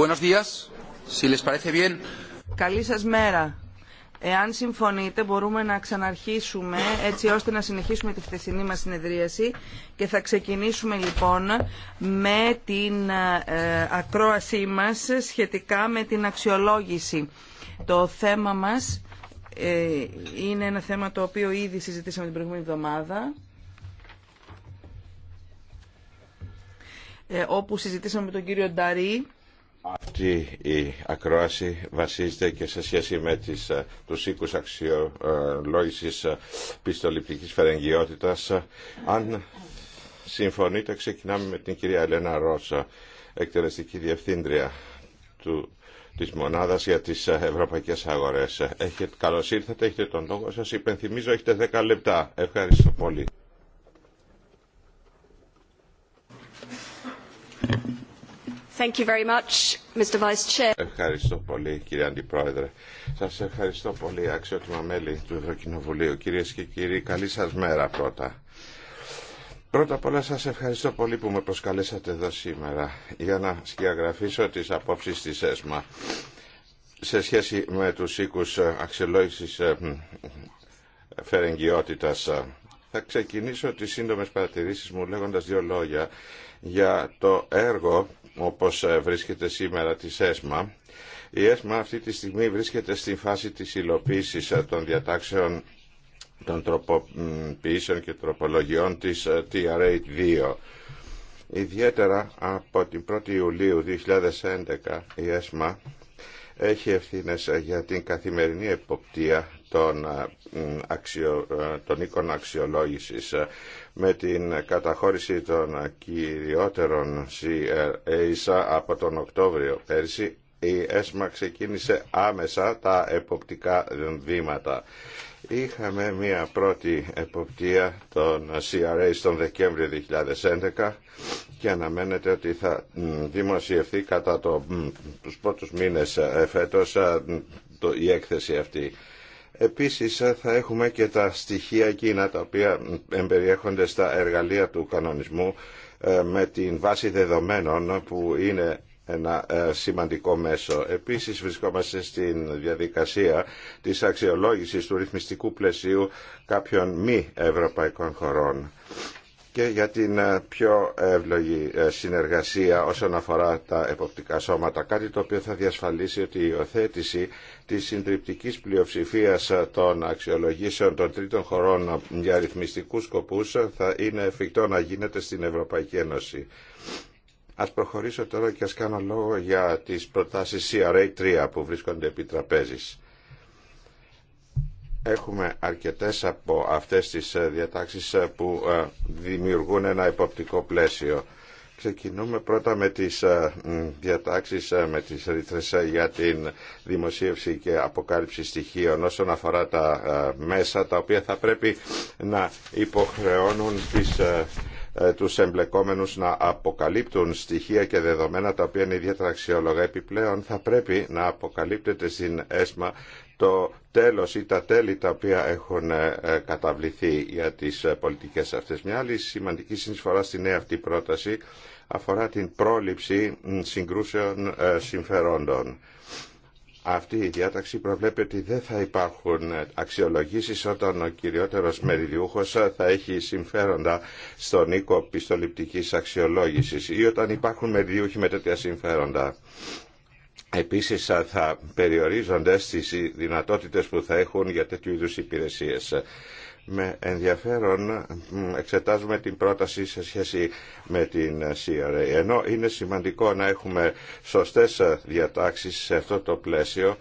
Buenos días. Si les Καλή σας μέρα. Εάν συμφωνείτε μπορούμε να ξαναρχίσουμε έτσι ώστε να συνεχίσουμε τη χθεσινή μας συνεδρίαση και θα ξεκινήσουμε λοιπόν με την ε, ακρόασή μας σχετικά με την αξιολόγηση. Το θέμα μας ε, είναι ένα θέμα το οποίο ήδη συζητήσαμε την προηγούμενη εβδομάδα. Ε, όπου συζητήσαμε με τον κύριο Νταρή αυτή η ακρόαση βασίζεται και σε σχέση με τις, ε, τους οίκους αξιολόγησης ε, πιστοληπτικής φερεγγιότητας. Αν συμφωνείτε, ξεκινάμε με την κυρία Ελένα Ρώσα, ε, εκτελεστική διευθύντρια του της Μονάδας για τις Ευρωπαϊκές Αγορές. Έχετε, καλώς ήρθατε, έχετε τον λόγο σας. Υπενθυμίζω, έχετε 10 λεπτά. Ευχαριστώ πολύ. Ευχαριστώ πολύ κύριε Αντιπρόεδρε. Σας ευχαριστώ πολύ αξιότιμα μέλη του Ευρωκοινοβουλίου. Κυρίες και κύριοι, καλή σας μέρα πρώτα. Πρώτα απ' όλα σας ευχαριστώ πολύ που με προσκαλέσατε εδώ σήμερα για να σκιαγραφίσω τις απόψεις της ΕΣΜΑ σε σχέση με τους οίκους αξιολόγησης ε, φερεγγιότητας. Θα ξεκινήσω τις σύντομες παρατηρήσεις μου λέγοντας δύο λόγια για το έργο όπως ε, βρίσκεται σήμερα της ΕΣΜΑ. Η ΕΣΜΑ αυτή τη στιγμή βρίσκεται στην φάση της υλοποίησης ε, των διατάξεων των τροποποιήσεων και τροπολογιών της ε, TRA2. Ιδιαίτερα από την 1η Ιουλίου 2011 η ΕΣΜΑ έχει ευθύνες για την καθημερινή εποπτεία των, των οίκων αξιολόγησης με την καταχώρηση των κυριότερων CRA από τον Οκτώβριο πέρσι η ΕΣΜΑ ξεκίνησε άμεσα τα εποπτικά βήματα. Είχαμε μία πρώτη εποπτεία των CRA στον Δεκέμβριο 2011 και αναμένεται ότι θα δημοσιευθεί κατά το, τους πρώτους μήνες ε, φέτος ε, το, η έκθεση αυτή. Επίσης ε, θα έχουμε και τα στοιχεία εκείνα τα οποία εμπεριέχονται στα εργαλεία του κανονισμού ε, με την βάση δεδομένων που είναι ένα ε, σημαντικό μέσο. Επίσης βρισκόμαστε στην διαδικασία της αξιολόγησης του ρυθμιστικού πλαισίου κάποιων μη ευρωπαϊκών χωρών και για την πιο εύλογη συνεργασία όσον αφορά τα εποπτικά σώματα, κάτι το οποίο θα διασφαλίσει ότι η υιοθέτηση της συντριπτικής πλειοψηφίας των αξιολογήσεων των τρίτων χωρών για αριθμιστικούς σκοπούς θα είναι εφικτό να γίνεται στην Ευρωπαϊκή Ένωση. Ας προχωρήσω τώρα και ας κάνω λόγο για τις προτάσεις CRA3 που βρίσκονται επί Έχουμε αρκετές από αυτές τις διατάξεις που ε, δημιουργούν ένα υποπτικό πλαίσιο Ξεκινούμε πρώτα με τις ε, διατάξεις, ε, με τις ρήτρες ε, για την δημοσίευση και αποκάλυψη στοιχείων όσον αφορά τα μέσα τα οποία θα πρέπει να υποχρεώνουν τις τους εμπλεκόμενους να αποκαλύπτουν στοιχεία και δεδομένα τα οποία είναι ιδιαίτερα αξιόλογα. Επιπλέον θα πρέπει να αποκαλύπτεται στην ΕΣΜΑ το τέλος ή τα τέλη τα οποία έχουν καταβληθεί για τις πολιτικές αυτές. Μια άλλη σημαντική συνεισφορά στην νέα αυτή πρόταση αφορά την πρόληψη συγκρούσεων ε, συμφερόντων. Αυτή η διάταξη προβλέπει ότι δεν θα υπάρχουν αξιολογήσεις όταν ο κυριότερος μεριδιούχος θα έχει συμφέροντα στον οίκο πιστοληπτικής αξιολόγησης ή όταν υπάρχουν μεριδιούχοι με τέτοια συμφέροντα. Επίσης θα περιορίζονται στις δυνατότητες που θα έχουν για τέτοιου είδους υπηρεσίες. Με ενδιαφέρον εξετάζουμε την πρόταση σε σχέση με την CRA. Ενώ είναι σημαντικό να έχουμε σωστές διατάξεις σε αυτό το πλαίσιο,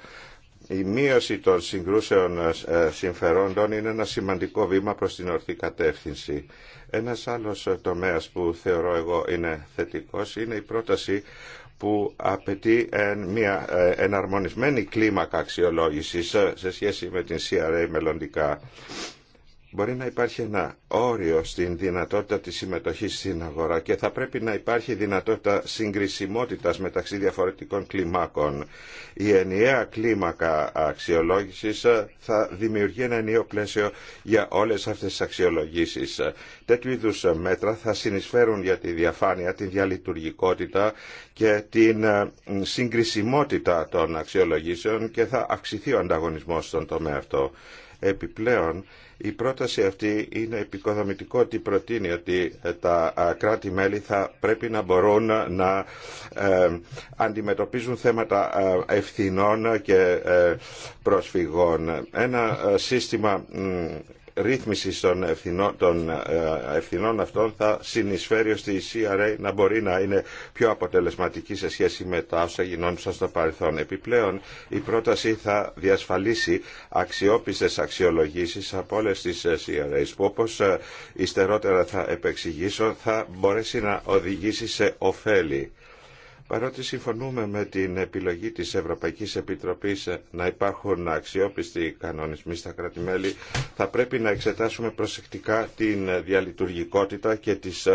η μείωση των συγκρούσεων ε, συμφερόντων είναι ένα σημαντικό βήμα προς την ορθή κατεύθυνση. Ένας άλλος τομέας που θεωρώ εγώ είναι θετικός είναι η πρόταση που απαιτεί μια ε, εναρμονισμένη κλίμακα αξιολόγησης ε, σε σχέση με την CRA μελλοντικά μπορεί να υπάρχει ένα όριο στην δυνατότητα της συμμετοχής στην αγορά και θα πρέπει να υπάρχει δυνατότητα συγκρισιμότητας μεταξύ διαφορετικών κλιμάκων. Η ενιαία κλίμακα αξιολόγησης θα δημιουργεί ένα ενιαίο πλαίσιο για όλες αυτές τις αξιολογήσεις. Τέτοιου είδου μέτρα θα συνεισφέρουν για τη διαφάνεια, τη διαλειτουργικότητα και την συγκρισιμότητα των αξιολογήσεων και θα αυξηθεί ο ανταγωνισμός στον τομέα αυτό. Επιπλέον, η πρόταση αυτή είναι επικοδομητικό ότι προτείνει ότι ε, τα κράτη-μέλη θα πρέπει να μπορούν να ε, αντιμετωπίζουν θέματα ευθυνών και ε, προσφυγών. Ένα σύστημα ρύθμιση των, ε, ευθυνών, αυτών θα συνεισφέρει ώστε η CRA να μπορεί να είναι πιο αποτελεσματική σε σχέση με τα όσα γινόντουσαν στο παρελθόν. Επιπλέον, η πρόταση θα διασφαλίσει αξιόπιστες αξιολογήσεις από όλες τις ε, CRA που όπως υστερότερα ε, θα επεξηγήσω θα μπορέσει να οδηγήσει σε ωφέλη Παρότι συμφωνούμε με την επιλογή της Ευρωπαϊκής Επιτροπής να υπάρχουν αξιόπιστοι κανονισμοί στα κράτη-μέλη, θα πρέπει να εξετάσουμε προσεκτικά την διαλειτουργικότητα και τις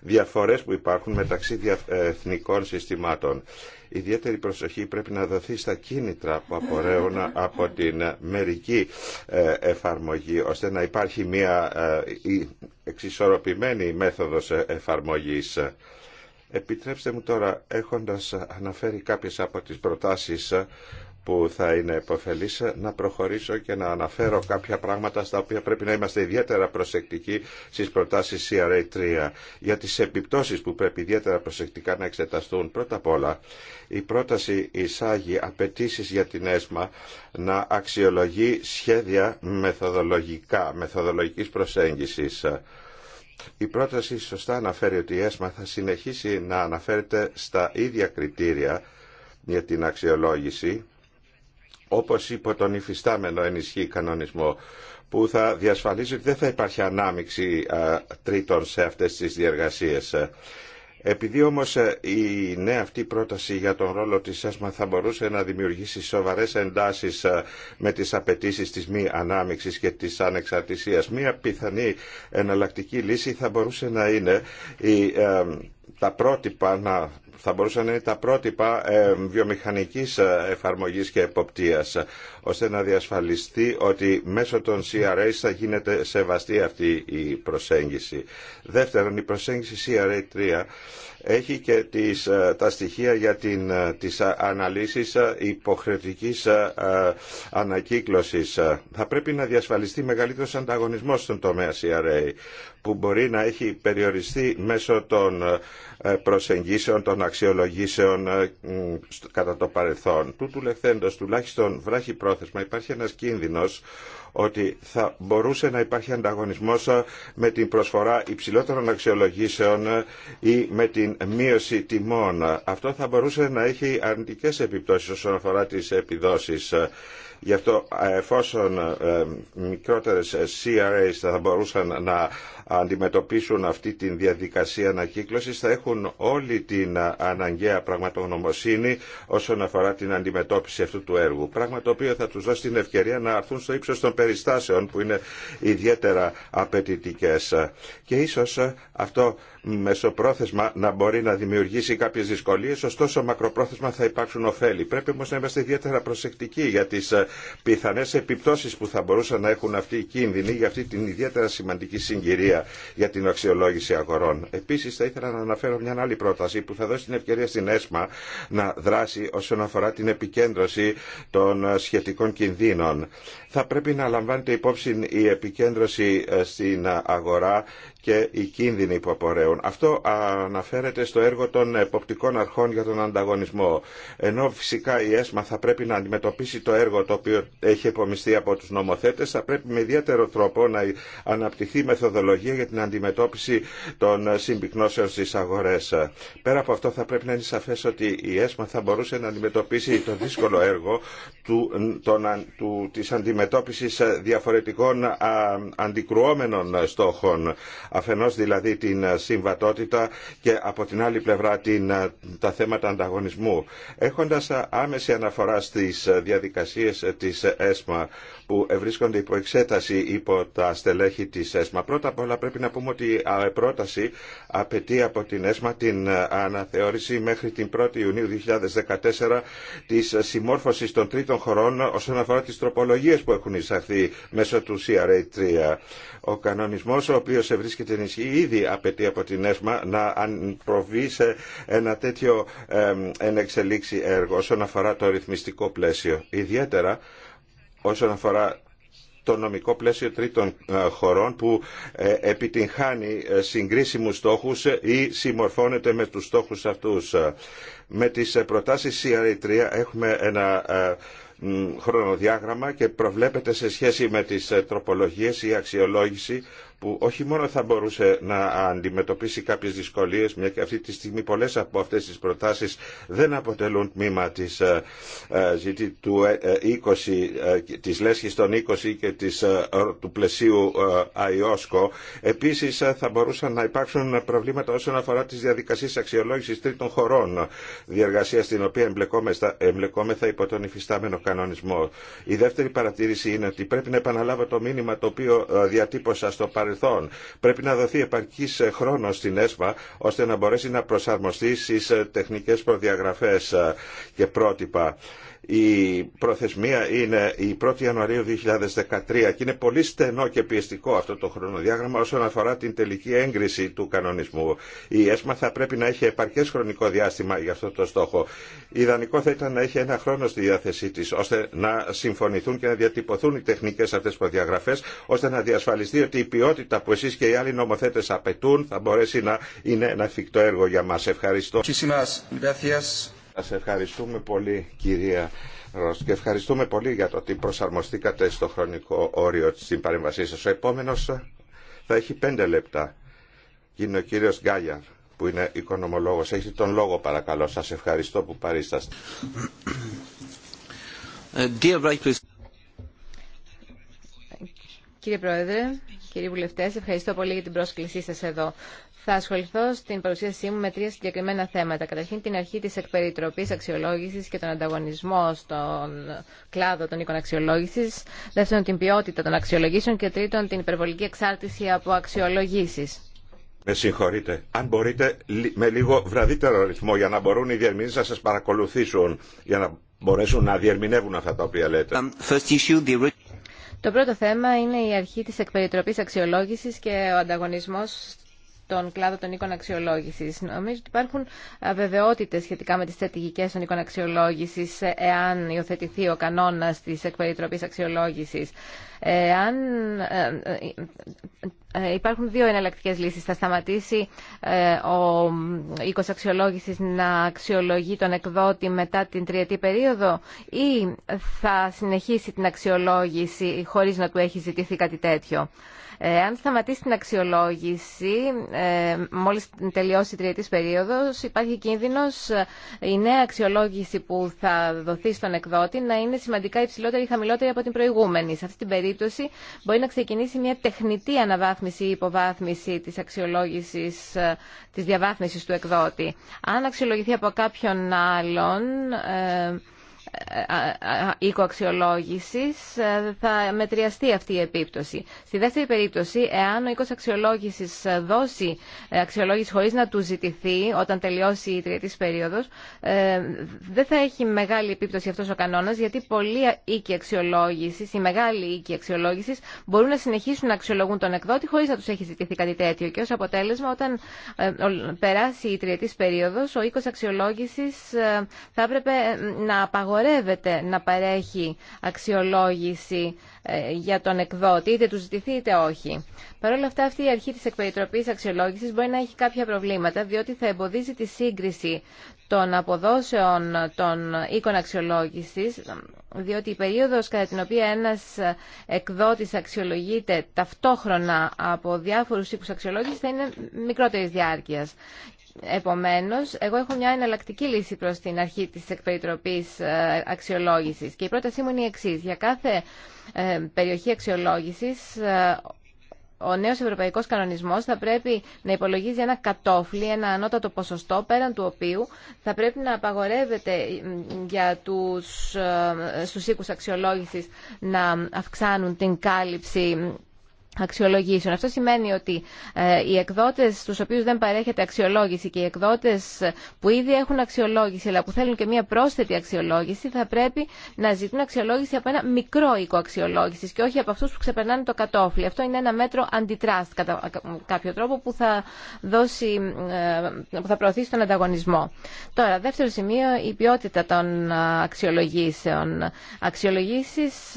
διαφορές που υπάρχουν μεταξύ εθνικών συστημάτων. Ιδιαίτερη προσοχή πρέπει να δοθεί στα κίνητρα που απορρέουν από την μερική ε, εφαρμογή, ώστε να υπάρχει μια ε, εξισορροπημένη μέθοδος ε, εφαρμογής. Επιτρέψτε μου τώρα, έχοντας αναφέρει κάποιες από τις προτάσεις που θα είναι επωφελής να προχωρήσω και να αναφέρω κάποια πράγματα στα οποία πρέπει να είμαστε ιδιαίτερα προσεκτικοί στις προτάσεις CRA3 για τις επιπτώσεις που πρέπει ιδιαίτερα προσεκτικά να εξεταστούν. Πρώτα απ' όλα η πρόταση εισάγει απαιτήσει για την ΕΣΜΑ να αξιολογεί σχέδια μεθοδολογικά, μεθοδολογικής προσέγγισης. Η πρόταση σωστά αναφέρει ότι η ΕΣΜΑ θα συνεχίσει να αναφέρεται στα ίδια κριτήρια για την αξιολόγηση, όπως υπό τον υφιστάμενο ενισχύ κανονισμό, που θα διασφαλίζει ότι δεν θα υπάρχει ανάμειξη τρίτων σε αυτές τις διεργασίες. Επειδή όμως ε, η νέα αυτή πρόταση για τον ρόλο της ΕΣΜΑ θα μπορούσε να δημιουργήσει σοβαρές εντάσεις ε, με τις απαιτήσει της μη ανάμειξης και της ανεξαρτησίας, μία πιθανή εναλλακτική λύση θα μπορούσε να είναι η ε, τα πρότυπα να θα μπορούσαν να είναι τα πρότυπα ε, βιομηχανικής ε, εφαρμογής και εποπτείας ώστε να διασφαλιστεί ότι μέσω των CRA θα γίνεται σεβαστή αυτή η προσέγγιση. Δεύτερον, η προσέγγιση CRA 3 έχει και τις, ε, τα στοιχεία για την, ε, τις αναλύσεις ε, υποχρεωτικής ανακύκλωσης. Θα πρέπει να διασφαλιστεί μεγαλύτερος ανταγωνισμός στον τομέα CRA που μπορεί να έχει περιοριστεί μέσω των προσεγγίσεων, των αξιολογήσεων κατά το παρελθόν. Τούτου λεχθέντος, τουλάχιστον βράχει πρόθεσμα, υπάρχει ένας κίνδυνος ότι θα μπορούσε να υπάρχει ανταγωνισμός με την προσφορά υψηλότερων αξιολογήσεων ή με την μείωση τιμών. Αυτό θα μπορούσε να έχει αρνητικές επιπτώσεις όσον αφορά τις επιδόσεις. Γι' αυτό ε, εφόσον ε, μικρότερες ε, CRAs θα μπορούσαν να αντιμετωπίσουν αυτή τη διαδικασία ανακύκλωσης θα έχουν όλη την αναγκαία πραγματογνωμοσύνη όσον αφορά την αντιμετώπιση αυτού του έργου. Πράγμα το οποίο θα τους δώσει την ευκαιρία να αρθούν στο ύψος των περιστάσεων που είναι ιδιαίτερα απαιτητικέ. Και ίσως αυτό μεσοπρόθεσμα να μπορεί να δημιουργήσει κάποιες δυσκολίες, ωστόσο μακροπρόθεσμα θα υπάρξουν ωφέλη. Πρέπει όμως να είμαστε ιδιαίτερα προσεκτικοί για τις πιθανές επιπτώσεις που θα μπορούσαν να έχουν αυτοί οι κίνδυνοι για αυτή την ιδιαίτερα σημαντική συγκυρία για την αξιολόγηση αγορών. Επίση, θα ήθελα να αναφέρω μια άλλη πρόταση που θα δώσει την ευκαιρία στην ΕΣΜΑ να δράσει όσον αφορά την επικέντρωση των σχετικών κινδύνων. Θα πρέπει να λαμβάνεται υπόψη η επικέντρωση ε, στην αγορά και οι κίνδυνοι που απορρέουν. Αυτό αναφέρεται στο έργο των εποπτικών αρχών για τον ανταγωνισμό. Ενώ φυσικά η ΕΣΜΑ θα πρέπει να αντιμετωπίσει το έργο το οποίο έχει επομιστεί από τους νομοθέτες, θα πρέπει με ιδιαίτερο τρόπο να αναπτυχθεί μεθοδολογία για την αντιμετώπιση των συμπυκνώσεων στις αγορές. Πέρα από αυτό θα πρέπει να είναι σαφές ότι η ΕΣΜΑ θα μπορούσε να αντιμετωπίσει το δύσκολο έργο του, τον, της αντιμετώπισης διαφορετικών α, αντικρουόμενων στόχων Αφενός δηλαδή την ε, συμβατότητα και από την άλλη πλευρά την, ε, τα θέματα ανταγωνισμού. Έχοντας ε, άμεση αναφορά στις διαδικασίες της ΕΣΜΑ, που βρίσκονται υπό εξέταση υπό τα στελέχη της ΕΣΜΑ. Πρώτα απ' όλα πρέπει να πούμε ότι η πρόταση απαιτεί από την ΕΣΜΑ την αναθεώρηση μέχρι την 1η Ιουνίου 2014 της συμμόρφωσης των τρίτων χωρών όσον αφορά τις τροπολογίες που έχουν εισαχθεί μέσω του CRA3. Ο κανονισμός ο οποίος βρίσκεται ενισχύει ήδη απαιτεί από την ΕΣΜΑ να προβεί σε ένα τέτοιο ενεξελίξη έργο όσον αφορά το ρυθμιστικό πλαίσιο. Ιδιαίτερα όσον αφορά το νομικό πλαίσιο τρίτων ε, χωρών που ε, επιτυγχάνει ε, συγκρίσιμους στόχους ή συμμορφώνεται με τους στόχους αυτούς. Με τις προτάσεις CRE3 έχουμε ένα χρονοδιάγραμμα και προβλέπεται σε σχέση με τις τροπολογίες η αξιολόγηση που όχι μόνο θα μπορούσε να αντιμετωπίσει κάποιες δυσκολίες, μια και αυτή τη στιγμή πολλές από αυτές τις προτάσεις δεν αποτελούν τμήμα της, ε, ε, του 20, ε, της λέσχης των 20 και της, του πλαισίου ΑΙΟΣΚΟ. Επίσης θα μπορούσαν να υπάρξουν προβλήματα όσον αφορά τις διαδικασίες αξιολόγησης τρίτων χωρών, διεργασία στην οποία εμπλεκόμεθα, εμπλεκόμεθα υπό τον υφιστάμενο κανονισμό. Η δεύτερη παρατήρηση είναι ότι πρέπει να επαναλάβω το μήνυμα το οποίο διατύπωσα στο παρελθόν Πρέπει να δοθεί επαρκή χρόνο στην ΕΣΠΑ ώστε να μπορέσει να προσαρμοστεί στι τεχνικέ προδιαγραφέ και πρότυπα. Η προθεσμία είναι η 1η Ιανουαρίου 2013 και είναι πολύ στενό και πιεστικό αυτό το χρονοδιάγραμμα όσον αφορά την τελική έγκριση του κανονισμού. Η ΕΣΜΑ θα πρέπει να έχει επαρκές χρονικό διάστημα για αυτό το στόχο. Ιδανικό θα ήταν να έχει ένα χρόνο στη διάθεσή τη ώστε να συμφωνηθούν και να διατυπωθούν οι τεχνικέ αυτέ προδιαγραφέ ώστε να διασφαλιστεί ότι η ποιότητα που εσεί και οι άλλοι νομοθέτε απαιτούν θα μπορέσει να είναι ένα εφικτό έργο για μα. Ευχαριστώ. Σας ευχαριστούμε πολύ κυρία Ρος και ευχαριστούμε πολύ για το ότι προσαρμοστήκατε στο χρονικό όριο της παρεμβασή σας. Ο επόμενος θα έχει πέντε λεπτά. Είναι ο κύριος Γκάλιαρ που είναι οικονομολόγος. έχει τον λόγο παρακαλώ. Σας ευχαριστώ που παρίσταστε. Ε, Κύριε Πρόεδρε, κύριοι βουλευτές, ευχαριστώ πολύ για την πρόσκλησή σας εδώ θα ασχοληθώ στην παρουσίασή μου με τρία συγκεκριμένα θέματα. Καταρχήν την αρχή της εκπεριτροπής αξιολόγησης και τον ανταγωνισμό στον κλάδο των οίκων αξιολόγησης. Δεύτερον την ποιότητα των αξιολογήσεων και τρίτον την υπερβολική εξάρτηση από αξιολογήσεις. Με συγχωρείτε. Αν μπορείτε με λίγο βραδύτερο ρυθμό για να μπορούν οι διερμηνείς να σας παρακολουθήσουν, για να μπορέσουν να διερμηνεύουν αυτά τα οποία λέτε. Um, Το πρώτο θέμα είναι η αρχή της εκπεριτροπής αξιολόγησης και ο ανταγωνισμός τον κλάδο των οίκων αξιολόγηση. Νομίζω ότι υπάρχουν βεβαιότητε σχετικά με τι στρατηγικέ των οίκων αξιολόγηση, εάν υιοθετηθεί ο κανόνα τη εκπεριτροπή αξιολόγηση. Εάν ε, ε, ε, υπάρχουν δύο εναλλακτικές λύσεις. Θα σταματήσει ο οίκος αξιολόγηση να αξιολογεί τον εκδότη μετά την τριετή περίοδο ή θα συνεχίσει την αξιολόγηση χωρίς να του έχει ζητηθεί κάτι τέτοιο. Αν σταματήσει την αξιολόγηση ε, μόλις τελειώσει η τριετής περίοδος, υπάρχει κίνδυνος ε, η νέα αξιολόγηση που θα δοθεί στον εκδότη να είναι σημαντικά υψηλότερη ή χαμηλότερη από την προηγούμενη. Σε αυτή την περίπτωση μπορεί να ξεκινήσει μια τεχνητή αναβάθμιση ή υποβάθμιση της αξιολόγησης ε, της διαβάθμισης του εκδότη. Αν αξιολογηθεί από κάποιον άλλον, οίκοαξιολόγησης ε, θα μετριαστεί αυτή η επίπτωση. Στη δεύτερη περίπτωση, εάν ο οίκος αξιολόγησης δώσει ε, αξιολόγηση χωρίς να του ζητηθεί όταν τελειώσει η τριετής περίοδος, ε, δεν θα έχει μεγάλη επίπτωση αυτός ο κανόνας, γιατί πολλοί οίκοι αξιολόγησης, οι μεγάλοι οίκοι αξιολόγησης μπορούν να συνεχίσουν να αξιολογούν τον εκδότη χωρίς να του έχει ζητηθεί κάτι τέτοιο. Και ως αποτέλεσμα, όταν περάσει η τριετή περίοδος, ο οίκος αξιολόγηση θα έπρεπε να απαγορεύει απαγορεύεται να παρέχει αξιολόγηση ε, για τον εκδότη, είτε του ζητηθεί είτε όχι. Παρ' όλα αυτά, αυτή η αρχή τη εκπεριτροπή αξιολόγηση μπορεί να έχει κάποια προβλήματα, διότι θα εμποδίζει τη σύγκριση των αποδόσεων των οίκων αξιολόγηση, διότι η περίοδο κατά την οποία ένα εκδότη αξιολογείται ταυτόχρονα από διάφορου οίκου αξιολόγηση θα είναι μικρότερη διάρκεια. Επομένως, εγώ έχω μια εναλλακτική λύση προς την αρχή της εκπεριτροπής ε, αξιολόγησης και η πρότασή μου είναι η εξής. Για κάθε ε, περιοχή αξιολόγησης, ε, ο νέος ευρωπαϊκός κανονισμός θα πρέπει να υπολογίζει ένα κατόφλι, ένα ανώτατο ποσοστό, πέραν του οποίου θα πρέπει να απαγορεύεται για τους, στους οίκους αξιολόγησης να αυξάνουν την κάλυψη αξιολογήσεων. Αυτό σημαίνει ότι ε, οι εκδότες στους οποίους δεν παρέχεται αξιολόγηση και οι εκδότες που ήδη έχουν αξιολόγηση αλλά που θέλουν και μία πρόσθετη αξιολόγηση θα πρέπει να ζητούν αξιολόγηση από ένα μικρό οίκο αξιολόγηση και όχι από αυτούς που ξεπερνάνε το κατόφλι. Αυτό είναι ένα μέτρο αντιτράστ κατά κάποιο τρόπο που θα, δώσει, ε, που θα προωθήσει τον ανταγωνισμό. Τώρα, δεύτερο σημείο, η ποιότητα των ε, αξιολογήσεων. Αξιολογήσεις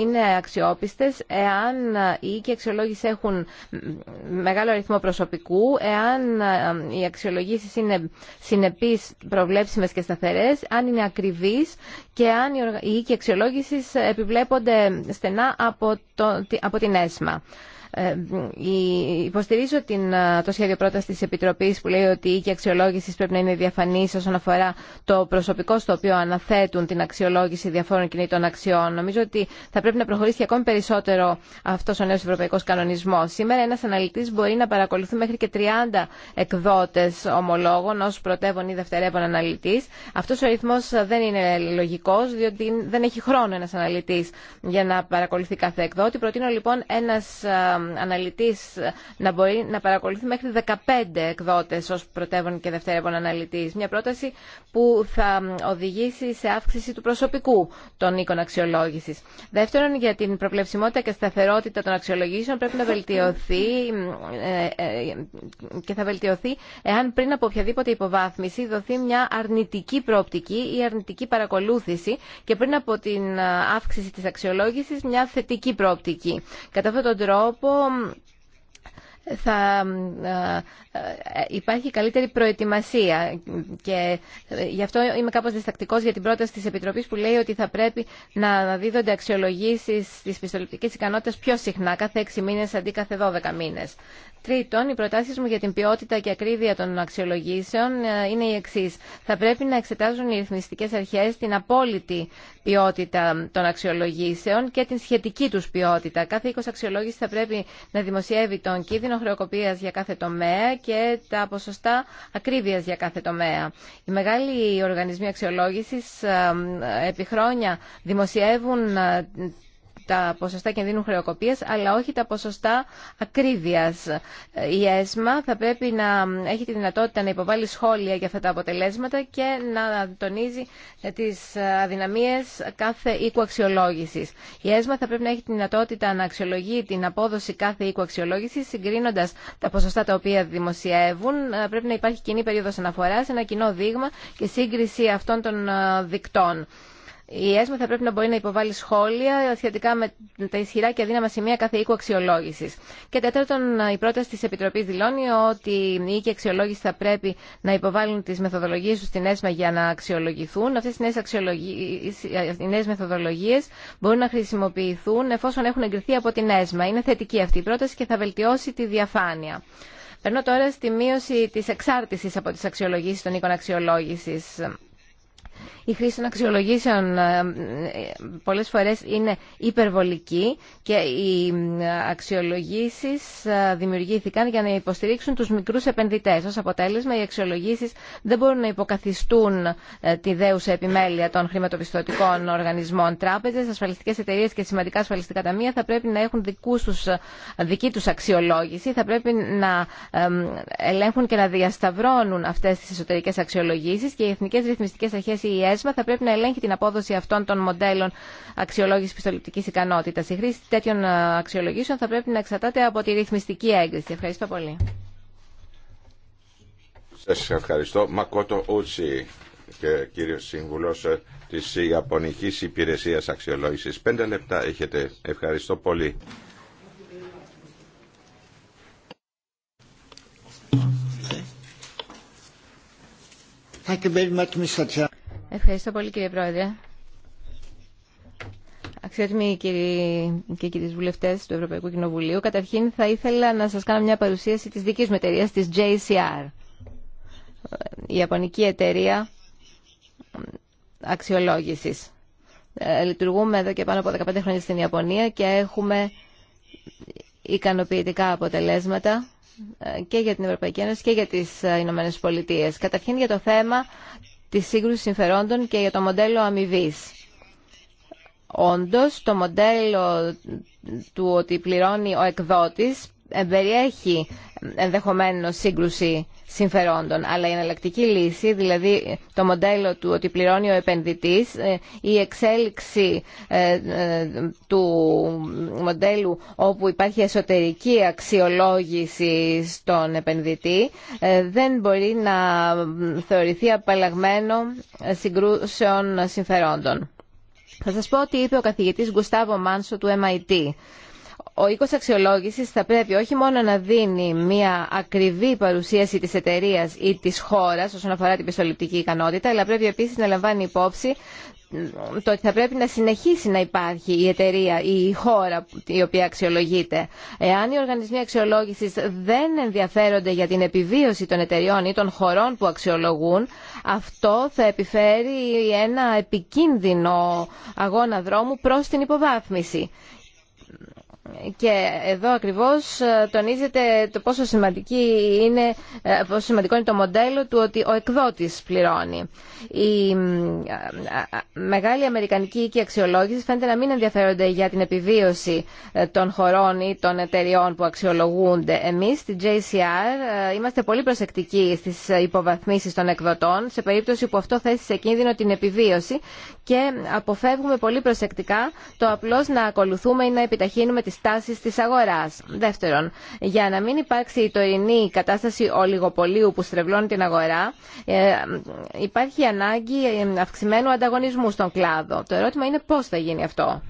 είναι αξιόπιστες εάν οι οι αξιολόγηση έχουν μεγάλο αριθμό προσωπικού. Εάν ε, οι αξιολογήσει είναι συνεπεί προβλέψιμε και σταθερές, αν είναι ακριβεί και αν οι οίκοι αξιολόγηση επιβλέπονται στενά από, το, από την ΕΣΜΑ. Ε, υποστηρίζω την, το σχέδιο πρόταση της Επιτροπής που λέει ότι η οίκη αξιολόγησης πρέπει να είναι διαφανής όσον αφορά το προσωπικό στο οποίο αναθέτουν την αξιολόγηση διαφόρων κινήτων αξιών. Νομίζω ότι θα πρέπει να προχωρήσει ακόμη περισσότερο αυτός ο νέος ευρωπαϊκός κανονισμός. Σήμερα ένας αναλυτής μπορεί να παρακολουθεί μέχρι και 30 εκδότες ομολόγων ως πρωτεύων ή δευτερεύων αναλυτής. Αυτός ο ρυθμός δεν είναι λογικό, διότι δεν έχει χρόνο ένα αναλυτή για να παρακολουθεί κάθε εκδότη. Προτείνω λοιπόν ένας αναλυτής να μπορεί να παρακολουθεί μέχρι 15 εκδότες ως πρωτεύων και δευτερεύων αναλυτής. Μια πρόταση που θα οδηγήσει σε αύξηση του προσωπικού των οίκων αξιολόγησης. Δεύτερον, για την προβλεψιμότητα και σταθερότητα των αξιολογήσεων πρέπει να βελτιωθεί ε, ε, και θα βελτιωθεί εάν πριν από οποιαδήποτε υποβάθμιση δοθεί μια αρνητική προοπτική ή αρνητική παρακολούθηση και πριν από την ε, αύξηση της αξιολόγησης μια θετική προοπτική. Κατά αυτόν τον τρόπο λόγω θα ε, ε, υπάρχει καλύτερη προετοιμασία και γι' αυτό είμαι κάπως διστακτικός για την πρόταση της Επιτροπής που λέει ότι θα πρέπει να δίδονται αξιολογήσεις στις πιστοληπτικές ικανότητες πιο συχνά, κάθε 6 μήνες αντί κάθε 12 μήνες. Τρίτον, οι προτάσεις μου για την ποιότητα και ακρίβεια των αξιολογήσεων ε, είναι οι εξή. Θα πρέπει να εξετάζουν οι ρυθμιστικές αρχές την απόλυτη ποιότητα των αξιολογήσεων και την σχετική τους ποιότητα. Κάθε αξιολόγηση θα πρέπει να δημοσιεύει τον κίνδυνο κίνδυνο χρεοκοπίας για κάθε τομέα και τα ποσοστά ακρίβειας για κάθε τομέα. Οι μεγάλοι οργανισμοί αξιολόγησης ε, ε, επί χρόνια δημοσιεύουν ε, τα ποσοστά κινδύνου χρεοκοπία, αλλά όχι τα ποσοστά ακρίβεια. Η ΕΣΜΑ θα πρέπει να έχει τη δυνατότητα να υποβάλει σχόλια για αυτά τα αποτελέσματα και να τονίζει τι αδυναμίες κάθε οίκου αξιολόγηση. Η ΕΣΜΑ θα πρέπει να έχει τη δυνατότητα να αξιολογεί την απόδοση κάθε οίκου αξιολόγηση, συγκρίνοντα τα ποσοστά τα οποία δημοσιεύουν. Πρέπει να υπάρχει κοινή περίοδο αναφορά, ένα κοινό δείγμα και σύγκριση αυτών των δικτών. Η ΕΣΜΑ θα πρέπει να μπορεί να υποβάλει σχόλια σχετικά με τα ισχυρά και αδύναμα σημεία κάθε οίκου αξιολόγηση. Και τέταρτον, η πρόταση τη Επιτροπή δηλώνει ότι οι οίκοι αξιολόγηση θα πρέπει να υποβάλουν τι μεθοδολογίε του στην ΕΣΜΑ για να αξιολογηθούν. Αυτέ οι νέε μεθοδολογίε μπορούν να χρησιμοποιηθούν εφόσον έχουν εγκριθεί από την ΕΣΜΑ. Είναι θετική αυτή η πρόταση και θα βελτιώσει τη διαφάνεια. Περνώ τώρα στη μείωση τη εξάρτηση από τι αξιολογήσει των οίκων αξιολόγηση. Η χρήση των αξιολογήσεων ε, πολλές φορές είναι υπερβολική και οι ε, αξιολογήσεις ε, δημιουργήθηκαν για να υποστηρίξουν τους μικρούς επενδυτές. Ως αποτέλεσμα, οι αξιολογήσεις δεν μπορούν να υποκαθιστούν τη δέουσα επιμέλεια των χρηματοπιστωτικών οργανισμών. Τράπεζες, ασφαλιστικές εταιρείες και σημαντικά ασφαλιστικά ταμεία θα πρέπει να έχουν δικούς τους, δική τους αξιολόγηση, θα πρέπει να ελέγχουν και να διασταυρώνουν αυτές τις εσωτερικές αξιολογήσεις και οι εθνικές ρυθμιστικές αρχές η ΕΣΜΑ θα πρέπει να ελέγχει την απόδοση αυτών των μοντέλων αξιολόγηση πιστοληπτική ικανότητα. Η χρήση τέτοιων ε, αξιολογήσεων θα πρέπει να εξαρτάται από τη ρυθμιστική έγκριση. Ευχαριστώ πολύ. Σα ευχαριστώ. Μακότο Ούτσι και κύριο Σύμβουλο ε, τη Ιαπωνική Υπηρεσία Αξιολόγηση. Πέντε λεπτά έχετε. Ευχαριστώ πολύ. Ευχαριστώ πολύ κύριε Πρόεδρε. Αξιότιμοι κύριοι και κύριοι βουλευτέ του Ευρωπαϊκού Κοινοβουλίου, καταρχήν θα ήθελα να σας κάνω μια παρουσίαση της δικής μου εταιρεία τη JCR. Η Ιαπωνική εταιρεία αξιολόγηση. Ε, λειτουργούμε εδώ και πάνω από 15 χρόνια στην Ιαπωνία και έχουμε ικανοποιητικά αποτελέσματα ε, και για την Ευρωπαϊκή Ένωση και για τις ε, Ηνωμένε Πολιτείε. Καταρχήν για το θέμα τη σύγκρουση συμφερόντων και για το μοντέλο αμοιβή. Όντως, το μοντέλο του ότι πληρώνει ο εκδότης περιέχει ενδεχομένω σύγκρουση συμφερόντων. Αλλά η εναλλακτική λύση, δηλαδή το μοντέλο του ότι πληρώνει ο επενδυτή, ε, η εξέλιξη ε, ε, του μοντέλου όπου υπάρχει εσωτερική αξιολόγηση στον επενδυτή, δεν μπορεί να θεωρηθεί απαλλαγμένο συγκρούσεων συμφερόντων. Θα σας πω ότι είπε ο καθηγητής Γκουστάβο Μάνσο του MIT ο οίκο αξιολόγηση θα πρέπει όχι μόνο να δίνει μια ακριβή παρουσίαση τη εταιρεία ή τη χώρα όσον αφορά την επιστολυτική ικανότητα, αλλά πρέπει επίση να λαμβάνει υπόψη το ότι θα πρέπει να συνεχίσει να υπάρχει η τη χωρα οσον αφορα την πιστοληπτικη ικανοτητα αλλα πρεπει επιση να ή η χώρα η οποία αξιολογείται. Εάν οι οργανισμοί αξιολόγηση δεν ενδιαφέρονται για την επιβίωση των εταιριών ή των χωρών που αξιολογούν, αυτό θα επιφέρει ένα επικίνδυνο αγώνα δρόμου προ την υποβάθμιση και εδώ ακριβώς ε, τονίζεται το πόσο, σημαντική είναι, ε, πόσο σημαντικό είναι το μοντέλο του ότι ο εκδότης πληρώνει. Η ε, μεγάλη αμερικανική οίκη αξιολόγηση φαίνεται να μην ενδιαφέρονται για την επιβίωση των χωρών ή των εταιριών που αξιολογούνται. Εμείς στη JCR είμαστε πολύ προσεκτικοί στις υποβαθμίσεις των εκδοτών σε περίπτωση που αυτό θέσει σε κίνδυνο την επιβίωση και αποφεύγουμε πολύ προσεκτικά το απλώς να ακολουθούμε ή να επιταχύνουμε τις Τάσει τη αγορά. Δεύτερον, για να μην υπάρξει η τωρινή κατάσταση ολιγοπολίου που στρεβλώνει την αγορά, ε, υπάρχει ανάγκη ε, αυξημένου ανταγωνισμού στον κλάδο. Το ερώτημα είναι πώς θα γίνει αυτό.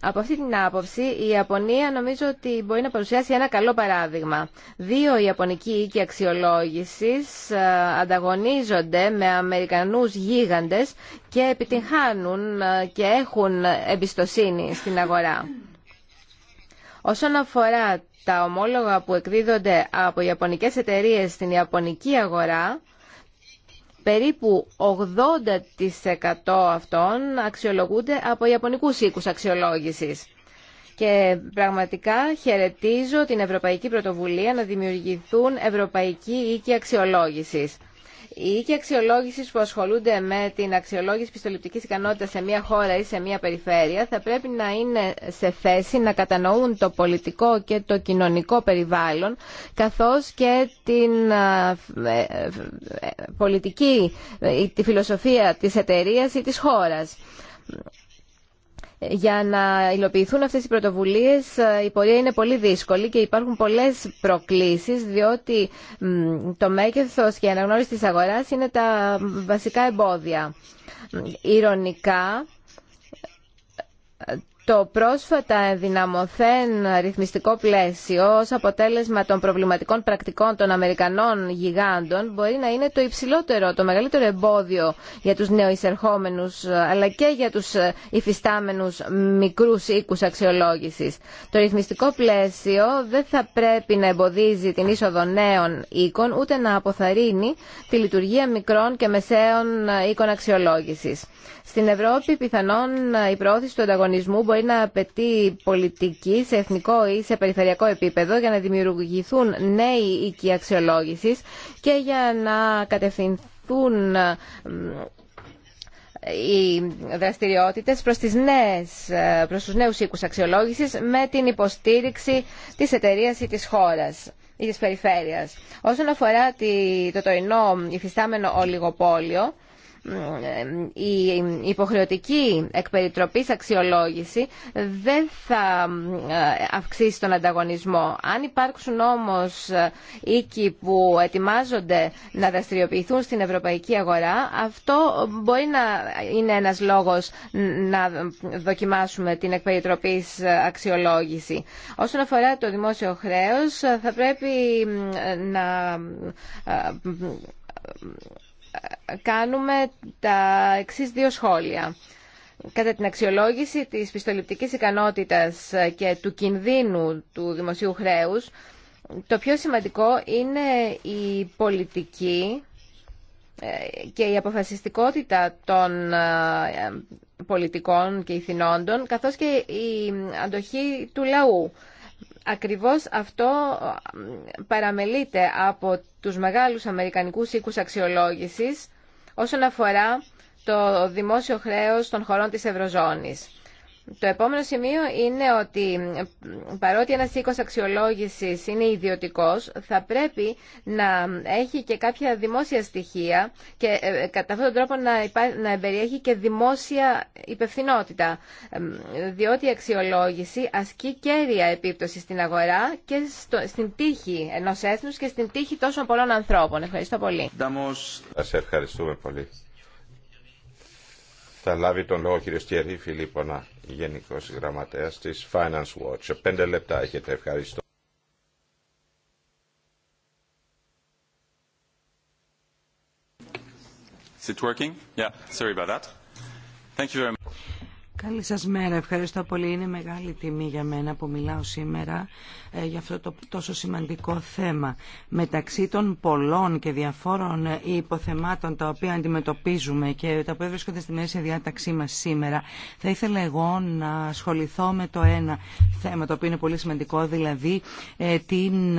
Από αυτή την άποψη, η Ιαπωνία νομίζω ότι μπορεί να παρουσιάσει ένα καλό παράδειγμα. Δύο Ιαπωνικοί οίκοι αξιολόγηση ε, ανταγωνίζονται με Αμερικανού γίγαντες και επιτυγχάνουν και έχουν εμπιστοσύνη στην αγορά. Όσον αφορά τα ομόλογα που εκδίδονται από ιαπωνικές εταιρείες στην ιαπωνική αγορά, περίπου 80% αυτών αξιολογούνται από ιαπωνικούς οίκους αξιολόγησης. Και πραγματικά χαιρετίζω την Ευρωπαϊκή Πρωτοβουλία να δημιουργηθούν ευρωπαϊκοί οίκοι αξιολόγησης. Οι οίκοι αξιολόγηση που ασχολούνται με την αξιολόγηση πιστοληπτική ικανότητα σε μια χώρα ή σε μια περιφέρεια θα πρέπει να είναι σε θέση να κατανοούν το πολιτικό και το κοινωνικό περιβάλλον καθώς και την ε, ε, ε, πολιτική, τη φιλοσοφία της εταιρείας ή της χώρας. Για να υλοποιηθούν αυτές οι πρωτοβουλίες ε, η πορεία είναι πολύ δύσκολη και υπάρχουν πολλές προκλήσεις διότι το μέγεθος και η αναγνώριση της αγοράς είναι τα βασικά εμπόδια. Ηρωνικά, το πρόσφατα ενδυναμωθέν ρυθμιστικό πλαίσιο ως αποτέλεσμα των προβληματικών πρακτικών των Αμερικανών γιγάντων μπορεί να είναι το υψηλότερο, το μεγαλύτερο εμπόδιο για τους νεοεισερχόμενους αλλά και για τους υφιστάμενους μικρούς οίκους αξιολόγησης. Το ρυθμιστικό πλαίσιο δεν θα πρέπει να εμποδίζει την είσοδο νέων οίκων ούτε να αποθαρρύνει τη λειτουργία μικρών και μεσαίων οίκων αξιολόγησης. Στην Ευρώπη πιθανόν η του ανταγωνισμού μπορεί να απαιτεί πολιτική σε εθνικό ή σε περιφερειακό επίπεδο για να δημιουργηθούν νέοι οίκοι αξιολόγηση και για να κατευθυνθούν οι δραστηριότητες προς, τις νέες, προς τους νέους με την υποστήριξη της εταιρείας ή της χώρας ή της περιφέρειας. Όσον αφορά το τωρινό υφιστάμενο ολιγοπόλιο, η υποχρεωτική εκπεριτροπής αξιολόγηση δεν θα ε, αυξήσει τον ανταγωνισμό. Αν υπάρξουν όμως ε, οίκοι που ετοιμάζονται να δραστηριοποιηθούν στην ευρωπαϊκή αγορά, αυτό μπορεί να είναι ένας λόγος να δοκιμάσουμε την εκπεριτροπής αξιολόγηση. Όσον αφορά το δημόσιο χρέος, θα πρέπει ε, να κάνουμε τα εξή δύο σχόλια. Κατά την αξιολόγηση της πιστοληπτικής ικανότητας και του κινδύνου του δημοσίου χρέους, το πιο σημαντικό είναι η πολιτική ε, και η αποφασιστικότητα των ε, πολιτικών και ηθινόντων, καθώς και η αντοχή του λαού ακριβώς αυτό παραμελείται από τους μεγάλους αμερικανικούς οίκους αξιολόγησης όσον αφορά το δημόσιο χρέος των χωρών της Ευρωζώνης. Το επόμενο σημείο είναι ότι παρότι ένας οίκος αξιολόγησης είναι ιδιωτικός, θα πρέπει να έχει και κάποια δημόσια στοιχεία και ε, ε, κατά αυτόν τον τρόπο να, υπά... και δημόσια υπευθυνότητα, ε, διότι η αξιολόγηση ασκεί κέρια επίπτωση στην αγορά και στην τύχη ενός έθνους και στην τύχη τόσων πολλών ανθρώπων. Ευχαριστώ πολύ. Σας ευχαριστούμε πολύ. Θα λάβει τον λόγο ο κύριος Τιερή Φιλίππονα, Γενικός Γραμματέας της Finance Watch. Πέντε λεπτά έχετε. Ευχαριστώ. Is it working? Yeah, sorry about that. Thank you very much. Καλή σας μέρα. Ευχαριστώ πολύ. Είναι μεγάλη τιμή για μένα που μιλάω σήμερα ε, για αυτό το τόσο σημαντικό θέμα. Μεταξύ των πολλών και διαφόρων ε, υποθεμάτων τα οποία αντιμετωπίζουμε και τα οποία βρίσκονται στη μέση διάταξή μας σήμερα, θα ήθελα εγώ να ασχοληθώ με το ένα θέμα το οποίο είναι πολύ σημαντικό, δηλαδή ε, την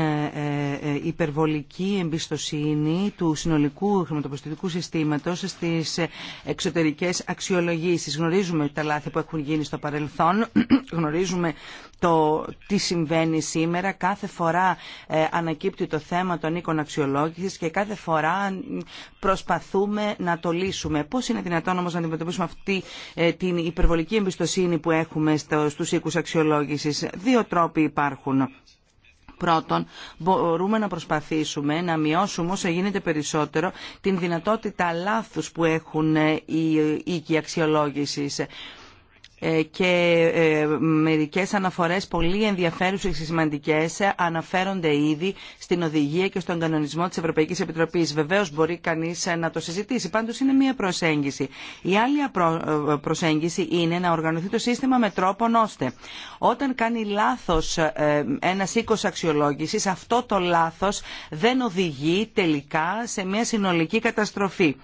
υπερβολική εμπιστοσύνη του συνολικού χρηματοπιστωτικού συστήματος στις εξωτερικές αξιολογήσεις. Γνωρίζουμε τα λάθη λάθη που έχουν γίνει στο παρελθόν. Γνωρίζουμε το τι συμβαίνει σήμερα. Κάθε φορά ε, ανακύπτει το θέμα των οίκων αξιολόγηση και κάθε φορά προσπαθούμε να το λύσουμε. πώ είναι δυνατόν όμω να αντιμετωπίσουμε αυτή ε, την υπερβολική εμπιστοσύνη που έχουμε στου οικού αξιολόγηση. Δύο τρόποι υπάρχουν. Πρώτον, μπορούμε να προσπαθήσουμε να μειώσουμε όσο γίνεται περισσότερο την δυνατότητα λάθους που έχουν ε, οι οίκοι αξιολόγησης. Ε, και ε, μερικές αναφορές πολύ ενδιαφέρουσες και σημαντικές αναφέρονται ήδη στην οδηγία και στον κανονισμό της Ευρωπαϊκής Επιτροπής. Βεβαίως μπορεί κανείς ε, να το συζητήσει, πάντως είναι μία προσέγγιση. Η άλλη προσέγγιση είναι να οργανωθεί το σύστημα με τρόπο ώστε όταν κάνει λάθος ένας οίκος αξιολόγησης, αυτό το λάθος δεν οδηγεί τελικά σε μία συνολική καταστροφή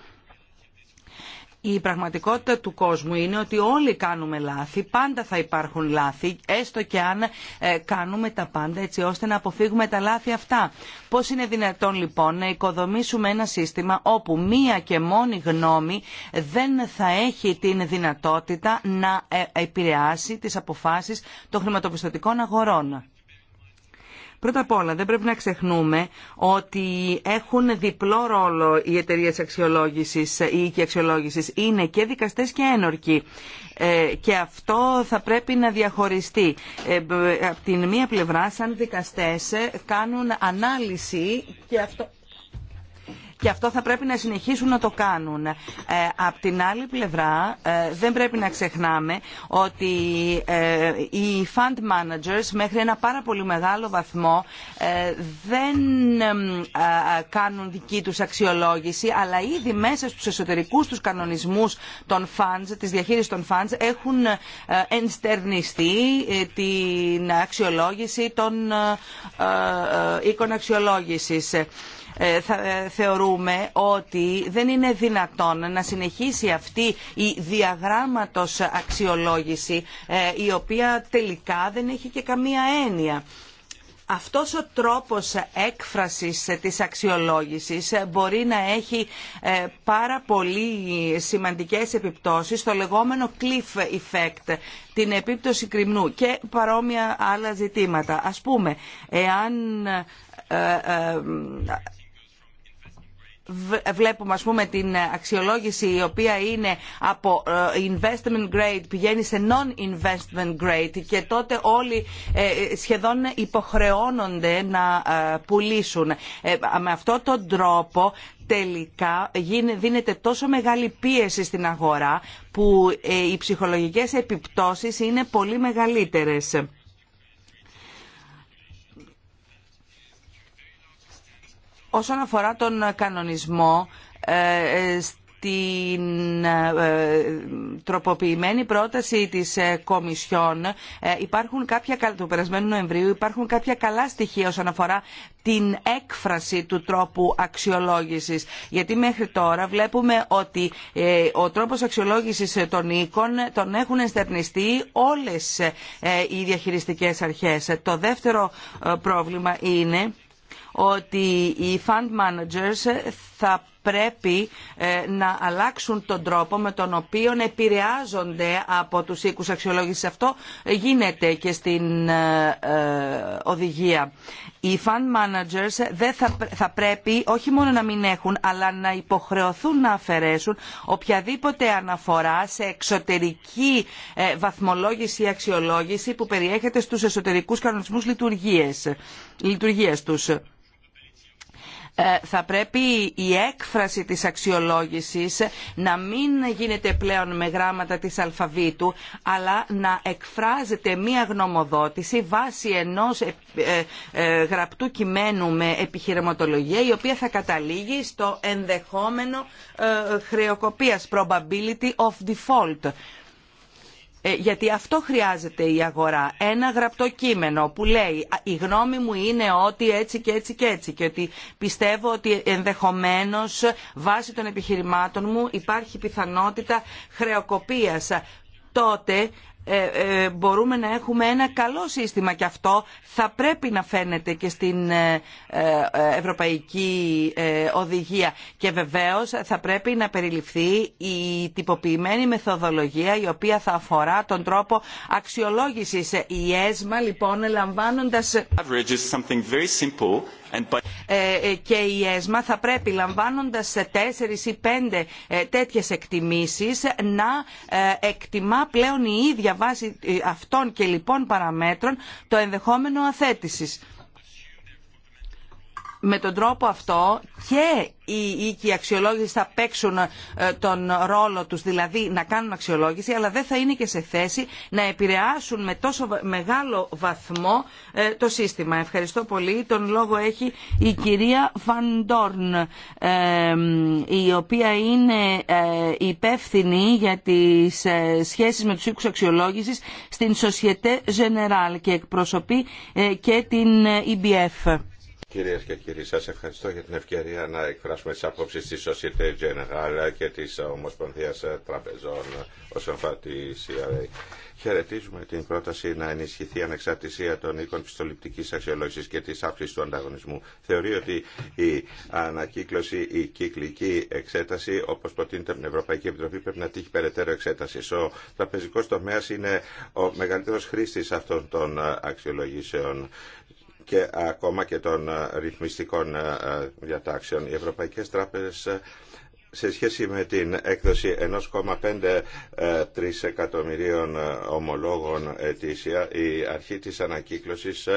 η πραγματικότητα του κόσμου είναι ότι όλοι κάνουμε λάθη, πάντα θα υπάρχουν λάθη, έστω και αν ε, κάνουμε τα πάντα έτσι ώστε να αποφύγουμε τα λάθη αυτά. Πώς είναι δυνατόν λοιπόν να οικοδομήσουμε ένα σύστημα όπου μία και μόνη γνώμη δεν θα έχει την δυνατότητα να ε, επηρεάσει τις αποφάσεις των χρηματοπιστωτικών αγορών. Πρώτα απ' όλα δεν πρέπει να ξεχνούμε ότι έχουν διπλό ρόλο οι εταιρείε αξιολόγηση οι οίκοι αξιολόγηση. Είναι και δικαστές και ένορκοι. Ε, και αυτό θα πρέπει να διαχωριστεί. Ε, Από την μία πλευρά, σαν δικαστές, ε, κάνουν ανάλυση και αυτό και αυτό θα πρέπει να συνεχίσουν να το κάνουν. Ε, απ' την άλλη πλευρά ε, δεν πρέπει να ξεχνάμε ότι ε, οι fund managers μέχρι ένα πάρα πολύ μεγάλο βαθμό ε, δεν κάνουν δική τους αξιολόγηση αλλά ήδη μέσα στους εσωτερικούς τους κανονισμούς των funds, της διαχείρισης των funds έχουν ενστερνιστεί την αξιολόγηση των οίκων αξιολόγησης. Ε, ε, θεωρούμε ότι δεν είναι δυνατόν να συνεχίσει αυτή η διαγράμματος αξιολόγηση ε, η οποία τελικά δεν έχει και καμία έννοια αυτός ο τρόπος έκφρασης της αξιολόγησης μπορεί να έχει πάρα πολύ σημαντικές επιπτώσεις στο λεγόμενο cliff effect, την επίπτωση κρυμνού και παρόμοια άλλα ζητήματα. Ας πούμε, εάν βλέπουμε ας πούμε την αξιολόγηση η οποία είναι από ε, investment grade πηγαίνει σε non-investment grade και τότε όλοι ε, σχεδόν υποχρεώνονται να ε, πουλήσουν. Με αυτόν τον τρόπο τελικά δίνεται τόσο μεγάλη πίεση στην αγορά που οι ψυχολογικές επιπτώσεις είναι πολύ μεγαλύτερες. Όσον αφορά τον κανονισμό, ε, ε, στην ε, τροποποιημένη πρόταση της Κομισιόν υπάρχουν κάποια, του περασμένου Νοεμβρίου υπάρχουν κάποια καλά στοιχεία όσον αφορά την έκφραση του τρόπου αξιολόγησης. Γιατί μέχρι τώρα βλέπουμε ότι ο τρόπος αξιολόγησης των οίκων τον έχουν ενστερνιστεί όλες οι διαχειριστικές αρχές. Το δεύτερο πρόβλημα είναι ότι οι fund managers θα πρέπει ε, να αλλάξουν τον τρόπο με τον οποίο επηρεάζονται από τους οίκους αξιολόγησης. Αυτό γίνεται και στην ε, ε, οδηγία. Οι fund managers δεν θα, πρέπει όχι μόνο να μην έχουν αλλά να υποχρεωθούν να αφαιρέσουν οποιαδήποτε αναφορά σε εξωτερική βαθμολόγηση ή αξιολόγηση που περιέχεται στους εσωτερικούς κανονισμούς λειτουργίας, λειτουργίας τους. Ε, θα πρέπει η έκφραση της αξιολόγησης να μην γίνεται πλέον με γράμματα της αλφαβήτου αλλά να εκφράζεται μία γνωμοδότηση βάσει ενός ε, ε, γραπτού κειμένου με επιχειρηματολογία η οποία θα καταλήγει στο ενδεχόμενο χρεοκοπίας probability of default ε, γιατί αυτό χρειάζεται η αγορά. Ένα γραπτό κείμενο που λέει η γνώμη μου είναι ότι έτσι και έτσι και έτσι και ότι πιστεύω ότι ενδεχομένως βάσει των επιχειρημάτων μου υπάρχει πιθανότητα χρεοκοπίας. Τότε ε, ε, μπορούμε να έχουμε ένα καλό σύστημα και αυτό θα πρέπει να φαίνεται και στην ε, Ευρωπαϊκή Οδηγία. Και βεβαίως θα πρέπει να περιληφθεί η τυποποιημένη μεθοδολογία η οποία θα αφορά τον τρόπο αξιολόγησης. Η ΕΣΜΑ λοιπόν λαμβάνοντας... Ε, ε, και η ΕΣΜΑ θα πρέπει λαμβάνοντας σε τέσσερις ή πέντε ε, τέτοιες εκτιμήσεις να εκτιμά πλέον η ίδια βάση αυτών και λοιπόν παραμέτρων το ενδεχόμενο αθέτησης με τον τρόπο αυτό και οι οίκοι αξιολόγηση θα παίξουν ε, τον ρόλο τους, δηλαδή να κάνουν αξιολόγηση, αλλά δεν θα είναι και σε θέση να επηρεάσουν με τόσο μεγάλο βαθμό ε, το σύστημα. Ευχαριστώ πολύ. Τον λόγο έχει η κυρία Βαντόρν, η οποία είναι ε, υπεύθυνη για τις σχέσεις με τους οίκους αξιολόγησης στην Société Générale και εκπροσωπεί και την EBF. Κυρίε και κύριοι, σα ευχαριστώ για την ευκαιρία να εκφράσουμε τι απόψει τη Société Générale και τη Ομοσπονδία Τραπεζών ως αφορά τη CRA. Χαιρετίζουμε την πρόταση να ενισχυθεί η ανεξαρτησία των οίκων πιστοληπτική αξιολόγηση και τη αύξηση του ανταγωνισμού. Θεωρεί ότι η ανακύκλωση, η κυκλική εξέταση, όπω προτείνεται από την Ευρωπαϊκή Επιτροπή, πρέπει να τύχει περαιτέρω εξέταση. Ο τραπεζικό τομέα είναι ο μεγαλύτερο χρήστη αυτών των αξιολογήσεων και ακόμα και των ε, ρυθμιστικών ε, ε, διατάξεων. Οι ευρωπαϊκές τράπεζες σε σχέση με την έκδοση 1,5 εκατομμυρίων ομολόγων ετήσια, η αρχή της ανακύκλωσης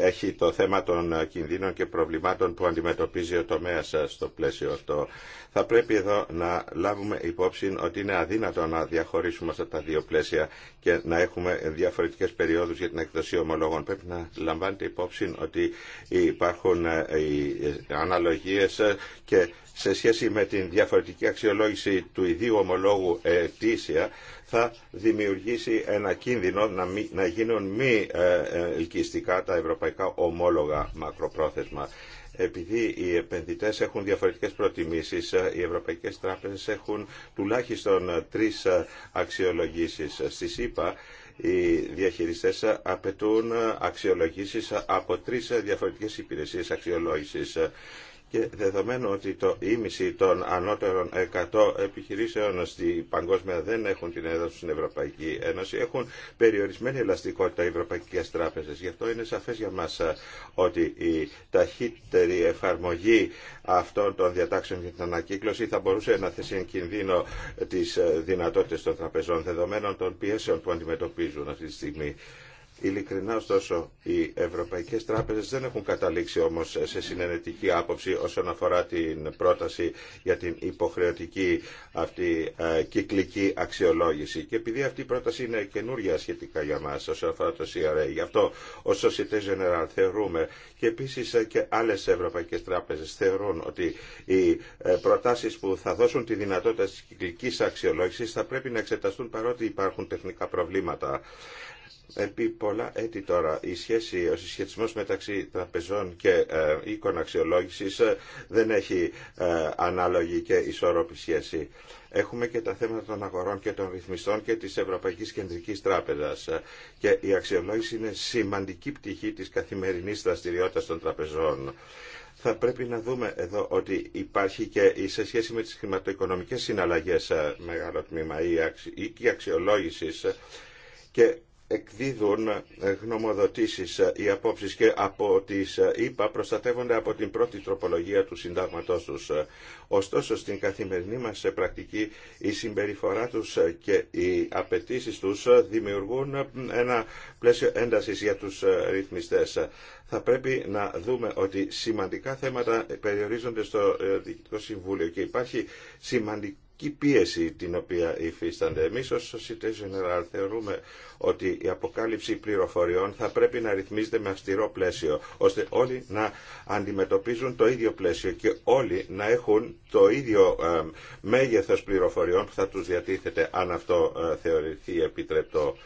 έχει το θέμα των κινδύνων και προβλημάτων που αντιμετωπίζει ο τομέας στο πλαίσιο αυτό. Θα πρέπει εδώ να λάβουμε υπόψη ότι είναι αδύνατο να διαχωρίσουμε αυτά τα δύο πλαίσια και να έχουμε διαφορετικέ περιόδου για την εκδοσή ομολόγων. Πρέπει να λαμβάνετε υπόψη ότι υπάρχουν ε, οι αναλογίε ε, και σε σχέση με την διαφορετική αξιολόγηση του ιδίου ομολόγου ετήσια θα δημιουργήσει ένα κίνδυνο να, να γίνουν μη ε, ελκυστικά τα ευρωπαϊκά ομόλογα μακροπρόθεσμα επειδή οι επενδυτές έχουν διαφορετικές προτιμήσεις, ε, οι ευρωπαϊκές τράπεζες έχουν τουλάχιστον ε, τρεις ε, αξιολογήσεις. Στη ΣΥΠΑ οι διαχειριστές απαιτούν αξιολογήσεις από τρεις διαφορετικές υπηρεσίες αξιολόγησης και δεδομένου ότι το ίμιση των ανώτερων 100 επιχειρήσεων στη παγκόσμια δεν έχουν την έδρα στην Ευρωπαϊκή Ένωση, έχουν περιορισμένη ελαστικότητα οι ευρωπαϊκές τράπεζες. Γι' αυτό είναι σαφές για μας ε, ότι η ταχύτερη εφαρμογή αυτών των διατάξεων για την ανακύκλωση θα μπορούσε να θέσει εν κινδύνο τις ε, δυνατότητες των τραπεζών δεδομένων των πιέσεων που αντιμετωπίζουν αυτή τη στιγμή. Ειλικρινά ωστόσο, οι ευρωπαϊκέ τράπεζε δεν έχουν καταλήξει όμω σε συνενετική άποψη όσον αφορά την πρόταση για την υποχρεωτική αυτή ε, κυκλική αξιολόγηση. Και επειδή αυτή η πρόταση είναι καινούργια σχετικά για μα, όσον αφορά το CRA, γι' αυτό ω Societe Générale θεωρούμε και επίση ε, και άλλε ευρωπαϊκέ τράπεζε θεωρούν ότι οι ε, προτάσει που θα δώσουν τη δυνατότητα τη κυκλικής αξιολόγηση θα πρέπει να εξεταστούν παρότι υπάρχουν τεχνικά προβλήματα επί πολλά έτη τώρα η σχέση, ο συσχετισμός μεταξύ τραπεζών και ε, οίκων αξιολόγησης ε, δεν έχει ε, ανάλογη και ισόρροπη σχέση. Έχουμε και τα θέματα των αγορών και των ρυθμιστών και της Ευρωπαϊκής Κεντρικής Τράπεζας. Και η αξιολόγηση είναι σημαντική πτυχή της καθημερινής δραστηριότητας των τραπεζών θα πρέπει να δούμε εδώ ότι υπάρχει και σε σχέση με τις χρηματοοικονομικές συναλλαγές μεγάλο τμήμα ή η η και εκδίδουν ε, γνωμοδοτήσεις ε, οι απόψεις και από τις ε, ΗΠΑ προστατεύονται από την πρώτη τροπολογία του συντάγματός τους. Ωστόσο στην καθημερινή μας πρακτική η συμπεριφορά τους και οι απαιτήσει τους δημιουργούν ένα πλαίσιο έντασης για τους ρυθμιστές. Θα πρέπει να δούμε ότι σημαντικά θέματα περιορίζονται στο Διοικητικό Συμβούλιο και υπάρχει σημαντική η πίεση την οποία υφίστανται. Εμείς ως Societe General θεωρούμε ότι η αποκάλυψη πληροφοριών θα πρέπει να ρυθμίζεται με αυστηρό πλαίσιο, ώστε όλοι να αντιμετωπίζουν το ίδιο πλαίσιο και όλοι να έχουν το ίδιο ε, μέγεθος πληροφοριών που θα τους διατίθεται αν αυτό ε, θεωρηθεί επιτρεπτό.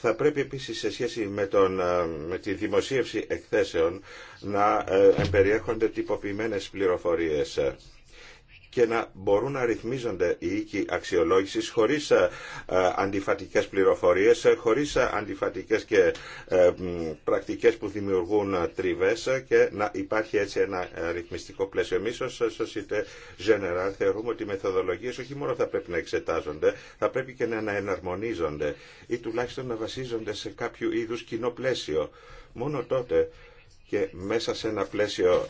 Θα πρέπει επίσης σε σχέση με, τον, ε, με τη δημοσίευση εκθέσεων να ε, εμπεριέχονται τυποποιημένες πληροφορίες και να μπορούν να ρυθμίζονται οι οίκοι αξιολόγηση χωρίς ε, ε, αντιφατικές πληροφορίες, χωρίς ε, αντιφατικές και πρακτικές που δημιουργούν τριβέ και να υπάρχει έτσι ένα ρυθμιστικό πλαίσιο. Εμεί ω Societe General θεωρούμε ότι οι μεθοδολογίε όχι μόνο θα πρέπει να εξετάζονται, θα πρέπει και να εναρμονίζονται ή τουλάχιστον να βασίζονται σε κάποιο είδου κοινό πλαίσιο. Μόνο τότε και μέσα σε ένα πλαίσιο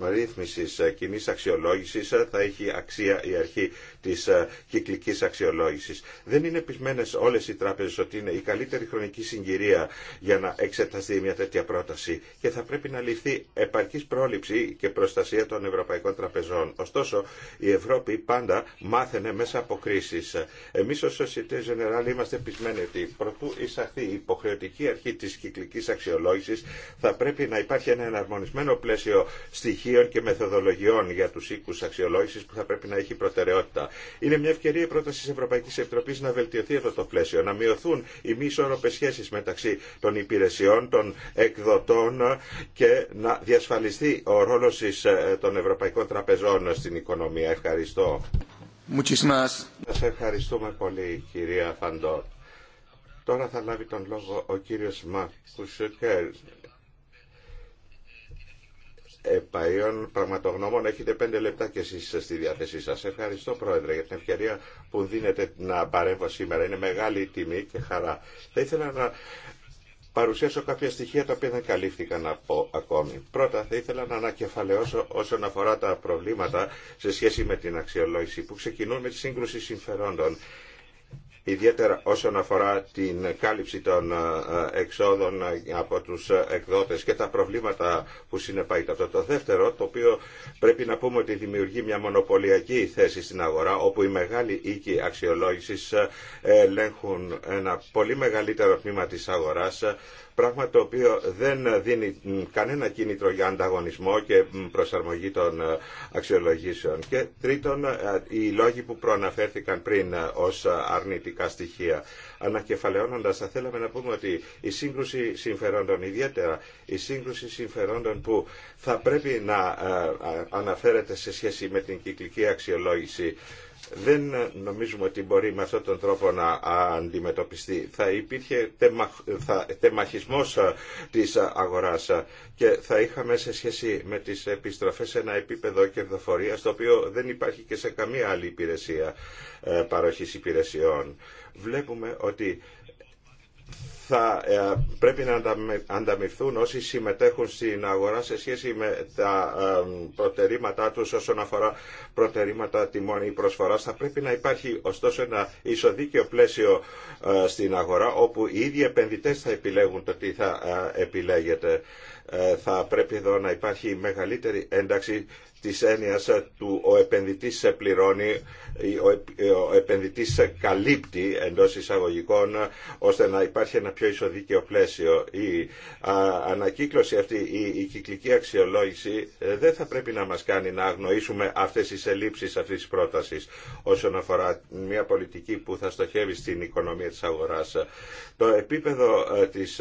ε, ρύθμισης ε, κοινή αξιολόγησης ε, θα έχει αξία η αρχή τη ε, κυκλική αξιολόγησης. Δεν είναι πεισμένε όλε οι τράπεζε ότι είναι η καλύτερη χρονική συγκυρία για να εξεταστεί μια τέτοια πρόταση και θα πρέπει να ληφθεί επαρκή πρόληψη και προστασία των ευρωπαϊκών τραπεζών. Ωστόσο, η Ευρώπη πάντα μάθαινε μέσα από κρίσει. Εμεί ω Societe Generale είμαστε πεισμένοι ότι προτού εισαχθεί η υποχρεωτική αρχή τη κυκλική αξιολόγηση θα πρέπει να υπάρχει ένα εναρμονισμένο πλαίσιο στοιχείων και μεθοδολογιών για του οίκου αξιολόγηση που θα πρέπει να έχει προτεραιότητα. Είναι μια ευκαιρία η πρόταση τη Ευρωπαϊκή Επιτροπή να βελτιωθεί αυτό το πλαίσιο, να μειωθούν οι μη ισόρροπες σχέσει μεταξύ των υπηρεσιών, των εκδοτών και να διασφαλιστεί ο ρόλο ε, των Ευρωπαϊκών Τραπεζών στην οικονομία. Ευχαριστώ. Σα ευχαριστούμε πολύ, κυρία Φαντόρ. Τώρα θα λάβει τον λόγο ο κύριος επαϊών πραγματογνώμων. Έχετε πέντε λεπτά και εσείς στη διάθεσή σας. Ευχαριστώ Πρόεδρε για την ευκαιρία που δίνετε να παρέμβω σήμερα. Είναι μεγάλη τιμή και χαρά. Θα ήθελα να παρουσιάσω κάποια στοιχεία τα οποία δεν καλύφθηκαν από ακόμη. Πρώτα, θα ήθελα να ανακεφαλαιώσω όσον αφορά τα προβλήματα σε σχέση με την αξιολόγηση που ξεκινούν με τη σύγκρουση συμφερόντων ιδιαίτερα όσον αφορά την κάλυψη των ε, εξόδων ε, από τους ε, εκδότες και τα προβλήματα που συνεπάγεται αυτό. Το δεύτερο, το οποίο πρέπει να πούμε ότι δημιουργεί μια μονοπωλιακή θέση στην αγορά, όπου οι μεγάλοι οίκοι αξιολόγησης ελέγχουν ένα πολύ μεγαλύτερο τμήμα της αγοράς, πράγμα το οποίο δεν δίνει κανένα κίνητρο για ανταγωνισμό και προσαρμογή των ε, αξιολογήσεων. Και τρίτον, ε, οι λόγοι που προαναφέρθηκαν πριν ε, ως αρνητικά στοιχεία. Ανακεφαλαιώνοντας, θα θέλαμε να πούμε ότι η σύγκρουση συμφερόντων, ιδιαίτερα η σύγκρουση συμφερόντων που θα πρέπει να αναφέρεται σε σχέση με την κυκλική αξιολόγηση, δεν νομίζουμε ότι μπορεί με αυτόν τον τρόπο να αντιμετωπιστεί. Θα υπήρχε τεμαχισμό τεμαχισμός ε, της αγοράς ε, και θα είχαμε σε σχέση με τις επιστροφές ένα επίπεδο κερδοφορίας το οποίο δεν υπάρχει και σε καμία άλλη υπηρεσία ε, παροχής υπηρεσιών. Βλέπουμε ότι θα ε, πρέπει να ανταμυφθούν όσοι συμμετέχουν στην αγορά σε σχέση με τα ε, προτερήματά τους όσον αφορά προτερήματα τιμών ή προσφοράς. Θα πρέπει να υπάρχει ωστόσο ένα ισοδίκαιο πλαίσιο ε, στην αγορά όπου οι ίδιοι επενδυτές θα επιλέγουν το τι θα επιλέγεται. Θα πρέπει εδώ να υπάρχει μεγαλύτερη ένταξη της έννοιας ε, του ο επενδυτής ε, πληρώνει, ε, ο επενδυτής καλύπτει εντός εισαγωγικών ώστε να υπάρχει ένα πιο ισοδίκαιο πλαίσιο. Η ανακύκλωση αυτή, η, κυκλική αξιολόγηση δεν θα πρέπει να μας κάνει να αγνοήσουμε αυτές τις ελλείψεις αυτής της πρότασης όσον αφορά μια πολιτική που θα στοχεύει στην οικονομία της αγοράς. Το επίπεδο της,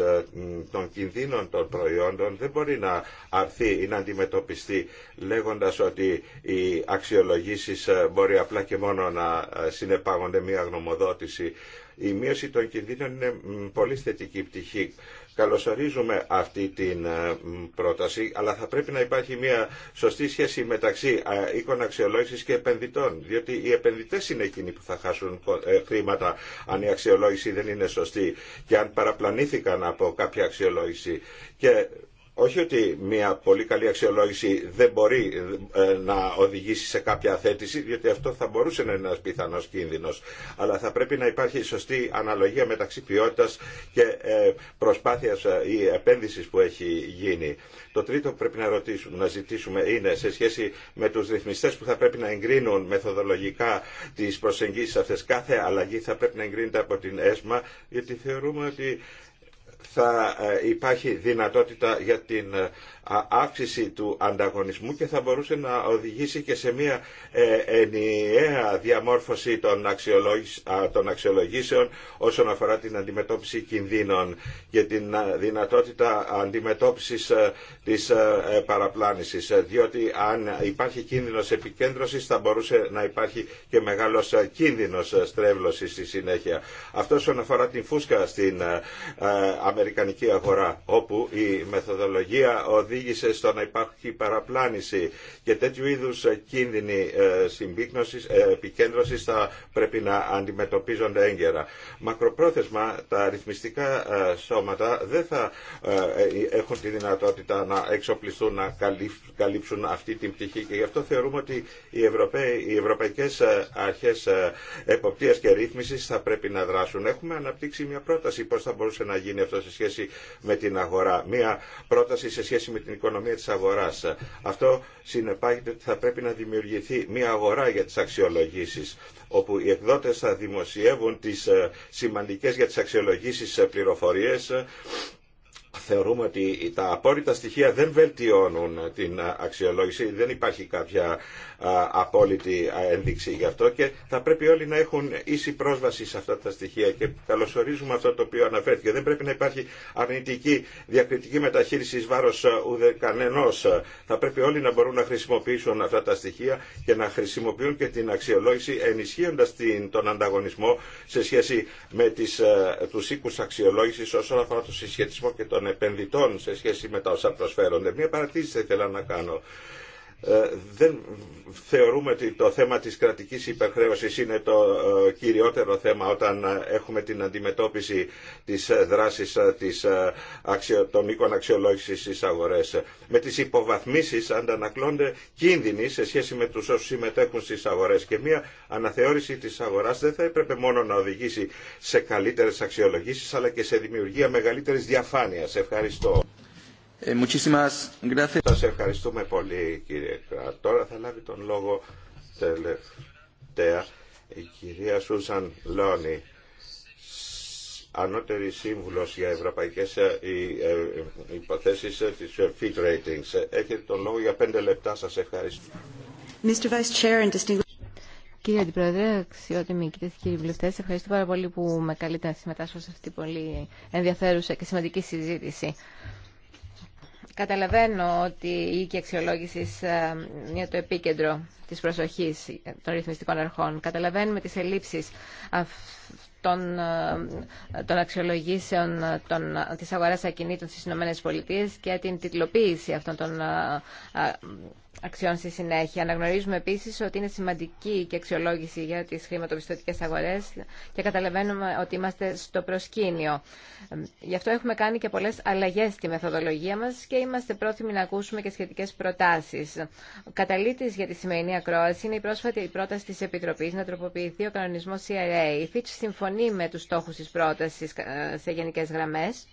των κινδύνων των προϊόντων δεν μπορεί να αρθεί ή να αντιμετωπιστεί λέγοντα λέγοντας ότι οι αξιολογήσεις ε, μπορεί απλά και μόνο να ε, συνεπάγονται μια γνωμοδότηση. Η μείωση των κινδύνων είναι πολύ θετική πτυχή. Καλωσορίζουμε αυτή την ε, πρόταση, αλλά θα πρέπει να υπάρχει μια σωστή σχέση μεταξύ οίκων αξιολόγηση και επενδυτών. Διότι οι επενδυτέ είναι εκείνοι που θα χάσουν χρήματα αν η αξιολόγηση δεν είναι σωστή και αν παραπλανήθηκαν από κάποια αξιολόγηση. Και όχι ότι μια πολύ καλή αξιολόγηση δεν μπορεί ε, να οδηγήσει σε κάποια αθέτηση, διότι αυτό θα μπορούσε να είναι ένας πιθανός κίνδυνος. Αλλά θα πρέπει να υπάρχει σωστή αναλογία μεταξύ ποιότητας και ε, προσπάθειας ε, ή επένδυσης που έχει γίνει. Το τρίτο που πρέπει να, ρωτήσουμε, να ζητήσουμε είναι σε σχέση με τους ρυθμιστές που θα πρέπει να εγκρίνουν μεθοδολογικά τις προσεγγίσεις αυτές. Κάθε αλλαγή θα πρέπει να εγκρίνεται από την ΕΣΜΑ, γιατί θεωρούμε ότι θα ε, υπάρχει δυνατότητα για την ε, αύξηση του ανταγωνισμού και θα μπορούσε να οδηγήσει και σε μια ε, ενιαία διαμόρφωση των αξιολογήσεων όσον αφορά την αντιμετώπιση κινδύνων και την δυνατότητα αντιμετώπισης της παραπλάνησης. Διότι αν υπάρχει κίνδυνος επικέντρωσης θα μπορούσε να υπάρχει και μεγάλος κίνδυνος στρέβλωσης στη συνέχεια. Αυτό όσον αφορά την φούσκα στην αμερικανική αγορά, όπου η μεθοδολογία οδήγησε στο να υπάρχει παραπλάνηση και τέτοιου είδους κίνδυνοι ε, συμπίκνωση ε, επικέντρωσης θα πρέπει να αντιμετωπίζονται έγκαιρα. Μακροπρόθεσμα τα αριθμιστικά ε, σώματα δεν θα έχουν τη δυνατότητα να εξοπλιστούν, να καλύψουν αυτή την πτυχή και γι' αυτό θεωρούμε ότι οι, Ευρωπαίοι, οι ευρωπαϊκές αρχές εποπτείας και ρύθμισης θα πρέπει να δράσουν. Έχουμε αναπτύξει μια πρόταση πώς θα μπορούσε να γίνει αυτό σε σχέση με την αγορά. Μία πρόταση σε σχέση με την οικονομία της αγοράς. Αυτό συνεπάγεται ότι θα πρέπει να δημιουργηθεί μία αγορά για τις αξιολογήσεις όπου οι εκδότες θα δημοσιεύουν τις ε, σημαντικές για τις αξιολογήσεις ε, πληροφορίες θεωρούμε ότι τα απόρριτα στοιχεία δεν βελτιώνουν ε, την αξιολόγηση, δεν υπάρχει κάποια απόλυτη ένδειξη γι' αυτό και θα πρέπει όλοι να έχουν ίση πρόσβαση σε αυτά τα στοιχεία και καλωσορίζουμε αυτό το οποίο αναφέρθηκε. Δεν πρέπει να υπάρχει αρνητική διακριτική μεταχείριση εις βάρος ούτε κανενός. Θα πρέπει όλοι να μπορούν να χρησιμοποιήσουν αυτά τα στοιχεία και να χρησιμοποιούν και την αξιολόγηση ενισχύοντας τον ανταγωνισμό σε σχέση με τις, τους οίκους αξιολόγησης όσον αφορά το συσχετισμό και των επενδυτών σε σχέση με τα όσα προσφέρονται. Μια παρατήρηση θα ήθελα να κάνω ε, δεν θεωρούμε ότι το θέμα της κρατικής υπερχρέωσης είναι το ε, κυριότερο θέμα όταν ε, έχουμε την αντιμετώπιση της δράσης της των οίκων αξιολόγησης στις αγορές. Με τις υποβαθμίσεις αντανακλώνται κίνδυνοι σε σχέση με τους όσους συμμετέχουν στις αγορές και μια αναθεώρηση της αγοράς δεν θα έπρεπε μόνο να οδηγήσει σε καλύτερες αξιολογήσεις αλλά και σε δημιουργία μεγαλύτερης διαφάνειας. Ευχαριστώ. Ε, Σας ευχαριστούμε πολύ κύριε Κράτ. Τώρα θα λάβει τον λόγο τελευταία η κυρία Σούσαν Λόνι, ανώτερη σύμβουλος για ευρωπαϊκές ε, ε, υποθέσεις της Feed Ratings. Έχετε τον λόγο για πέντε λεπτά. Σας ευχαριστώ. Mr. Vice Chair distinguished... Κύριε Αντιπρόεδρε, αξιότιμοι κυρίε και κύριοι βουλευτέ, ευχαριστώ πάρα πολύ που με καλείτε να συμμετάσχω σε αυτή την πολύ ενδιαφέρουσα και σημαντική συζήτηση. Καταλαβαίνω ότι η οίκη αξιολόγηση ε, είναι το επίκεντρο της προσοχής των ρυθμιστικών αρχών. Καταλαβαίνουμε τις ελλείψεις των, ε, των αξιολογήσεων ε, των, της αγοράς ακινήτων στις ΗΠΑ και την τυπλοποίηση αυτών των αξιών στη συνέχεια. Αναγνωρίζουμε επίσης ότι είναι σημαντική και αξιολόγηση για τις χρηματοπιστωτικές αγορές και καταλαβαίνουμε ότι είμαστε στο προσκήνιο. Γι' αυτό έχουμε κάνει και πολλές αλλαγές στη μεθοδολογία μας και είμαστε πρόθυμοι να ακούσουμε και σχετικές προτάσεις. Καταλήτη για τη σημερινή ακρόαση είναι η πρόσφατη πρόταση της Επιτροπής να τροποποιηθεί ο κανονισμό CRA. Η Fitch συμφωνεί με τους στόχους της πρότασης ε, σε γενικές γραμμές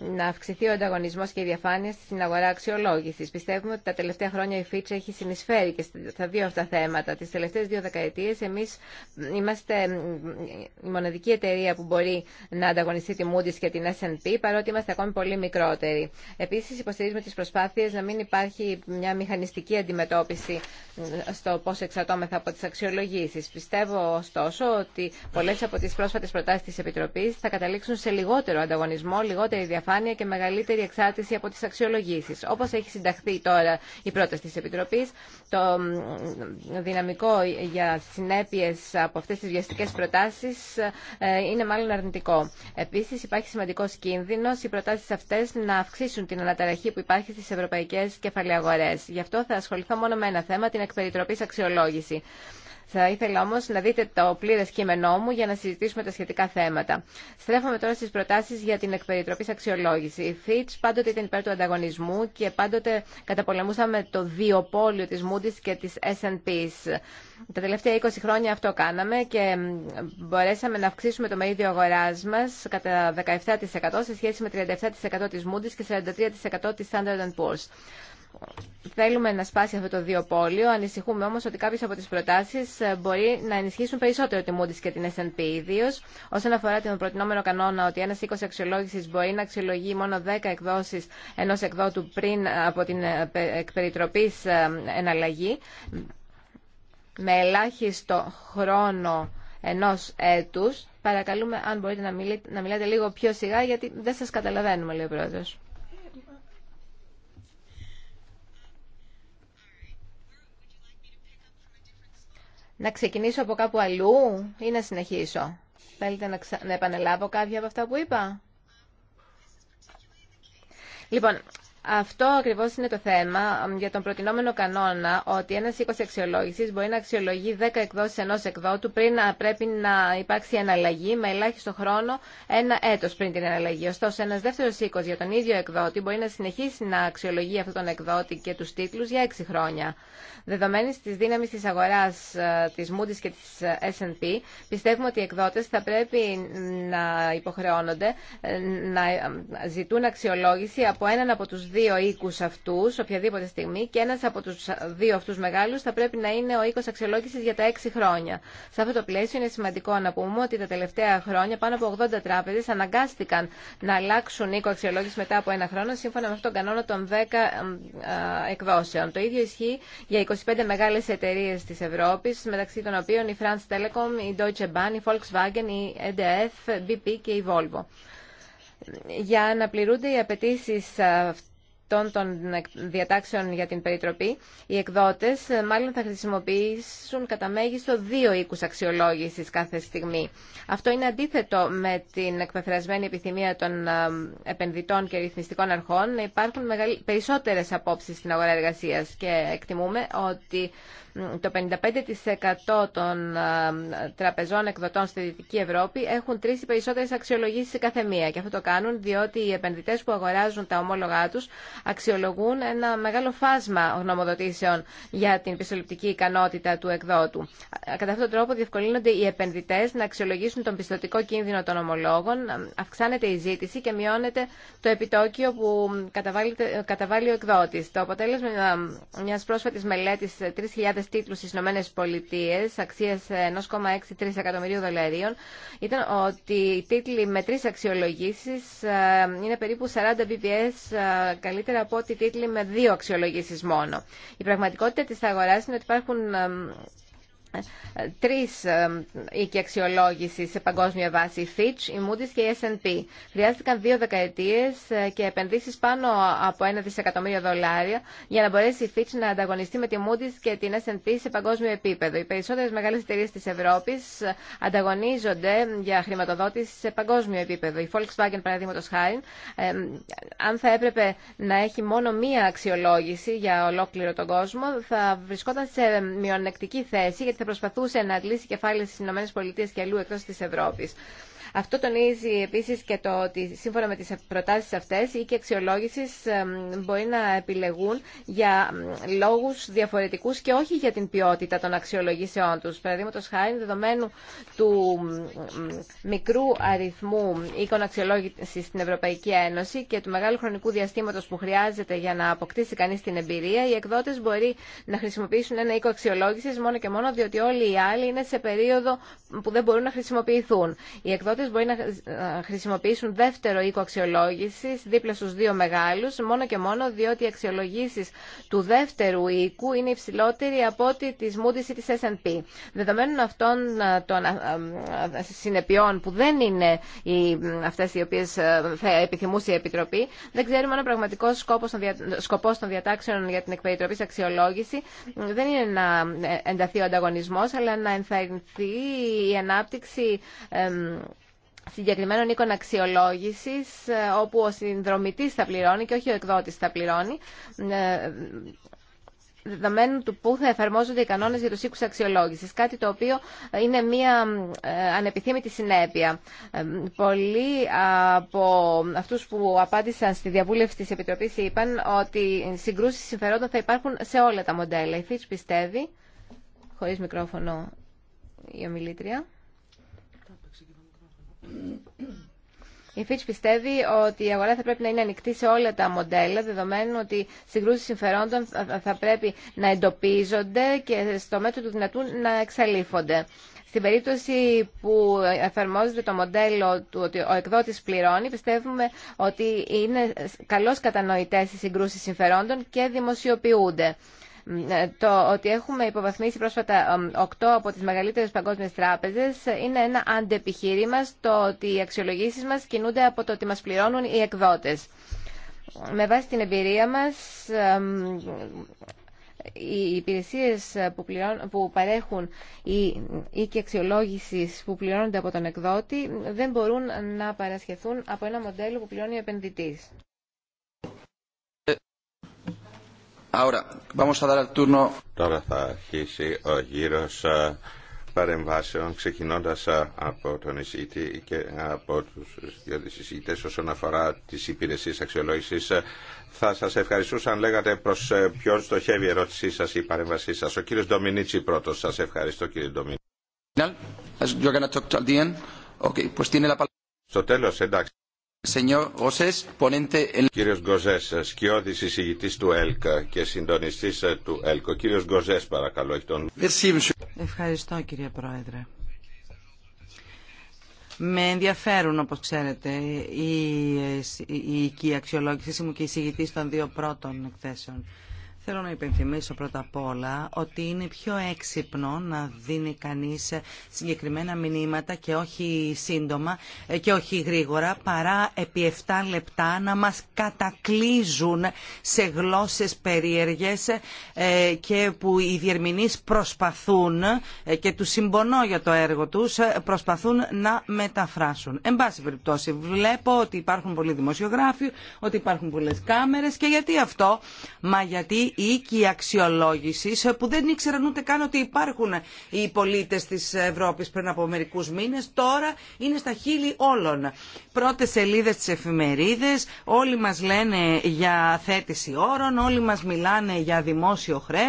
να αυξηθεί ο ανταγωνισμό και η διαφάνεια στην αγορά αξιολόγηση. Πιστεύουμε ότι τα τελευταία χρόνια η Fitch έχει συνεισφέρει και στα δύο αυτά θέματα. Τι τελευταίε δύο δεκαετίε εμεί είμαστε η μοναδική εταιρεία που μπορεί να ανταγωνιστεί τη Moody's και την SP, παρότι είμαστε ακόμη πολύ μικρότεροι. Επίση, υποστηρίζουμε τι προσπάθειε να μην υπάρχει μια μηχανιστική αντιμετώπιση στο πώ εξατόμεθα από τι αξιολογήσει. Πιστεύω, ωστόσο, ότι πολλέ από τι πρόσφατε προτάσει τη Επιτροπή θα καταλήξουν σε λιγότερο ανταγωνισμό, λιγότερη διαφάνεια και μεγαλύτερη εξάρτηση από τις αξιολογήσεις. Όπως έχει συνταχθεί τώρα η πρόταση της Επιτροπής, το δυναμικό για συνέπειες από αυτές τις βιαστικές προτάσεις ε, είναι μάλλον αρνητικό. Επίσης υπάρχει σημαντικός κίνδυνος οι προτάσεις αυτές να αυξήσουν την αναταραχή που υπάρχει στις ευρωπαϊκές κεφαλαιαγορές. Γι' αυτό θα ασχοληθώ μόνο με ένα θέμα, την εκπεριτροπής αξιολόγηση. Θα ήθελα όμω να δείτε το πλήρε κείμενό μου για να συζητήσουμε τα σχετικά θέματα. Στρέφομαι τώρα στι προτάσει για την εκπεριτροπή αξιολόγηση. Η Fitch πάντοτε ήταν υπέρ του ανταγωνισμού και πάντοτε καταπολεμούσαμε το διοπόλιο τη Moody's και τη S&P. Τα τελευταία 20 χρόνια αυτό κάναμε και μπορέσαμε να αυξήσουμε το μείδιο αγορά μα κατά 17% σε σχέση με 37% τη Moody's και 43% τη Standard Poor's. Θέλουμε να σπάσει αυτό το δύο πόλιο. Ανησυχούμε όμω ότι κάποιε από τι προτάσει ε, μπορεί να ενισχύσουν περισσότερο τη Moody's και την S&P ιδίω. Όσον αφορά τον προτινόμενο κανόνα ότι ένα οίκο αξιολόγηση μπορεί να αξιολογεί μόνο 10 εκδόσει ενό εκδότου πριν από την ε, εκπεριτροπή ε, εναλλαγή, με ελάχιστο χρόνο ενό έτου. Παρακαλούμε, αν μπορείτε να μιλάτε λίγο πιο σιγά, γιατί δεν σα καταλαβαίνουμε, λέει ο Πρόεδρος. Να ξεκινήσω από κάπου αλλού ή να συνεχίσω. Θέλετε να, ξα... να επανελάβω κάποια από αυτά που είπα. Λοιπόν, αυτό ακριβώ είναι το θέμα για τον προτινόμενο κανόνα ότι ένα οίκο αξιολόγηση μπορεί να αξιολογεί 10 εκδόσει ενό εκδότου πριν πρέπει να υπάρξει αναλλαγή με ελάχιστο χρόνο ένα έτο πριν την αναλλαγή. Ωστόσο, ένα δεύτερο οίκο για τον ίδιο εκδότη μπορεί να συνεχίσει να αξιολογεί αυτόν τον εκδότη και του τίτλου για 6 χρόνια. Δεδομένης τη δύναμη τη αγορά ε, τη Moody's και τη ε, S&P, πιστεύουμε ότι οι εκδότε θα πρέπει να υποχρεώνονται ε, να ζητούν αξιολόγηση από έναν από του δύο δύο οίκου αυτού, οποιαδήποτε στιγμή και ένα από του δύο αυτού μεγάλου θα πρέπει να είναι ο οίκο αξιολόγηση για τα έξι χρόνια. Σε αυτό το πλαίσιο είναι σημαντικό να πούμε ότι τα τελευταία χρόνια πάνω από 80 τράπεζε αναγκάστηκαν να αλλάξουν οίκο αξιολόγηση μετά από ένα χρόνο σύμφωνα με αυτόν τον κανόνα των 10 ε, ε, εκδόσεων. Το ίδιο ισχύει για 25 μεγάλε εταιρείε τη Ευρώπη, μεταξύ των οποίων η France Telecom, η Deutsche Bahn, η Volkswagen, η EDF, BP και η Volvo για να πληρούνται οι απαιτήσει αυτών των διατάξεων για την περιτροπή, οι εκδότε ε, μάλλον θα χρησιμοποιήσουν κατά μέγιστο δύο οίκου αξιολόγηση κάθε στιγμή. Αυτό είναι αντίθετο με την εκπεφρασμένη επιθυμία των ε, επενδυτών και ρυθμιστικών αρχών να υπάρχουν περισσότερε απόψει στην αγορά εργασία και εκτιμούμε ότι το 55% των ε, τραπεζών εκδοτών στη Δυτική Ευρώπη έχουν τρει ή περισσότερε αξιολογήσει σε κάθε μία. Και αυτό το κάνουν διότι οι επενδυτέ που αγοράζουν τα ομόλογά του αξιολογούν ένα μεγάλο φάσμα γνωμοδοτήσεων για την πιστοληπτική ικανότητα του εκδότου. Κατά αυτόν τον τρόπο διευκολύνονται οι επενδυτέ να αξιολογήσουν τον πιστοτικό κίνδυνο των ομολόγων, αυξάνεται η ζήτηση και μειώνεται το επιτόκιο που καταβάλει ο εκδότη. Το αποτέλεσμα μια πρόσφατη μελέτη 3.000 τίτλους στις Ηνωμένες Πολιτείες αξίας 1,63 εκατομμυρίου δολαρίων ήταν ότι οι τίτλοι με τρεις αξιολογήσεις ε, είναι περίπου 40 BPS ε, καλύτερα από ότι τίτλοι με δύο αξιολογήσεις μόνο. Η πραγματικότητα της αγοράς είναι ότι υπάρχουν ε, ε, τρεις ε, οίκοι αξιολόγηση σε παγκόσμια βάση, η Fitch, η Moody's και η S&P. Χρειάστηκαν δύο δεκαετίες ε, και επενδύσεις πάνω από ένα δισεκατομμύριο δολάρια για να μπορέσει η Fitch να ανταγωνιστεί με τη Moody's και την S&P σε παγκόσμιο επίπεδο. Οι περισσότερες μεγάλες εταιρείες της Ευρώπης ανταγωνίζονται για χρηματοδότηση σε παγκόσμιο επίπεδο. Η Volkswagen, παραδείγματο χάρη, αν θα έπρεπε να έχει μόνο μία αξιολόγηση για ολόκληρο τον κόσμο, θα βρισκόταν σε μειονεκτική θέση γιατί θα προσπαθούσε να αντλήσει κεφάλαια στι ΗΠΑ και αλλού εκτό τη Ευρώπη. Αυτό τονίζει επίση και το ότι σύμφωνα με τι προτάσει αυτέ, οι οίκοι αξιολόγηση μπορεί να επιλεγούν για λόγου διαφορετικού και όχι για την ποιότητα των αξιολογήσεών του. Παραδείγματο χάρη δεδομένου του μικρού αριθμού οίκων αξιολόγηση στην Ευρωπαϊκή Ένωση και του μεγάλου χρονικού διαστήματο που χρειάζεται για να αποκτήσει κανεί την εμπειρία, οι εκδότε μπορεί να χρησιμοποιήσουν ένα οίκο αξιολόγηση, μόνο και μόνο διότι όλοι οι άλλοι είναι σε περίοδο που δεν μπορούν να χρησιμοποιηθούν. Οι μπορεί να χρησιμοποιήσουν δεύτερο οίκο αξιολόγηση, δίπλα στου δύο μεγάλου, μόνο και μόνο διότι οι αξιολογήσει του δεύτερου οίκου είναι υψηλότεροι από ό,τι τη Moody's ή τη S&P. Δεδομένων αυτών των συνεπειών που δεν είναι αυτέ οι οποίε θα επιθυμούσε η Επιτροπή, δεν ξέρουμε αν ο πραγματικό σκοπό των, διατάξεων για την σε αξιολόγηση δεν είναι να ε, ενταθεί ο ανταγωνισμό, αλλά να ενθαρρυνθεί η ανάπτυξη συγκεκριμένων οίκων αξιολόγηση, ε, όπου ο συνδρομητής θα πληρώνει και όχι ο εκδότη θα πληρώνει ε, δεδομένου του πού θα εφαρμόζονται οι κανόνες για του οίκου αξιολόγηση. κάτι το οποίο είναι μια ε, ανεπιθύμητη συνέπεια. Πολλοί από αυτούς που απάντησαν στη διαβούλευση τη Επιτροπής είπαν ότι συγκρούσει συμφερόντων θα υπάρχουν σε όλα τα μοντέλα. Η Fitch πιστεύει, χωρί μικρόφωνο η ομιλήτρια. Η Fitch πιστεύει ότι η αγορά θα πρέπει να είναι ανοιχτή σε όλα τα μοντέλα, δεδομένου ότι συγκρούσει συμφερόντων θα πρέπει να εντοπίζονται και στο μέτρο του δυνατού να εξαλείφονται. Στην περίπτωση που εφαρμόζεται το μοντέλο του ότι ο εκδότης πληρώνει, πιστεύουμε ότι είναι καλώς κατανοητές οι συγκρούσεις συμφερόντων και δημοσιοποιούνται. Το ότι έχουμε υποβαθμίσει πρόσφατα 8 από τις μεγαλύτερες παγκόσμιες τράπεζες είναι ένα αντεπιχείρημα στο ότι οι αξιολογήσεις μας κινούνται από το ότι μας πληρώνουν οι εκδότες. Με βάση την εμπειρία μας, οι υπηρεσίες που, πληρών, που παρέχουν οι και αξιολόγηση που πληρώνονται από τον εκδότη δεν μπορούν να παρασχεθούν από ένα μοντέλο που πληρώνει ο επενδυτής. Τώρα θα αρχίσει ο γύρος ε, παρεμβάσεων ξεκινώντας ε, από τον εισηγητή και από τους δύο εισηγητές όσον αφορά τις υπηρεσίες αξιολόγησης. Ε, θα σας ευχαριστούσα αν λέγατε προς ποιον στοχεύει η ερώτησή σας ή η παρέμβασή σας. Ο κύριος Ντομινίτσι πρώτος. Σας ευχαριστώ κύριε Ντομινίτσι. Στο τέλος, εντάξει. Κύριος Γκοζές, σκιώδης εισηγητής του ΕΛΚΑ και συντονιστής ε, του ΕΛΚΟ. Κύριος Γκοζές, παρακαλώ, έχει τον... Ευχαριστώ, κύριε Πρόεδρε. Με ενδιαφέρουν, όπως ξέρετε, η, η, η, μου και η εισηγητής των δύο πρώτων εκθέσεων. Θέλω να υπενθυμίσω πρώτα απ' όλα ότι είναι πιο έξυπνο να δίνει κανείς συγκεκριμένα μηνύματα και όχι σύντομα ε, και όχι γρήγορα παρά επί 7 λεπτά να μας κατακλίζουν σε γλώσσες περίεργες ε, και που οι διερμηνείς προσπαθούν ε, και του συμπονώ για το έργο τους προσπαθούν να μεταφράσουν. Εν πάση περιπτώσει βλέπω ότι υπάρχουν πολλοί δημοσιογράφοι, ότι υπάρχουν πολλές κάμερες και γιατί αυτό, μα γιατί οίκη αξιολόγηση ε, που δεν ήξεραν ούτε καν ότι υπάρχουν οι πολίτε τη Ευρώπη πριν από μερικού μήνε. Τώρα είναι στα χείλη όλων. Πρώτε σελίδε τη εφημερίδε, όλοι μα λένε για θέτηση όρων, όλοι μα μιλάνε για δημόσιο χρέο.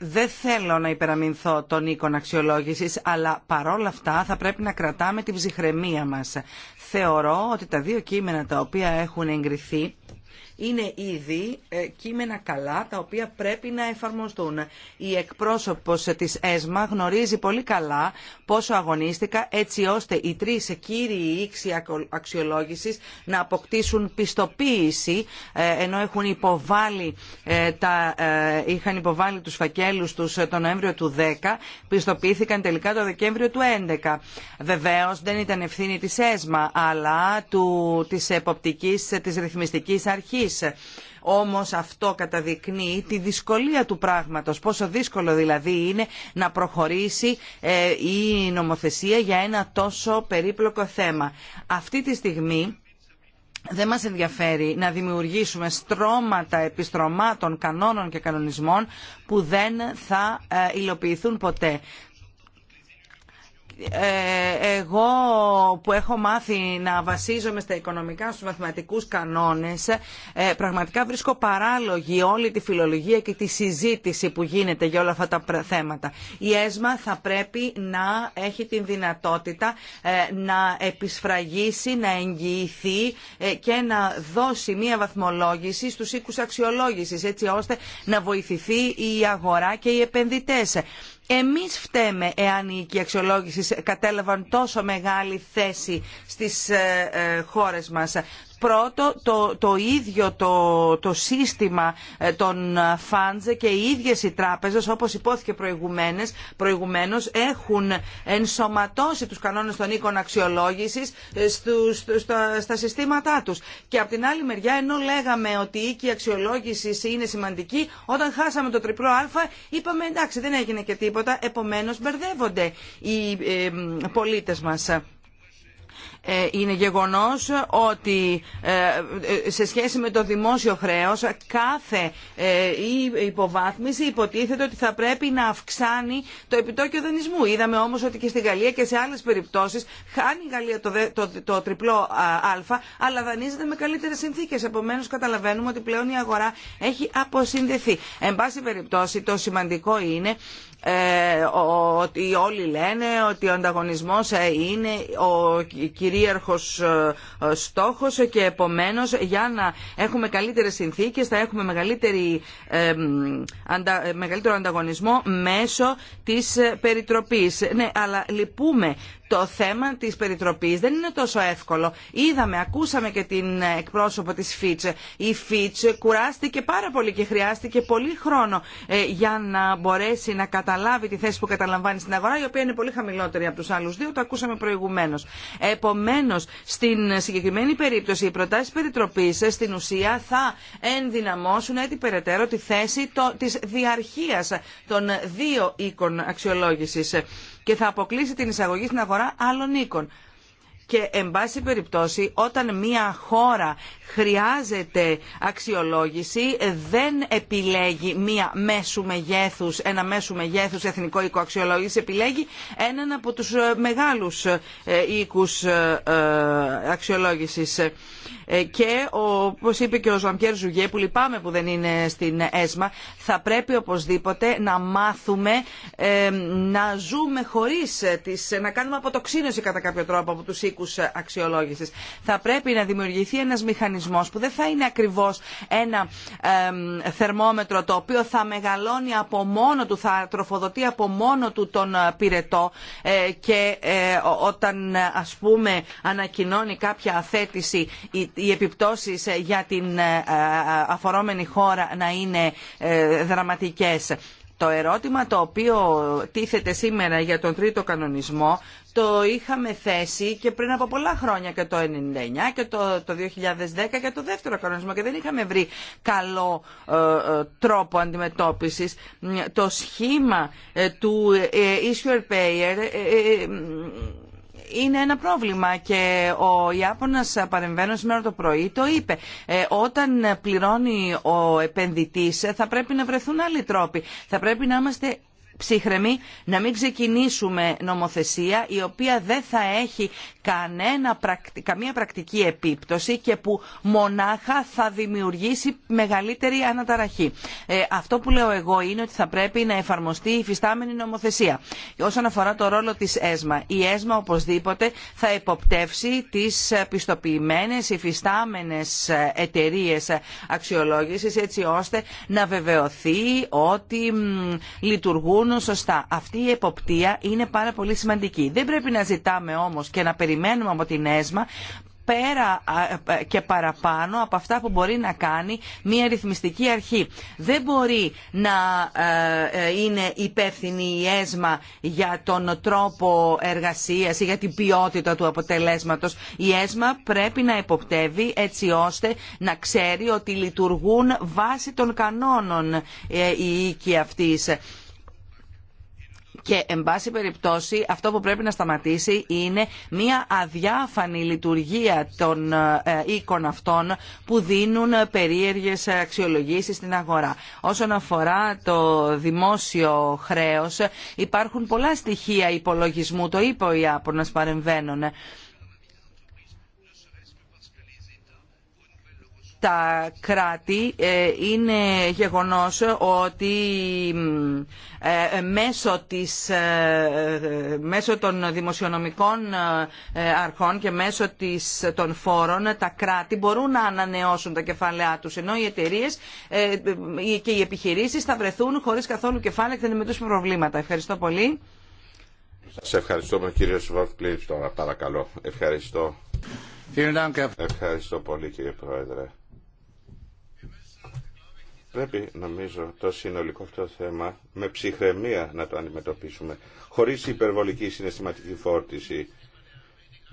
Δεν θέλω να υπεραμεινθώ των οίκων αξιολόγηση, αλλά παρόλα αυτά θα πρέπει να κρατάμε την ψυχραιμία μα. Θεωρώ ότι τα δύο κείμενα τα οποία έχουν εγκριθεί είναι ήδη ε, κείμενα καλά τα οποία πρέπει να εφαρμοστούν. Η εκπρόσωπος της ΕΣΜΑ γνωρίζει πολύ καλά πόσο αγωνίστηκα έτσι ώστε οι τρεις κύριοι ήξοι αξιολόγησης να αποκτήσουν πιστοποίηση ε, ενώ έχουν υποβάλει, ε, τα, είχαν υποβάλει τους φακέλους τους τον Νοέμβριο του 10 πιστοποιήθηκαν τελικά το Δεκέμβριο του 11. Βεβαίως δεν ήταν ευθύνη της ΕΣΜΑ αλλά του, της εποπτικής, της ρυθμιστικής αρχής όμως αυτό καταδεικνύει τη δυσκολία του πράγματος, πόσο δύσκολο δηλαδή είναι να προχωρήσει ε, η νομοθεσία για ένα τόσο περίπλοκο θέμα. Αυτή τη στιγμή δεν μας ενδιαφέρει να δημιουργήσουμε στρώματα επιστρωμάτων κανόνων και κανονισμών που δεν θα ε, υλοποιηθούν ποτέ. Ε, εγώ που έχω μάθει να βασίζομαι στα οικονομικά στους μαθηματικούς κανόνες ε, πραγματικά βρίσκω παράλογη όλη τη φιλολογία και τη συζήτηση που γίνεται για όλα αυτά τα θέματα. Η ΕΣΜΑ θα πρέπει να έχει την δυνατότητα ε, να επισφραγίσει, να εγγυηθεί και να δώσει μία βαθμολόγηση στους οίκους αξιολόγησης έτσι ώστε να βοηθηθεί η αγορά και οι επενδυτές. Εμείς φταίμε εάν οι οικοί κατέλαβαν τόσο μεγάλη θέση στις ε, ε, χώρες μας. Πρώτο, το, το ίδιο το, σύστημα ε, των ε, funds και οι ίδιες οι τράπεζες, όπως υπόθηκε προηγουμένες, προηγουμένως, έχουν ενσωματώσει τους κανόνες των οίκων αξιολόγησης ε, στα, συστήματά τους. Και από την άλλη μεριά, ενώ λέγαμε ότι η οίκοι αξιολόγηση είναι σημαντική όταν χάσαμε το τριπλό α, είπαμε εντάξει δεν έγινε και τίποτα, επομένως μπερδεύονται οι πολίτες μας. Ε, είναι γεγονός ότι ε, σε σχέση με το δημόσιο χρέος κάθε ε, υποβάθμιση υποτίθεται ότι θα πρέπει να αυξάνει το επιτόκιο δανεισμού. Είδαμε όμως ότι και στη Γαλλία και σε άλλες περιπτώσεις χάνει η Γαλλία το, το, το τριπλό α αλλά δανείζεται με καλύτερες συνθήκες. Επομένως καταλαβαίνουμε ότι πλέον η αγορά έχει αποσυνδεθεί. Εν πάση περιπτώσει το σημαντικό είναι ε, ότι όλοι λένε ότι ο ανταγωνισμός ε, είναι ο κυρίαρχος ε, στόχος και επομένως για να έχουμε καλύτερες συνθήκες θα έχουμε μεγαλύτερη, μεγαλύτερο ανταγωνισμό μέσω της περιτροπής. Ναι, αλλά λυπούμε το θέμα της περιτροπής δεν είναι τόσο εύκολο. Είδαμε, ακούσαμε και την εκπρόσωπο της Φίτς. Η Φίτς κουράστηκε πάρα πολύ και χρειάστηκε πολύ χρόνο ε, για να μπορέσει να καταλάβει τη θέση που καταλαμβάνει στην αγορά, η οποία είναι πολύ χαμηλότερη από τους άλλους δύο, το ακούσαμε προηγουμένως. Επομένως, στην συγκεκριμένη περίπτωση, οι προτάσεις περιτροπής ε, στην ουσία θα ενδυναμώσουν έτσι περαιτέρω τη θέση το, της διαρχίας των δύο οίκων αξιολόγησης και θα αποκλείσει την εισαγωγή στην αγορά άλλων οίκων. Και, εν πάση περιπτώσει, όταν μια χώρα χρειάζεται αξιολόγηση, δεν επιλέγει μια μέσου μεγέθους, ένα μέσου μεγέθους εθνικό οίκο αξιολόγηση, επιλέγει έναν από τους ε, μεγάλους ε, οίκους ε, αξιολόγησης. Ε, και όπως είπε και ο Ζωαμπιέρ Ζουγέ που λυπάμαι που δεν είναι στην ΕΣΜΑ θα πρέπει οπωσδήποτε να μάθουμε ε, να ζούμε χωρίς ε, τις, να κάνουμε αποτοξίνωση κατά κάποιο τρόπο από τους οίκου αξιολόγηση. Θα πρέπει να δημιουργηθεί ένας μηχανισμός που δεν θα είναι ακριβώς ένα θερμόμετρο το οποίο θα μεγαλώνει από μόνο του, θα τροφοδοτεί από μόνο του τον πυρετό και όταν ας πούμε ανακοινώνει κάποια αθέτηση οι επιπτώσεις ε, για την ε, ε, αφορόμενη χώρα να είναι δραματικές. Το ερώτημα το οποίο τίθεται σήμερα για τον τρίτο κανονισμό το είχαμε θέσει και πριν από πολλά χρόνια και το 1999 και το, το 2010 και το δεύτερο κανονισμό και δεν είχαμε βρει καλό τρόπο αντιμετώπισης. Το σχήμα του ε, issuer payer είναι ένα πρόβλημα και ο Ιάπωνας παρεμβαίνω σήμερα το πρωί το είπε. Ε, όταν πληρώνει ο επενδυτής θα πρέπει να βρεθούν άλλοι τρόποι. Θα πρέπει να είμαστε ψύχρεμοι να μην ξεκινήσουμε νομοθεσία η οποία δεν θα έχει καμία πρακτική επίπτωση και που μονάχα θα δημιουργήσει μεγαλύτερη αναταραχή. Ε, αυτό που λέω εγώ είναι ότι θα πρέπει να εφαρμοστεί η φυστάμενη νομοθεσία. Όσον αφορά το ρόλο της ΕΣΜΑ, η ΕΣΜΑ οπωσδήποτε θα υποπτεύσει τις πιστοποιημένες υφιστάμενες εταιρείε αξιολόγησης έτσι ώστε να βεβαιωθεί ότι λειτουργούν αυτή η εποπτεία είναι πάρα πολύ σημαντική. Δεν πρέπει να ζητάμε όμως και να περιμένουμε από την ΕΣΜΑ πέρα ε, και παραπάνω από αυτά που μπορεί να κάνει μια ρυθμιστική αρχή. Δεν μπορεί να ε, ε, είναι υπεύθυνη η ΕΣΜΑ για τον τρόπο εργασίας ή για την ποιότητα του αποτελέσματος. Η ΕΣΜΑ πρέπει να εποπτεύει έτσι ώστε να ξέρει ότι λειτουργούν βάσει των κανόνων οι οίκοι αυτής και, εν πάση περιπτώσει, αυτό που πρέπει να σταματήσει είναι μια αδιάφανη λειτουργία των ε, οίκων αυτών που δίνουν περίεργες αξιολογήσεις στην αγορά. Όσον αφορά το δημόσιο χρέος, υπάρχουν πολλά στοιχεία υπολογισμού, το είπε ο Ιάπωνας παρεμβαίνουν τα κράτη ε, είναι γεγονός ότι ε, ε, μέσω, της, μέσω των δημοσιονομικών αρχών και μέσω της, των φόρων τα κράτη μπορούν να ανανεώσουν τα κεφάλαιά τους ενώ οι εταιρείε και οι επιχειρήσεις θα βρεθούν χωρίς καθόλου κεφάλαια και θα αντιμετωπίσουν προβλήματα. Ευχαριστώ πολύ. Σας ευχαριστώ κύριο Σουβάρτ τώρα παρακαλώ. Ευχαριστώ. Ευχαριστώ πολύ κύριε Πρόεδρε πρέπει νομίζω το συνολικό αυτό θέμα με ψυχραιμία να το αντιμετωπίσουμε, χωρίς υπερβολική συναισθηματική φόρτιση.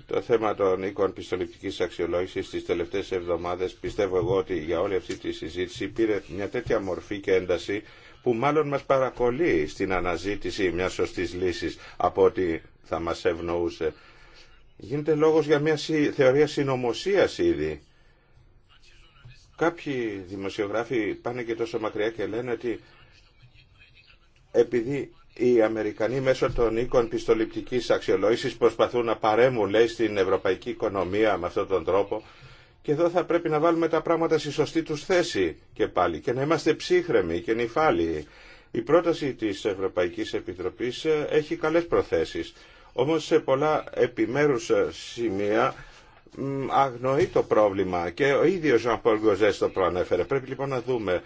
Το θέμα των οίκων πιστοληπτικής αξιολόγησης τις τελευταίες εβδομάδες πιστεύω εγώ ότι για όλη αυτή τη συζήτηση πήρε μια τέτοια μορφή και ένταση που μάλλον μας παρακολεί στην αναζήτηση μιας σωστής λύσης από ό,τι θα μας ευνοούσε. Γίνεται λόγος για μια θεωρία συνωμοσία ήδη Κάποιοι δημοσιογράφοι πάνε και τόσο μακριά και λένε ότι επειδή οι Αμερικανοί μέσω των οίκων πιστοληπτικής αξιολόγησης προσπαθούν να παρέμουν λέει, στην ευρωπαϊκή οικονομία με αυτόν τον τρόπο και εδώ θα πρέπει να βάλουμε τα πράγματα στη σωστή τους θέση και πάλι και να είμαστε ψύχρεμοι και νυφάλιοι. Η πρόταση της Ευρωπαϊκής Επιτροπής ε, έχει καλές προθέσεις, όμως σε πολλά επιμέρους ε, σημεία αγνοεί το πρόβλημα και ο ίδιος Ζαν Πολ Γκοζές το προανέφερε. Πρέπει λοιπόν να δούμε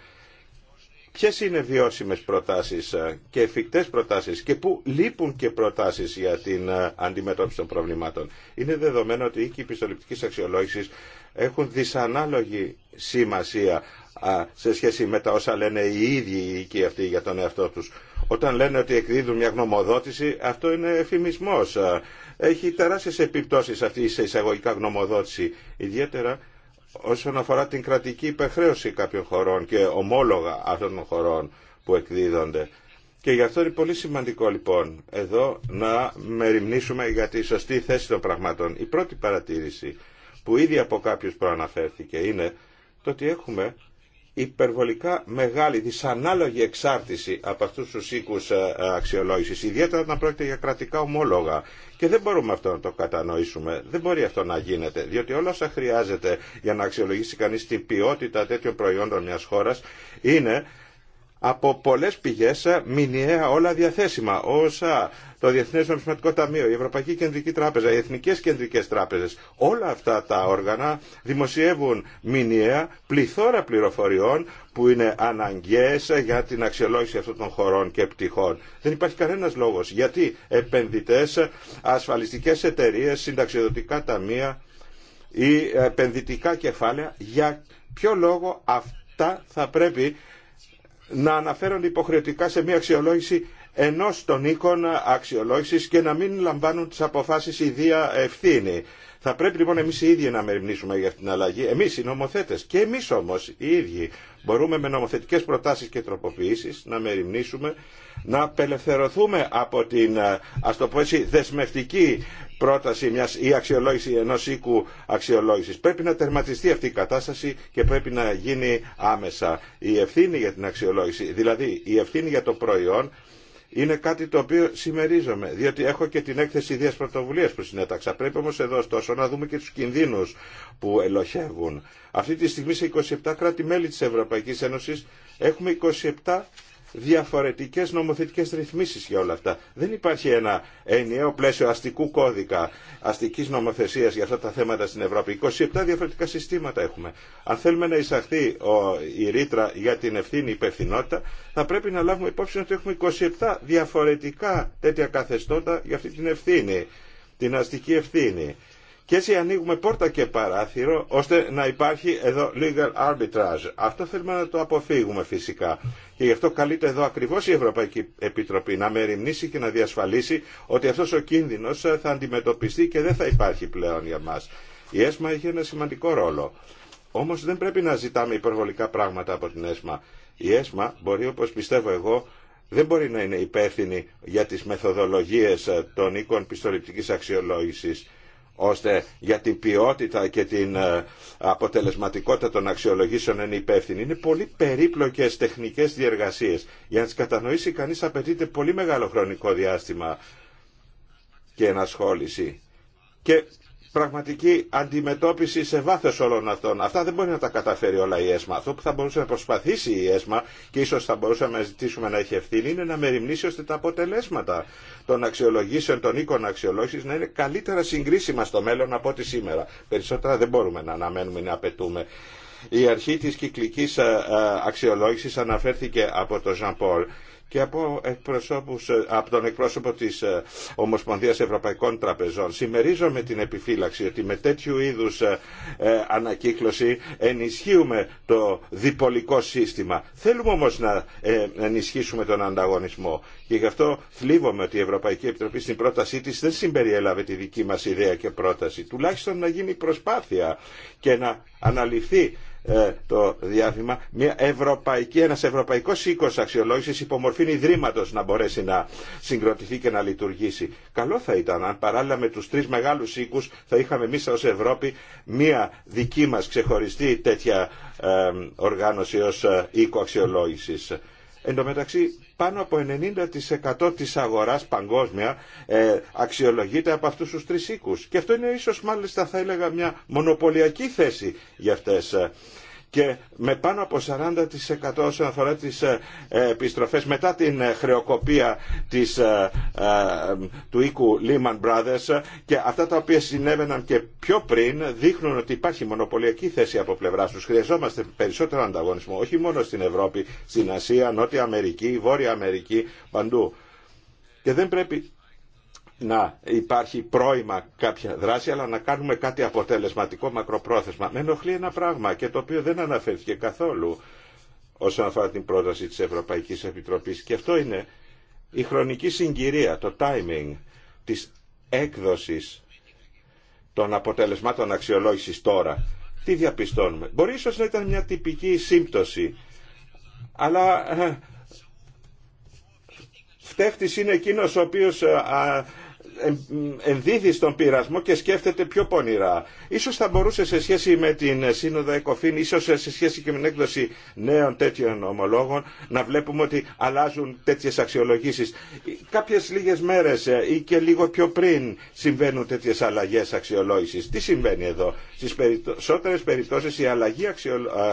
ποιες είναι βιώσιμες προτάσεις ε, και εφικτές προτάσεις και πού λείπουν και προτάσεις για την ε, αντιμετώπιση των προβλημάτων. Είναι δεδομένο ότι οι οίκοι αξιολόγηση έχουν δυσανάλογη σημασία σε σχέση με τα όσα λένε οι ίδιοι οι οίκοι αυτοί για τον εαυτό τους. Όταν λένε ότι εκδίδουν μια γνωμοδότηση, αυτό είναι εφημισμός. Ε, έχει τεράστιες επιπτώσεις αυτή η εισαγωγικά γνωμοδότηση, ιδιαίτερα όσον αφορά την κρατική υπεχρέωση κάποιων χωρών και ομόλογα αυτών των χωρών που εκδίδονται. Και γι' αυτό είναι πολύ σημαντικό λοιπόν εδώ να μεριμνήσουμε για τη σωστή θέση των πραγμάτων. Η πρώτη παρατήρηση που ήδη από κάποιους προαναφέρθηκε είναι το ότι έχουμε υπερβολικά μεγάλη, δυσανάλογη εξάρτηση από αυτούς τους οίκους ε, ε, αξιολόγησης, ιδιαίτερα όταν πρόκειται για κρατικά ομόλογα. Και δεν μπορούμε αυτό να το κατανοήσουμε. Δεν μπορεί αυτό να γίνεται. Διότι όλα όσα χρειάζεται για να αξιολογήσει κανείς την ποιότητα τέτοιων προϊόντων μιας χώρας είναι από πολλές πηγές ε, μηνιαία όλα διαθέσιμα. Όσα το Διεθνές Νομισματικό Ταμείο, η Ευρωπαϊκή Κεντρική Τράπεζα, οι Εθνικές Κεντρικές Τράπεζες, όλα αυτά τα όργανα δημοσιεύουν μηνιαία πληθώρα πληροφοριών που είναι αναγκαίες ε, για την αξιολόγηση αυτών των χωρών και πτυχών. Δεν υπάρχει κανένας λόγος γιατί επενδυτές, ασφαλιστικές εταιρείες, συνταξιδοτικά ταμεία ή επενδυτικά κεφάλαια για ποιο λόγο αυτά θα πρέπει να αναφέρονται υποχρεωτικά σε μια αξιολόγηση ενός των οίκων αξιολόγησης και να μην λαμβάνουν τις αποφάσεις ιδία ευθύνη. Θα πρέπει λοιπόν εμεί οι ίδιοι να μεριμνήσουμε για αυτήν την αλλαγή. Εμεί οι νομοθέτε. Και εμεί όμω οι ίδιοι μπορούμε με νομοθετικέ προτάσει και τροποποιήσει να μεριμνήσουμε να απελευθερωθούμε από την ε, ας το πω έτσι, δεσμευτική πρόταση μιας ή αξιολόγηση ενός οίκου αξιολόγησης. Πρέπει να τερματιστεί αυτή η κατάσταση και πρέπει να γίνει άμεσα η ευθύνη για την αξιολόγηση, δηλαδή η ευθύνη για το προϊόν είναι κάτι το οποίο συμμερίζομαι, διότι έχω και την έκθεση ιδίας πρωτοβουλία που συνέταξα. Πρέπει όμως εδώ ωστόσο να δούμε και τους κινδύνους που ελοχεύουν. Αυτή τη στιγμή σε 27 κράτη-μέλη της Ευρωπαϊκής Ένωσης έχουμε 27 διαφορετικές νομοθετικές ρυθμίσεις για όλα αυτά. Δεν υπάρχει ένα ενιαίο πλαίσιο αστικού κώδικα, αστικής νομοθεσίας για αυτά τα θέματα στην Ευρώπη. 27 διαφορετικά συστήματα έχουμε. Αν θέλουμε να εισαχθεί η ρήτρα για την ευθύνη υπευθυνότητα, θα πρέπει να λάβουμε υπόψη ότι έχουμε 27 διαφορετικά τέτοια καθεστώτα για αυτή την ευθύνη, την αστική ευθύνη. Και έτσι ανοίγουμε πόρτα και παράθυρο ώστε να υπάρχει εδώ legal arbitrage. Αυτό θέλουμε να το αποφύγουμε φυσικά. Και γι' αυτό καλείται εδώ ακριβώ η Ευρωπαϊκή Επιτροπή να μεριμνήσει και να διασφαλίσει ότι αυτό ο κίνδυνο θα αντιμετωπιστεί και δεν θα υπάρχει πλέον για μα. Η ΕΣΜΑ έχει ένα σημαντικό ρόλο. Όμω δεν πρέπει να ζητάμε υπερβολικά πράγματα από την ΕΣΜΑ. Η ΕΣΜΑ μπορεί, όπω πιστεύω εγώ, δεν μπορεί να είναι υπεύθυνη για τι μεθοδολογίε των οίκων πιστοληπτική αξιολόγηση ώστε για την ποιότητα και την ε, αποτελεσματικότητα των αξιολογήσεων είναι υπεύθυνοι. Είναι πολύ περίπλοκες τεχνικές διεργασίες. Για να τις κατανοήσει κανείς απαιτείται πολύ μεγάλο χρονικό διάστημα και ενασχόληση. Και πραγματική αντιμετώπιση σε βάθο όλων αυτών. Αυτά δεν μπορεί να τα καταφέρει όλα η ΕΣΜΑ. Αυτό που θα μπορούσε να προσπαθήσει η ΕΣΜΑ και ίσω θα μπορούσαμε να ζητήσουμε να έχει ευθύνη είναι να μεριμνήσει ώστε τα αποτελέσματα των αξιολογήσεων, των οίκων αξιολόγηση, να είναι καλύτερα συγκρίσιμα στο μέλλον από ό,τι σήμερα. Περισσότερα δεν μπορούμε να αναμένουμε ή να απαιτούμε. Η αρχή της κυκλικής ε, ε, αξιολόγηση αναφέρθηκε από τον Ζαν Πολ και από, εκπροσώπους, ε, από τον εκπρόσωπο της ε, Ομοσπονδίας Ευρωπαϊκών Τραπεζών. Συμμερίζομαι την επιφύλαξη ότι με τέτοιου είδους ε, ανακύκλωση ενισχύουμε το διπολικό σύστημα. Θέλουμε όμως να ενισχύσουμε τον ανταγωνισμό και γι' αυτό θλίβομαι ότι η Ευρωπαϊκή Επιτροπή στην πρότασή της δεν συμπεριέλαβε τη δική μας ιδέα και πρόταση. Τουλάχιστον να γίνει προσπάθεια και να αναλυφθεί ε, το διάφημα, μια ευρωπαϊκή, ένας ευρωπαϊκός οίκος αξιολόγησης υπομορφήν ιδρύματος να μπορέσει να συγκροτηθεί και να λειτουργήσει. Καλό θα ήταν αν παράλληλα με τους τρεις μεγάλους οίκους θα είχαμε εμείς ως Ευρώπη μια δική μας ξεχωριστή τέτοια ε, οργάνωση ως ε, οίκο αξιολόγησης. Εν τω μεταξύ πάνω από 90% της αγοράς παγκόσμια ε, αξιολογείται από αυτούς τους τρεις οίκους. Και αυτό είναι ίσως μάλιστα θα έλεγα μια μονοπωλιακή θέση για αυτές. Ε, και με πάνω από 40% όσον αφορά τις ε, επιστροφές μετά την ε, χρεοκοπία της, ε, του οίκου Lehman Brothers και αυτά τα οποία συνέβαιναν και πιο πριν δείχνουν ότι υπάρχει μονοπωλιακή θέση από πλευρά τους. Χρειαζόμαστε περισσότερο ανταγωνισμό, όχι μόνο στην Ευρώπη, στην Ασία, Νότια Αμερική, Βόρεια Αμερική, παντού. Και δεν πρέπει να υπάρχει πρόημα κάποια δράση, αλλά να κάνουμε κάτι αποτελεσματικό μακροπρόθεσμα. Με ενοχλεί ένα πράγμα και το οποίο δεν αναφέρθηκε καθόλου όσον αφορά την πρόταση της Ευρωπαϊκής Επιτροπής και αυτό είναι η χρονική συγκυρία, το timing της έκδοσης των αποτελεσμάτων αξιολόγησης τώρα. Τι διαπιστώνουμε. Μπορεί ίσως να ήταν μια τυπική σύμπτωση, αλλά ε, φταίχτης είναι εκείνος ο οποίος ε, ενδίδει στον πειρασμό και σκέφτεται πιο πονηρά. Ίσως θα μπορούσε σε σχέση με την Σύνοδο Εκοφήν, ίσως σε σχέση και με την έκδοση νέων τέτοιων ομολόγων, να βλέπουμε ότι αλλάζουν τέτοιες αξιολογήσεις. Κάποιες λίγες μέρες ε, ή και λίγο πιο πριν συμβαίνουν τέτοιες αλλαγές αξιολόγησης. Τι συμβαίνει εδώ. Στις περισσότερε περιπτώσεις η αλλαγή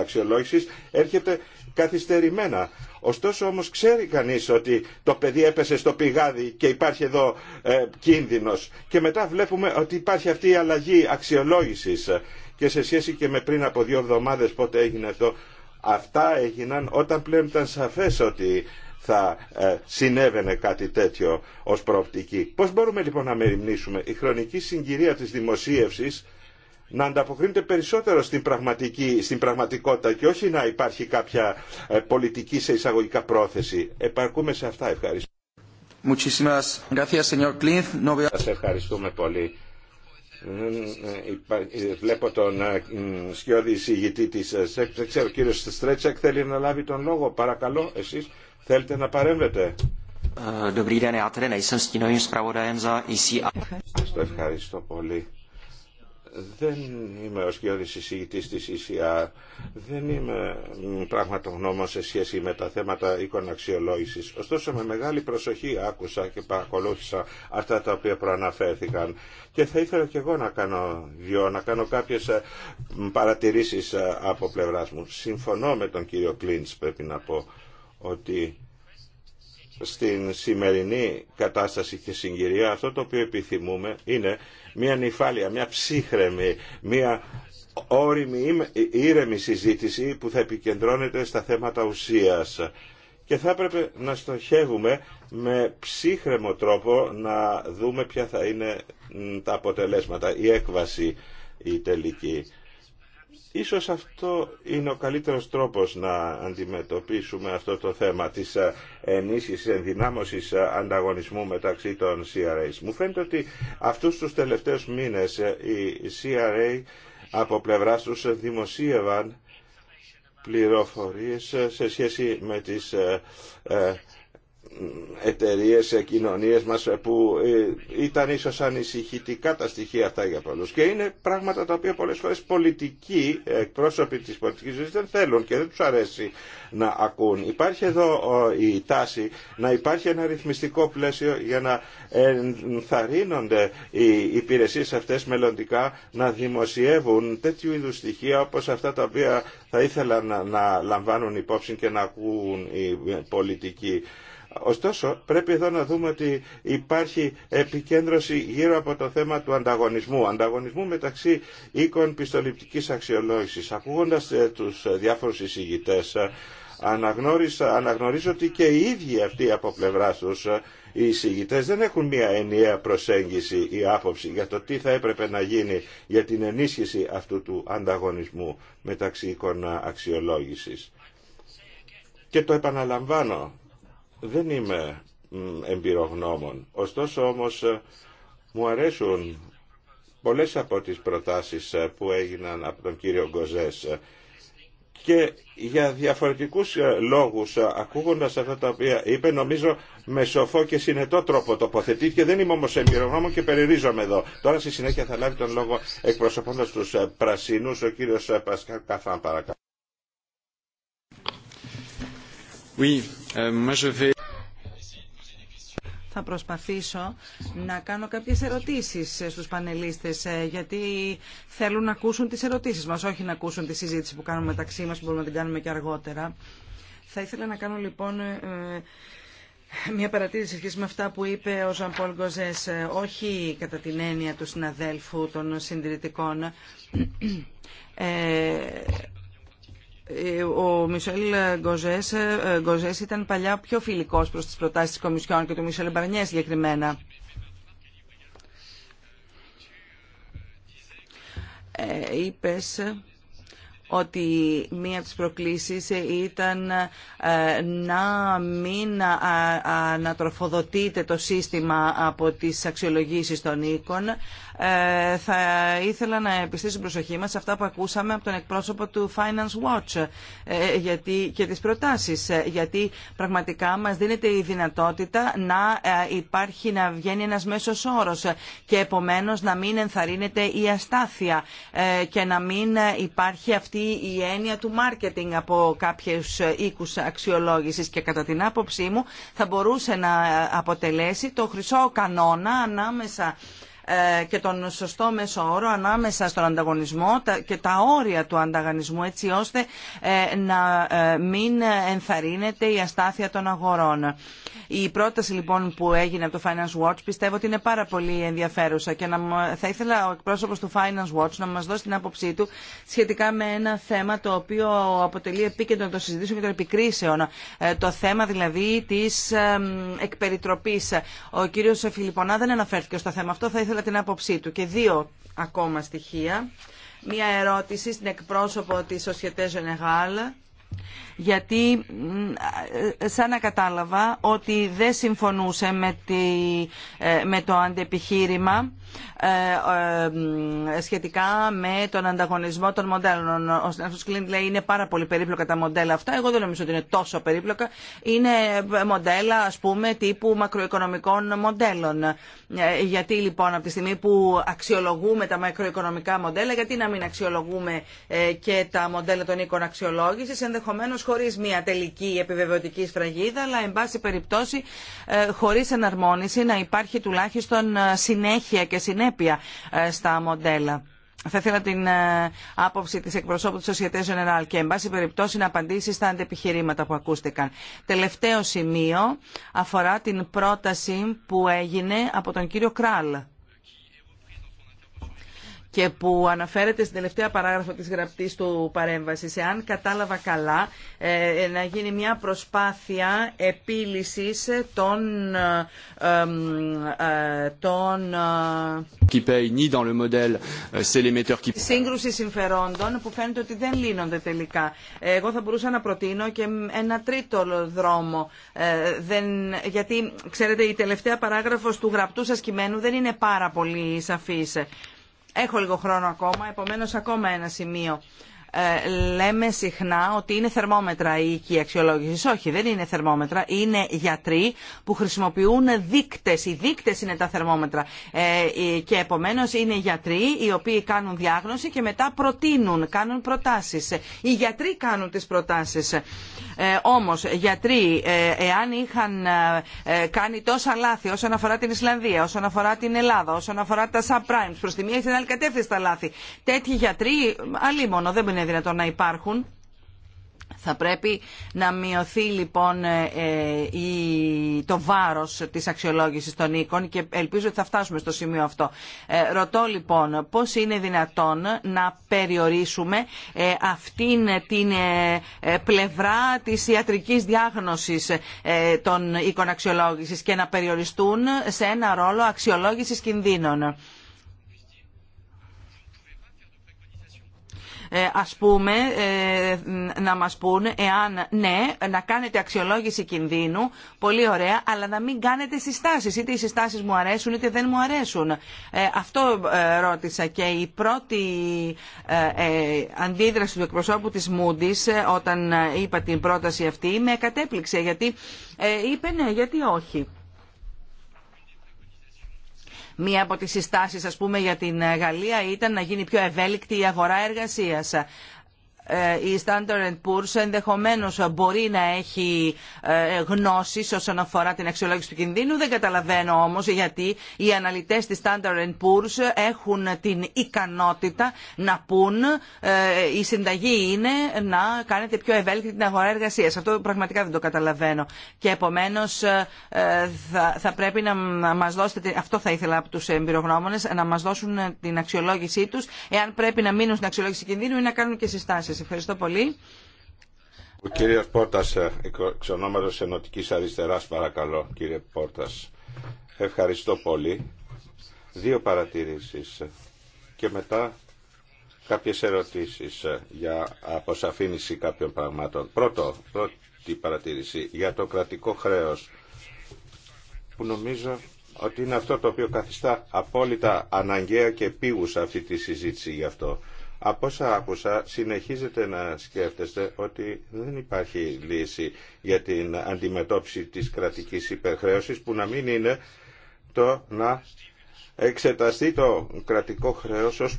αξιολόγησης έρχεται καθυστερημένα. Ωστόσο όμως ξέρει κανείς ότι το παιδί έπεσε στο πηγάδι και υπάρχει εδώ ε, κίνδυνος και μετά βλέπουμε ότι υπάρχει αυτή η αλλαγή αξιολόγησης και σε σχέση και με πριν από δύο εβδομάδες πότε έγινε αυτό αυτά έγιναν όταν πλέον ήταν σαφές ότι θα ε, συνέβαινε κάτι τέτοιο ως προοπτική. Πώς μπορούμε λοιπόν να μεριμνήσουμε η χρονική συγκυρία της δημοσίευσης να ανταποκρίνεται περισσότερο στην, πραγματικότητα και όχι να υπάρχει κάποια ε, πολιτική σε εισαγωγικά πρόθεση. Επαρκούμε σε αυτά. Ευχαριστώ. Σας ευχαριστούμε πολύ. Ε, ε, βλέπω τον σκιώδη εισηγητή της ΣΕΚ. Δεν ξέρω, κύριο Στρέτσεκ θέλει να λάβει τον λόγο. Παρακαλώ, εσείς θέλετε να παρέμβετε. Ευχαριστώ πολύ δεν είμαι ο Γιώργης εισηγητής της ECR, δεν είμαι πραγματογνώμων σε σχέση με τα θέματα εικοναξιολόγησης. Ωστόσο με μεγάλη προσοχή άκουσα και παρακολούθησα αυτά τα οποία προαναφέρθηκαν και θα ήθελα και εγώ να κάνω δυο, να κάνω κάποιες ε, παρατηρήσεις ε, από πλευράς μου. Συμφωνώ με τον κύριο Κλίντς πρέπει να πω ότι στην σημερινή κατάσταση και συγκυρία αυτό το οποίο επιθυμούμε είναι μια νυφάλια, μια ψύχρεμη, μια όρημη, ήρεμη συζήτηση που θα επικεντρώνεται στα θέματα ουσίας. Και θα έπρεπε να στοχεύουμε με ψύχρεμο τρόπο να δούμε ποια θα είναι τα αποτελέσματα, η έκβαση η τελική. Ίσως αυτό είναι ο καλύτερος τρόπος να αντιμετωπίσουμε αυτό το θέμα της ε, ενίσχυσης, ενδυνάμωσης ε, ανταγωνισμού μεταξύ των CRAs. Μου φαίνεται ότι αυτούς τους τελευταίους μήνες οι ε, CRA από πλευρά τους δημοσίευαν πληροφορίες σε σχέση με τις εταιρείες, ε, κοινωνίες μας ε, που ε, ήταν ίσως ανησυχητικά τα στοιχεία αυτά για πολλού. και είναι πράγματα τα οποία πολλέ φορέ πολιτικοί εκπρόσωποι τη πολιτική ζωή δεν θέλουν και δεν του αρέσει να ακούν. Υπάρχει εδώ η τάση να υπάρχει ένα ρυθμιστικό πλαίσιο για να ενθαρρύνονται οι υπηρεσίε αυτές μελλοντικά να δημοσιεύουν τέτοιου είδου στοιχεία όπω αυτά τα οποία θα ήθελαν να λαμβάνουν υπόψη και να ακούουν οι πολιτικοί. Ωστόσο, πρέπει εδώ να δούμε ότι υπάρχει επικέντρωση γύρω από το θέμα του ανταγωνισμού. Ανταγωνισμού μεταξύ οίκων πιστοληπτικής αξιολόγησης. Ακούγοντας ε, τους διάφορους εισηγητές, ε, αναγνωρίζω ότι και οι ίδιοι αυτοί από πλευρά τους ε, οι εισηγητές δεν έχουν μια ενιαία προσέγγιση ή άποψη για το τι θα έπρεπε να γίνει για την ενίσχυση αυτού του ανταγωνισμού μεταξύ οίκων αξιολόγησης. Και το επαναλαμβάνω δεν είμαι εμπειρογνώμων. Ωστόσο όμως ε, μου αρέσουν πολλές από τις προτάσεις ε, που έγιναν από τον κύριο Γκοζές και για διαφορετικούς ε, λόγους ακούγοντας αυτά τα οποία είπε νομίζω με σοφό και συνετό τρόπο τοποθετήθηκε δεν είμαι όμως εμπειρογνώμων και περιρίζομαι εδώ τώρα στη συνέχεια θα λάβει τον λόγο εκπροσωπώντας τους πρασίνους ο κύριος Πασκάρ Καφάν παρακαλώ ε, Θα προσπαθήσω να κάνω κάποιες ερωτήσεις στους πανελίστες, ε, γιατί θέλουν να ακούσουν τις ερωτήσεις μας, όχι να ακούσουν τη συζήτηση που κάνουμε μεταξύ μας, που μπορούμε να την κάνουμε και αργότερα. Θα ήθελα να κάνω λοιπόν ε, μια παρατήρηση σχετικά με αυτά που είπε ο Ζαν Πολ Γκοζές, όχι κατά την έννοια του συναδέλφου των συντηρητικών, ε, ο Μισελ ε, Γκοζές, ήταν παλιά πιο φιλικός προς τις προτάσεις της Κομισιόν και του Μισελ Μπαρνιέ συγκεκριμένα. Ε, είπες ότι μία από τις προκλήσεις ήταν ε, να μην ανατροφοδοτείται το σύστημα από τις αξιολογήσεις των οίκων ε, θα ήθελα να επιστήσω προσοχή μας σε αυτά που ακούσαμε από τον εκπρόσωπο του Finance Watch ε, γιατί, και τις προτάσεις ε, γιατί πραγματικά μας δίνεται η δυνατότητα να υπάρχει να βγαίνει ένας μέσος όρος και επομένως να μην ενθαρρύνεται η αστάθεια και να μην υπάρχει αυτή η έννοια του marketing από κάποιους οίκους αξιολόγησης και κατά την άποψή μου θα μπορούσε να αποτελέσει το χρυσό κανόνα ανάμεσα ε, και τον σωστό μέσο όρο ανάμεσα στον ανταγωνισμό και τα όρια του ανταγωνισμού έτσι ώστε ε, να ε, μην ενθαρρύνεται η αστάθεια των αγορών. Η πρόταση λοιπόν που έγινε από το Finance Watch πιστεύω ότι είναι πάρα πολύ ενδιαφέρουσα και θα ήθελα ο εκπρόσωπος του Finance Watch να μας δώσει την άποψή του σχετικά με ένα θέμα το οποίο αποτελεί επίκεντρο των συζητήσεων και των επικρίσεων. Το θέμα δηλαδή της εκπεριτροπής. Ο κύριος Φιλιππονά δεν αναφέρθηκε στο θέμα αυτό ήθελα την άποψή του. Και δύο ακόμα στοιχεία. Μία ερώτηση στην εκπρόσωπο της Société Générale γιατί ε, σαν να κατάλαβα ότι δεν συμφωνούσε με, ε, με το αντεπιχείρημα ε, ε, σχετικά με τον ανταγωνισμό των μοντέλων. Ο Στέφανο Κλίντ λέει είναι πάρα πολύ περίπλοκα τα μοντέλα αυτά. Εγώ δεν νομίζω ότι είναι τόσο περίπλοκα. Είναι ε, μοντέλα α πούμε τύπου μακροοικονομικών μοντέλων. Γιατί λοιπόν από τη στιγμή που αξιολογούμε τα μακροοικονομικά μοντέλα, γιατί να μην αξιολογούμε και τα μοντέλα των οίκων αξιολόγηση, ενδεχομένω χωρί μια τελική επιβεβαιωτική σφραγίδα, αλλά εν πάση περιπτώσει χωρί εναρμόνιση να υπάρχει τουλάχιστον συνέχεια και συνέπεια ε, στα μοντέλα. Θα ήθελα την ε, άποψη της εκπροσώπου του Σοσιατέ Γενεράλ και, εν πάση περιπτώσει, να απαντήσει στα αντεπιχειρήματα που ακούστηκαν. Τελευταίο σημείο αφορά την πρόταση που έγινε από τον κύριο Κράλ και που αναφέρεται στην τελευταία παράγραφο της γραπτής του παρέμβασης. Εάν κατάλαβα καλά, ε, ε, να γίνει μια προσπάθεια επίλυσης των... των Σύγκρουση συμφερόντων που φαίνεται ότι δεν λύνονται τελικά. Ε, εγώ θα μπορούσα να προτείνω και ένα τρίτο δρόμο. δεν, γιατί, ξέρετε, η τελευταία παράγραφος του γραπτού σας κειμένου δεν είναι πάρα πολύ σαφής. Έχω λίγο χρόνο ακόμα, επομένως ακόμα ένα σημείο. Ε, λέμε συχνά ότι είναι θερμόμετρα η οικοί αξιολόγηση. Όχι, δεν είναι θερμόμετρα. Είναι γιατροί που χρησιμοποιούν δείκτε. Οι δείκτε είναι τα θερμόμετρα. Ε, ε, και επομένω είναι γιατροί οι οποίοι κάνουν διάγνωση και μετά προτείνουν, κάνουν προτάσει. Οι γιατροί κάνουν τι προτάσει. Ε, Όμω, γιατροί, εάν είχαν κάνει τόσα λάθη όσον αφορά την Ισλανδία, όσον αφορά την Ελλάδα, όσον αφορά τα subprimes, προ τη μία ή την άλλη κατεύθυνση τα λάθη, τέτοιοι γιατροί, αλίμονο, δεν είναι δυνατόν να υπάρχουν. Θα πρέπει να μειωθεί λοιπόν ε, ε, το βάρος της αξιολόγησης των οίκων και ελπίζω ότι θα φτάσουμε στο σημείο αυτό. Ε, ρωτώ λοιπόν πώς είναι δυνατόν να περιορίσουμε αυτήν την πλευρά της ιατρικής διάγνωσης των οίκων αξιολόγησης και να περιοριστούν σε ένα ρόλο αξιολόγησης κινδύνων. Ε, ας πούμε ε, να μας πούν εάν ναι να κάνετε αξιολόγηση κινδύνου πολύ ωραία αλλά να μην κάνετε συστάσεις είτε οι συστάσεις μου αρέσουν είτε δεν μου αρέσουν ε, αυτό ρώτησα και η πρώτη αντίδραση του εκπροσώπου της Μούντις όταν είπα την πρόταση αυτή με κατέπληξε γιατί είπε ναι γιατί όχι Μία από τις συστάσεις ας πούμε για την ε, Γαλλία ήταν να γίνει πιο ευέλικτη η αγορά εργασίας. Ε, η Standard Poor's ενδεχομένως μπορεί να έχει ε, γνώσεις όσον αφορά την αξιολόγηση του κινδύνου. Δεν καταλαβαίνω όμως γιατί οι αναλυτές της Standard Poor's έχουν την ικανότητα να πούν ε, η συνταγή είναι να κάνετε πιο ευέλικτη την αγορά εργασίας. Αυτό πραγματικά δεν το καταλαβαίνω. Και επομένως θα, θα πρέπει να μας δώσετε, αυτό θα ήθελα από τους εμπειρογνώμονες, να μας δώσουν την αξιολόγησή τους, εάν πρέπει να μείνουν στην αξιολόγηση κινδύνου ή να κάνουν και συστάσεις ευχαριστώ πολύ. Ο Πόρτας, ε, εξ ονόματος Ενωτικής Αριστεράς, παρακαλώ, κύριε Πόρτας. Ευχαριστώ πολύ. Δύο παρατηρήσεις και μετά κάποιες ερωτήσεις ε, για αποσαφήνιση κάποιων πραγμάτων. Πρώτο, πρώτη παρατήρηση για το κρατικό χρέος που νομίζω ότι είναι αυτό το οποίο καθιστά απόλυτα αναγκαία και επίγουσα αυτή τη συζήτηση γι' αυτό. Από όσα άκουσα, συνεχίζετε να σκέφτεστε ότι δεν υπάρχει λύση για την αντιμετώπιση της κρατικής υπερχρέωσης που να μην είναι το να εξεταστεί το κρατικό χρέος ως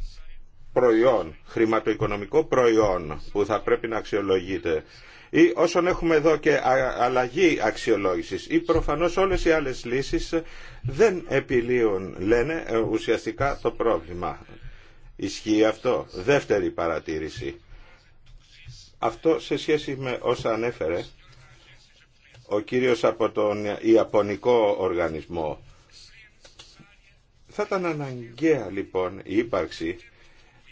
προϊόν, χρηματοοικονομικό προϊόν που θα πρέπει να αξιολογείται ή όσον έχουμε εδώ και αλλαγή αξιολόγησης ή προφανώς όλες οι άλλες λύσεις δεν επιλύουν, λένε, ε, ουσιαστικά το πρόβλημα. Ισχύει αυτό. Δεύτερη παρατήρηση. Αυτό σε σχέση με όσα ανέφερε ο κύριος από τον Ιαπωνικό οργανισμό. Θα ήταν αναγκαία λοιπόν η ύπαρξη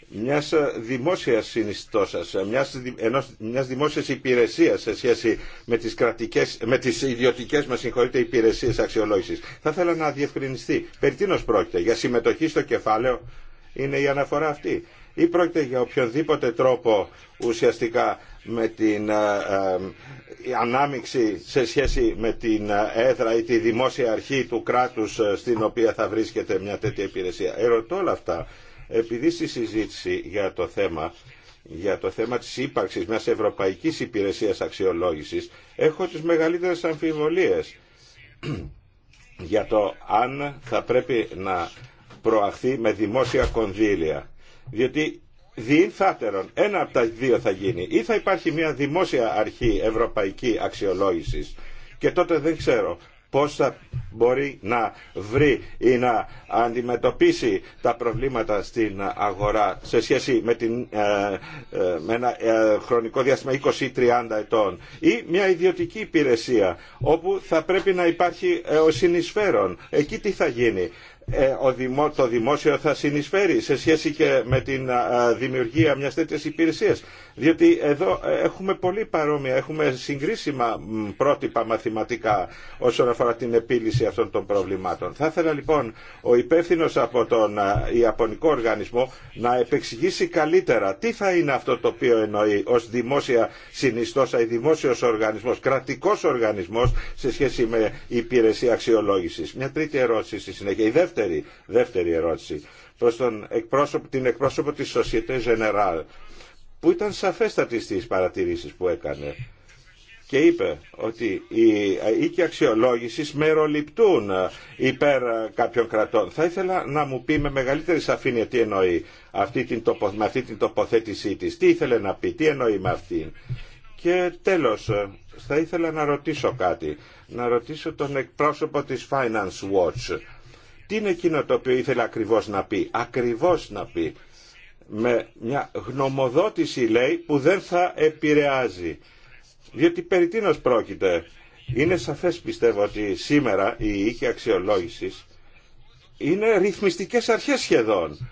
μιας δημόσιας συνιστώσας, μιας, ενός, μιας δημόσιας υπηρεσίας σε σχέση με τις, κρατικές, με τις ιδιωτικές μας συγχωρείτε, υπηρεσίες αξιολόγησης. Θα ήθελα να διευκρινιστεί. Περί πρόκειται για συμμετοχή στο κεφάλαιο είναι η αναφορά αυτή ή πρόκειται για οποιοδήποτε τρόπο ουσιαστικά με την ε, ε ανάμιξη σε σχέση με την ε, έδρα ή τη δημόσια αρχή του κράτους ε, στην οποία θα βρίσκεται μια τέτοια υπηρεσία. Ερωτώ όλα αυτά, επειδή στη συζήτηση για το θέμα για το θέμα της ύπαρξης μιας ευρωπαϊκής υπηρεσίας αξιολόγησης έχω τις μεγαλύτερες αμφιβολίες για το αν θα πρέπει να προαχθεί με δημόσια κονδύλια. Διότι διήθατερον ένα από τα δύο θα γίνει. Ή θα υπάρχει μια δημόσια αρχή ευρωπαϊκή αξιολόγησης και τότε δεν ξέρω πώς θα μπορεί να βρει ή να αντιμετωπίσει τα προβλήματα στην αγορά σε σχέση με, την, ε, ε, με ένα ε, χρονικό διάστημα 20 30 ετών ή μια ιδιωτική υπηρεσία όπου θα πρέπει να υπάρχει ο συνεισφέρον. Εκεί τι θα γίνει. Ε, το δημόσιο θα συνεισφέρει σε σχέση και με την δημιουργία μιας τέτοιας υπηρεσίας. Διότι εδώ ε, έχουμε πολύ παρόμοια, έχουμε συγκρίσιμα πρότυπα μαθηματικά όσον αφορά την επίλυση αυτών των προβλημάτων. Θα ήθελα λοιπόν ο υπεύθυνο από τον Ιαπωνικό οργανισμό να επεξηγήσει καλύτερα τι θα είναι αυτό το οποίο εννοεί ως δημόσια συνιστόσα ή δημόσιος οργανισμός, κρατικός οργανισμός σε σχέση με υπηρεσία αξιολόγησης. Μια τρίτη ερώτηση στη συνέχεια. η δημοσιος οργανισμος κρατικος οργανισμος σε σχεση με υπηρεσια αξιολογησης μια τριτη ερωτηση στη συνεχεια δεύτερη, δεύτερη ερώτηση προς τον την εκπρόσωπο της Société Générale που ήταν σαφέστατη στις παρατηρήσεις που έκανε και είπε ότι οι οίκοι αξιολόγηση μεροληπτούν υπέρ κάποιων κρατών. Θα ήθελα να μου πει με μεγαλύτερη σαφήνεια τι εννοεί αυτή την τοπο, με αυτή την τοποθέτησή της. Τι ήθελε να πει, τι εννοεί με αυτή. Και τέλος, θα ήθελα να ρωτήσω κάτι. Να ρωτήσω τον εκπρόσωπο της Finance Watch τι είναι εκείνο το οποίο ήθελε ακριβώς να πει. Ακριβώς να πει. Με μια γνωμοδότηση λέει που δεν θα επηρεάζει. Διότι περί τίνος πρόκειται. Είναι σαφές πιστεύω ότι σήμερα η οίκη αξιολόγηση είναι ρυθμιστικές αρχές σχεδόν.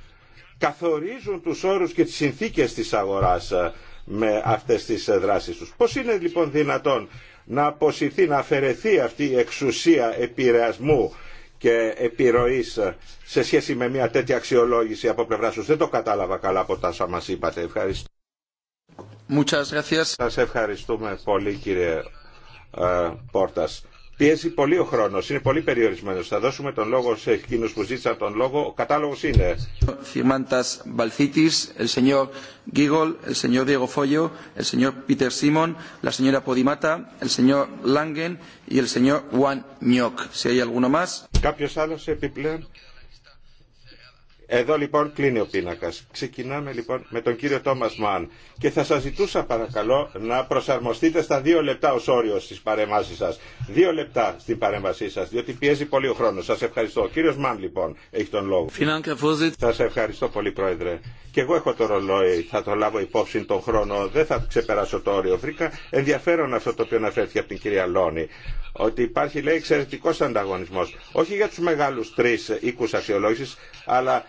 Καθορίζουν τους όρους και τις συνθήκες της αγοράς ε, με αυτές τις ε, δράσεις τους. Πώς είναι λοιπόν δυνατόν να αποσυρθεί, να αφαιρεθεί αυτή η εξουσία επηρεασμού και επιρροή σε σχέση με μια τέτοια αξιολόγηση από πλευρά σου. Δεν το κατάλαβα καλά από τα όσα είπατε. Ευχαριστώ. Σα Σας ευχαριστούμε πολύ κύριε ε, Πόρτας. Πιέζει πολύ ο χρόνο, είναι πολύ περιορισμένο. Θα δώσουμε τον λόγο σε εκείνου που ζήτησαν τον λόγο. Ο κατάλογο είναι. Φιρμάντα Μπαλθίτη, el señor el señor Diego Follo, el señor Peter Simon, la señora Podimata, el señor Langen y el señor Κάποιο άλλο επιπλέον. Εδώ λοιπόν κλείνει ο πίνακα. Ξεκινάμε λοιπόν με τον κύριο Τόμα Μαν και θα σα ζητούσα παρακαλώ να προσαρμοστείτε στα δύο λεπτά ω όριο στι παρεμβάσει σα. Δύο λεπτά στην παρέμβασή σα, διότι πιέζει πολύ ο χρόνο. Σα ευχαριστώ. Ο κύριο Μαν λοιπόν έχει τον λόγο. Σα ευχαριστώ πολύ πρόεδρε. Και εγώ έχω το ρολόι, θα το λάβω υπόψη τον χρόνο, δεν θα ξεπεράσω το όριο. Βρήκα ενδιαφέρον αυτό το οποίο αναφέρθηκε από την κυρία Λόνη ότι υπάρχει λέει εξαιρετικό ανταγωνισμό. Όχι για του μεγάλου τρει οίκου αξιολόγηση, αλλά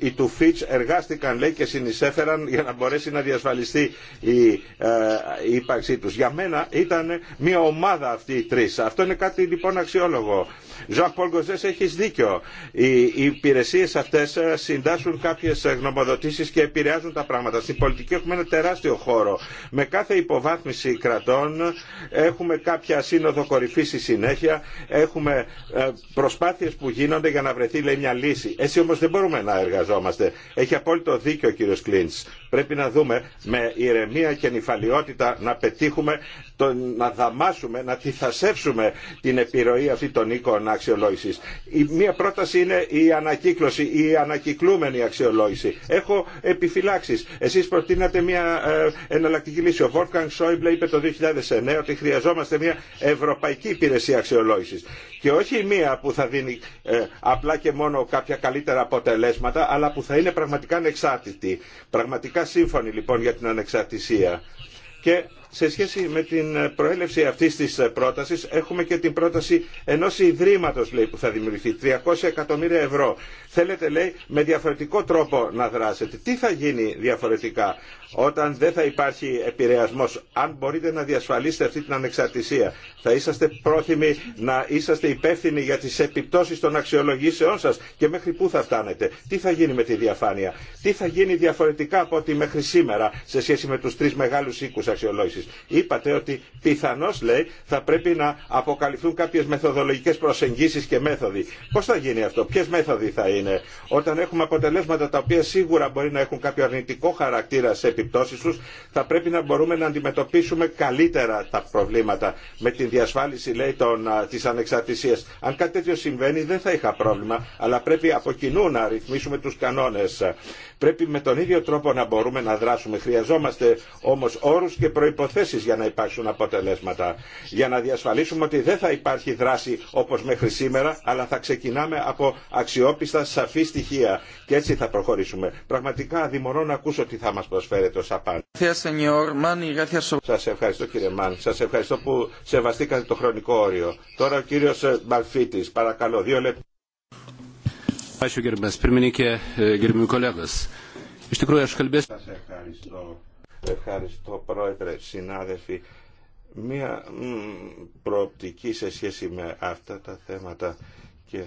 οι του Φιτς εργάστηκαν λέει και συνεισέφεραν για να μπορέσει να διασφαλιστεί η ε, ύπαρξή τους. Για μένα ήταν μια ομάδα αυτοί οι τρεις. Αυτό είναι κάτι λοιπόν αξιόλογο. Ζωάν Πολγκοζές έχεις δίκιο. Οι υπηρεσίε αυτέ συντάσσουν κάποιε γνωμοδοτήσει και επηρεάζουν τα πράγματα. Στην πολιτική έχουμε ένα τεράστιο χώρο. Με κάθε υποβάθμιση κρατών έχουμε κάποια σύνοδο κορυφή στη συνέχεια, έχουμε ε, προσπάθειες που γίνονται για να βρεθεί λέει, μια λύση. Έτσι όμω δεν μπορούμε να εργαζόμαστε. Έχει απόλυτο δίκιο ο κύριο Κλίντ. Πρέπει να δούμε με ηρεμία και νυφαλιότητα να πετύχουμε, να δαμάσουμε, να τυθασέψουμε την επιρροή αυτή των οίκων αξιολόγηση. Μία πρόταση είναι η ανακύκλωση, η ανακυκλούμενη αξιολόγηση. Έχω επιφυλάξει. Εσεί προτείνατε μια ε, εναλλακτική λύση. Ο Βόρκαν Σόιμπλε είπε το 2009 ότι χρειαζόμαστε μια ευρωπαϊκή υπηρεσία αξιολόγηση και όχι μία που θα δίνει ε, απλά και μόνο κάποια καλύτερα αποτελέσματα αλλά που θα είναι πραγματικά ανεξάρτητη. Πραγματικά σύμφωνη λοιπόν για την ανεξαρτησία. Και σε σχέση με την προέλευση αυτής της πρότασης έχουμε και την πρόταση ενός ιδρύματος που θα δημιουργηθεί 300 εκατομμύρια ευρώ Θέλετε λέει με διαφορετικό τρόπο να δράσετε. Τι θα γίνει διαφορετικά όταν δεν θα υπάρχει επηρεασμό. Αν μπορείτε να διασφαλίσετε αυτή την ανεξαρτησία, θα είσαστε πρόθυμοι να είσαστε υπεύθυνοι για τι επιπτώσει των αξιολογήσεών σα και μέχρι πού θα φτάνετε. Τι θα γίνει με τη διαφάνεια. Τι θα γίνει διαφορετικά από ό,τι μέχρι σήμερα σε σχέση με του τρει μεγάλου οίκου αξιολόγηση. Είπατε ότι πιθανώ λέει θα πρέπει να αποκαλυφθούν κάποιε μεθοδολογικέ προσεγγίσεις και μέθοδοι. Πώ θα γίνει αυτό, ποιε μέθοδοι θα όταν έχουμε αποτελέσματα τα οποία σίγουρα μπορεί να έχουν κάποιο αρνητικό χαρακτήρα σε επιπτώσεις τους, θα πρέπει να μπορούμε να αντιμετωπίσουμε καλύτερα τα προβλήματα με τη διασφάλιση λέει, τον της ανεξαρτησίας. Αν κάτι τέτοιο συμβαίνει δεν θα είχα πρόβλημα, αλλά πρέπει από κοινού να ρυθμίσουμε τους κανόνες. Πρέπει με τον ίδιο τρόπο να μπορούμε να δράσουμε. Χρειαζόμαστε όμως όρους και προϋποθέσεις για να υπάρξουν αποτελέσματα. Για να διασφαλίσουμε ότι δεν θα υπάρχει δράση όπως μέχρι σήμερα, αλλά θα ξεκινάμε από αξιόπιστα σαφή στοιχεία. Και έτσι θα προχωρήσουμε. Πραγματικά δημορώ να ακούσω τι θα μας προσφέρετε ως απάντηση. Σας ευχαριστώ κύριε Μάν. Σας ευχαριστώ που σεβαστήκατε το χρονικό όριο. Τώρα ο κύριος Μπαλφίτης. Παρακαλώ δύο λεπτά. Ačiū Ευχαριστώ. πρόεδρε, e, συνάδελφοι. Μία προοπτική σε σχέση με αυτά τα θέματα και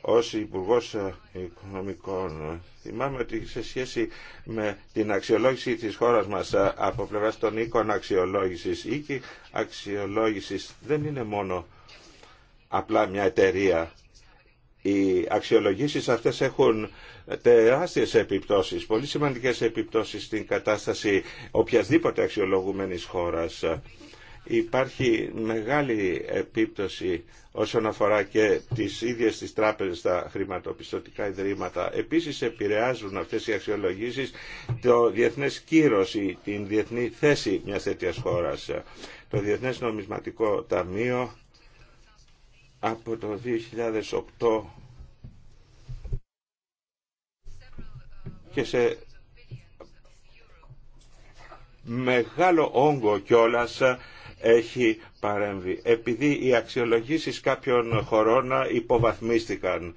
ως υπουργό ε, Οικονομικών ε, θυμάμαι ότι σε σχέση με την αξιολόγηση της χώρας μας ε, από πλευράς των οίκων αξιολόγησης και αξιολόγησης δεν είναι μόνο απλά μια εταιρεία οι αξιολογήσεις αυτές έχουν τεράστιες επιπτώσεις, πολύ σημαντικές επιπτώσεις στην κατάσταση οποιασδήποτε αξιολογούμενης χώρας. Υπάρχει μεγάλη επίπτωση όσον αφορά και τις ίδιες τις τράπεζες, τα χρηματοπιστωτικά ιδρύματα. Επίσης επηρεάζουν αυτές οι αξιολογήσεις το διεθνές κύρος ή την διεθνή θέση μιας τέτοιας χώρας. Το Διεθνές Νομισματικό Ταμείο από το 2008 και σε μεγάλο όγκο κιόλας έχει παρέμβει επειδή οι αξιολογήσεις κάποιων χωρών υποβαθμίστηκαν.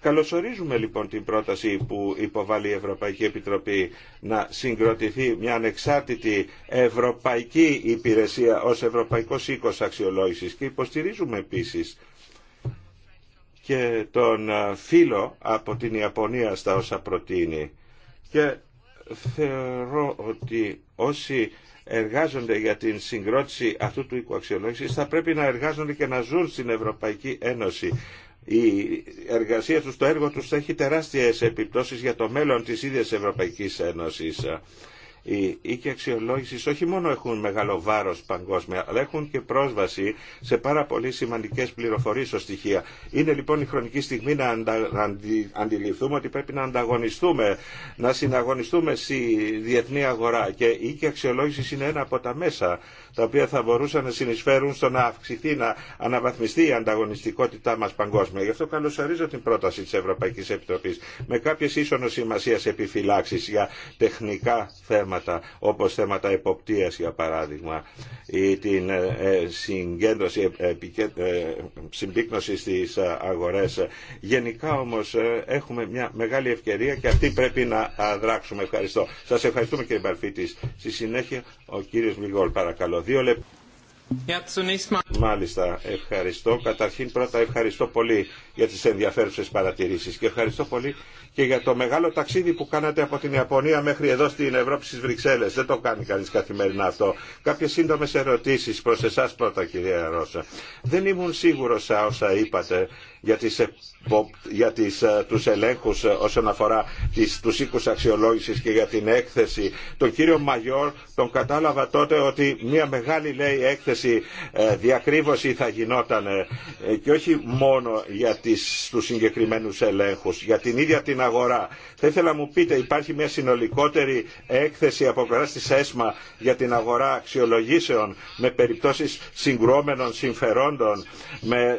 Καλωσορίζουμε λοιπόν την πρόταση που υποβάλλει η Ευρωπαϊκή Επιτροπή να συγκροτηθεί μια ανεξάρτητη ευρωπαϊκή υπηρεσία ως Ευρωπαϊκός Οίκος Αξιολόγησης και υποστηρίζουμε επίσης και τον ε, φίλο από την Ιαπωνία στα όσα προτείνει. Και θεωρώ ότι όσοι εργάζονται για την συγκρότηση αυτού του οικοαξιολόγησης θα πρέπει να εργάζονται και να ζουν στην Ευρωπαϊκή Ένωση. Η εργασία τους, το έργο τους θα έχει τεράστιες επιπτώσεις για το μέλλον της ίδιας Ευρωπαϊκής Ένωσης. Οι οίκοι αξιολόγηση όχι μόνο έχουν μεγάλο βάρο παγκόσμια, αλλά έχουν και πρόσβαση σε πάρα πολύ σημαντικέ πληροφορίε ω στοιχεία. Είναι λοιπόν η χρονική στιγμή να αντιληφθούμε ότι πρέπει να ανταγωνιστούμε, να συναγωνιστούμε στη διεθνή αγορά και η οίκοι αξιολόγηση είναι ένα από τα μέσα τα οποία θα μπορούσαν να συνεισφέρουν στο να αυξηθεί, να αναβαθμιστεί η ανταγωνιστικότητά μα παγκόσμια. Γι' αυτό καλωσορίζω την πρόταση τη Ευρωπαϊκή Επιτροπή με κάποιε ίσονο σημασία επιφυλάξει για τεχνικά θέματα, όπω θέματα εποπτεία για παράδειγμα, ή την ε, ε, συγκέντρωση, ε, συμπίκνωση στι αγορέ. Γενικά όμω έχουμε μια μεγάλη ευκαιρία και αυτή πρέπει να δράξουμε. Ευχαριστώ. Σα ευχαριστούμε κύριε Μπαρφίτη. Στη συνέχεια ο κύριο Μιγόλ παρακαλώ. Δύο λεπτά. Μάλιστα, ευχαριστώ. Καταρχήν πρώτα ευχαριστώ πολύ για τις ενδιαφέρουσες παρατηρήσεις. Και ευχαριστώ πολύ και για το μεγάλο ταξίδι που κάνατε από την Ιαπωνία μέχρι εδώ στην Ευρώπη στις Βρυξέλλες. Δεν το κάνει κανείς καθημερινά αυτό. Κάποιες σύντομες ερωτήσεις προς εσάς πρώτα κυρία Ρώσα. Δεν ήμουν σίγουρος όσα είπατε για, τις, για τις, ε, τους ελέγχους ε, όσον αφορά τις, τους οίκους αξιολόγησης και για την έκθεση. Τον κύριο Μαγιόρ τον κατάλαβα τότε ότι μια μεγάλη λέει έκθεση ε, διακρύβωση θα γινόταν και όχι μόνο γιατί της στους συγκεκριμένους ελέγχους. Για την ίδια την αγορά. Θα ήθελα να μου πείτε, υπάρχει μια συνολικότερη έκθεση από πλευρά τη ΕΣΜΑ για την αγορά αξιολογήσεων με περιπτώσεις συγκρουόμενων συμφερόντων, με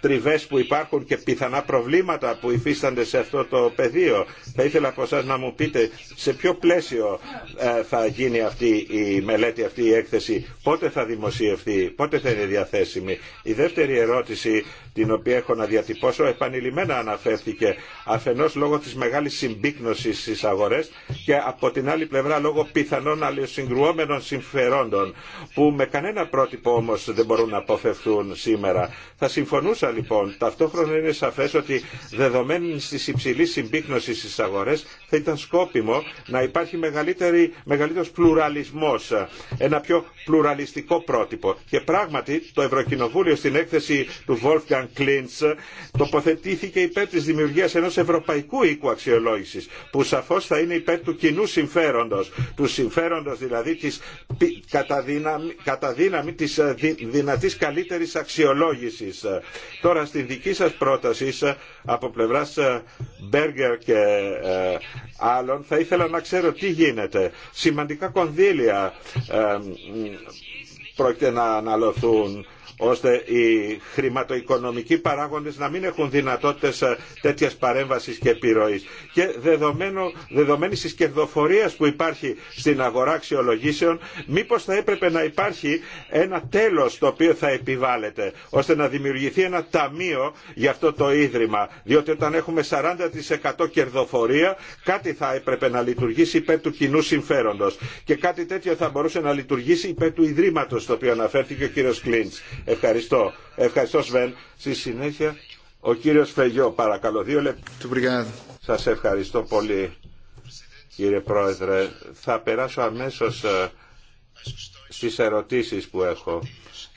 τριβές που υπάρχουν και πιθανά προβλήματα που υφίστανται σε αυτό το πεδίο. Θα ήθελα από εσά να μου πείτε σε ποιο πλαίσιο ε, θα γίνει αυτή η μελέτη, αυτή η έκθεση, πότε θα δημοσιευτεί, πότε θα είναι διαθέσιμη. Η δεύτερη ερώτηση την οποία έχω να διατυπώσω επανειλημμένα αναφέρθηκε αφενός λόγω της μεγάλης συμπίκνωσης στις αγορές και από την άλλη πλευρά λόγω πιθανών αλληλοσυγκρουόμενων συμφερόντων που με κανένα πρότυπο όμως δεν μπορούν να αποφευθούν σήμερα. Θα συμφωνούσα λοιπόν. Ταυτόχρονα είναι σαφέ ότι δεδομένη της υψηλή συμπίκνωση στις αγορές θα ήταν σκόπιμο να υπάρχει μεγαλύτερο πλουραλισμό, ένα πιο πλουραλιστικό πρότυπο. Και πράγματι το Ευρωκοινοβούλιο στην έκθεση του Wolfgang Klintz τοποθετήθηκε υπέρ τη δημιουργία ενό ευρωπαϊκού οίκου αξιολόγηση, που σαφώ θα είναι υπέρ του κοινού συμφέροντο, του συμφέροντο δηλαδή της κατά δύναμη, της ε, δυνατής αξιολόγησης Τώρα στη δική σας πρόταση ε, από πλευράς Μπέργκερ και ε, άλλων θα ήθελα να ξέρω τι γίνεται. Σημαντικά κονδύλια ε, πρόκειται να αναλωθούν ώστε οι χρηματοοικονομικοί παράγοντες να μην έχουν δυνατότητες ε, τέτοιας παρέμβασης και επιρροής. Και δεδομένο, δεδομένης της κερδοφορίας που υπάρχει στην αγορά αξιολογήσεων, μήπως θα έπρεπε να υπάρχει ένα τέλος το οποίο θα επιβάλλεται, ώστε να δημιουργηθεί ένα ταμείο για αυτό το ίδρυμα. Διότι όταν έχουμε 40% κερδοφορία, κάτι θα έπρεπε να λειτουργήσει υπέρ του κοινού συμφέροντος. Και κάτι τέτοιο θα μπορούσε να λειτουργήσει υπέρ του Ιδρύματος, το οποίο αναφέρθηκε ο κύριος Κλίντς. Ευχαριστώ. Ευχαριστώ Σβέν. Στη συνέχεια ο κύριος Φεγιό παρακαλώ δύο λεπτά. Σας ευχαριστώ πολύ κύριε Πρόεδρε. Θα περάσω αμέσως ε, στις ερωτήσεις που έχω.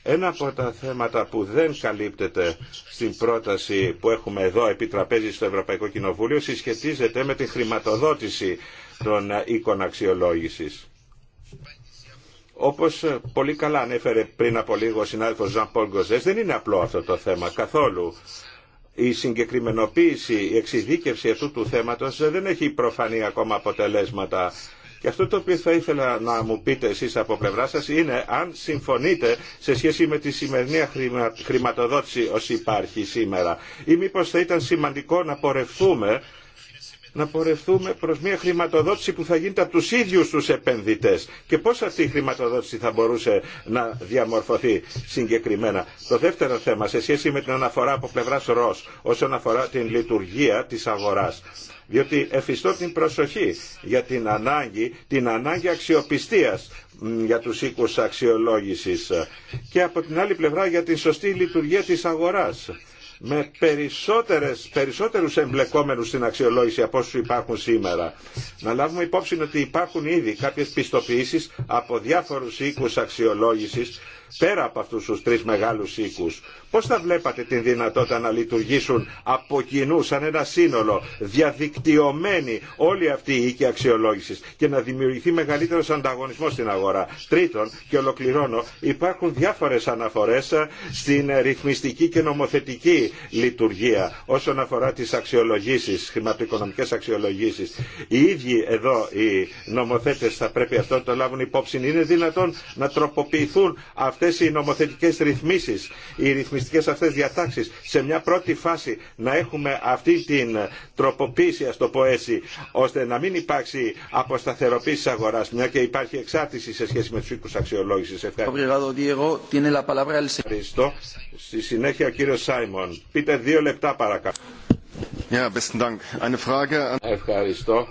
Ένα από τα θέματα που δεν καλύπτεται στην πρόταση που έχουμε εδώ επί στο Ευρωπαϊκό Κοινοβούλιο συσχετίζεται με τη χρηματοδότηση των ε, οίκων αξιολόγησης. Όπως ε, πολύ καλά ανέφερε πριν από λίγο ο συνάδελφος Ζαν Πολ δεν είναι απλό αυτό το θέμα καθόλου. Η συγκεκριμενοποίηση, η εξειδίκευση αυτού του θέματος ε, δεν έχει προφανή ακόμα αποτελέσματα. Και αυτό το οποίο θα ήθελα να μου πείτε εσείς από πλευρά σας είναι αν συμφωνείτε σε σχέση με τη σημερινή χρηματοδότηση όσοι υπάρχει σήμερα ή μήπως θα ήταν σημαντικό να πορευτούμε να πορευτούμε προς μια χρηματοδότηση που θα γίνεται από τους ίδιους τους επενδυτές και πώς αυτή η χρηματοδότηση θα μπορούσε να διαμορφωθεί συγκεκριμένα. Το δεύτερο θέμα σε σχέση με την αναφορά από πλευράς ΡΟΣ όσον αφορά την λειτουργία της αγοράς διότι εφιστώ την προσοχή για την ανάγκη, την ανάγκη αξιοπιστίας για τους οίκους αξιολόγησης και από την άλλη πλευρά για την σωστή λειτουργία της αγοράς με περισσότερες, περισσότερους εμπλεκόμενους στην αξιολόγηση από όσους υπάρχουν σήμερα. Να λάβουμε υπόψη ότι υπάρχουν ήδη κάποιες πιστοποιήσεις από διάφορους οίκους αξιολόγησης πέρα από αυτούς τους τρεις μεγάλους οίκους. Πώς θα βλέπατε την δυνατότητα να λειτουργήσουν από κοινού σαν ένα σύνολο, διαδικτυωμένοι όλοι αυτοί οι οίκοι αξιολόγησης και να δημιουργηθεί μεγαλύτερος ανταγωνισμός στην αγορά. Τρίτον, και ολοκληρώνω, υπάρχουν διάφορες αναφορές ε, στην ρυθμιστική και νομοθετική λειτουργία όσον αφορά τις αξιολογήσεις, χρηματοοικονομικές αξιολογήσεις. Οι ίδιοι εδώ οι νομοθέτε θα πρέπει αυτό να το λάβουν υπόψη. Είναι δυνατόν να τροποποιηθούν αυτές οι νομοθετικέ ρυθμίσει, οι ρυθμιστικέ αυτέ διατάξει, σε μια πρώτη φάση να έχουμε αυτή την τροποποίηση, α το πω έτσι, ώστε να μην υπάρξει αποσταθεροποίηση τη αγοράς, μια και υπάρχει εξάρτηση σε σχέση με του οίκου αξιολόγηση. Ευχαριστώ. Στη συνέχεια ο κύριο Σάιμον. Πείτε δύο λεπτά παρακαλώ. Ευχαριστώ.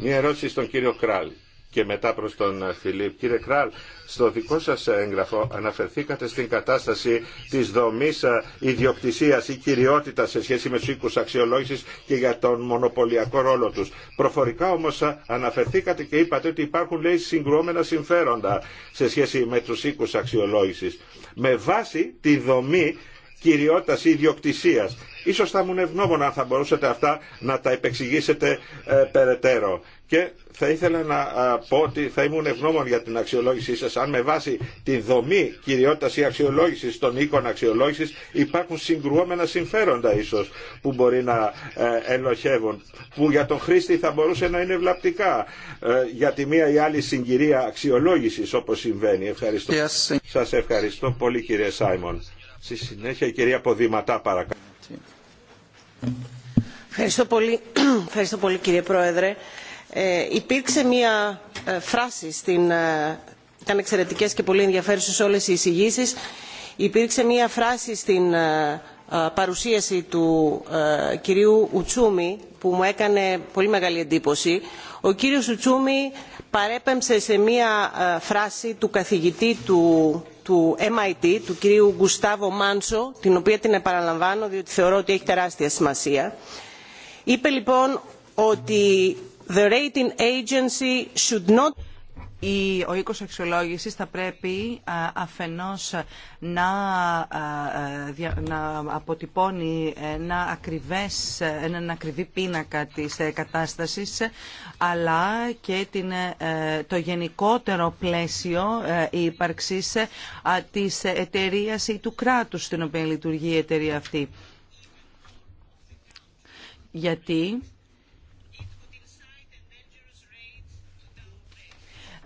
Μια ερώτηση στον κύριο Κράλη και μετά προς τον Φιλίπ. Κύριε Κράλ, στο δικό σας έγγραφο αναφερθήκατε στην κατάσταση της δομής ε, ιδιοκτησίας ή κυριότητας σε σχέση με τους οίκους αξιολόγησης και για τον μονοπωλιακό ρόλο τους. Προφορικά όμως ε, αναφερθήκατε και είπατε ότι υπάρχουν λέει συγκρουόμενα συμφέροντα σε σχέση με τους οίκους αξιολόγησης. Με βάση τη δομή κυριότητας ή ιδιοκτησίας. Ίσως θα μου ευγνώμων αν θα μπορούσατε αυτά να τα επεξηγήσετε ε, περαιτέρω και θα ήθελα να πω ότι θα ήμουν ευγνώμων για την αξιολόγησή σα, αν με βάση τη δομή κυριότητα ή αξιολόγηση των οίκων αξιολόγηση, υπάρχουν συγκρουόμενα συμφέροντα ίσω που μπορεί να ε, ελοχεύουν που για τον χρήστη θα μπορούσε να είναι βλαπτικά ε, για τη μία ή άλλη συγκυρία αξιολογηση οπω συμβαίνει. Ευχαριστώ. Yes. Σας ευχαριστώ πολύ κύριε Σάιμον. Στη συνέχεια η κυρία Ποδηματά παρακαλώ. Ευχαριστώ πολύ, Ευχαριστώ πολύ κύριε Πρόεδρε. Ε, υπήρξε μια ε, φράση στην ε, ήταν εξαιρετικές και πολύ ενδιαφέρουσες όλες οι εισηγήσεις υπήρξε μια φράση στην παρουσίαση του κυρίου Ουτσούμη που μου έκανε πολύ μεγάλη εντύπωση. Ο κύριος Ουτσούμη παρέπεμψε σε μια φράση του καθηγητή του του MIT, του κυρίου Γκουστάβο Μάνσο, την οποία την επαναλαμβάνω διότι θεωρώ ότι έχει τεράστια σημασία. Είπε λοιπόν ότι The rating agency Ο οίκος αξιολόγησης θα πρέπει αφενός να, αποτυπώνει ένα έναν ακριβή πίνακα της ε, κατάστασης αλλά και την, ε, το γενικότερο πλαίσιο ε, ύπαρξης της εταιρείας ή του κράτους στην οποία λειτουργεί η εταιρεία αυτή. Γιατί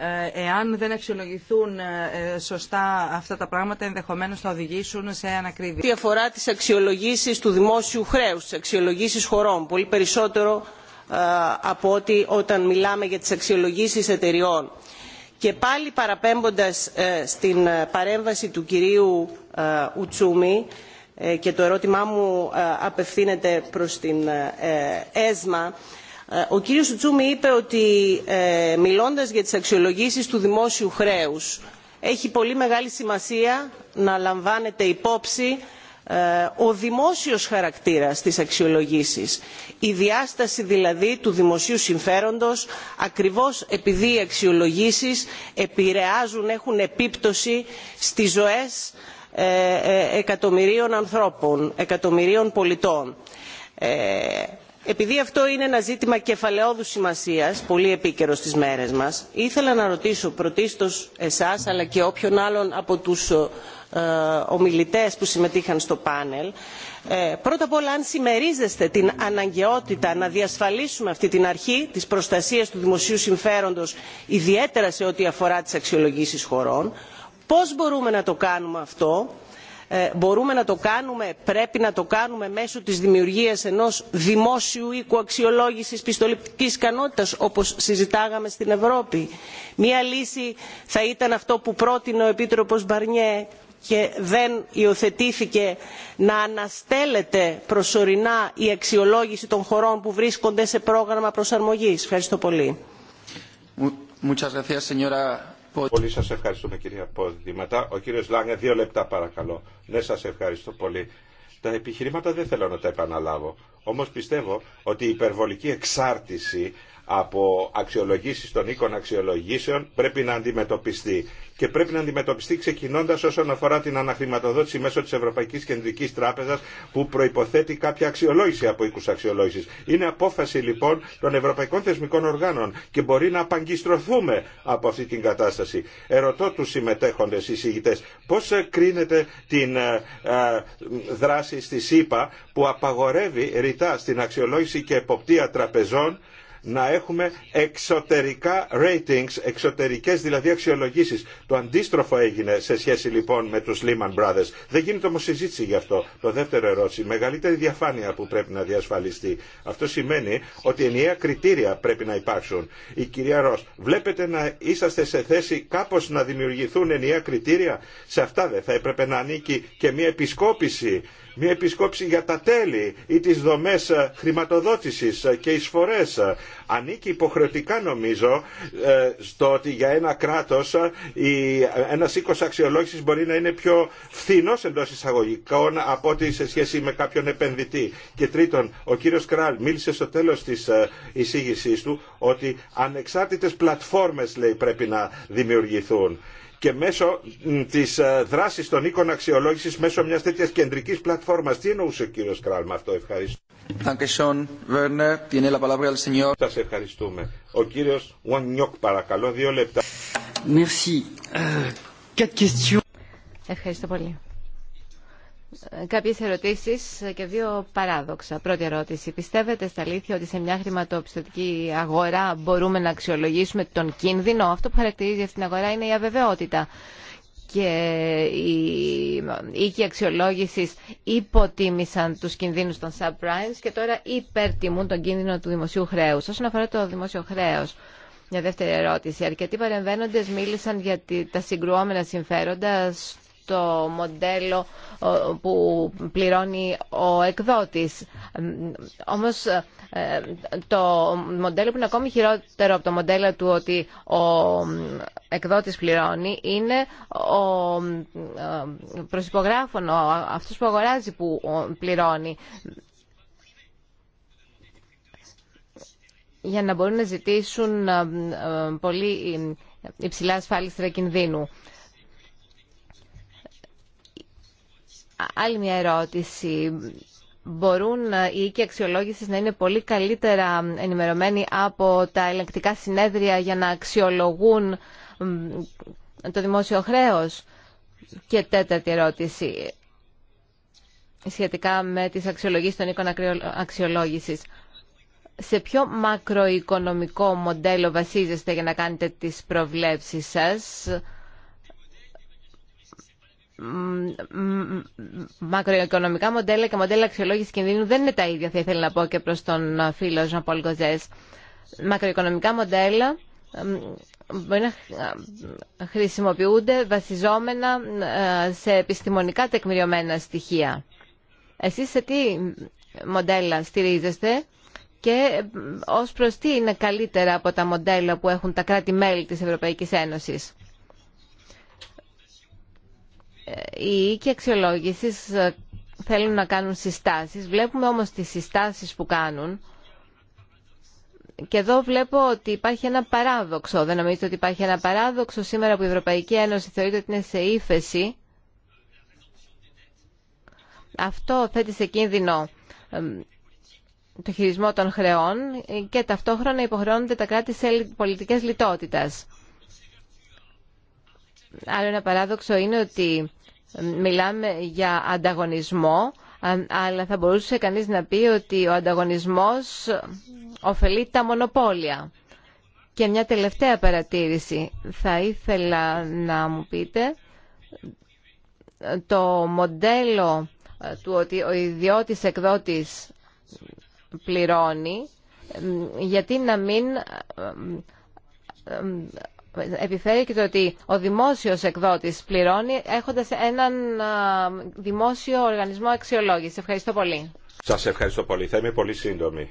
Ε, εάν δεν αξιολογηθούν ε, σωστά αυτά τα πράγματα ενδεχομένως θα οδηγήσουν σε ανακρίβεια. Τι αφορά τι αξιολογήσει του δημόσιου χρέου, τι αξιολογήσει χωρών, πολύ περισσότερο ε, από ότι όταν μιλάμε για τις αξιολογήσεις εταιριών. Και πάλι παραπέμποντας στην παρέμβαση του κυρίου Ουτσούμη και το ερώτημά μου απευθύνεται προς την ΕΣΜΑ ε, ο κύριος Τσούμι είπε ότι ε, μιλώντας για τις αξιολογήσεις του δημόσιου χρέους έχει πολύ μεγάλη σημασία να λαμβάνεται υπόψη ε, ο δημόσιος χαρακτήρας της αξιολογήσης η διάσταση δηλαδή του δημοσίου συμφέροντος ακριβώς επειδή οι αξιολογήσεις επηρεάζουν έχουν επίπτωση στις ζωές εκατομμυρίων ανθρώπων εκατομμυρίων πολιτών επειδή αυτό είναι ένα ζήτημα κεφαλαιόδου σημασία, πολύ επίκαιρο στι μέρες μας ήθελα να ρωτήσω πρωτίστω εσάς αλλά και όποιον άλλον από τους ε, ομιλητές που συμμετείχαν στο πάνελ ε, πρώτα απ' όλα αν συμμερίζεστε την αναγκαιότητα να διασφαλίσουμε αυτή την αρχή τη προστασίας του δημοσίου συμφέροντος ιδιαίτερα σε ό,τι αφορά τι αξιολογήσει χωρών πώ μπορούμε να το κάνουμε αυτό ε, μπορούμε να το κάνουμε πρέπει να το κάνουμε μέσω της δημιουργίας ενός δημόσιου οίκου αξιολόγησης πιστοληπτικής ικανότητας όπως συζητάγαμε στην ευρώπη. μία λύση θα ήταν αυτό που πρότεινε ο επίτροπος μπαρνιέ και δεν υιοθετήθηκε να αναστέλλεται προσωρινά η αξιολόγηση των χωρών που βρίσκονται σε πρόγραμμα προσαρμογής. Ευχαριστώ πολύ. Πολύ σας ευχαριστούμε κυρία Ποδηματά. Ο κύριος Λάγκε, δύο λεπτά παρακαλώ. Ναι, σας ευχαριστώ πολύ. Τα επιχειρήματα δεν θέλω να τα επαναλάβω. Όμως πιστεύω ότι η υπερβολική εξάρτηση από αξιολογήσεις των οίκων αξιολογήσεων πρέπει να αντιμετωπιστεί. Και πρέπει να αντιμετωπιστεί ξεκινώντα όσον αφορά την αναχρηματοδότηση μέσω τη Ευρωπαϊκή Κεντρική Τράπεζα που προϋποθέτει κάποια αξιολόγηση από οίκους αξιολόγηση. Είναι απόφαση λοιπόν των ευρωπαϊκών θεσμικών οργάνων και μπορεί να απαγκιστρωθούμε από αυτή την κατάσταση. Ερωτώ τους συμμετέχοντες, εισηγητές, πώς κρίνεται την ε, ε, δράση στη ΣΥΠΑ που απαγορεύει ρητά στην αξιολόγηση και εποπτεία τραπεζών να έχουμε εξωτερικά ratings, εξωτερικές δηλαδή αξιολογήσεις. Το αντίστροφο έγινε σε σχέση λοιπόν με τους Lehman Brothers. Δεν γίνεται όμως συζήτηση γι' αυτό. Το δεύτερο ερώτηση, μεγαλύτερη διαφάνεια που πρέπει να διασφαλιστεί. Αυτό σημαίνει ότι ενιαία κριτήρια πρέπει να υπάρξουν. Η κυρία Ρος, βλέπετε να είσαστε σε θέση κάπως να δημιουργηθούν ενιαία κριτήρια. Σε αυτά δεν θα έπρεπε να ανήκει και μια επισκόπηση μια επισκόψη για τα τέλη ή τις δομές ε, χρηματοδότησης ε, και εισφορές. Ε. Ανήκει υποχρεωτικά νομίζω στο ότι για ένα κράτος ένας οίκος αξιολόγησης μπορεί να είναι πιο φθηνός εντός εισαγωγικών από ότι σε σχέση με κάποιον επενδυτή. Και τρίτον, ο κύριος Κράλ μίλησε στο τέλος της εισήγησής του ότι ανεξάρτητες πλατφόρμες πρέπει να δημιουργηθούν και μέσω της ε, δράσης των οίκων αξιολόγησης μέσω μιας τέτοιας κεντρικής πλατφόρμας. Τι εννοούσε ο κύριος Κράλ με αυτό. Ευχαριστώ. Σα ευχαριστούμε. Ο κύριος Νιόκ παρακαλώ δύο λεπτά. Merci. Ε, ευχαριστώ πολύ. Κάποιε ερωτήσει και δύο παράδοξα. Πρώτη ερώτηση. Πιστεύετε στα αλήθεια ότι σε μια χρηματοπιστωτική αγορά μπορούμε να αξιολογήσουμε τον κίνδυνο. Αυτό που χαρακτηρίζει αυτήν την αγορά είναι η αβεβαιότητα και οι οίκοι αξιολόγηση υποτίμησαν του κινδύνου των subprimes και τώρα υπερτιμούν τον κίνδυνο του δημοσίου χρέου. Όσον αφορά το δημόσιο χρέο, μια δεύτερη ερώτηση. Αρκετοί παρεμβαίνοντε μίλησαν για τα συγκρουόμενα συμφέροντα στο μοντέλο που πληρώνει ο εκδότης. Όμως ε, το μοντέλο που είναι ακόμη χειρότερο από το μοντέλο του ότι ο εκδότης πληρώνει είναι ο προσυπογράφων, αυτός που αγοράζει που πληρώνει. για να μπορούν να ζητήσουν ε, ε, πολύ υψηλά ασφάλιστρα κινδύνου. Άλλη μια ερώτηση. Μπορούν οι οίκοι αξιολόγηση να είναι πολύ καλύτερα ενημερωμένοι από τα ελεγκτικά συνέδρια για να αξιολογούν το δημόσιο χρέο. Και τέταρτη ερώτηση σχετικά με τις αξιολογήσεις των οίκων αξιολόγησης. Σε ποιο μακροοικονομικό μοντέλο βασίζεστε για να κάνετε τις προβλέψεις σας μακροοικονομικά μοντέλα και μοντέλα αξιολόγηση κινδύνου δεν είναι τα ίδια, θα ήθελα να πω και προ τον φίλο Ζαν Πολ Μακροοικονομικά μοντέλα μπορεί να χρησιμοποιούνται βασιζόμενα σε επιστημονικά τεκμηριωμένα στοιχεία. Εσεί σε τι μοντέλα στηρίζεστε και ως προς τι είναι καλύτερα από τα μοντέλα που έχουν τα κράτη-μέλη της Ευρωπαϊκής Ένωσης οι οίκοι αξιολόγηση ε, θέλουν να κάνουν συστάσεις. Βλέπουμε όμως τις συστάσεις που κάνουν και εδώ βλέπω ότι υπάρχει ένα παράδοξο. Δεν νομίζετε ότι υπάρχει ένα παράδοξο σήμερα που η Ευρωπαϊκή Ένωση θεωρείται ότι είναι σε ύφεση. Αυτό θέτει σε κίνδυνο το χειρισμό των χρεών και ταυτόχρονα υποχρεώνονται τα κράτη σε πολιτικές λιτότητας. Άλλο ένα παράδοξο είναι ότι Μιλάμε για ανταγωνισμό, αλλά θα μπορούσε κανείς να πει ότι ο ανταγωνισμός ωφελεί τα μονοπόλια. Και μια τελευταία παρατήρηση. Θα ήθελα να μου πείτε το μοντέλο του ότι ο ιδιώτης εκδότης πληρώνει, γιατί να μην επιφέρει και το ότι ο δημόσιος εκδότης πληρώνει έχοντας έναν δημόσιο οργανισμό αξιολόγηση. Ευχαριστώ πολύ. Σας ευχαριστώ πολύ. Θα είμαι πολύ σύντομη.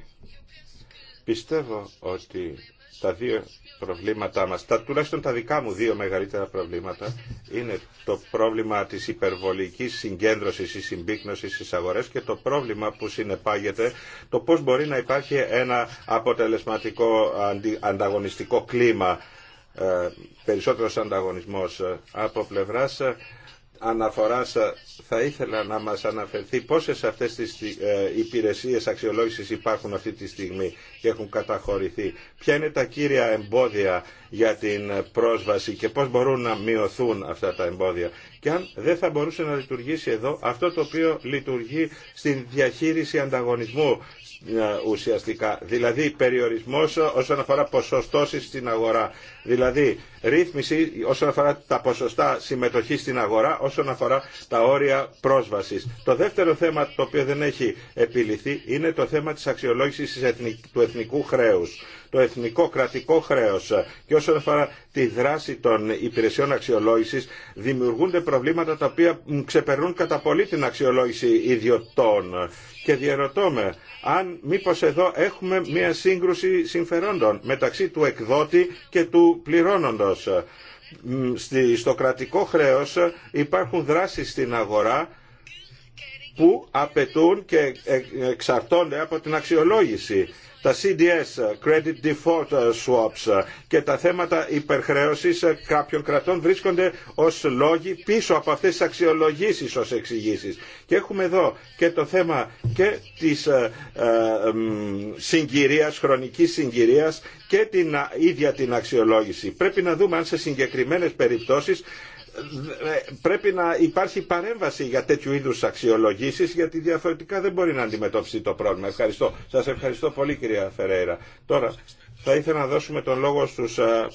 Πιστεύω ότι τα δύο προβλήματά μας, τα, τουλάχιστον τα δικά μου δύο μεγαλύτερα προβλήματα, είναι το πρόβλημα της υπερβολικής συγκέντρωσης ή συμπίκνωσης στις αγορές και το πρόβλημα που συνεπάγεται το πώς μπορεί να υπάρχει ένα αποτελεσματικό ανταγωνιστικό κλίμα ε, περισσότερος ανταγωνισμός ε, από πλευράς ε, αναφοράς θα ήθελα να μας αναφερθεί πόσες αυτές τις υπηρεσίες αξιολόγησης υπάρχουν αυτή τη στιγμή και έχουν καταχωρηθεί. Ποια είναι τα κύρια εμπόδια για την πρόσβαση και πώς μπορούν να μειωθούν αυτά τα εμπόδια. Και αν δεν θα μπορούσε να λειτουργήσει εδώ αυτό το οποίο λειτουργεί στην διαχείριση ανταγωνισμού ουσιαστικά. Δηλαδή περιορισμός όσον αφορά ποσοστώσεις στην αγορά. Δηλαδή, ρύθμιση όσον αφορά τα ποσοστά συμμετοχή στην αγορά, όσον αφορά τα όρια πρόσβασης. Το δεύτερο θέμα το οποίο δεν έχει επιληθεί είναι το θέμα της αξιολόγησης του εθνικού χρέους το εθνικό κρατικό χρέος και όσον αφορά τη δράση των υπηρεσιών αξιολόγησης δημιουργούνται προβλήματα τα οποία ξεπερνούν κατά πολύ την αξιολόγηση ιδιωτών και διαρωτώ με αν μήπως εδώ έχουμε μια σύγκρουση συμφερόντων μεταξύ του εκδότη και του πληρώνοντας ε, Στο κρατικό χρέος υπάρχουν δράσεις στην αγορά που απαιτούν και ε, εξαρτώνται από την αξιολόγηση τα CDS, Credit Default ε, Swaps ε, και τα θέματα υπερχρέωσης ε, κάποιων κρατών βρίσκονται ως λόγοι πίσω από αυτές τις αξιολογήσεις ως εξηγήσεις. Και έχουμε εδώ και το θέμα και της συγκυρίας, χρονικής συγκυρίας και την ίδια την αξιολόγηση. Πρέπει να δούμε αν σε συγκεκριμένες περιπτώσεις πρέπει να υπάρχει παρέμβαση για τέτοιου είδου αξιολογήσει γιατί διαφορετικά δεν μπορεί να αντιμετωπιστεί το πρόβλημα. Ευχαριστώ. Σας ευχαριστώ πολύ κυρία Φεραίρα. Τώρα θα ήθελα να δώσουμε τον λόγο στους ε,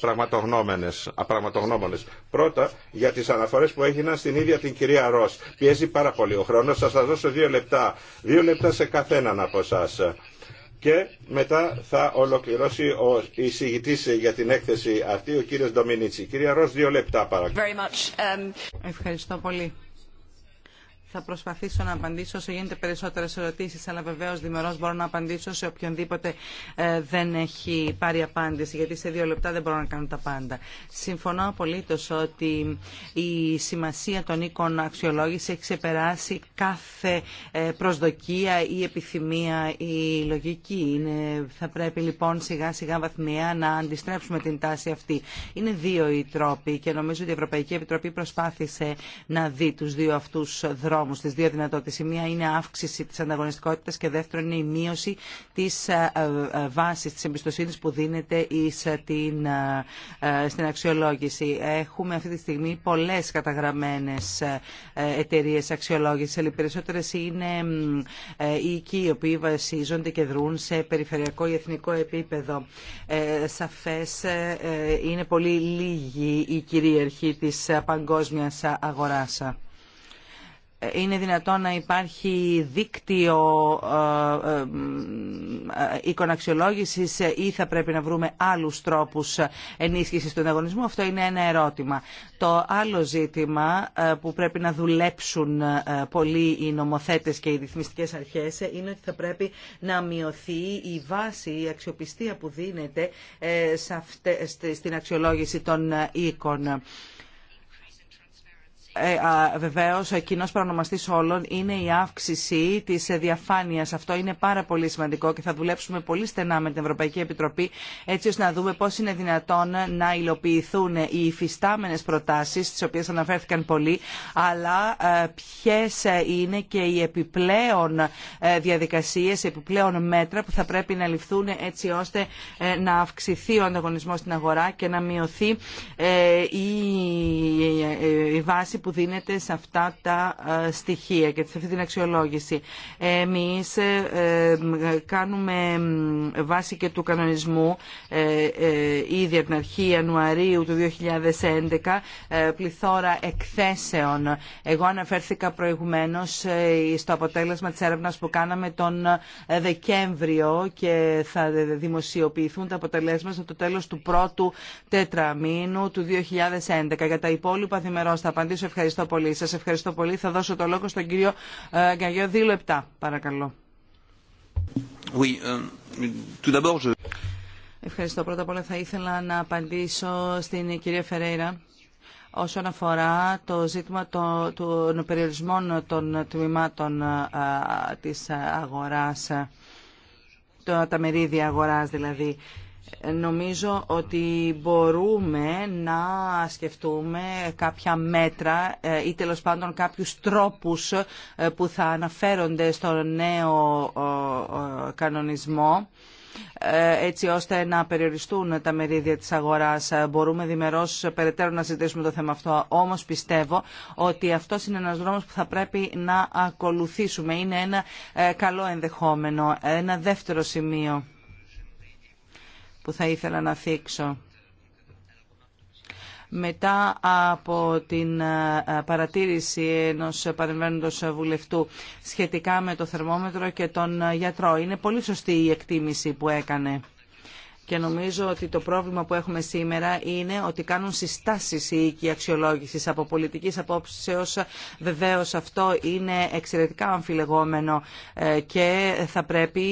πραγματογνώμονες. Πρώτα για τις αναφορές που έγιναν στην ίδια την κυρία Ρος. Πιέζει πάρα πολύ ο χρόνος. Θα δώσω δύο λεπτά. Δύο λεπτά σε καθέναν από εσάς και μετά θα ολοκληρώσει ο εισηγητής για την έκθεση αυτή, ο κύριος Ντομινίτσι. Κυρία Ρο, δύο λεπτά παρακαλώ. Um, Ευχαριστώ πολύ. Θα προσπαθήσω να απαντήσω όσο γίνεται περισσότερε ερωτήσει, αλλά βεβαίω δημερό μπορώ να απαντήσω σε οποιονδήποτε ε, δεν έχει πάρει απάντηση, γιατί σε δύο λεπτά δεν μπορώ να κάνω τα πάντα. Συμφωνώ απολύτω ότι η σημασία των οίκων αξιολόγηση έχει ξεπεράσει κάθε ε, προσδοκία ή επιθυμία ή λογική. Είναι, θα πρέπει λοιπόν σιγά σιγά βαθμιαία να αντιστρέψουμε την τάση αυτή. Είναι δύο οι τρόποι και νομίζω ότι η Ευρωπαϊκή Επιτροπή προσπάθησε να δει του δύο αυτού δρόμου όμως τι δύο δυνατότητε. Η μία είναι αύξηση τη ανταγωνιστικότητας και δεύτερον είναι η μείωση τη ε, ε, ε, βάση τη εμπιστοσύνη που δίνεται εις στην αξιολόγηση. Έχουμε αυτή τη στιγμή πολλέ καταγραμμένε εταιρείε αξιολόγηση. αλλά οι περισσότερε είναι οι οικοί οι οποίοι βασίζονται και δρούν σε περιφερειακό ή εθνικό επίπεδο. σαφε είναι πολύ λίγοι οι κυρίαρχοι τη παγκόσμια αγοράς είναι δυνατόν να υπάρχει δίκτυο ε, ε, ε, αξιολόγηση, ή θα πρέπει να βρούμε άλλους τρόπους ενίσχυσης του ανταγωνισμού. Αυτό είναι ένα ερώτημα. Το άλλο ζήτημα που πρέπει να δουλέψουν πολύ οι νομοθέτες και οι ρυθμιστικές αρχές είναι ότι θα πρέπει να μειωθεί η βάση, η αξιοπιστία που δίνεται στην αξιολόγηση των οίκων. Ε, Βεβαίω, κοινό παρονομαστή όλων είναι η αύξηση τη διαφάνεια. Αυτό είναι πάρα πολύ σημαντικό και θα δουλέψουμε πολύ στενά με την Ευρωπαϊκή Επιτροπή έτσι ώστε να δούμε πώ είναι δυνατόν να υλοποιηθούν οι υφιστάμενε προτάσει, τι οποίε αναφέρθηκαν πολύ, αλλά ε, ποιε είναι και οι επιπλέον ε, διαδικασίε, επιπλέον μέτρα που θα πρέπει να ληφθούν έτσι ώστε να αυξηθεί ο ανταγωνισμό στην αγορά και να μειωθεί η βάση που δίνεται σε αυτά τα ε, στοιχεία και σε αυτή την αξιολόγηση. Εμείς ε, ε, κάνουμε βάση και του κανονισμού ήδη από την αρχή Ιανουαρίου του 2011 πληθώρα εκθέσεων. Εγώ αναφέρθηκα προηγουμένως στο αποτέλεσμα της έρευνας που κάναμε τον Δεκέμβριο και θα δημοσιοποιηθούν τα αποτελέσματα στο τέλος του πρώτου τετραμήνου του 2011. Για τα υπόλοιπα θα απαντήσω Ευχαριστώ πολύ. Σα ευχαριστώ πολύ. Θα δώσω το λόγο στον κύριο ε, Γκαγιό. Δύο λεπτά, παρακαλώ. Oui, ε, je... Ευχαριστώ. Πρώτα απ' όλα θα ήθελα να απαντήσω στην κυρία Φερέιρα όσον αφορά το ζήτημα των περιορισμών των τμήματων ε, της αγοράς, τα μερίδια αγοράς δηλαδή νομίζω ότι μπορούμε να σκεφτούμε κάποια μέτρα ε, ή τέλος πάντων κάποιους τρόπους ε, που θα αναφέρονται στο νέο κανονισμό ε, έτσι ώστε να περιοριστούν τα μερίδια της αγοράς. Μπορούμε διμερώς περαιτέρω να συζητήσουμε το θέμα αυτό. Όμως πιστεύω ότι αυτό είναι ένας δρόμος που θα πρέπει να ακολουθήσουμε. Είναι ένα καλό ενδεχόμενο. Ένα δεύτερο σημείο που θα ήθελα να θίξω. Μετά από την ε, παρατήρηση ενός παρεμβαίνοντος βουλευτού σχετικά με το θερμόμετρο και τον ε, γιατρό, είναι πολύ σωστή η εκτίμηση που έκανε. Και νομίζω ότι το πρόβλημα που έχουμε σήμερα είναι ότι κάνουν συστάσεις οι οίκοι αξιολόγησης από πολιτικής απόψεως. Βεβαίως αυτό είναι εξαιρετικά αμφιλεγόμενο ε, και θα πρέπει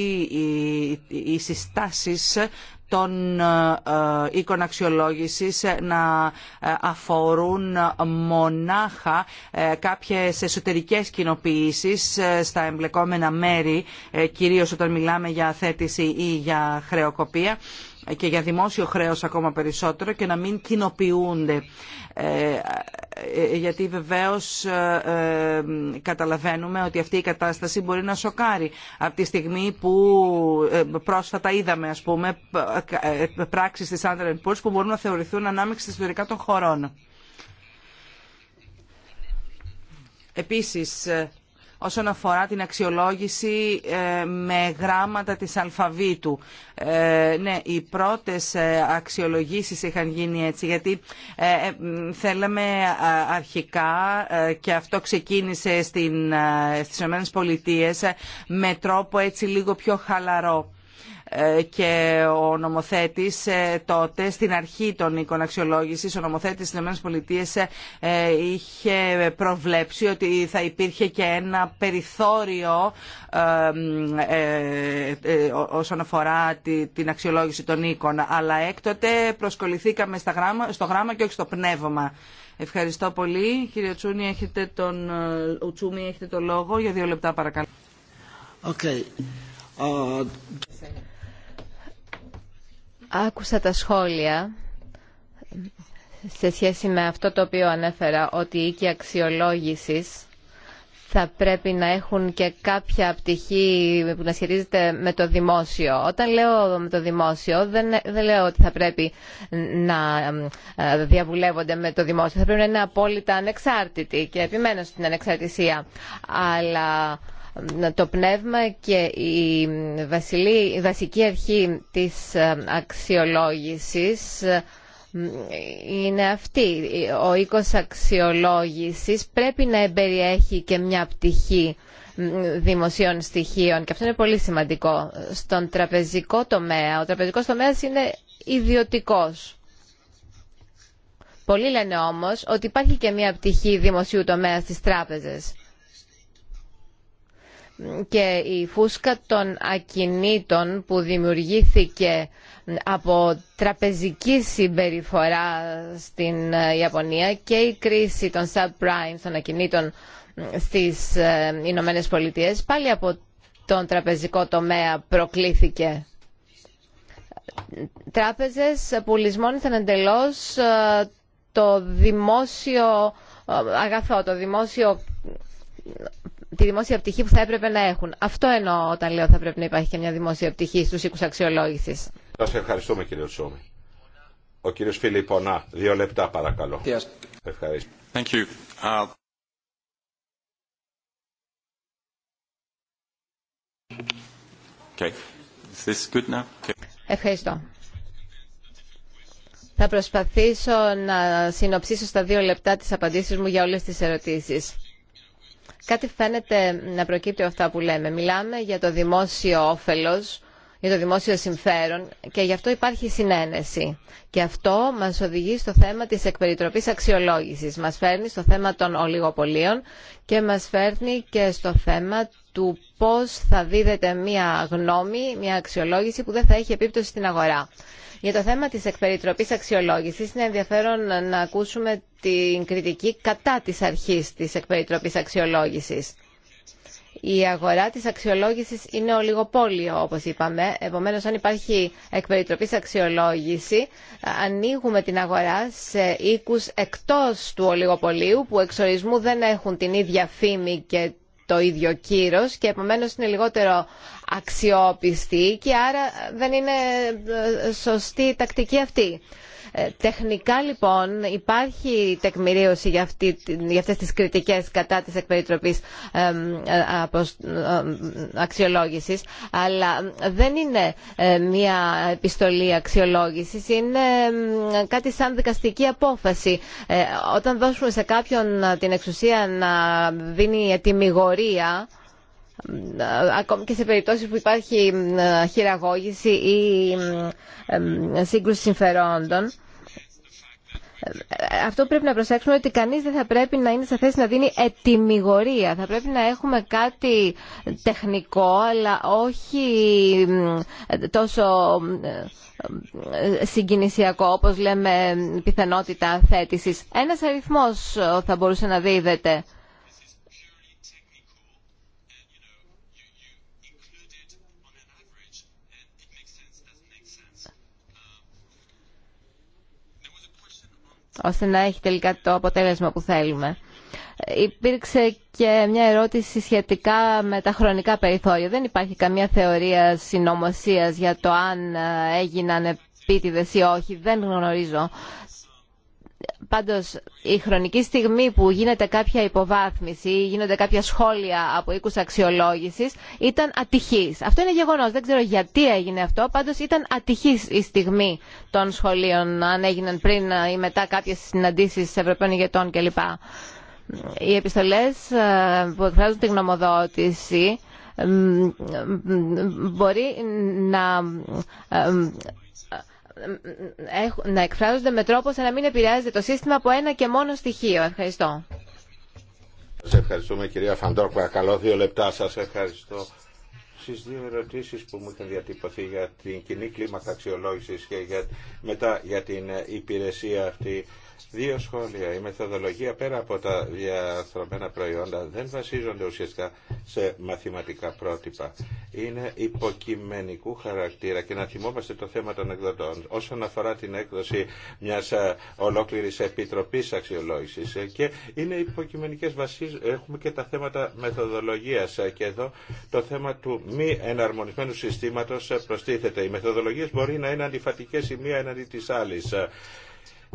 οι συστάσεις των ε, ε, οίκων αξιολόγησης ε, να αφορούν μονάχα κάποιες εσωτερικές κοινοποιήσεις στα εμπλεκόμενα μέρη κυρίως όταν μιλάμε για θέτηση ή για χρεοκοπία και για δημόσιο χρέος ακόμα περισσότερο και να μην κοινοποιούνται. Ε, ε, γιατί βεβαίως ε, καταλαβαίνουμε ότι αυτή η κατάσταση μπορεί να σοκάρει. Από τη στιγμή που πρόσφατα είδαμε ας πούμε πράξεις της Άντερεν που μπορούν να θεωρηθούν ανάμεξη στις ιστορικά των χωρών. Επίσης, όσον αφορά την αξιολόγηση ε, με γράμματα της αλφαβήτου. Ε, ναι, οι πρώτες ε, αξιολογήσεις είχαν γίνει έτσι, γιατί θέλαμε αρχικά και αυτό ξεκίνησε στις ΗΠΑ με τρόπο έτσι λίγο πιο χαλαρό ε, και ο νομοθέτης ε, τότε στην αρχή των οίκων αξιολόγηση, ο νομοθέτης της ΗΠΑ ε, είχε προβλέψει ότι θα υπήρχε και ένα περιθώριο όσον αφορά την αξιολόγηση των οίκων. Αλλά έκτοτε προσκοληθήκαμε στο γράμμα και όχι στο πνεύμα. Ευχαριστώ πολύ. Κύριε Τσούνη, έχετε τον, Τσούμι, έχετε το λόγο. Για δύο λεπτά παρακαλώ. Uh, Άκουσα τα σχόλια σε σχέση με αυτό το οποίο ανέφερα, ότι οι οίκοι αξιολόγησης θα πρέπει να έχουν και κάποια πτυχή που να σχετίζεται με το δημόσιο. Όταν λέω με το δημόσιο, δεν, λέω ότι θα πρέπει να ε, διαβουλεύονται με το δημόσιο. Θα πρέπει να είναι απόλυτα ανεξάρτητοι και επιμένω στην ανεξαρτησία. Αλλά το πνεύμα και η, βασική αρχή της ε, αξιολόγησης ε, είναι αυτή. Ο οίκος αξιολόγησης πρέπει να εμπεριέχει και μια πτυχή δημοσίων στοιχείων και αυτό είναι πολύ σημαντικό. Στον τραπεζικό τομέα, ο τραπεζικός τομέας είναι ιδιωτικός. Πολλοί λένε όμως ότι υπάρχει και μια πτυχή δημοσίου τομέα στις τράπεζες και η φούσκα των ακινήτων που δημιουργήθηκε από τραπεζική συμπεριφορά στην ε, Ιαπωνία και η κρίση των subprime των ακινήτων ε, στις ε, Ηνωμένες Πολιτείες πάλι από τον τραπεζικό τομέα προκλήθηκε. Τράπεζες που λησμόνησαν εντελώς το δημόσιο αγαθό, το δημόσιο τη δημόσια πτυχή που θα έπρεπε να έχουν. Αυτό εννοώ όταν λέω θα πρέπει να υπάρχει και μια δημόσια πτυχή στους οίκους αξιολόγησης. Σας ευχαριστούμε κύριε Τσόμη. Ο κύριος Φιλιππονά, δύο λεπτά παρακαλώ. Ευχαριστώ. Thank you. Uh, okay. Is this good now? Ευχαριστώ. Θα προσπαθήσω να συνοψίσω στα δύο λεπτά τις απαντήσεις μου για όλες τις ερωτήσεις. Κάτι φαίνεται να προκύπτει αυτά που λέμε. Μιλάμε για το δημόσιο όφελος, για το δημόσιο συμφέρον και γι' αυτό υπάρχει συνένεση. Και αυτό μας οδηγεί στο θέμα της εκπεριτροπής αξιολόγησης. Μας φέρνει στο θέμα των ολιγοπολίων και μας φέρνει και στο θέμα του πώς θα δίδεται μια γνώμη, μια αξιολόγηση που δεν θα έχει επίπτωση στην αγορά. Για το θέμα της εκπεριτροπής αξιολόγησης είναι ενδιαφέρον να ακούσουμε την κριτική κατά της αρχής της εκπεριτροπής αξιολόγησης. Η αγορά της αξιολόγησης είναι ολιγοπόλιο, όπως είπαμε. Επομένως, αν υπάρχει εκπεριτροπής αξιολόγηση, ανοίγουμε την αγορά σε οίκους εκτός του ολιγοπολίου, που εξορισμού δεν έχουν την ίδια φήμη και το ίδιο κύρος και επομένως είναι λιγότερο αξιόπιστη και άρα δεν είναι ε, σωστή η τακτική αυτή. Ε, τεχνικά λοιπόν υπάρχει τεκμηρίωση για, αυτή, για αυτές τις κριτικές κατά της εκπεριτροπής ε, αξιολόγησης αλλά δεν είναι μια επιστολή αξιολόγησης είναι κάτι σαν δικαστική απόφαση. Όταν δώσουμε σε κάποιον την εξουσία να δίνει ετοιμιγορία ακόμη και σε περιπτώσεις που υπάρχει ε, χειραγώγηση ή ε, ε, σύγκρουση συμφερόντων. Αυτό πρέπει να προσέξουμε ότι κανείς δεν θα πρέπει να είναι σε θέση να δίνει ετοιμιγορία. Θα πρέπει να έχουμε κάτι τεχνικό, αλλά όχι τόσο συγκινησιακό, όπως λέμε πιθανότητα θέτησης. Ένας αριθμός θα μπορούσε να δίδεται. ώστε να έχει τελικά το αποτέλεσμα που θέλουμε. Υπήρξε και μια ερώτηση σχετικά με τα χρονικά περιθώρια. Δεν υπάρχει καμία θεωρία συνωμοσία για το αν ε, έγιναν επίτηδες ή όχι. Δεν γνωρίζω Πάντως η χρονική στιγμή που γίνεται κάποια υποβάθμιση ή γίνονται κάποια σχόλια από οίκους αξιολόγησης ήταν ατυχής. Αυτό είναι γεγονός. Δεν ξέρω γιατί έγινε αυτό. Πάντως ήταν ατυχής η στιγμή των σχολείων αν έγιναν πριν ή μετά κάποιες συναντήσεις Ευρωπαίων ηγετών κλπ. Οι επιστολές ε, που εκφράζουν τη γνωμοδότηση μπορεί να ε, να εκφράζονται με τρόπο ώστε να μην επηρεάζεται το σύστημα από ένα και μόνο στοιχείο. Ευχαριστώ. Σας ευχαριστούμε κυρία Φαντόρ. Καλό δύο λεπτά. Σας ευχαριστώ. στι δύο ερωτήσει που μου είχαν διατυπωθεί για την κοινή κλίμακα αξιολόγηση και για, μετά για την ε, υπηρεσία αυτή Δύο σχόλια. Η μεθοδολογία πέρα από τα διαθρωμένα προϊόντα δεν βασίζονται ουσιαστικά σε μαθηματικά πρότυπα. Είναι υποκειμενικού χαρακτήρα και να θυμόμαστε το θέμα των εκδοτών όσον αφορά την έκδοση μια ε, ολόκληρη επιτροπή αξιολόγηση. Ε, και είναι υποκειμενικές βασίε Έχουμε και τα θέματα μεθοδολογία ε, και εδώ το θέμα του μη εναρμονισμένου συστήματο προστίθεται. Οι μεθοδολογίε μπορεί να είναι αντιφατικές η μία έναντι τη άλλη.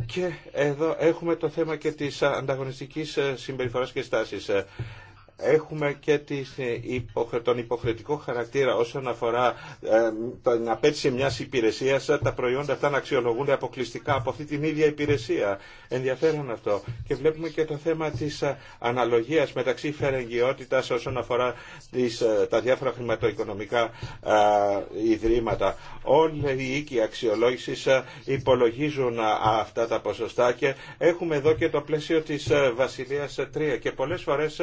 Και εδώ έχουμε το θέμα και της ανταγωνιστικής ε, συμπεριφοράς και στάσης. Ε, έχουμε και ε, τον υποχρετικό χαρακτήρα όσον αφορά ε, την απέτηση μιας υπηρεσίας τα προϊόντα αυτά να αξιολογούνται αποκλειστικά από αυτή την ίδια υπηρεσία. Ενδιαφέρον αυτό. Και βλέπουμε και το θέμα της ε, αναλογίας μεταξύ φερεγγιότητας όσον αφορά τις, τα διάφορα χρηματοοικονομικά ιδρύματα. Όλοι οι οίκοι αξιολόγησης υπολογίζουν αυτά τα ποσοστά και έχουμε εδώ και το πλαίσιο της Βασιλείας 3 και πολλές φορές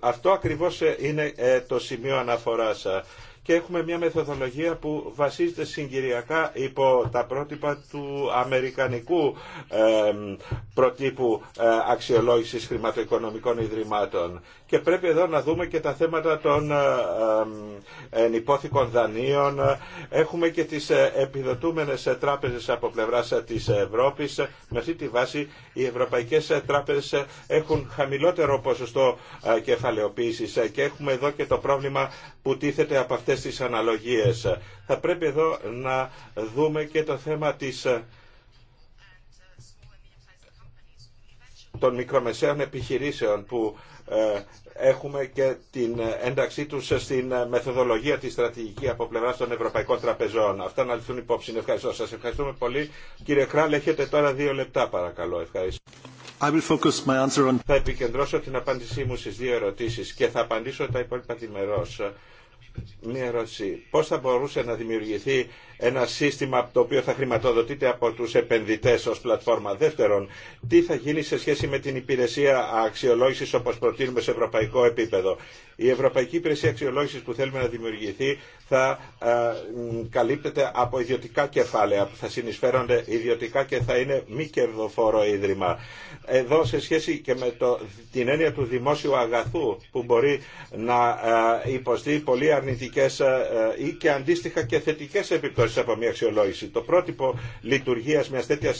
αυτό ακριβώς ε, είναι ε, το σημείο αναφοράς ε και έχουμε μια μεθοδολογία που βασίζεται συγκυριακά υπό τα πρότυπα του αμερικανικού προτύπου ε, αξιολόγησης χρηματοοικονομικών ιδρυμάτων. Και πρέπει εδώ να δούμε και τα θέματα των ε, ενυπόθηκων δανείων. Έχουμε και τις ε, επιδοτούμενες τράπεζες από πλευράς της Ευρώπης. Με αυτή τη βάση οι ευρωπαϊκές τράπεζες έχουν χαμηλότερο ποσοστό κεφαλαιοποίησης και έχουμε εδώ και το πρόβλημα που τίθεται από αυτές τις αναλογίες. Θα πρέπει εδώ να δούμε και το θέμα της ε, των μικρομεσαίων επιχειρήσεων που ε, έχουμε και την ένταξή τους στην μεθοδολογία της στρατηγική από πλευρά των Ευρωπαϊκών Τραπεζών. Αυτά να λυθούν υπόψη. Ευχαριστώ σας. Ευχαριστούμε πολύ. Κύριε Κράλ, έχετε τώρα δύο λεπτά παρακαλώ. Ευχαριστώ. I will focus my answer on... Θα επικεντρώσω την απάντησή μου στις δύο ερωτήσεις και θα απαντήσω τα υπόλοιπα μερός. Μία ερώτηση. Πώς θα μπορούσε να δημιουργηθεί ένα σύστημα το οποίο θα χρηματοδοτείται από τους επενδυτές ως πλατφόρμα. Δεύτερον, τι θα γίνει σε σχέση με την υπηρεσία αξιολόγησης όπως προτείνουμε σε ευρωπαϊκό επίπεδο. Η Ευρωπαϊκή Υπηρεσία Αξιολόγησης που θέλουμε να δημιουργηθεί θα ε, καλύπτεται από ιδιωτικά κεφάλαια που θα συνεισφέρονται ιδιωτικά και θα είναι μη κερδοφόρο ίδρυμα. Εδώ σε σχέση και με το, την έννοια του δημόσιου αγαθού που μπορεί να ε, υποστεί πολύ αρνητικές ε, ή και αντίστοιχα και θετικές επιπτώσεις από μια αξιολόγηση. Το πρότυπο λειτουργία μια τέτοια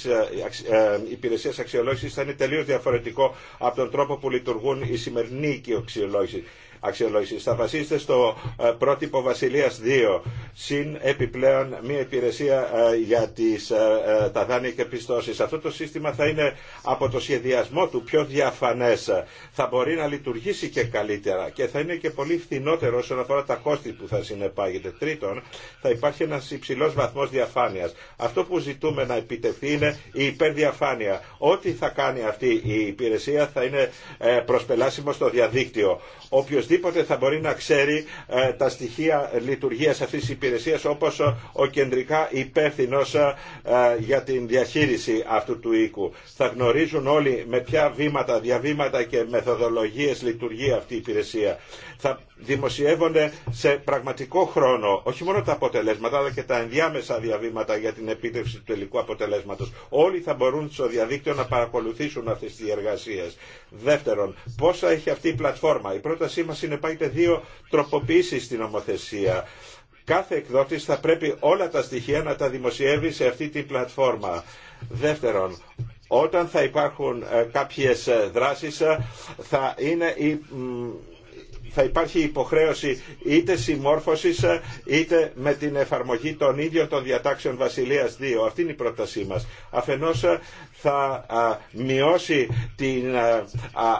ε, ε, υπηρεσία αξιολόγηση θα είναι τελείω διαφορετικό από τον τρόπο που λειτουργούν οι σημερινοί αξιολόγηση αξιολόγηση. Θα βασίζεται στο ε, πρότυπο Βασιλεία 2, συν επιπλέον μια υπηρεσία ε, για τις, ε, τα δάνεια και πιστώσει. Αυτό το σύστημα θα είναι από το σχεδιασμό του πιο διαφανέ. Θα μπορεί να λειτουργήσει και καλύτερα και θα είναι και πολύ φθηνότερο όσον αφορά τα κόστη που θα συνεπάγεται. Τρίτον, θα υπάρχει ένα υψηλό βαθμό διαφάνεια. Αυτό που ζητούμε να επιτευχθεί είναι η υπερδιαφάνεια. Ό,τι θα κάνει αυτή η υπηρεσία θα είναι προσπελάσιμο στο διαδίκτυο. Όποιος οποιοδήποτε θα μπορεί να ξέρει ε, τα στοιχεία λειτουργίας αυτής της υπηρεσίας όπως ο κεντρικά υπεύθυνο ε, για την διαχείριση αυτού του οίκου. Θα γνωρίζουν όλοι με ποια βήματα, διαβήματα και μεθοδολογίες λειτουργεί αυτή η υπηρεσία θα δημοσιεύονται σε πραγματικό χρόνο όχι μόνο τα αποτελέσματα αλλά και τα ενδιάμεσα διαβήματα για την επίτευξη του τελικού αποτελέσματος. Όλοι θα μπορούν στο διαδίκτυο να παρακολουθήσουν αυτές τις εργασίες. Δεύτερον, πόσα έχει αυτή η πλατφόρμα. Η πρότασή μας είναι πάγεται δύο τροποποιήσεις στην νομοθεσία. Κάθε εκδότης θα πρέπει όλα τα στοιχεία να τα δημοσιεύει σε αυτή την πλατφόρμα. Δεύτερον, όταν θα υπάρχουν ε, κάποιες ε, δράσεις ε, θα είναι η θα υπάρχει υποχρέωση είτε συμμόρφωση ε, είτε με την εφαρμογή των ίδιων των διατάξεων Βασιλεία 2. Αυτή είναι η πρότασή μας. Αφενό ε, θα μειώσει την ε,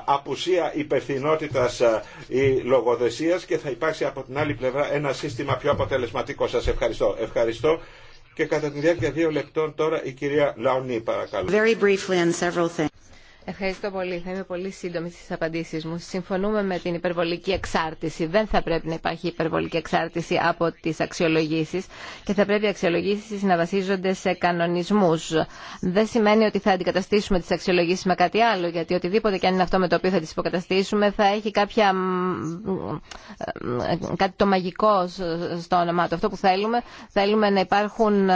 απουσία υπευθυνότητας ή λογοδεσίας και θα υπάρξει από την άλλη πλευρά ένα σύστημα πιο αποτελεσματικό. Σας ευχαριστώ. Ευχαριστώ. Και κατά τη διάρκεια δύο λεπτών τώρα η κυρία Λαουνή παρακαλώ. Ευχαριστώ πολύ. Θα είμαι πολύ σύντομη στι απαντήσει μου. Συμφωνούμε με την υπερβολική εξάρτηση. Δεν θα πρέπει να υπάρχει υπερβολική εξάρτηση από τι αξιολογήσει και θα πρέπει οι αξιολογήσει να βασίζονται σε κανονισμού. Δεν σημαίνει ότι θα αντικαταστήσουμε τι αξιολογήσει με κάτι άλλο, γιατί οτιδήποτε και αν είναι αυτό με το οποίο θα τι υποκαταστήσουμε θα έχει κάποια... κάτι το μαγικό στο όνομά του. Αυτό που θέλουμε, θέλουμε να υπάρχουν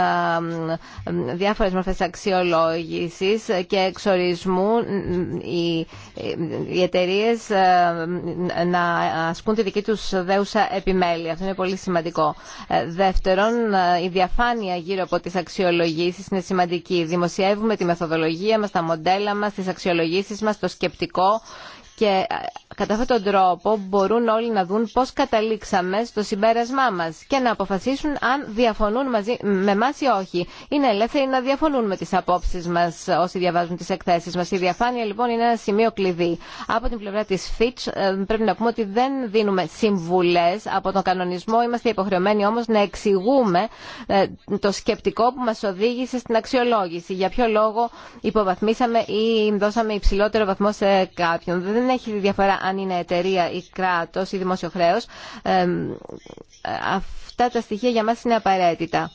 διάφορε μορφέ αξιολόγηση και εξορισμού οι εταιρείε ε, να ασκούν τη δική τους δέουσα επιμέλεια. Αυτό είναι πολύ σημαντικό. Ε, δεύτερον, ε, η διαφάνεια γύρω από τις αξιολογήσεις είναι σημαντική. Δημοσιεύουμε τη μεθοδολογία μας, τα μοντέλα μας, τις αξιολογήσεις μας, το σκεπτικό και Κατά αυτόν τον τρόπο μπορούν όλοι να δουν πώς καταλήξαμε στο συμπέρασμά μας και να αποφασίσουν αν διαφωνούν μαζί, με εμά ή όχι. Είναι ελεύθεροι να διαφωνούν με τις απόψεις μας όσοι διαβάζουν τις εκθέσεις μας. Η διαφάνεια λοιπόν είναι ένα σημείο κλειδί. Από την πλευρά της Fitch ε, πρέπει να πούμε ότι δεν δίνουμε συμβουλές από τον κανονισμό. Είμαστε υποχρεωμένοι όμως να εξηγούμε ε, το σκεπτικό που μας οδήγησε στην αξιολόγηση. Για ποιο λόγο υποβαθμίσαμε ή δώσαμε υψηλότερο βαθμό σε κάποιον. Δεν έχει διαφορά αν είναι εταιρεία ή κράτος ή δημόσιο χρέος. Αυτά τα στοιχεία για μας είναι απαραίτητα.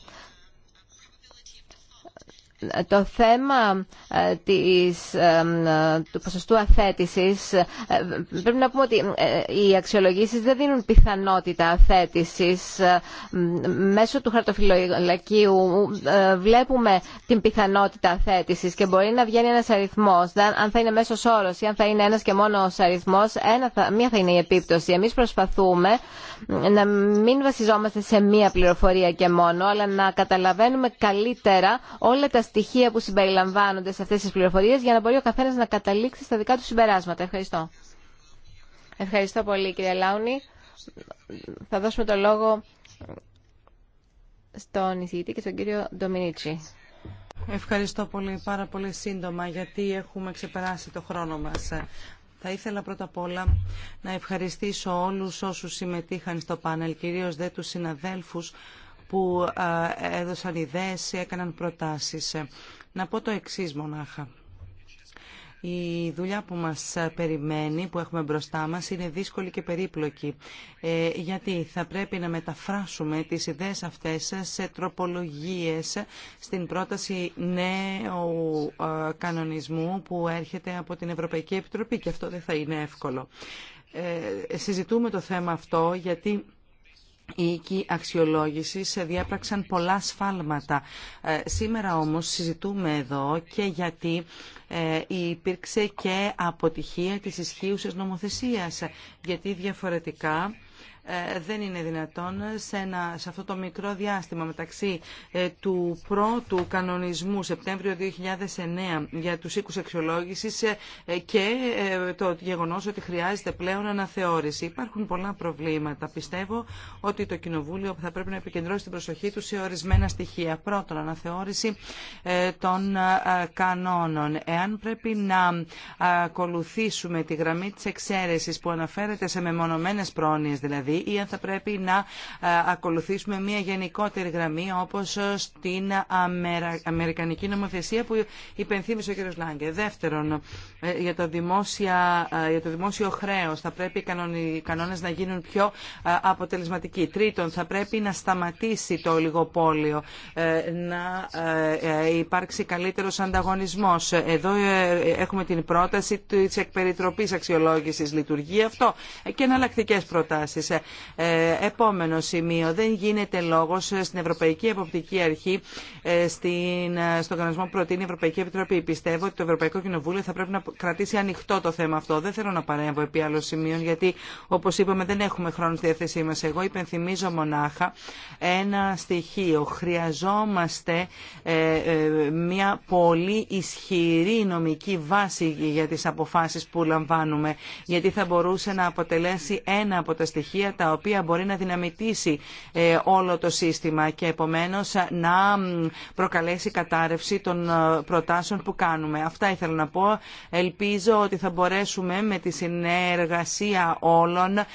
Το θέμα ε, της, ε, του ποσοστού αθέτησης, ε, πρέπει να πούμε ότι οι αξιολογήσεις δεν δίνουν πιθανότητα αθέτησης. Μέσω του χαρτοφυλακίου βλέπουμε την πιθανότητα αθέτησης και μπορεί να βγαίνει ένας αριθμός. Αν θα είναι μέσος όρος ή αν θα είναι ένας και μόνος αριθμός, ένα, μία θα είναι η επίπτωση. Εμείς προσπαθούμε να μην βασιζόμαστε σε μία πληροφορία και μόνο, αλλά να καταλαβαίνουμε καλύτερα όλα τα στοιχεία που συμπεριλαμβάνονται σε αυτές τις πληροφορίες για να μπορεί ο καθένας να καταλήξει στα δικά του συμπεράσματα. Ευχαριστώ. Ευχαριστώ πολύ κύριε Λάουνη. Θα δώσουμε το λόγο στον εισηγητή και στον κύριο Ντομινίτσι. Ευχαριστώ πολύ, πάρα πολύ σύντομα, γιατί έχουμε ξεπεράσει το χρόνο μας. Θα ήθελα πρώτα απ' όλα να ευχαριστήσω όλους όσους συμμετείχαν στο πάνελ, κυρίως δε τους συναδέλφους που έδωσαν ιδέες, έκαναν προτάσεις. Να πω το εξής μονάχα. Η δουλειά που μας περιμένει, που έχουμε μπροστά μας, είναι δύσκολη και περίπλοκη. Ε, γιατί θα πρέπει να μεταφράσουμε τις ιδέες αυτές σε τροπολογίες στην πρόταση νέου κανονισμού που έρχεται από την Ευρωπαϊκή Επιτροπή και αυτό δεν θα είναι εύκολο. Ε, συζητούμε το θέμα αυτό γιατί οι οίκοι αξιολόγηση διάπραξαν πολλά σφάλματα. Ε, σήμερα όμως συζητούμε εδώ και γιατί ε, υπήρξε και αποτυχία της ισχύουσας νομοθεσίας, γιατί διαφορετικά ε, δεν είναι δυνατόν σε, ένα, σε αυτό το μικρό διάστημα μεταξύ ε, του πρώτου κανονισμού Σεπτέμβριο 2009 για τους οίκους αξιολόγησης ε, και το γεγονός ότι χρειάζεται πλέον αναθεώρηση. Υπάρχουν πολλά προβλήματα. Πιστεύω ότι το Κοινοβούλιο θα πρέπει να επικεντρώσει την προσοχή του σε ορισμένα στοιχεία. Πρώτον, αναθεώρηση των κανόνων. Εάν πρέπει να ακολουθήσουμε τη γραμμή της εξαίρεσης που αναφέρεται σε μεμονωμένες πρόνοιες, δηλαδή ή αν θα πρέπει να ε, ακολουθήσουμε μια γενικότερη γραμμή όπως στην Αμερικανική νομοθεσία που υπενθύμισε ο κ. Λάγκε. Δεύτερον, ε, για το, δημόσια, ε, για το δημόσιο χρέος θα πρέπει οι κανόνες να γίνουν πιο αποτελεσματικοί. Τρίτον, θα πρέπει να σταματήσει το ολιγοπόλιο, να υπάρξει καλύτερος ανταγωνισμός. Εδώ έχουμε την πρόταση της εκπεριτροπής αξιολόγησης λειτουργεί αυτό και εναλλακτικέ προτάσεις. Ε, επόμενο σημείο. Δεν γίνεται λόγο στην Ευρωπαϊκή Εποπτική Αρχή ε, ε, στον κανονισμό που προτείνει η Ευρωπαϊκή Επιτροπή. Πιστεύω ότι το Ευρωπαϊκό Κοινοβούλιο θα πρέπει να κρατήσει ανοιχτό το θέμα αυτό. Δεν θέλω να παρέμβω επί άλλων σημείων γιατί όπω είπαμε δεν έχουμε χρόνο στη διάθεσή μα. Εγώ υπενθυμίζω μονάχα ένα στοιχείο. Χρειαζόμαστε μια πολύ ισχυρή νομική βάση για τι αποφάσει που λαμβάνουμε γιατί θα μπορούσε να αποτελέσει ένα από τα στοιχεία τα οποία μπορεί να δυναμητήσει ε, όλο το σύστημα και επομένως να προκαλέσει κατάρρευση των ε, προτάσεων που κάνουμε. Αυτά ήθελα να πω. Ελπίζω ότι θα μπορέσουμε με τη συνεργασία όλων ε,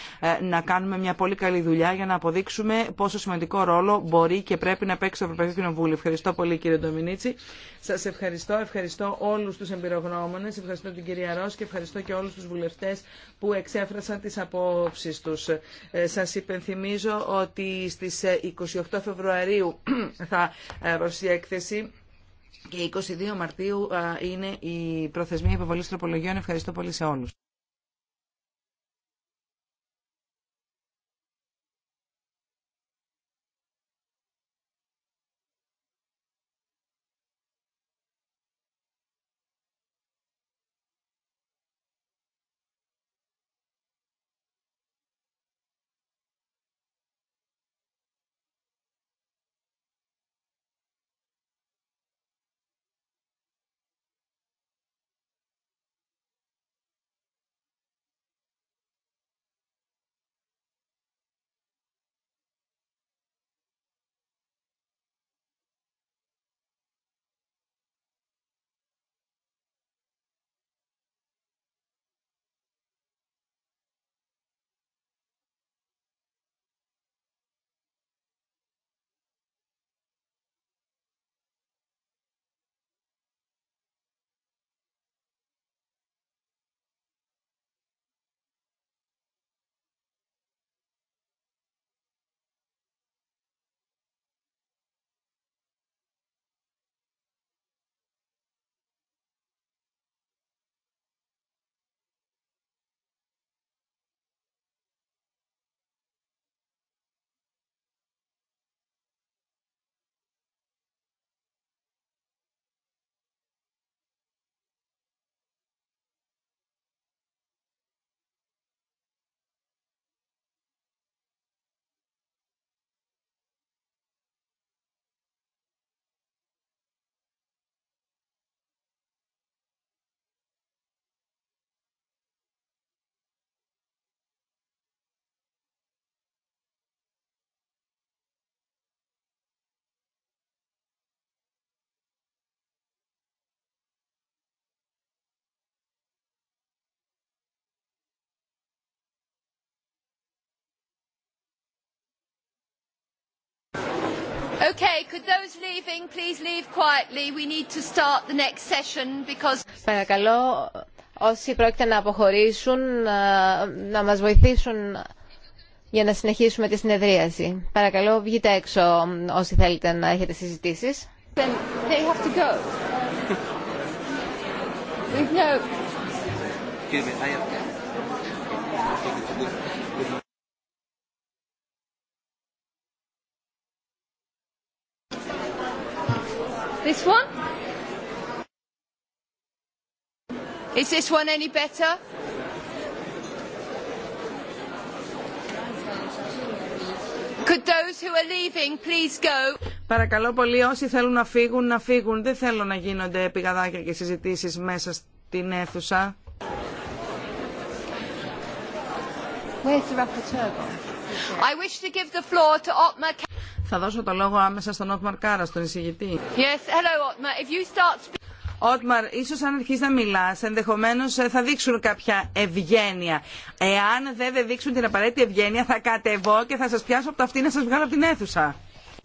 να κάνουμε μια πολύ καλή δουλειά για να αποδείξουμε πόσο σημαντικό ρόλο μπορεί και πρέπει να παίξει το Ευρωπαϊκό Κοινοβούλιο. Ευχαριστώ πολύ κύριε Ντομινίτσι. Σας ευχαριστώ. Ευχαριστώ όλους τους εμπειρογνώμονες, ευχαριστώ την κυρία Ρώσ και ευχαριστώ και όλους τους βουλευτές που εξέφρασαν τις απόψει τους. Ε, σας υπενθυμίζω ότι στις 28 ε, Φεβρουαρίου θα παρουσιάσει ε, η έκθεση και 22 Μαρτίου είναι η προθεσμία υποβολής τροπολογιών. Ευχαριστώ πολύ σε όλους. Παρακαλώ όσοι πρόκειται να αποχωρήσουν ε, να μας βοηθήσουν για να συνεχίσουμε τη συνεδρίαση. Παρακαλώ βγείτε έξω όσοι θέλετε να έχετε συζητήσεις. This one? Is this one any better? Could those who are leaving please go? Παρακαλώ πολύ όσοι θέλουν να φύγουν να φύγουν. Δεν θέλω να γίνονται πηγαδάκια και συζητήσεις μέσα στην αίθουσα. Where's the rapporteur? I wish to give the floor to Otmar θα δώσω το λόγο άμεσα στον Ότμαρ Κάρα, στον εισηγητή. Yes, hello, Otmar. If you start... Ότμαρ, ίσω αν αρχίσει να μιλά, ενδεχομένω ε, θα δείξουν κάποια ευγένεια. Εάν δεν δείξουν την απαραίτητη ευγένεια, θα κατεβώ και θα σα πιάσω από τα αυτή να σα βγάλω από την αίθουσα.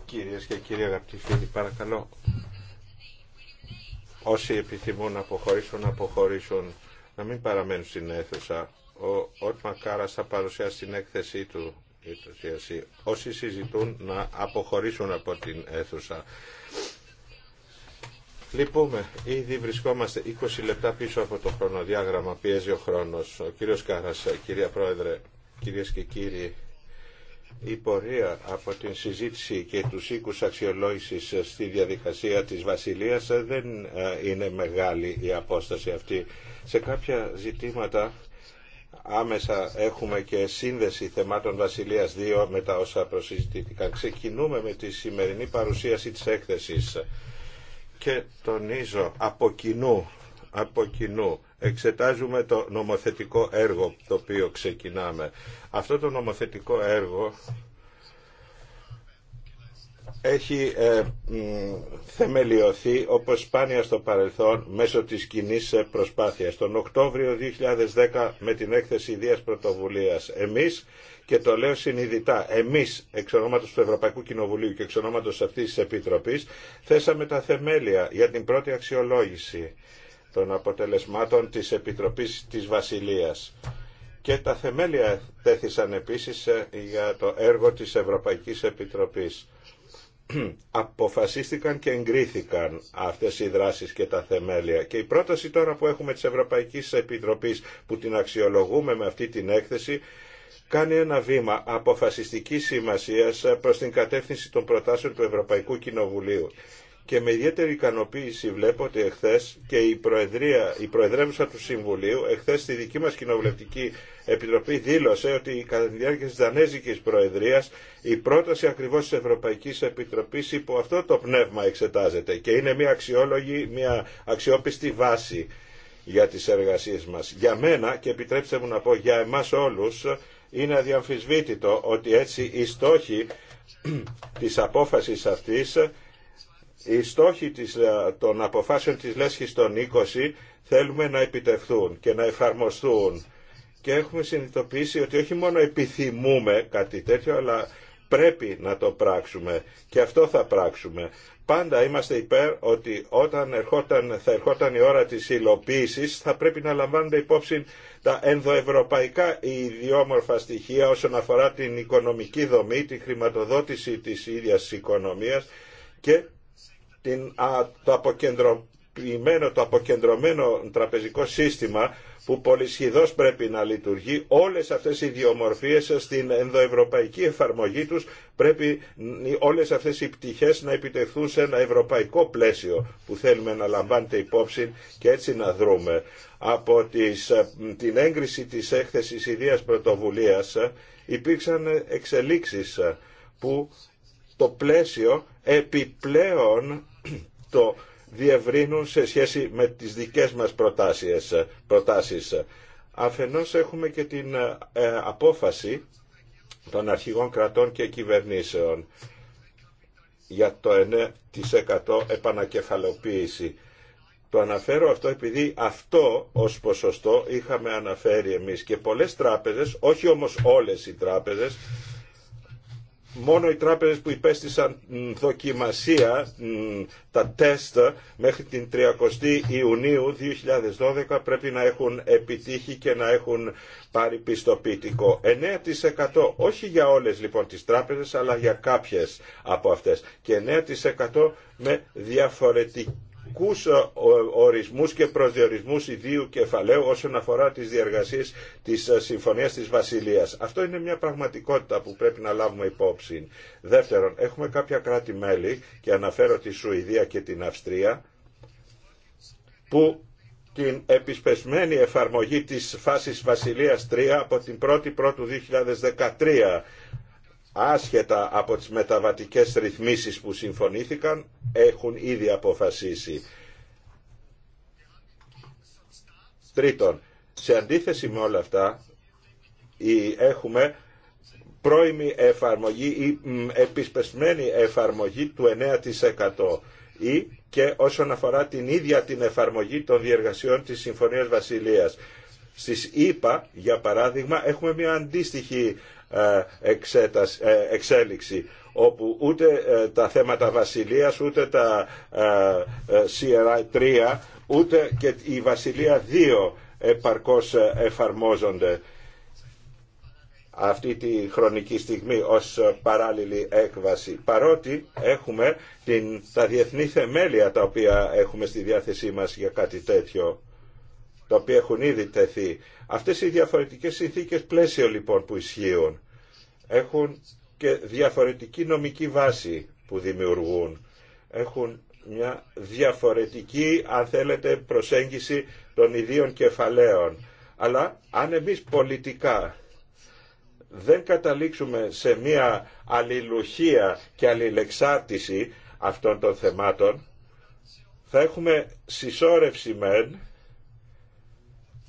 Κυρίε και κύριοι αγαπητοί φίλοι, παρακαλώ. Όσοι επιθυμούν να αποχωρήσουν, να αποχωρήσουν. Να μην παραμένουν στην αίθουσα. Ο Ότμαρ Κάρα θα παρουσιάσει την έκθεσή του όσοι συζητούν να αποχωρήσουν από την αίθουσα. Λυπούμε, ήδη βρισκόμαστε 20 λεπτά πίσω από το χρονοδιάγραμμα, πιέζει ο χρόνος. Ο κύριος Κάρας, κυρία Πρόεδρε, κυρίες και κύριοι, η πορεία από την συζήτηση και τους οίκους αξιολόγησης στη διαδικασία της Βασιλείας δεν ε, είναι μεγάλη η απόσταση αυτή. Σε κάποια ζητήματα άμεσα έχουμε και σύνδεση θεμάτων Βασιλείας 2 με τα όσα προσυζητήθηκαν. Ξεκινούμε με τη σημερινή παρουσίαση της έκθεσης και τονίζω από κοινού, από κοινού εξετάζουμε το νομοθετικό έργο το οποίο ξεκινάμε. Αυτό το νομοθετικό έργο έχει ε, θεμελιωθεί όπως σπάνια στο παρελθόν μέσω της κοινή προσπάθειας. Τον Οκτώβριο 2010 με την έκθεση ιδίας πρωτοβουλίας εμείς και το λέω συνειδητά, εμείς εξ ονόματος του Ευρωπαϊκού Κοινοβουλίου και εξ ονόματος αυτής της Επιτροπής θέσαμε τα θεμέλια για την πρώτη αξιολόγηση των αποτελεσμάτων της Επιτροπής της Βασιλείας. Και τα θεμέλια τέθησαν επίσης ε, για το έργο της Ευρωπαϊκής Επιτροπής αποφασίστηκαν και εγκρίθηκαν αυτές οι δράσεις και τα θεμέλια. Και η πρόταση τώρα που έχουμε της Ευρωπαϊκής Επιτροπής που την αξιολογούμε με αυτή την έκθεση κάνει ένα βήμα αποφασιστικής σημασίας προς την κατεύθυνση των προτάσεων του Ευρωπαϊκού Κοινοβουλίου και με ιδιαίτερη ικανοποίηση βλέπω ότι εχθές και η, Προεδρία, η Προεδρεύουσα του Συμβουλίου εχθές στη δική μας Κοινοβουλευτική Επιτροπή δήλωσε ότι κατά τη διάρκεια της Δανέζικης Προεδρίας η πρόταση ακριβώς της Ευρωπαϊκής Επιτροπής υπό αυτό το πνεύμα εξετάζεται και είναι μια αξιόλογη, μια αξιόπιστη βάση για τις εργασίες μας. Για μένα και επιτρέψτε μου να πω για εμάς όλους είναι αδιαμφισβήτητο ότι έτσι οι στόχοι της απόφασης αυτής οι στόχοι της, ε, των αποφάσεων της Λέσχης των 20 θέλουμε να επιτευχθούν και να εφαρμοστούν. Και έχουμε συνειδητοποιήσει ότι όχι μόνο επιθυμούμε κάτι τέτοιο, αλλά πρέπει να το πράξουμε και αυτό θα πράξουμε. Πάντα είμαστε υπέρ ότι όταν ερχόταν, θα ερχόταν η ώρα της υλοποίησης, θα πρέπει να λαμβάνονται υπόψη τα ενδοευρωπαϊκά ιδιόμορφα στοιχεία όσον αφορά την οικονομική δομή, τη χρηματοδότηση της ίδιας οικονομίας και το αποκεντρωμένο, το αποκεντρωμένο τραπεζικό σύστημα που πολυσχηδώς πρέπει να λειτουργεί, όλες αυτές οι διομορφίες στην ενδοευρωπαϊκή εφαρμογή τους πρέπει όλες αυτές οι πτυχές να επιτεθούν σε ένα ευρωπαϊκό πλαίσιο που θέλουμε να λαμβάνετε υπόψη και έτσι να δρούμε. Από τις, ε, την έγκριση της έκθεσης ιδίας πρωτοβουλίας ε, υπήρξαν εξελίξεις ε, που το πλαίσιο επιπλέον το διευρύνουν σε σχέση με τις δικές μας προτάσεις. προτάσεις. Αφενός έχουμε και την ε, απόφαση των αρχηγών κρατών και κυβερνήσεων για το 9% επανακεφαλοποίηση. Το αναφέρω αυτό επειδή αυτό ως ποσοστό είχαμε αναφέρει εμείς και πολλές τράπεζες, όχι όμως όλες οι τράπεζες, μόνο οι τράπεζες που υπέστησαν δοκιμασία, τα τεστ μέχρι την 30 Ιουνίου 2012 πρέπει να έχουν επιτύχει και να έχουν πάρει πιστοποιητικό. 9% όχι για όλες λοιπόν τις τράπεζες αλλά για κάποιες από αυτές και 9% με διαφορετική γενικούς ε, ορισμούς και προσδιορισμούς ιδίου κεφαλαίου όσον αφορά τις διεργασίες της ε, Συμφωνίας της Βασιλείας. Αυτό είναι μια πραγματικότητα που πρέπει να λάβουμε υπόψη. Δεύτερον, έχουμε κάποια κράτη-μέλη και αναφέρω τη Σουηδία και την Αυστρία που την επισπεσμένη εφαρμογή της φάσης Βασιλείας 3 από την 1η 2013 άσχετα από τις μεταβατικές ρυθμίσεις που συμφωνήθηκαν έχουν ήδη αποφασίσει. Τρίτον, σε αντίθεση με όλα αυτά έχουμε πρώιμη εφαρμογή ή επισπεσμένη εφαρμογή του 9% ή και όσον αφορά την ίδια την εφαρμογή των διεργασιών της Συμφωνίας Βασιλείας. Στις ΗΠΑ, για παράδειγμα, έχουμε μια αντίστοιχη ε, ε, εξέλιξη όπου ούτε ε, τα θέματα βασιλείας ούτε τα CRI 3 ούτε και η βασιλεία 2 επαρκώς εφαρμόζονται αυτή τη χρονική στιγμή ως παράλληλη έκβαση. Παρότι έχουμε την, τα διεθνή θεμέλια τα οποία έχουμε στη διάθεσή μας για κάτι τέτοιο, τα οποία έχουν ήδη τεθεί. Αυτές οι διαφορετικές συνθήκες πλαίσιο λοιπόν που ισχύουν έχουν και διαφορετική νομική βάση που δημιουργούν. Έχουν μια διαφορετική, αν θέλετε, προσέγγιση των ιδίων κεφαλαίων. Αλλά αν εμείς πολιτικά δεν καταλήξουμε σε μια αλληλουχία και αλληλεξάρτηση αυτών των θεμάτων, θα έχουμε συσσόρευση μεν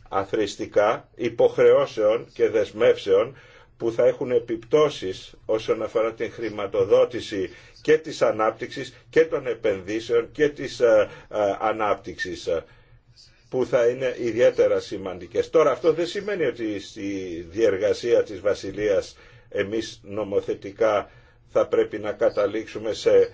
αθρηστικά υποχρεώσεων και δεσμεύσεων που θα έχουν επιπτώσεις όσον αφορά την χρηματοδότηση και της ανάπτυξης και των επενδύσεων και της ε, ε, ανάπτυξης ε, που θα είναι ιδιαίτερα σημαντικές. Τώρα αυτό δεν σημαίνει ότι στη διεργασία της Βασιλείας εμείς νομοθετικά θα πρέπει να καταλήξουμε σε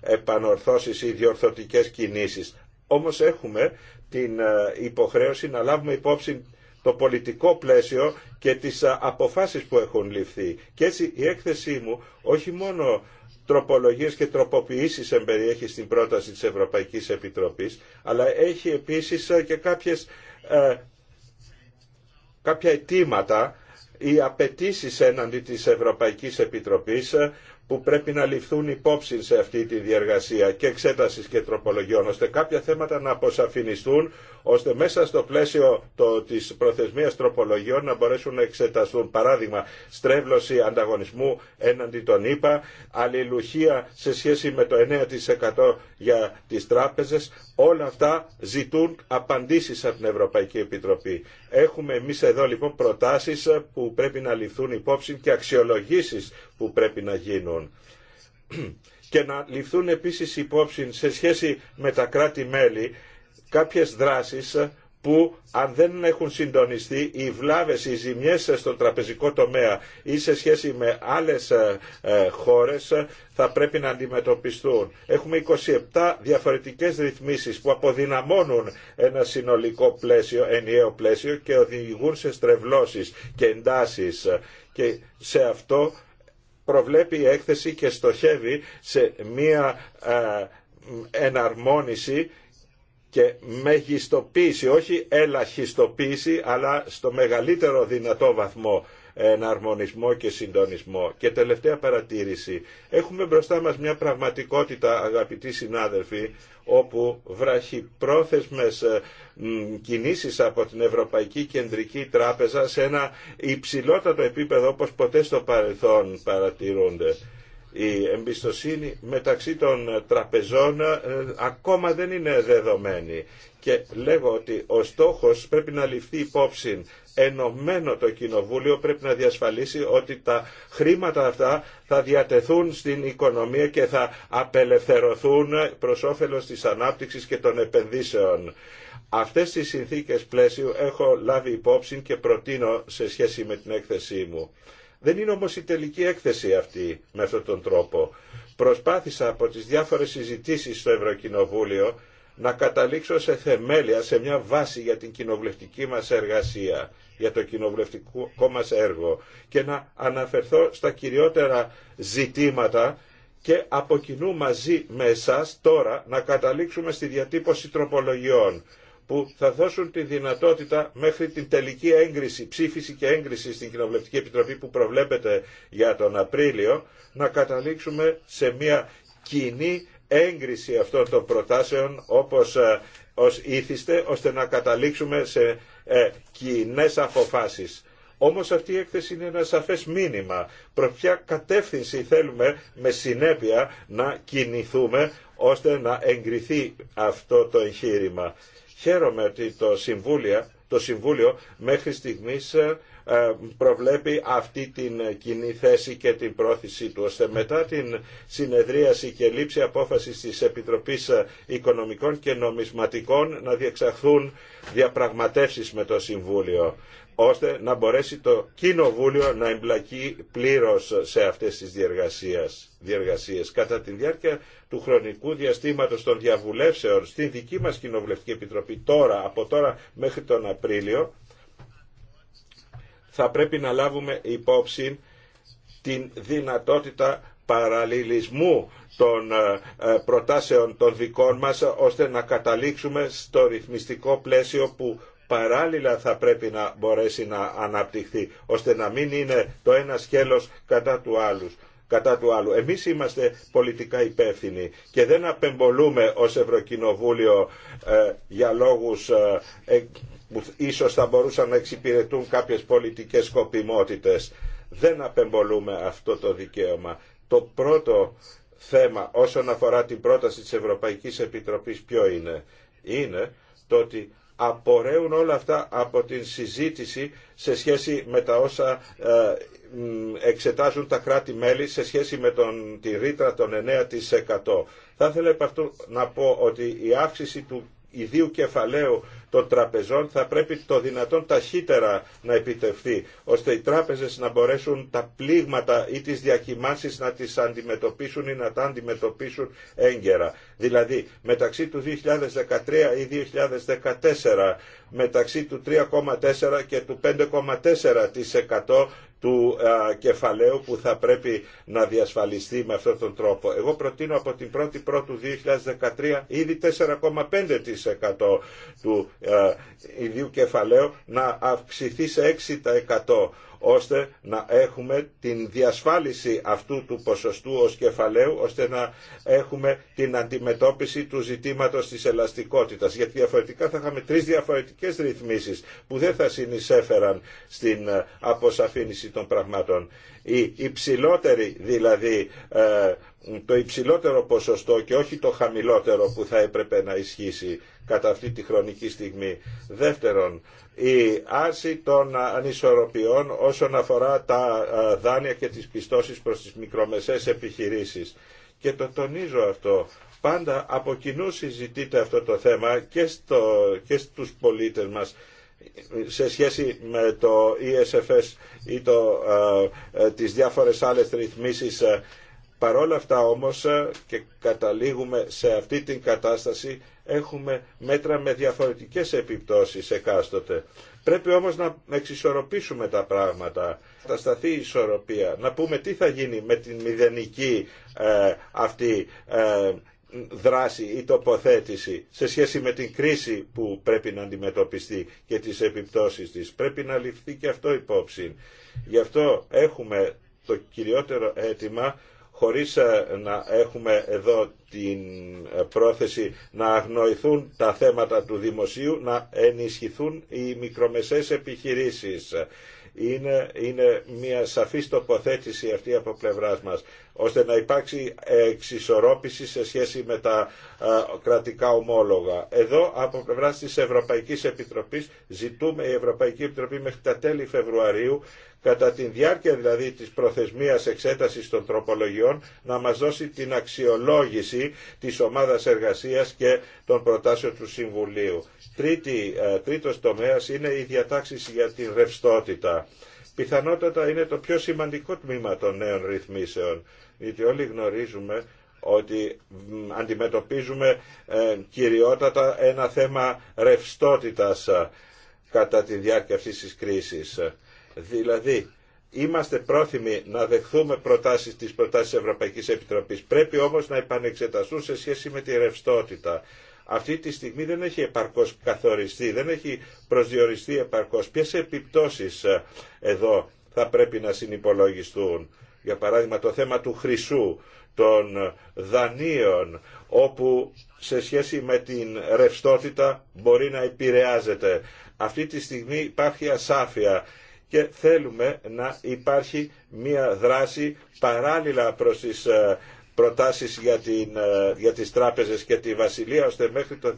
επανορθώσεις ή διορθωτικές κινήσεις. Όμως έχουμε την υποχρέωση να λάβουμε υπόψη το πολιτικό πλαίσιο και τις αποφάσεις που έχουν ληφθεί. Και έτσι η έκθεσή μου όχι μόνο τροπολογίες και τροποποιήσεις εμπεριέχει στην πρόταση της Ευρωπαϊκής Επιτροπής, αλλά έχει επίσης ε, και κάποιες, ε, κάποια αιτήματα ή απαιτήσει έναντι της Ευρωπαϊκής Επιτροπής ε, που πρέπει να ληφθούν υπόψη σε αυτή τη διεργασία και εξέταση και τροπολογιών, ώστε κάποια θέματα να αποσαφινιστούν, ώστε μέσα στο πλαίσιο τη της προθεσμίας τροπολογιών να μπορέσουν να εξεταστούν. Παράδειγμα, στρέβλωση ανταγωνισμού έναντι των ΗΠΑ, αλληλουχία σε σχέση με το 9% για τις τράπεζες. Όλα αυτά ζητούν απαντήσει από την Ευρωπαϊκή Επιτροπή. Έχουμε εμείς εδώ λοιπόν προτάσεις που πρέπει να ληφθούν υπόψη και αξιολογήσεις που πρέπει να γίνουν και να ληφθούν επίσης υπόψη σε σχέση με τα κράτη-μέλη κάποιες δράσεις που αν δεν έχουν συντονιστεί οι βλάβες, οι ζημιές στο τραπεζικό τομέα ή σε σχέση με άλλες ε, ε, χώρες θα πρέπει να αντιμετωπιστούν. Έχουμε 27 διαφορετικές ρυθμίσεις που αποδυναμώνουν ένα συνολικό πλαίσιο, ενιαίο πλαίσιο και οδηγούν σε στρεβλώσεις και εντάσεις. Και σε αυτό προβλέπει η έκθεση και στοχεύει σε μία ε, εναρμόνιση και μεγιστοποίηση, όχι ελαχιστοποίηση, αλλά στο μεγαλύτερο δυνατό βαθμό εναρμονισμό και συντονισμό. Και τελευταία παρατήρηση. Έχουμε μπροστά μας μια πραγματικότητα, αγαπητοί συνάδελφοι, όπου βραχυπρόθεσμες ε, κινήσεις από την Ευρωπαϊκή Κεντρική Τράπεζα σε ένα υψηλότατο επίπεδο όπως ποτέ στο παρελθόν παρατηρούνται η εμπιστοσύνη μεταξύ των τραπεζών ε, ακόμα δεν είναι δεδομένη. Και λέγω ότι ο στόχος πρέπει να ληφθεί υπόψη ενωμένο το Κοινοβούλιο πρέπει να διασφαλίσει ότι τα χρήματα αυτά θα διατεθούν στην οικονομία και θα απελευθερωθούν προς όφελος της ανάπτυξης και των επενδύσεων. Αυτές τις συνθήκες πλαίσιου έχω λάβει υπόψη και προτείνω σε σχέση με την έκθεσή μου. Δεν είναι όμως η τελική έκθεση αυτή με αυτόν τον τρόπο. Προσπάθησα από τις διάφορες συζητήσεις στο Ευρωκοινοβούλιο να καταλήξω σε θεμέλια, σε μια βάση για την κοινοβουλευτική μας εργασία, για το κοινοβουλευτικό μας έργο και να αναφερθώ στα κυριότερα ζητήματα και από κοινού μαζί με εσάς τώρα να καταλήξουμε στη διατύπωση τροπολογιών που θα δώσουν τη δυνατότητα μέχρι την τελική έγκριση, ψήφιση και έγκριση στην Κοινοβουλευτική Επιτροπή που προβλέπεται για τον Απρίλιο, να καταλήξουμε σε μια κοινή έγκριση αυτών των προτάσεων όπως ε, ως ήθιστε, ώστε να καταλήξουμε σε ε, κοινέ αποφάσεις. Όμως αυτή η έκθεση είναι ένα σαφές μήνυμα προς ποια κατεύθυνση θέλουμε με συνέπεια να κινηθούμε ώστε να εγκριθεί αυτό το εγχείρημα. Χαίρομαι ότι το Συμβούλιο, το Συμβούλιο μέχρι στιγμής ε, ε, προβλέπει αυτή την κοινή θέση και την πρόθεσή του, ώστε μετά την συνεδρίαση και λήψη απόφασης της Επιτροπής Οικονομικών και Νομισματικών να διεξαχθούν διαπραγματεύσεις με το Συμβούλιο ώστε να μπορέσει το Κοινοβούλιο να εμπλακεί πλήρως σε αυτές τις διεργασίες. διεργασίες. Κατά τη διάρκεια του χρονικού διαστήματος των διαβουλεύσεων στη δική μας Κοινοβουλευτική Επιτροπή τώρα, από τώρα μέχρι τον Απρίλιο, θα πρέπει να λάβουμε υπόψη την δυνατότητα παραλληλισμού των ε, ε, προτάσεων των δικών μας ώστε να καταλήξουμε στο ρυθμιστικό πλαίσιο που παράλληλα θα πρέπει να μπορέσει να αναπτυχθεί, ώστε να μην είναι το ένα σκέλος κατά του άλλου. Κατά του άλλου. Εμείς είμαστε πολιτικά υπεύθυνοι και δεν απεμπολούμε ως Ευρωκοινοβούλιο ε, για λόγους ε, ε, που ίσως θα μπορούσαν να εξυπηρετούν κάποιες πολιτικές σκοπιμότητες. Δεν απεμπολούμε αυτό το δικαίωμα. Το πρώτο θέμα όσον αφορά την πρόταση της Ευρωπαϊκής Επιτροπής ποιο είναι. Είναι το ότι απορρέουν όλα αυτά από την συζήτηση σε σχέση με τα όσα ε, εξετάζουν τα κράτη-μέλη σε σχέση με τον, τη ρήτρα των 9%. Θα ήθελα επ' να πω ότι η αύξηση του ιδίου κεφαλαίου των τραπεζών θα πρέπει το δυνατόν ταχύτερα να επιτευχθεί, ώστε οι τράπεζες να μπορέσουν τα πλήγματα ή τις διακυμάνσεις να τις αντιμετωπίσουν ή να τα αντιμετωπίσουν έγκαιρα. Δηλαδή, μεταξύ του 2013 ή 2014, μεταξύ του 3,4 και του 5,4% του κεφαλαίου που θα πρέπει να διασφαλιστεί με αυτόν τον τρόπο. Εγώ προτείνω από την 1η του 2013 ήδη 4,5% του ε, ιδίου κεφαλαίου να αυξηθεί σε 6% ώστε να έχουμε την διασφάλιση αυτού του ποσοστού ως κεφαλαίου, ώστε να έχουμε την αντιμετώπιση του ζητήματος της ελαστικότητας. Γιατί διαφορετικά θα είχαμε τρεις διαφορετικές ρυθμίσεις που δεν θα συνεισέφεραν στην ε, αποσαφήνιση των πραγμάτων η υψηλότερη δηλαδή ε, το υψηλότερο ποσοστό και όχι το χαμηλότερο που θα έπρεπε να ισχύσει κατά αυτή τη χρονική στιγμή. Δεύτερον, η άρση των ανισορροπιών όσον αφορά τα ε, δάνεια και τις πιστώσεις προς τις μικρομεσαίες επιχειρήσεις. Και το τονίζω αυτό. Πάντα από κοινού συζητείται αυτό το θέμα και, στο, και στους πολίτες μας σε σχέση με το ESFS ή το, ε, ε, τις διάφορες άλλες ρυθμίσεις ε, παρόλα αυτά όμως ε, και καταλήγουμε σε αυτή την κατάσταση έχουμε μέτρα με διαφορετικές επιπτώσεις εκάστοτε. Πρέπει όμως να εξισορροπήσουμε τα πράγματα, να σταθεί η ισορροπία, να πούμε τι θα γίνει με την μηδενική αυτή δράση ή τοποθέτηση σε σχέση με την κρίση που πρέπει να αντιμετωπιστεί και τις επιπτώσεις της. Πρέπει να ληφθεί και αυτό υπόψη. Γι' αυτό έχουμε το κυριότερο αίτημα χωρίς ε, να έχουμε εδώ την ε, πρόθεση να αγνοηθούν τα θέματα του δημοσίου, να ενισχυθούν οι μικρομεσαίες επιχειρήσεις είναι, είναι μια σαφής τοποθέτηση αυτή από πλευρά μας ώστε να υπάρξει εξισορρόπηση σε σχέση με τα κρατικά ομόλογα. Εδώ από πλευρά της Ευρωπαϊκής Επιτροπής ζητούμε η Ευρωπαϊκή Επιτροπή μέχρι τα τέλη Φεβρουαρίου κατά τη διάρκεια δηλαδή της προθεσμίας εξέτασης των τροπολογιών να μας δώσει την αξιολόγηση της ομάδας εργασίας και των προτάσεων του Συμβουλίου. Τρίτη, ε, τρίτος τομέας είναι οι διατάξεις για την ρευστότητα. Πιθανότατα είναι το πιο σημαντικό τμήμα των νέων ρυθμίσεων, γιατί όλοι γνωρίζουμε ότι αντιμετωπίζουμε ε, κυριότατα ένα θέμα ρευστότητας ε, κατά τη διάρκεια αυτής της κρίσης. Δηλαδή, είμαστε πρόθυμοι να δεχθούμε προτάσεις της προτάσεις Ευρωπαϊκής Επιτροπής. Πρέπει όμως να επανεξεταστούν σε σχέση με τη ρευστότητα. Αυτή τη στιγμή δεν έχει επαρκώς καθοριστεί, δεν έχει προσδιοριστεί επαρκώς. Ποιες επιπτώσεις ε, εδώ θα πρέπει να συνυπολογιστούν. Για παράδειγμα το θέμα του χρυσού, των ε, δανείων, όπου σε σχέση με την ρευστότητα μπορεί να επηρεάζεται. Αυτή τη στιγμή υπάρχει ασάφεια και θέλουμε να υπάρχει μια δράση παράλληλα προς τις ε, προτάσεις για, την, ε, για τις τράπεζες και τη Βασιλεία ώστε μέχρι το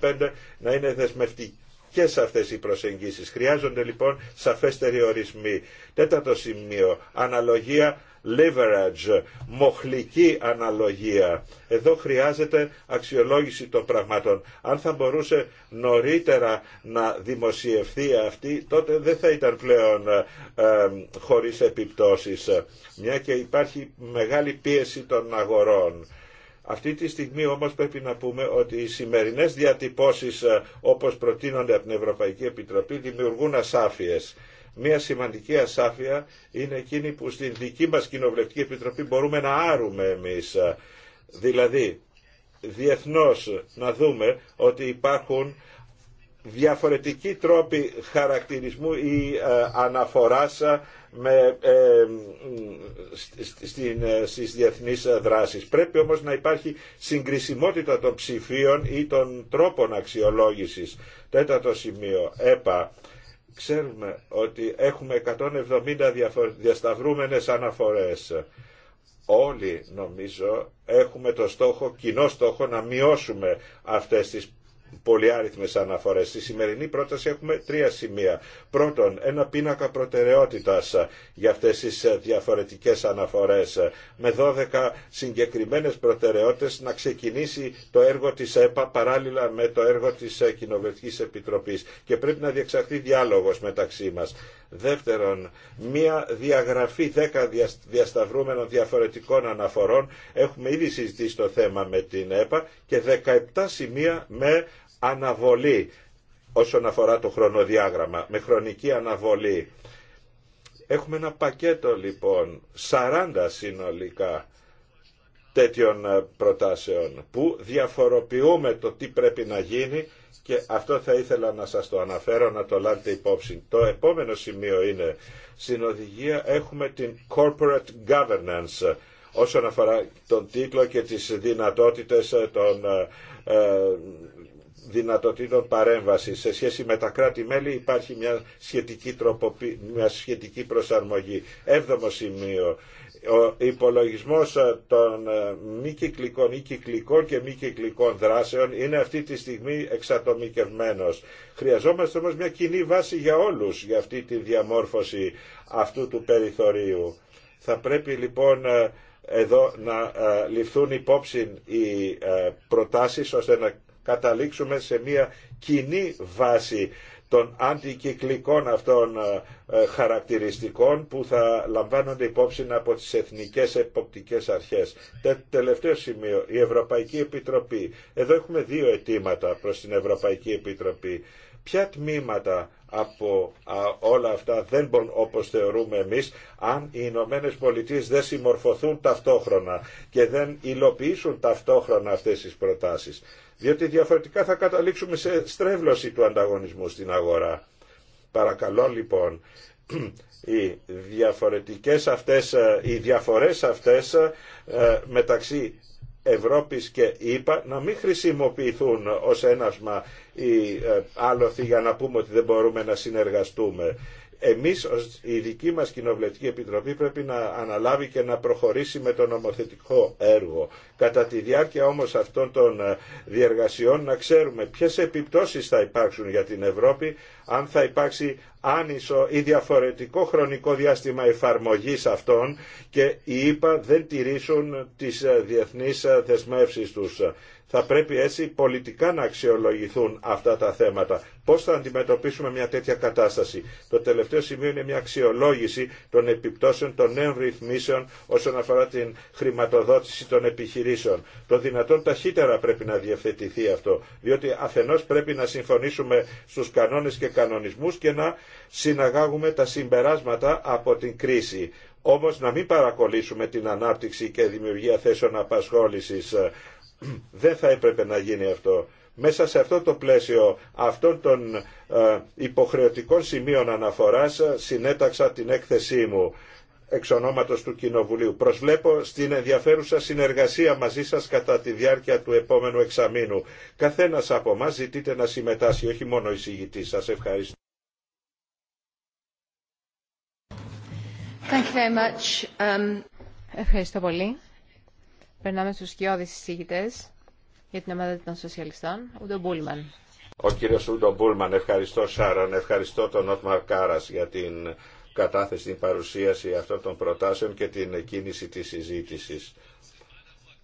2015 να είναι δεσμευτικές και αυτές οι προσεγγίσεις. Χρειάζονται λοιπόν σαφέστεροι ορισμοί. Τέταρτο σημείο, αναλογία leverage, μοχλική αναλογία. Εδώ χρειάζεται αξιολόγηση των πραγμάτων. Αν θα μπορούσε νωρίτερα να δημοσιευθεί αυτή, τότε δεν θα ήταν πλέον ε, χωρίς επιπτώσεις. Μια και υπάρχει μεγάλη πίεση των αγορών. Αυτή τη στιγμή όμως πρέπει να πούμε ότι οι σημερινές διατυπώσεις ε, όπως προτείνονται από την Ευρωπαϊκή Επιτροπή δημιουργούν ασάφειες Μία σημαντική ασάφεια είναι εκείνη που στην δική μας Κοινοβουλευτική Επιτροπή μπορούμε να άρουμε εμείς. Δηλαδή, διεθνώς να δούμε ότι υπάρχουν διαφορετικοί τρόποι χαρακτηρισμού ή ε, αναφοράς ε, με, ε, στην, ε, στις διεθνείς δράσεις. Πρέπει όμως να υπάρχει συγκρισιμότητα των ψηφίων ή των τρόπων αξιολόγησης. Τέταρτο σημείο, ΕΠΑ. Ξέρουμε ότι έχουμε 170 διασταυρούμενες αναφορές. Όλοι νομίζω έχουμε το στόχο, κοινό στόχο να μειώσουμε αυτές τις πολυάριθμες αναφορές. Στη σημερινή πρόταση έχουμε τρία σημεία. Πρώτον, ένα πίνακα προτεραιότητας για αυτέ τι διαφορετικέ αναφορέ με 12 συγκεκριμένε προτεραιότητε να ξεκινήσει το έργο τη ΕΠΑ παράλληλα με το έργο τη Κοινοβουλευτική Επιτροπή. και πρέπει να διεξαχθεί διάλογο μεταξύ μα. Δεύτερον, μία διαγραφή 10 διασταυρούμενων διαφορετικών αναφορών. Έχουμε ήδη συζητήσει το θέμα με την ΕΠΑ και 17 σημεία με αναβολή όσον αφορά το χρονοδιάγραμμα, με χρονική αναβολή. Έχουμε ένα πακέτο λοιπόν 40 συνολικά τέτοιων ε, προτάσεων που διαφοροποιούμε το τι πρέπει να γίνει και αυτό θα ήθελα να σας το αναφέρω να το λάβετε υπόψη. Το επόμενο σημείο είναι στην οδηγία έχουμε την corporate governance ε, όσον αφορά τον τίτλο και τις δυνατότητες ε, των δυνατοτήτων παρέμβασης. Σε σχέση με τα κράτη-μέλη υπάρχει μια σχετική, τροποποι... μια σχετική προσαρμογή. Έβδομο σημείο. Ο υπολογισμός ε, των ε, μη κυκλικών ή κυκλικών και μη κυκλικών δράσεων είναι αυτή τη στιγμή εξατομικευμένος. Χρειαζόμαστε όμως μια κοινή βάση για όλους για αυτή τη διαμόρφωση αυτού του περιθωρίου. Θα πρέπει λοιπόν ε, εδώ να ληφθούν υπόψη οι προτάσεις ώστε να καταλήξουμε σε μια κοινή βάση των αντικυκλικών αυτών ε, ε, χαρακτηριστικών που θα λαμβάνονται υπόψη από τις εθνικές εποπτικές αρχές. Τε, τελευταίο σημείο, η Ευρωπαϊκή Επιτροπή. Εδώ έχουμε δύο αιτήματα προς την Ευρωπαϊκή Επιτροπή. Ποια τμήματα από όλα αυτά δεν μπορούν όπως θεωρούμε εμείς αν οι Ηνωμένε Πολιτείες δεν συμμορφωθούν ταυτόχρονα και δεν υλοποιήσουν ταυτόχρονα αυτές τις προτάσεις. Διότι διαφορετικά θα καταλήξουμε σε στρέβλωση του ανταγωνισμού στην αγορά. Παρακαλώ λοιπόν οι διαφορετικές αυτές, ε, οι διαφορές αυτές ε, μεταξύ Ευρώπης και ΗΠΑ να μην χρησιμοποιηθούν ως ένασμα ή ε, άλοθη για να πούμε ότι δεν μπορούμε να συνεργαστούμε. Εμείς η δική μας Κοινοβουλευτική Επιτροπή πρέπει να αναλάβει και να προχωρήσει με το νομοθετικό έργο. Κατά τη διάρκεια όμως αυτών των ε, διεργασιών να ξέρουμε ποιες επιπτώσεις θα υπάρξουν για την Ευρώπη αν θα υπάρξει άνισο ή διαφορετικό χρονικό διάστημα εφαρμογής αυτών και οι ΙΠΑ δεν τηρήσουν τις ε, διεθνείς δεσμεύσεις τους θα πρέπει έτσι πολιτικά να αξιολογηθούν αυτά τα θέματα. Πώς θα αντιμετωπίσουμε μια τέτοια κατάσταση. Το τελευταίο σημείο είναι μια αξιολόγηση των επιπτώσεων των νέων ρυθμίσεων όσον αφορά την χρηματοδότηση των επιχειρήσεων. Το δυνατόν ταχύτερα πρέπει να διευθετηθεί αυτό, διότι αφενός πρέπει να συμφωνήσουμε στους κανόνες και κανονισμούς και να συναγάγουμε τα συμπεράσματα από την κρίση. Όμως να μην παρακολήσουμε την ανάπτυξη και δημιουργία θέσεων απασχόλησης Δεν θα έπρεπε να γίνει αυτό. Μέσα σε αυτό το πλαίσιο αυτών των ε, υποχρεωτικών σημείων αναφοράς ε, συνέταξα την έκθεσή μου εξ ονόματος του Κοινοβουλίου. Προσβλέπω στην ενδιαφέρουσα συνεργασία μαζί σας κατά τη διάρκεια του επόμενου εξαμήνου. Καθένας από εμά ζητείτε να συμμετάσχει, όχι μόνο η συγητή. Σας ευχαριστώ. Um, ευχαριστώ πολύ. Περνάμε στους σκιώδεις εισηγητές για την ομάδα των σοσιαλιστών. Ούντο Μπούλμαν. Ο κύριος Ούντο Μπούλμαν, ευχαριστώ Σάραν, ευχαριστώ τον Ότμαρ Κάρας για την κατάθεση, την παρουσίαση αυτών των προτάσεων και την κίνηση της συζήτησης.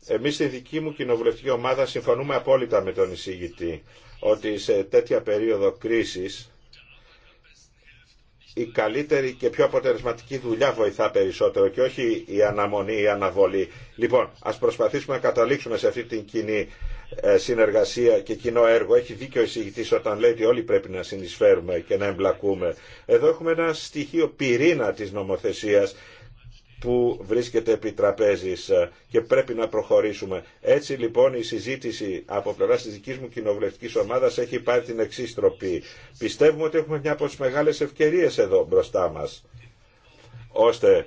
Εμείς στη δική μου κοινοβουλευτική ομάδα συμφωνούμε απόλυτα με τον εισηγητή ότι σε τέτοια περίοδο κρίσης η καλύτερη και πιο αποτελεσματική δουλειά βοηθά περισσότερο και όχι η αναμονή ή η αναβολή. Λοιπόν, ας προσπαθήσουμε να καταλήξουμε σε αυτή την κοινή ε, συνεργασία και κοινό έργο. Έχει δίκιο ο εισηγητή όταν λέει ότι όλοι πρέπει να συνεισφέρουμε και να εμπλακούμε. Εδώ έχουμε ένα στοιχείο πυρήνα της νομοθεσία που βρίσκεται επί τραπέζης ε, και πρέπει να προχωρήσουμε. Έτσι λοιπόν η συζήτηση από πλευρά τη δική μου κοινοβουλευτική ομάδα έχει πάρει την εξή τροπή. Πιστεύουμε ότι έχουμε μια από τι μεγάλε ευκαιρίε εδώ μπροστά μα. ώστε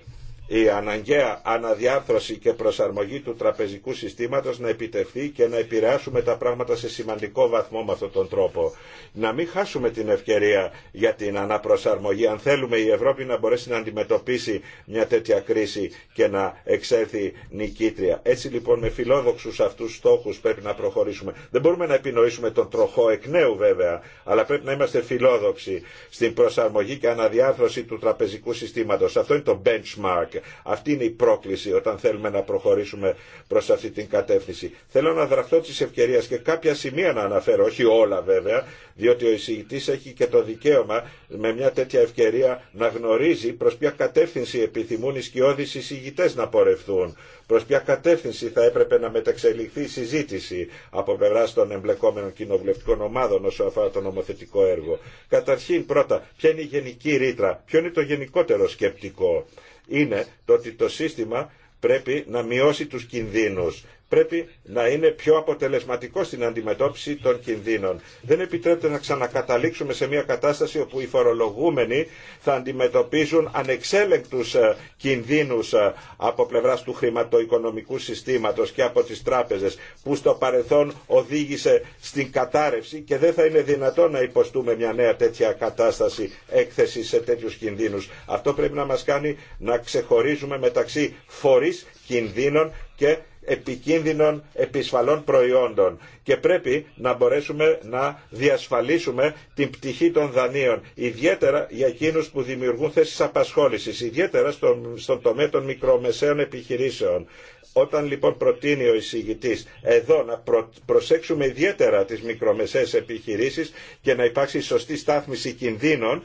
η αναγκαία αναδιάρθρωση και προσαρμογή του τραπεζικού συστήματος να επιτευχθεί και να επηρεάσουμε τα πράγματα σε σημαντικό βαθμό με αυτόν τον τρόπο. Να μην χάσουμε την ευκαιρία για την αναπροσαρμογή αν θέλουμε η Ευρώπη να μπορέσει να αντιμετωπίσει μια τέτοια κρίση και να εξέλθει νικήτρια. Έτσι λοιπόν με φιλόδοξους αυτούς στόχους πρέπει να προχωρήσουμε. Δεν μπορούμε να επινοήσουμε τον τροχό εκ νέου βέβαια, αλλά πρέπει να είμαστε φιλόδοξοι στην προσαρμογή και αναδιάρθρωση του τραπεζικού συστήματος. Αυτό είναι το benchmark αυτή είναι η πρόκληση όταν θέλουμε να προχωρήσουμε προς αυτή την κατεύθυνση. Θέλω να δραχτώ της ευκαιρίας και κάποια σημεία να αναφέρω, όχι όλα βέβαια, διότι ο εισηγητής έχει και το δικαίωμα με μια τέτοια ευκαιρία να γνωρίζει προς ποια κατεύθυνση επιθυμούν οι σκιώδεις εισηγητές να πορευθούν, προς ποια κατεύθυνση θα έπρεπε να μεταξελιχθεί η συζήτηση από πλευρά των εμπλεκόμενων κοινοβουλευτικών ομάδων όσο αφορά το νομοθετικό έργο. Καταρχήν πρώτα, ποια είναι η γενική ρήτρα, ποιο είναι το γενικότερο σκεπτικό είναι το ότι το σύστημα πρέπει να μειώσει τους κινδύνους πρέπει να είναι πιο αποτελεσματικό στην αντιμετώπιση των κινδύνων. Δεν επιτρέπεται να ξανακαταλήξουμε σε μια κατάσταση όπου οι φορολογούμενοι θα αντιμετωπίζουν ανεξέλεγκτους ε, κινδύνους ε, από πλευρά του χρηματοοικονομικού συστήματος και από τις τράπεζες που στο παρελθόν οδήγησε στην κατάρρευση και δεν θα είναι δυνατό να υποστούμε μια νέα τέτοια κατάσταση έκθεση σε τέτοιους κινδύνους. Αυτό πρέπει να μας κάνει να ξεχωρίζουμε μεταξύ φορεί κινδύνων και επικίνδυνων επισφαλών προϊόντων και πρέπει να μπορέσουμε να διασφαλίσουμε την πτυχή των δανείων, ιδιαίτερα για εκείνους που δημιουργούν θέσεις απασχόλησης, ιδιαίτερα στον, τομέα των μικρομεσαίων επιχειρήσεων. Όταν λοιπόν προτείνει ο εισηγητής εδώ να προσέξουμε ιδιαίτερα τις μικρομεσαίες επιχειρήσεις και να υπάρξει σωστή στάθμιση κινδύνων,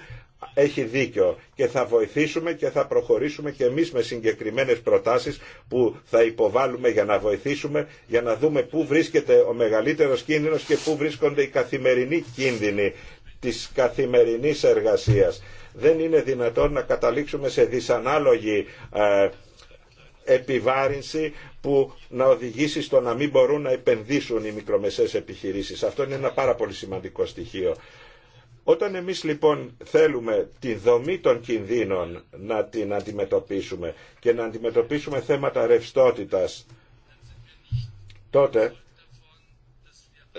έχει δίκιο και θα βοηθήσουμε και θα προχωρήσουμε και εμείς με συγκεκριμένες προτάσεις που θα υποβάλουμε για να βοηθήσουμε για να δούμε πού βρίσκεται ο μεγαλύτερος κίνδυνος και πού βρίσκονται οι καθημερινοί κίνδυνοι της καθημερινής εργασίας. Δεν είναι δυνατόν να καταλήξουμε σε δυσανάλογη ε, επιβάρυνση που να οδηγήσει στο να μην μπορούν να επενδύσουν οι μικρομεσαίες επιχειρήσεις. Αυτό είναι ένα πάρα πολύ σημαντικό στοιχείο. Όταν εμείς λοιπόν θέλουμε τη δομή των κινδύνων να την αντιμετωπίσουμε και να αντιμετωπίσουμε θέματα ρευστότητας, τότε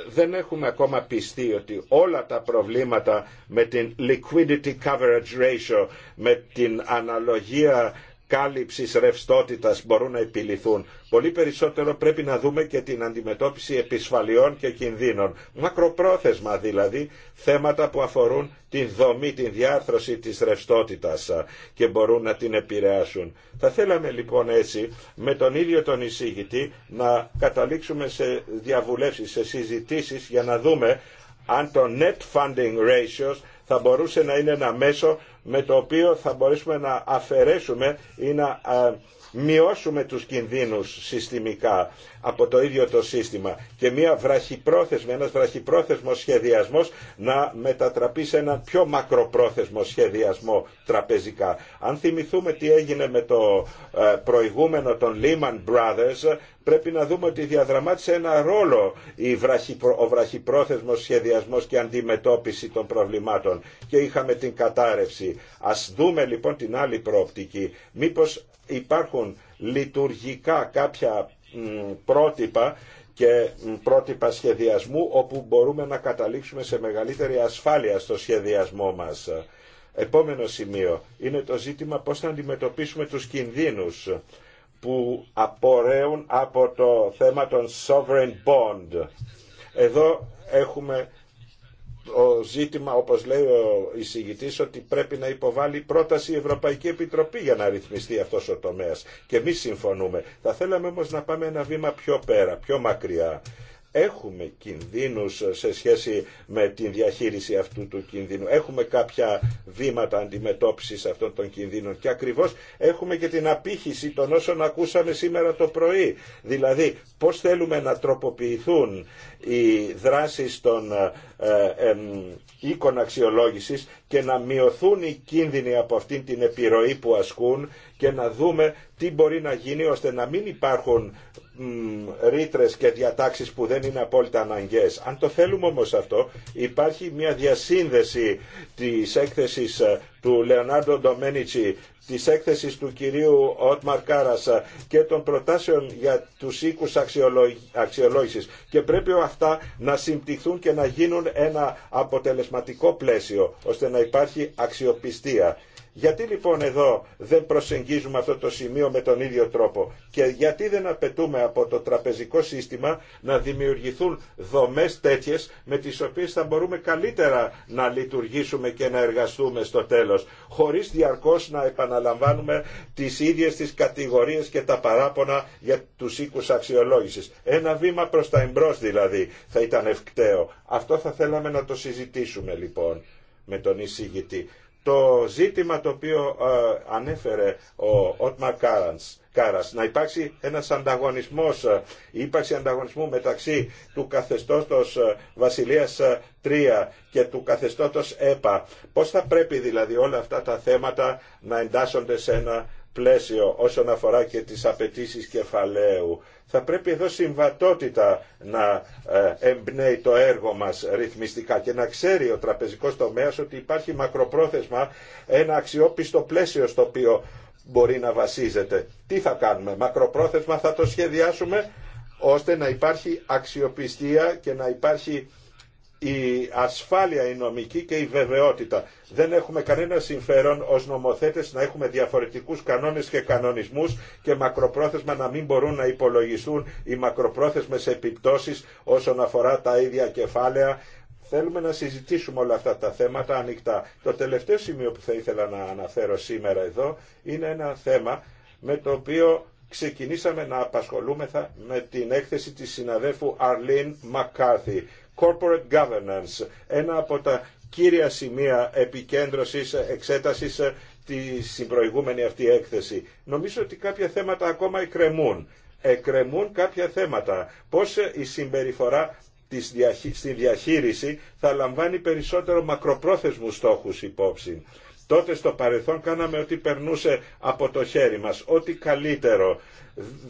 δεν έχουμε ακόμα πιστεί ότι όλα τα προβλήματα με την liquidity coverage ratio, με την αναλογία κάλυψης ρευστότητας μπορούν να επιληθούν. Πολύ περισσότερο πρέπει να δούμε και την αντιμετώπιση επισφαλιών και κινδύνων. Μακροπρόθεσμα δηλαδή θέματα που αφορούν την δομή, την διάρθρωση της ρευστότητας και μπορούν να την επηρεάσουν. Θα θέλαμε λοιπόν έτσι με τον ίδιο τον εισήγητη να καταλήξουμε σε διαβουλεύσεις, σε συζητήσεις για να δούμε αν το net funding ratios θα μπορούσε να είναι ένα μέσο με το οποίο θα μπορέσουμε να αφαιρέσουμε ή να ε, μειώσουμε τους κινδύνους συστημικά από το ίδιο το σύστημα και μια βραχυπρόθεσμη, ένας βραχυπρόθεσμος σχεδιασμός να μετατραπεί σε ένα πιο μακροπρόθεσμο σχεδιασμό τραπεζικά. Αν θυμηθούμε τι έγινε με το ε, προηγούμενο των Lehman Brothers, πρέπει να δούμε ότι διαδραμάτισε ένα ρόλο η βραχυπρό, ο βραχυπρόθεσμος σχεδιασμός και αντιμετώπιση των προβλημάτων και είχαμε την κατάρρευση. Ας δούμε λοιπόν την άλλη προοπτική. Μήπως υπάρχουν λειτουργικά κάποια πρότυπα και πρότυπα σχεδιασμού όπου μπορούμε να καταλήξουμε σε μεγαλύτερη ασφάλεια στο σχεδιασμό μας. Επόμενο σημείο είναι το ζήτημα πώς να αντιμετωπίσουμε τους κινδύνους που απορρέουν από το θέμα των sovereign bond. Εδώ έχουμε το ζήτημα, όπως λέει ο εισηγητής, ότι πρέπει να υποβάλει πρόταση η Ευρωπαϊκή Επιτροπή για να ρυθμιστεί αυτός ο τομέας. Και εμείς συμφωνούμε. Θα θέλαμε όμως να πάμε ένα βήμα πιο πέρα, πιο μακριά έχουμε κινδύνους σε σχέση με την διαχείριση αυτού του κινδύνου. Έχουμε κάποια βήματα αντιμετώπισης αυτών των κινδύνων και ακριβώς έχουμε και την απήχηση των όσων ακούσαμε σήμερα το πρωί. Δηλαδή πώς θέλουμε να τροποποιηθούν οι δράσεις των ε, οίκων αξιολόγησης και να μειωθούν οι κίνδυνοι από αυτήν την επιρροή που ασκούν και να δούμε τι μπορεί να γίνει ώστε να μην υπάρχουν ρήτρε και διατάξεις που δεν είναι απόλυτα αναγκαίες. Αν το θέλουμε όμως αυτό, υπάρχει μια διασύνδεση της έκθεσης ε, του Λεωνάρντο Ντομένιτσι, της έκθεσης του κυρίου Ότμαρ Κάρας ε, και των προτάσεων για τους οίκους αξιολόγησης και πρέπει αυτά να συμπτυχθούν και να γίνουν ένα αποτελεσματικό πλαίσιο ώστε να υπάρχει αξιοπιστία γιατί λοιπόν εδώ δεν προσεγγίζουμε αυτό το σημείο με τον ίδιο τρόπο και γιατί δεν απαιτούμε από το τραπεζικό σύστημα να δημιουργηθούν δομές τέτοιες με τις οποίες θα μπορούμε καλύτερα να λειτουργήσουμε και να εργαστούμε στο τέλος χωρίς διαρκώς να επαναλαμβάνουμε τις ίδιες τις κατηγορίες και τα παράπονα για τους οίκους αξιολόγησης. Ένα βήμα προς τα εμπρός δηλαδή θα ήταν ευκταίο. Αυτό θα θέλαμε να το συζητήσουμε λοιπόν με τον εισηγητή το ζήτημα το οποίο ε, ανέφερε ο Ότμα Κάρανς, Κάρας, να υπάρξει ένας ανταγωνισμός, ε, η ύπαρξη ανταγωνισμού μεταξύ του καθεστώτος ε, Βασιλείας 3 και του καθεστώτος ΕΠΑ. Πώς θα πρέπει δηλαδή όλα αυτά τα θέματα να εντάσσονται σε ένα πλαίσιο όσον αφορά και τις απαιτήσει κεφαλαίου. Θα πρέπει εδώ συμβατότητα να ε, εμπνέει το έργο μας ρυθμιστικά και να ξέρει ο τραπεζικός τομέας ότι υπάρχει μακροπρόθεσμα ένα αξιόπιστο πλαίσιο στο οποίο μπορεί να βασίζεται. Τι θα κάνουμε, μακροπρόθεσμα θα το σχεδιάσουμε ώστε να υπάρχει αξιοπιστία και να υπάρχει η ασφάλεια, η νομική και η βεβαιότητα. Δεν έχουμε κανένα συμφέρον ως νομοθέτες να έχουμε διαφορετικούς κανόνες και κανονισμούς και μακροπρόθεσμα να μην μπορούν να υπολογιστούν οι μακροπρόθεσμες επιπτώσεις όσον αφορά τα ίδια κεφάλαια Θέλουμε να συζητήσουμε όλα αυτά τα θέματα ανοιχτά. Το τελευταίο σημείο που θα ήθελα να αναφέρω σήμερα εδώ είναι ένα θέμα με το οποίο ξεκινήσαμε να απασχολούμεθα με την έκθεση της συναδέφου Αρλίν Μακάρθη. Corporate Governance, ένα από τα κύρια σημεία επικέντρωσης, εξέτασης στην ε, προηγούμενη αυτή έκθεση. Νομίζω ότι κάποια θέματα ακόμα εκκρεμούν. Εκκρεμούν κάποια θέματα. Πώς ε, η συμπεριφορά στη διαχείριση θα λαμβάνει περισσότερο μακροπρόθεσμους στόχους υπόψη. Τότε στο παρελθόν κάναμε ό,τι περνούσε από το χέρι μας, ό,τι καλύτερο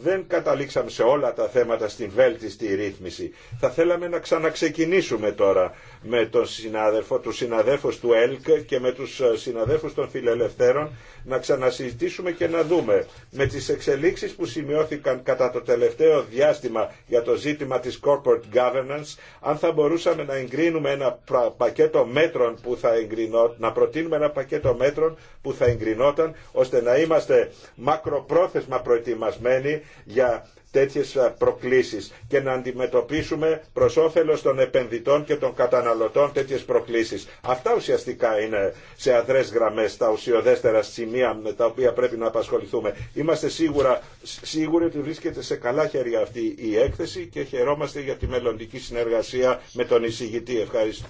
δεν καταλήξαμε σε όλα τα θέματα στην βέλτιστη ρύθμιση. Θα θέλαμε να ξαναξεκινήσουμε τώρα με τον συνάδελφο, τους συναδέλφους του ΕΛΚ και με τους ε, συναδέλφους των φιλελευθέρων να ξανασυζητήσουμε και να δούμε με τις εξελίξεις που σημειώθηκαν κατά το τελευταίο διάστημα για το ζήτημα της corporate governance αν θα μπορούσαμε να εγκρίνουμε ένα πακέτο μέτρων που θα να προτείνουμε ένα πακέτο μέτρων που θα εγκρινόταν ώστε να είμαστε μακροπρόθεσμα προετοιμασμένοι για τέτοιες προκλήσεις και να αντιμετωπίσουμε προς όφελος των επενδυτών και των καταναλωτών τέτοιες προκλήσεις. Αυτά ουσιαστικά είναι σε αδρές γραμμές τα ουσιοδέστερα σημεία με τα οποία πρέπει να απασχοληθούμε. Είμαστε σίγουρα, σίγουροι ότι βρίσκεται σε καλά χέρια αυτή η έκθεση και χαιρόμαστε για τη μελλοντική συνεργασία με τον εισηγητή. Ευχαριστώ.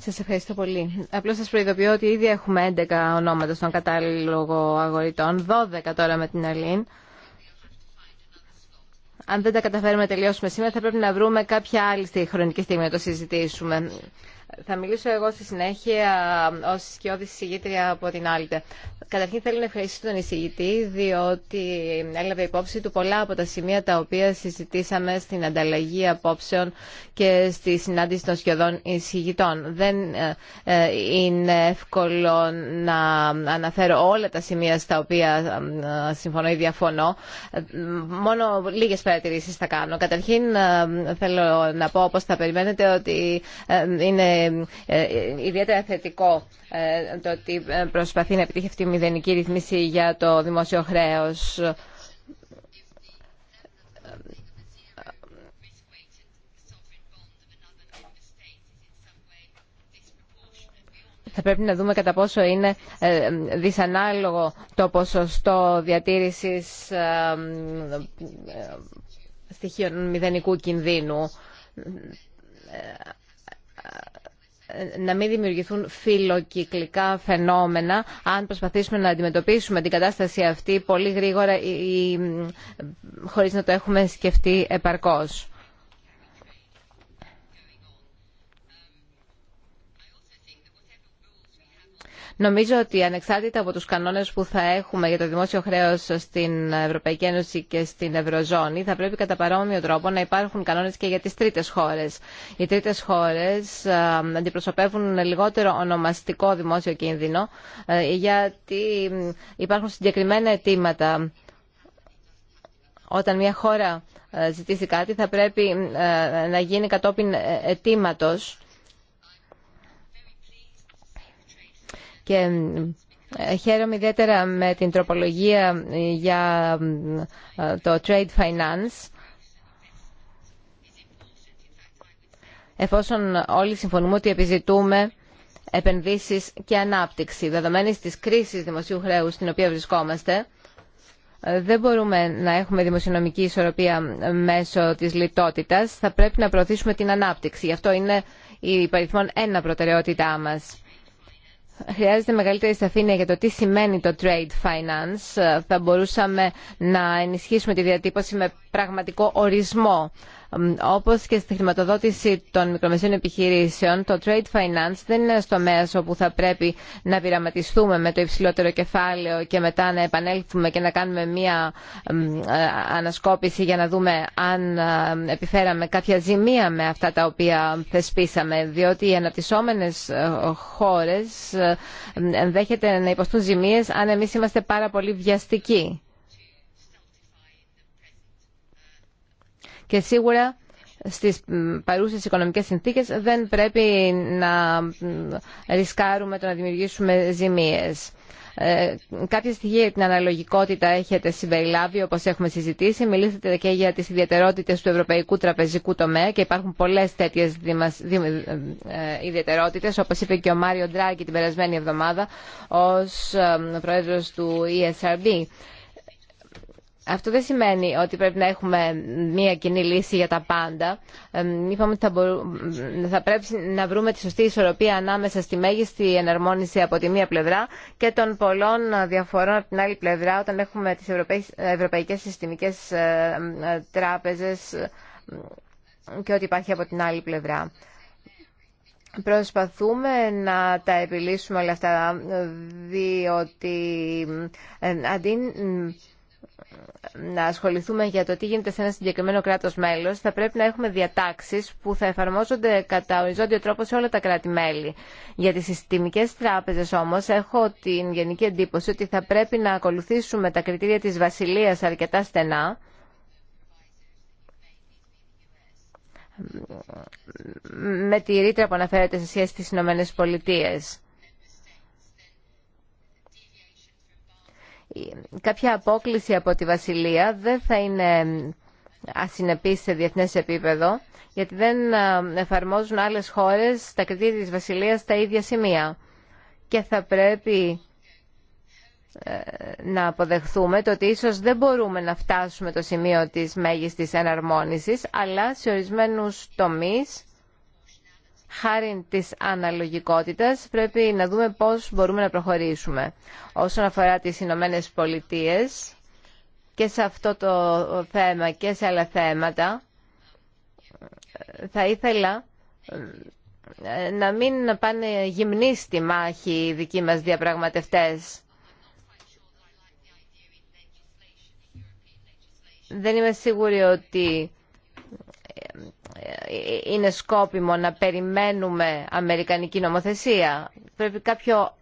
Σας ευχαριστώ πολύ. Απλώ σα προειδοποιώ ότι ήδη έχουμε 11 ονόματα στον κατάλογο αγορητών, 12 τώρα με την Αλήν. Αν δεν τα καταφέρουμε να τελειώσουμε σήμερα, θα πρέπει να βρούμε κάποια άλλη χρονική στιγμή να το συζητήσουμε. Θα μιλήσω εγώ στη συνέχεια ως σκιώδης εισηγήτρια από την άλλη. Καταρχήν θέλω να ευχαριστήσω τον εισηγητή διότι έλαβε υπόψη του πολλά από τα σημεία τα οποία συζητήσαμε στην ανταλλαγή απόψεων και στη συνάντηση των σχεδόν εισηγητών. Δεν ε, ε, είναι εύκολο να αναφέρω όλα τα σημεία στα οποία ε, συμφωνώ ή διαφωνώ. Μόνο λίγε παρατηρήσει θα κάνω. Καταρχήν θέλω να πω όπως θα περιμένετε ότι είναι ιδιαίτερα θετικό ε, το ότι προσπαθεί να επιτύχει αυτή η μηδενική ρυθμίση για το δημόσιο χρέος. θα πρέπει να δούμε κατά πόσο είναι ε, δυσανάλογο το ποσοστό διατήρησης ε, στοιχείων μηδενικού κινδύνου να μην δημιουργηθούν φιλοκυκλικά φαινόμενα αν προσπαθήσουμε να αντιμετωπίσουμε την κατάσταση αυτή πολύ γρήγορα ή χωρίς να το έχουμε σκεφτεί επαρκώς. Νομίζω ότι ανεξάρτητα από τους κανόνες που θα έχουμε για το δημόσιο χρέος στην Ευρωπαϊκή Ένωση και στην Ευρωζώνη, θα πρέπει κατά παρόμοιο τρόπο να υπάρχουν κανόνες και για τις τρίτες χώρες. Οι τρίτες χώρες ε, αντιπροσωπεύουν λιγότερο ονομαστικό δημόσιο κίνδυνο, ε, γιατί υπάρχουν συγκεκριμένα αιτήματα όταν μια χώρα ε, ζητήσει κάτι θα πρέπει να γίνει κατόπιν αιτήματος Και ε, χαίρομαι ιδιαίτερα με την τροπολογία ε, για ε, το trade finance. Εφόσον όλοι συμφωνούμε ότι επιζητούμε επενδύσεις και ανάπτυξη, δεδομένης της κρίσης δημοσίου χρέους στην οποία βρισκόμαστε, δεν μπορούμε να έχουμε δημοσιονομική ισορροπία μέσω της λιτότητας. Θα πρέπει να προωθήσουμε την ανάπτυξη. Γι' αυτό είναι η παριθμόν ένα προτεραιότητά μας. Χρειάζεται μεγαλύτερη σαφήνεια για το τι σημαίνει το trade finance. Θα μπορούσαμε να ενισχύσουμε τη διατύπωση με πραγματικό ορισμό. Όπως και στη χρηματοδότηση των μικρομεσαίων επιχειρήσεων, το trade finance δεν είναι ένα τομέα όπου θα πρέπει να πειραματιστούμε με το υψηλότερο κεφάλαιο και μετά να επανέλθουμε και να κάνουμε μία ε, ανασκόπηση για να δούμε αν ε, επιφέραμε κάποια ζημία με αυτά τα οποία θεσπίσαμε. Διότι οι αναπτυσσόμενες ε, χώρες ενδέχεται να υποστούν ζημίες αν εμείς είμαστε πάρα πολύ βιαστικοί. Και σίγουρα στις παρούσες οικονομικές συνθήκες δεν πρέπει να ρισκάρουμε το να δημιουργήσουμε ζημίες. Ε, κάποια στοιχεία για την αναλογικότητα έχετε συμπεριλάβει όπως έχουμε συζητήσει. Μιλήσατε και για τις ιδιαιτερότητες του ευρωπαϊκού τραπεζικού τομέα και υπάρχουν πολλές τέτοιες ε, ιδιαιτερότητες όπως είπε και ο Μάριο Ντράγκη την περασμένη εβδομάδα ως ε, πρόεδρος του ESRB. Αυτό δεν σημαίνει ότι πρέπει να έχουμε μία κοινή λύση για τα πάντα. Είπαμε ότι θα, πρέπει να βρούμε τη σωστή ισορροπία ανάμεσα στη μέγιστη εναρμόνιση από τη μία πλευρά και των πολλών διαφορών από την άλλη πλευρά όταν έχουμε τις ευρωπαϊκές συστημικές ε, ε, τράπεζες και ό,τι υπάρχει από την άλλη πλευρά. Προσπαθούμε να τα επιλύσουμε όλα αυτά, διότι αντί να ασχοληθούμε για το τι γίνεται σε ένα συγκεκριμένο κράτος μέλος, θα πρέπει να έχουμε διατάξεις που θα εφαρμόζονται κατά οριζόντιο τρόπο σε όλα τα κράτη-μέλη. Για τις συστημικές τράπεζες όμως έχω την γενική εντύπωση ότι θα πρέπει να ακολουθήσουμε τα κριτήρια της Βασιλείας αρκετά στενά, με τη ρήτρα που αναφέρεται σε σχέση στις Ηνωμένες Πολιτείες. κάποια απόκληση από τη Βασιλεία δεν θα είναι ασυνεπής σε διεθνέ επίπεδο, γιατί δεν εφαρμόζουν άλλες χώρες τα κριτήρια της Βασιλείας στα ίδια σημεία. Και θα πρέπει ε, να αποδεχθούμε το ότι ίσως δεν μπορούμε να φτάσουμε το σημείο της μέγιστης εναρμόνισης, αλλά σε ορισμένους τομείς χάρη της αναλογικότητας πρέπει να δούμε πώς μπορούμε να προχωρήσουμε. Όσον αφορά τις Ηνωμένε Πολιτείε και σε αυτό το θέμα και σε άλλα θέματα θα ήθελα ε, να μην πάνε γυμνή στη μάχη οι δικοί μας διαπραγματευτές. Δεν είμαι σίγουρη ότι είναι σκόπιμο να περιμένουμε αμερικανική νομοθεσία. Πρέπει κάποιο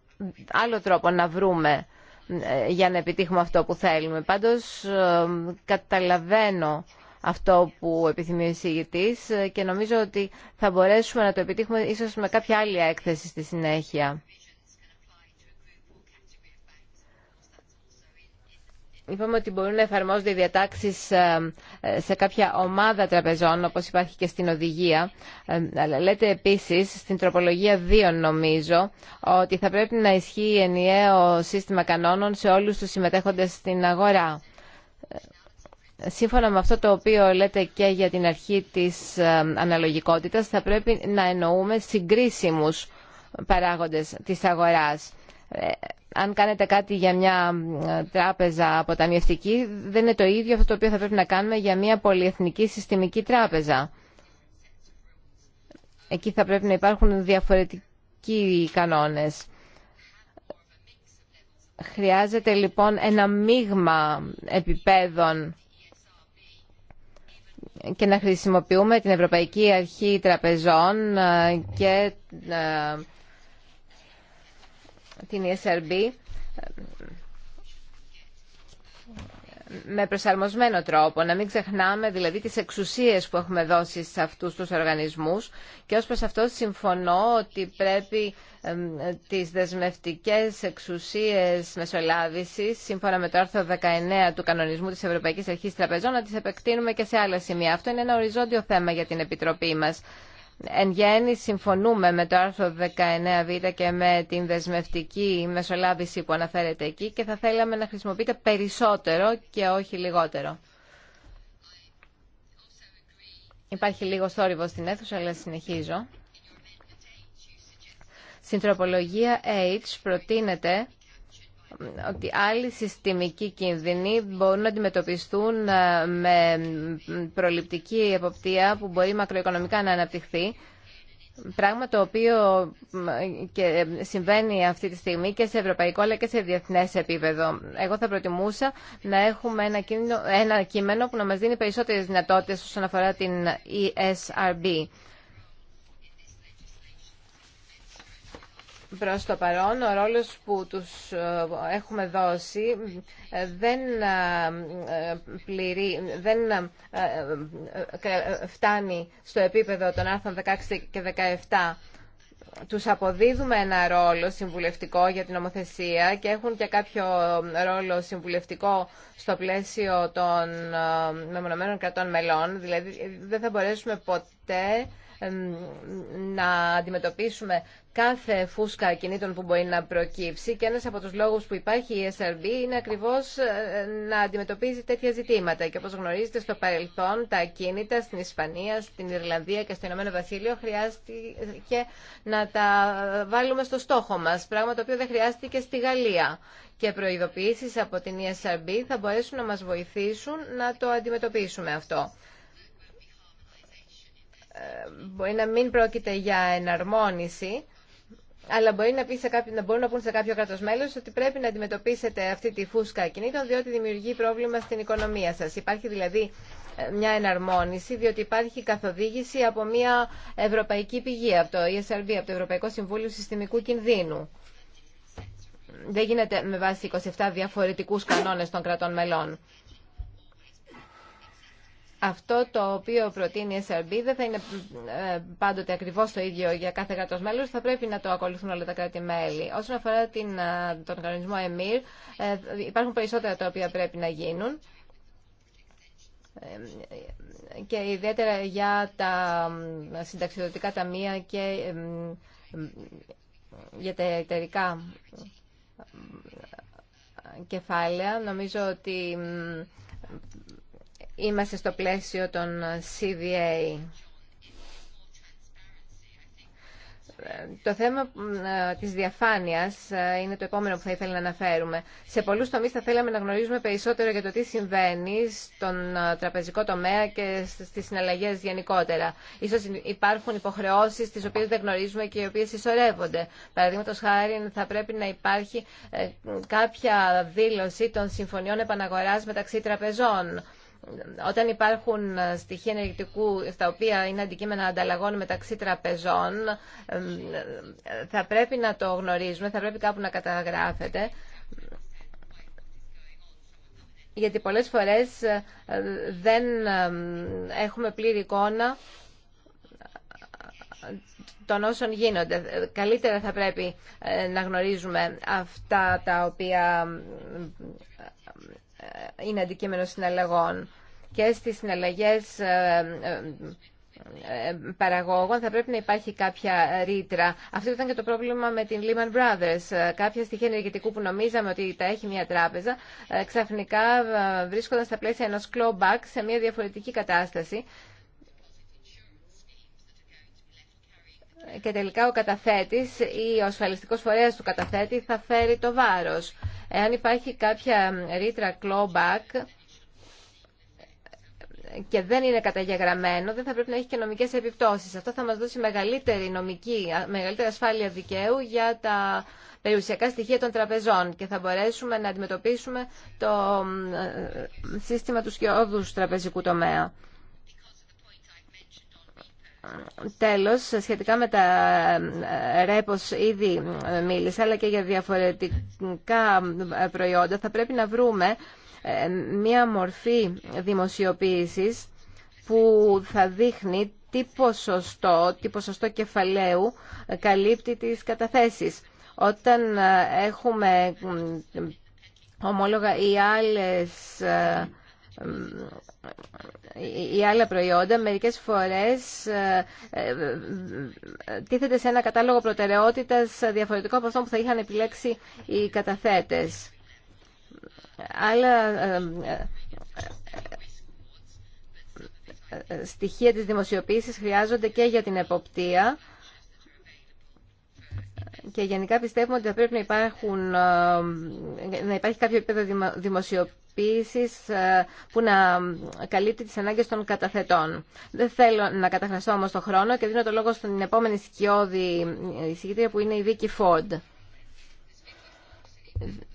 άλλο τρόπο να βρούμε ε, για να επιτύχουμε αυτό που θέλουμε. Πάντως ε, καταλαβαίνω αυτό που επιθυμεί ο εισηγητής ε, και νομίζω ότι θα μπορέσουμε να το επιτύχουμε ίσως με κάποια άλλη έκθεση στη συνέχεια. Είπαμε ότι μπορούν να εφαρμόζονται οι διατάξει ε, ε, σε κάποια ομάδα τραπεζών, όπως υπάρχει και στην οδηγία. Ε, λέτε επίσης, στην τροπολογία 2 νομίζω, ότι θα πρέπει να ισχύει ενιαίο σύστημα κανόνων σε όλους του συμμετέχοντες στην αγορά. Σύμφωνα με αυτό το οποίο λέτε και για την αρχή της αναλογικότητας, θα πρέπει να εννοούμε συγκρίσιμους παράγοντες της αγοράς ε, αν κάνετε κάτι για μια ε, τράπεζα αποταμιευτική, δεν είναι το ίδιο αυτό το οποίο θα πρέπει να κάνουμε για μια πολυεθνική συστημική τράπεζα. Εκεί θα πρέπει να υπάρχουν διαφορετικοί κανόνες. Χρειάζεται λοιπόν ένα μείγμα επιπέδων και να χρησιμοποιούμε την Ευρωπαϊκή Αρχή Τραπεζών ε, και την ESRB με προσαρμοσμένο τρόπο, να μην ξεχνάμε δηλαδή τις εξουσίες που έχουμε δώσει σε αυτούς τους οργανισμούς και ως προς αυτό συμφωνώ ότι πρέπει τις δεσμευτικές εξουσίες μεσολάβησης σύμφωνα με το άρθρο 19 του κανονισμού της Ευρωπαϊκής Αρχής Τραπεζών να τις επεκτείνουμε και σε άλλα σημεία. Αυτό είναι ένα οριζόντιο θέμα για την Επιτροπή μας. Εν γέννη συμφωνούμε με το άρθρο 19β και με την δεσμευτική μεσολάβηση που αναφέρεται εκεί και θα θέλαμε να χρησιμοποιείτε περισσότερο και όχι λιγότερο. Υπάρχει λίγο θόρυβο στην αίθουσα, αλλά συνεχίζω. Στην τροπολογία H προτείνεται ότι άλλοι συστημικοί κίνδυνοι μπορούν να αντιμετωπιστούν ε, με προληπτική εποπτεία που μπορεί μακροοικονομικά να αναπτυχθεί Πράγμα το οποίο και συμβαίνει αυτή τη στιγμή και σε ευρωπαϊκό αλλά και σε διεθνέ επίπεδο. Εγώ θα προτιμούσα να έχουμε ένα, κείμενο, ένα κείμενο που να μας δίνει περισσότερες δυνατότητες όσον αφορά την ESRB. Ε Προς το παρόν, ο ρόλος που τους ε, έχουμε δώσει ε, δεν ε, πληρεί, δεν φτάνει στο επίπεδο των άρθρων 16 και 17 τους αποδίδουμε ένα ρόλο συμβουλευτικό για την ομοθέσια και έχουν και κάποιο ρόλο συμβουλευτικό στο πλαίσιο των μεμονωμένων κρατών μελών. Δηλαδή δεν θα μπορέσουμε ποτέ να αντιμετωπίσουμε κάθε φούσκα κινήτων που μπορεί να προκύψει και ένας από τους λόγους που υπάρχει η SRB είναι ακριβώς ε, να αντιμετωπίζει τέτοια ζητήματα και όπως γνωρίζετε στο παρελθόν τα κίνητα στην Ισπανία, στην Ιρλανδία και στο Ηνωμένο Βασίλειο χρειάστηκε να τα βάλουμε στο στόχο μας, πράγμα το οποίο δεν χρειάστηκε στη Γαλλία και προειδοποιήσεις από την ESRB θα μπορέσουν να μας βοηθήσουν να το αντιμετωπίσουμε αυτό μπορεί να μην πρόκειται για εναρμόνιση, αλλά μπορεί να, πει σε κάποιο, να μπορούν να πούν σε κάποιο κράτο μέλο ότι πρέπει να αντιμετωπίσετε αυτή τη φούσκα κινήτων διότι δημιουργεί πρόβλημα στην οικονομία σα. Υπάρχει δηλαδή ε, μια εναρμόνιση, διότι υπάρχει καθοδήγηση από μια ευρωπαϊκή πηγή, από το ESRB, από το Ευρωπαϊκό Συμβούλιο Συστημικού Κινδύνου. Δεν γίνεται με βάση 27 διαφορετικούς κανόνες των κρατών μελών αυτό το οποίο προτείνει η SRB δεν θα είναι ε, πάντοτε ακριβώ το ίδιο για κάθε κράτο μέλο. Θα πρέπει να το ακολουθούν όλα τα κράτη-μέλη. Όσον αφορά την, ε, τον κανονισμό ΕΜΗΡ ε, υπάρχουν περισσότερα τα οποία πρέπει να γίνουν και ιδιαίτερα για τα συνταξιδοτικά ταμεία και για τα εταιρικά κεφάλαια. Νομίζω ότι είμαστε στο πλαίσιο των CDA. Το θέμα ε, της διαφάνειας ε, είναι το επόμενο που θα ήθελα να αναφέρουμε. Σε πολλούς τομείς θα θέλαμε να γνωρίζουμε περισσότερο για το τι συμβαίνει στον ε, τραπεζικό τομέα και στις συναλλαγές γενικότερα. Ίσως υπάρχουν υποχρεώσεις τις οποίες δεν γνωρίζουμε και οι οποίες ισορεύονται. Παραδείγματο χάρη θα πρέπει να υπάρχει κάποια δήλωση των συμφωνιών επαναγοράς μεταξύ τραπεζών όταν υπάρχουν ε, στοιχεία ενεργητικού στα οποία είναι αντικείμενα ανταλλαγών μεταξύ τραπεζών, ε, ε, θα πρέπει να το γνωρίζουμε, θα πρέπει κάπου να καταγράφεται. Γιατί πολλές φορές δεν έχουμε πλήρη εικόνα των όσων γίνονται. Καλύτερα θα πρέπει να γνωρίζουμε αυτά τα οποία ε, είναι αντικείμενο συναλλαγών και στις συναλλαγές ε, ε, παραγόγων θα πρέπει να υπάρχει κάποια ρήτρα. Αυτό ήταν και το πρόβλημα με την Lehman Brothers. Κάποια στοιχεία ενεργητικού που νομίζαμε ότι τα έχει μια τράπεζα, ξαφνικά βρίσκονταν στα πλαίσια ενός clawback σε μια διαφορετική κατάσταση. Και τελικά ο καταθέτης ή ο ασφαλιστικός φορέας του καταθέτη θα φέρει το βάρος. Εάν υπάρχει κάποια ρήτρα clawback και δεν είναι καταγεγραμμένο, δεν θα πρέπει να έχει και νομικές επιπτώσεις. Αυτό θα μας δώσει μεγαλύτερη νομική, μεγαλύτερη ασφάλεια δικαίου για τα περιουσιακά στοιχεία των τραπεζών και θα μπορέσουμε να αντιμετωπίσουμε το ε, ε, σύστημα του σκιώδους τραπεζικού τομέα. Τέλος, σχετικά με τα ε, ε, ρέπος ήδη ε, μίλησα, αλλά και για διαφορετικά προϊόντα, θα πρέπει να βρούμε μία μορφή δημοσιοποίησης που θα δείχνει τι ποσοστό, τι ποσοστό κεφαλαίου καλύπτει τις καταθέσεις. Όταν έχουμε ομόλογα ή άλλες ή άλλα προϊόντα μερικές φορές ε, ε, τίθεται σε ένα κατάλογο προτεραιότητας διαφορετικό από αυτό που θα είχαν επιλέξει οι καταθέτες. Άλλα ε, στοιχεία της δημοσιοποίησης χρειάζονται και για την εποπτεία και γενικά πιστεύουμε ότι θα πρέπει να, υπάρχουν, να υπάρχει κάποιο επίπεδο δημοσιοποίησης πιστοποίησης ε, που να καλύπτει τις ανάγκες των καταθετών. Δεν θέλω να καταχραστώ όμως το χρόνο και δίνω το λόγο στην επόμενη σκιώδη εισηγητήρια που είναι η Βίκη Φόρντ.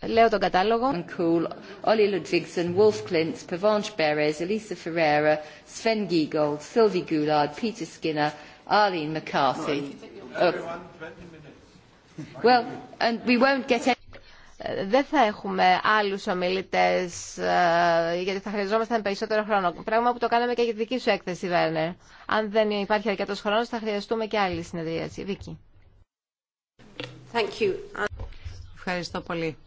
Λέω τον κατάλογο. Cool, Olli Ludvigsen, Wolf Klintz, Pavanche Beres, Elisa Ferreira, Sven Giegold, Sylvie Goulard, Peter Skinner, Arlene McCarthy. Oh. Well, and we won't get δεν θα έχουμε άλλους ομιλητές, ε, γιατί θα χρειαζόμασταν περισσότερο χρόνο. Πράγμα που το κάναμε και για τη δική σου έκθεση, Βέρνερ. Αν δεν υπάρχει αρκετός χρόνος, θα χρειαστούμε και άλλη συνεδρίαση. Βίκη. Ευχαριστώ πολύ.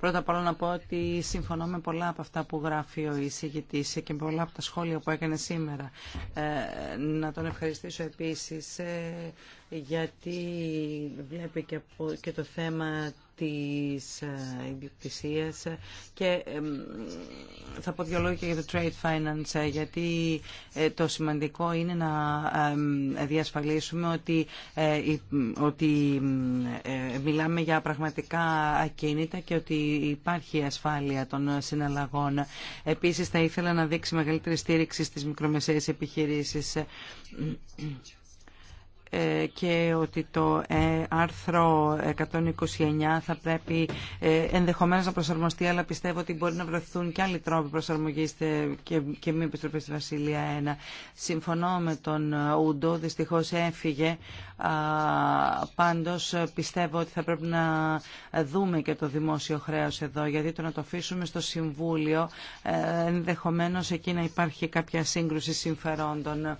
Πρώτα απ' όλα να πω ότι συμφωνώ με πολλά από αυτά που γράφει ο εισηγητής και με πολλά από τα σχόλια που έκανε σήμερα. Ε, να τον ευχαριστήσω επίσης ε, γιατί βλέπει και, και το θέμα της ε, ιδιοκτησίας και θα πω δύο λόγια για το trade finance ε, γιατί ε, το σημαντικό είναι να διασφαλίσουμε ότι, ότι μιλάμε για πραγματικά ακίνητα και ότι υπάρχει ασφάλεια των συναλλαγών. Επίσης θα ήθελα να δείξει μεγαλύτερη στήριξη στις μικρομεσαίες επιχειρήσεις. Ε, και ότι το ε, άρθρο 129 θα πρέπει ε, ενδεχομένως να προσαρμοστεί αλλά πιστεύω ότι μπορεί να βρεθούν και άλλοι τρόποι προσαρμογής και μη επιστροφή στη Βασιλεία 1. Συμφωνώ με τον Ούντο, δυστυχώς έφυγε πάντως πιστεύω ότι θα πρέπει να δούμε και το δημόσιο χρέος εδώ γιατί το να το αφήσουμε στο Συμβούλιο ενδεχομένως εκεί να υπάρχει κάποια σύγκρουση συμφερόντων.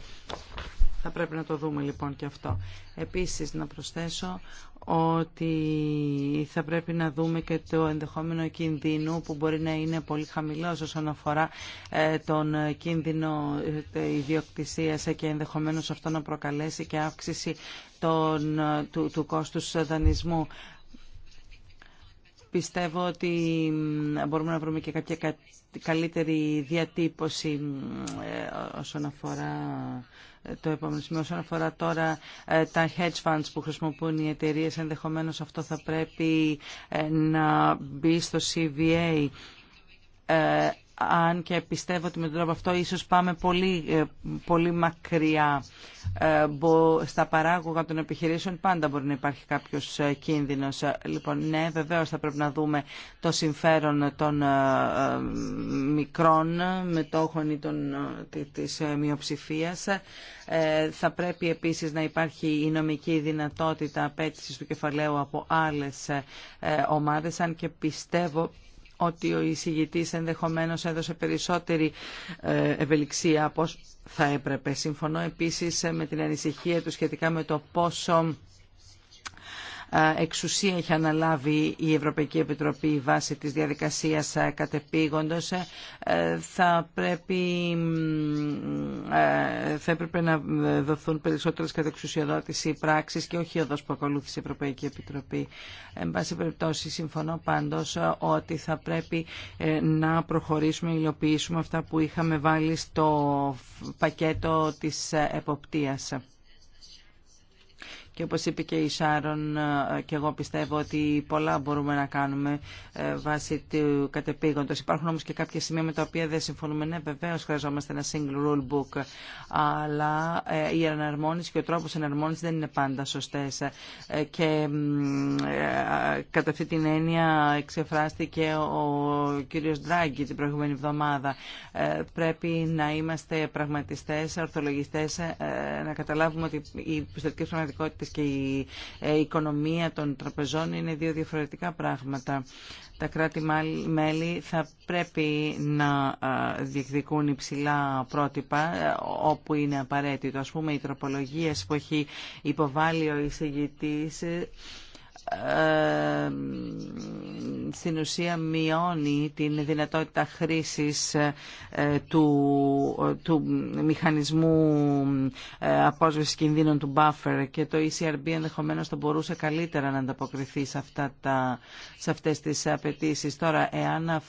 Θα πρέπει να το δούμε λοιπόν και αυτό. Επίσης να προσθέσω ότι θα πρέπει να δούμε και το ενδεχόμενο κινδύνου που μπορεί να είναι πολύ χαμηλός όσον αφορά ε, τον κίνδυνο ε, ιδιοκτησίας και ενδεχομένως αυτό να προκαλέσει και αύξηση ε, του, του κόστους δανεισμού. Πιστεύω ότι μπορούμε να βρούμε και κάποια καλύτερη διατύπωση όσον αφορά το επόμενο σημείο. Όσον αφορά τώρα ε, τα hedge funds που χρησιμοποιούν οι εταιρείε, ενδεχομένως αυτό θα πρέπει ε, να μπει στο CVA ε, αν και πιστεύω ότι με τον τρόπο αυτό ίσως πάμε πολύ, ε, πολύ μακριά. Ε, στα παράγωγα των επιχειρήσεων πάντα μπορεί να υπάρχει κάποιος ε, κίνδυνος. Λοιπόν, ναι, βεβαίως θα πρέπει να δούμε το συμφέρον των μικρών μετόχων ή των, της μειοψηφίας. Θα πρέπει επίσης να υπάρχει η νομική δυνατότητα απέτησης του κεφαλαίου από άλλες ομάδες, αν και πιστεύω ότι ο εισηγητής ενδεχομένως έδωσε περισσότερη ε, ευελιξία από θα έπρεπε. Συμφωνώ επίσης με την ανησυχία του σχετικά με το πόσο εξουσία έχει αναλάβει η Ευρωπαϊκή Επιτροπή βάσει της διαδικασίας κατεπήγοντος θα πρέπει θα έπρεπε να δοθούν περισσότερες κατεξουσιοδότηση πράξεις και όχι οδός που ακολούθησε η Ευρωπαϊκή Επιτροπή. Εν πάση περιπτώσει συμφωνώ πάντως ότι θα πρέπει ε, να προχωρήσουμε, υλοποιήσουμε αυτά που είχαμε βάλει στο πακέτο της ε, εποπτείας. Και όπως είπε και η Σάρον, ε, και εγώ πιστεύω ότι πολλά μπορούμε να κάνουμε ε, βάσει του κατεπήγοντος. Υπάρχουν όμως και κάποια σημεία με τα οποία δεν συμφωνούμε. Ναι, βεβαίως χρειαζόμαστε ένα single rule book, αλλά ε, η εναρμόνιση και ο τρόπος εναρμόνισης δεν είναι πάντα σωστές. Και κατά αυτή την έννοια εξεφράστηκε ο κύριος Ντράγκη την προηγούμενη εβδομάδα. Πρέπει να είμαστε πραγματιστές, ορθολογιστές, να καταλάβουμε ότι οι πιστοτικές πραγματικότητε και ε, η οικονομία των τραπεζών είναι δύο διαφορετικά πράγματα. Τα κράτη-μέλη θα πρέπει να διεκδικούν υψηλά πρότυπα ε, όπου είναι απαραίτητο. Ας πούμε, οι τροπολογίες που έχει υποβάλει ο εισηγητής ε, ε, στην ουσία μειώνει την δυνατότητα χρήσης ε, του, του μηχανισμού ε, απόσβεσης κινδύνων του buffer και το ECRB ενδεχομένως θα μπορούσε καλύτερα να ανταποκριθεί σε, αυτά τα, σε αυτές τις απαιτήσεις. Τώρα, εάν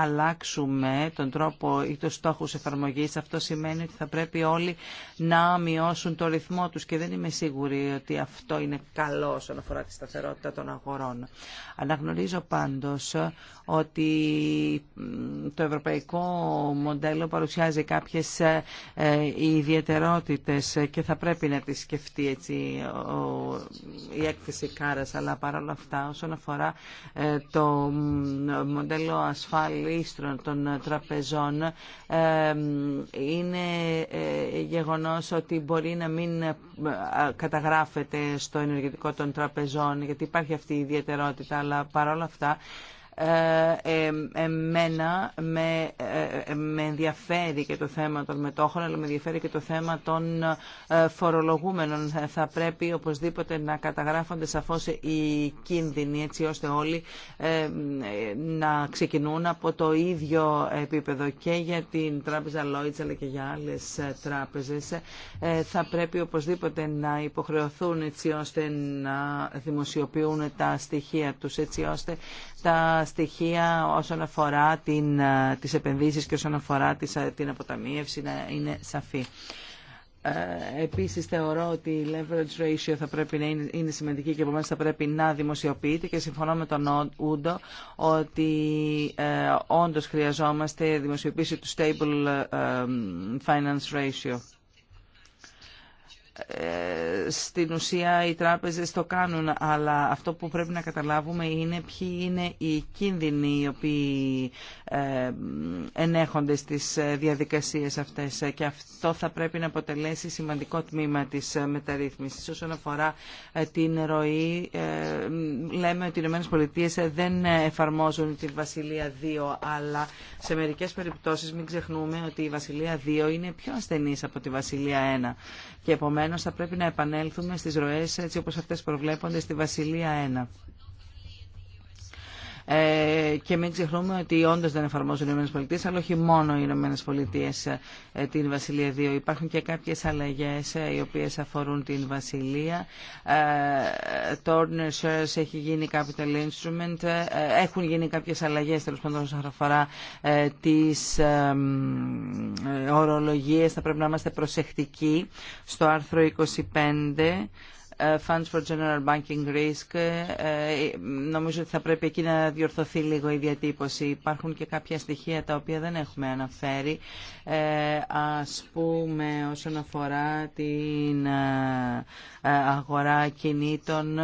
αλλάξουμε τον τρόπο ή τους στόχους εφαρμογής, αυτό σημαίνει ότι θα πρέπει όλοι να μειώσουν το ρυθμό τους και δεν είμαι σίγουρη ότι αυτό είναι καλό όσον αφορά τη σταθερότητα των αγορών. Αναγνωρίζω πάντως ότι το ευρωπαϊκό μοντέλο παρουσιάζει κάποιες ε, ε, ιδιαιτερότητες και θα πρέπει να τις σκεφτεί έτσι η έκθεση Κάρας, αλλά παρόλα αυτά όσον αφορά ε, το μοντέλο ασφάλεια των τραπεζών είναι ε, γεγονός ότι μπορεί να μην ε, καταγράφεται στο ενεργητικό των τραπεζών γιατί υπάρχει αυτή η ιδιαιτερότητα αλλά παρόλα αυτά ε, ε, εμένα με, ε, με ενδιαφέρει και το θέμα των μετόχων, αλλά με ενδιαφέρει και το θέμα των φορολογούμενων. Θα πρέπει οπωσδήποτε να καταγράφονται σαφώς οι κίνδυνοι, έτσι ώστε όλοι να ξεκινούν από το ίδιο επίπεδο και για την τράπεζα Lloyds αλλά και για άλλες τράπεζες. Θα πρέπει οπωσδήποτε να υποχρεωθούν έτσι ώστε να δημοσιοποιούν τα στοιχεία τους, έτσι ώστε τα στοιχεία όσον αφορά την, ε, τις επενδύσεις και όσον αφορά ε, την αποταμίευση να είναι σαφή. Ε, επίσης θεωρώ ότι η leverage ratio θα πρέπει να είναι, είναι σημαντική και επομένως θα πρέπει να δημοσιοποιείται και συμφωνώ με τον Ούντο ότι ε, όντως χρειαζόμαστε δημοσιοποίηση του stable finance ratio στην ουσία οι τράπεζες το κάνουν, αλλά αυτό που πρέπει να καταλάβουμε είναι ποιοι είναι οι κίνδυνοι οι οποίοι ε, ενέχονται στις διαδικασίες αυτές και αυτό θα πρέπει να αποτελέσει σημαντικό τμήμα της μεταρρύθμισης. Όσον αφορά ε, την ροή, ε, λέμε ότι οι ΗΠΑ δεν εφαρμόζουν τη Βασιλεία 2, αλλά σε μερικές περιπτώσεις μην ξεχνούμε ότι η Βασιλεία 2 είναι πιο ασθενής από τη Βασιλεία 1 και επομένως ενώ θα πρέπει να επανέλθουμε στις ροές έτσι όπως αυτές προβλέπονται στη Βασιλεία 1. Ε, και μην ξεχνούμε ότι όντω δεν εφαρμόζουν οι ΗΠΑ, αλλά όχι μόνο οι ΗΠΑ ε, την Βασιλεία 2. Υπάρχουν και κάποιε αλλαγέ ε, οι οποίε αφορούν την Βασιλεία. Το Ordner Shares έχει γίνει capital instrument. Έχουν γίνει κάποιε αλλαγέ τέλο πάντων όσον αφορά τι ορολογίε. Θα πρέπει να είμαστε προσεκτικοί στο άρθρο 25 ε, funds for General Banking Risk. Ε, ε, νομίζω ότι θα πρέπει εκεί να διορθωθεί λίγο η διατύπωση. Υπάρχουν και κάποια στοιχεία τα οποία δεν έχουμε αναφέρει. Ας πούμε όσον αφορά την αγορά κινήτων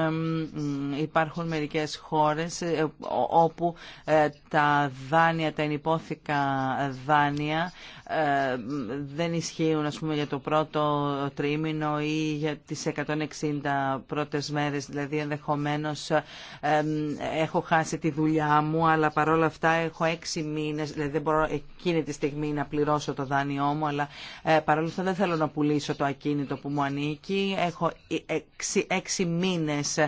υπάρχουν μερικές χώρες όπου τα δάνεια, τα ενυπόθηκα δάνεια ε, δεν ισχύουν ας πούμε, για το πρώτο τρίμηνο ή για τις 160 πρώτες μέρες. Δηλαδή ενδεχομένως ε, έχω χάσει τη δουλειά μου, αλλά παρόλα αυτά έχω έξι μήνες, δηλαδή δεν μπορώ εκείνη τη στιγμή να πληρώσω το δάνειό μου, αλλά ε, παρόλα αυτά δεν θέλω να πουλήσω το ακίνητο που μου ανήκει. Έχω έξι, έξι μήνες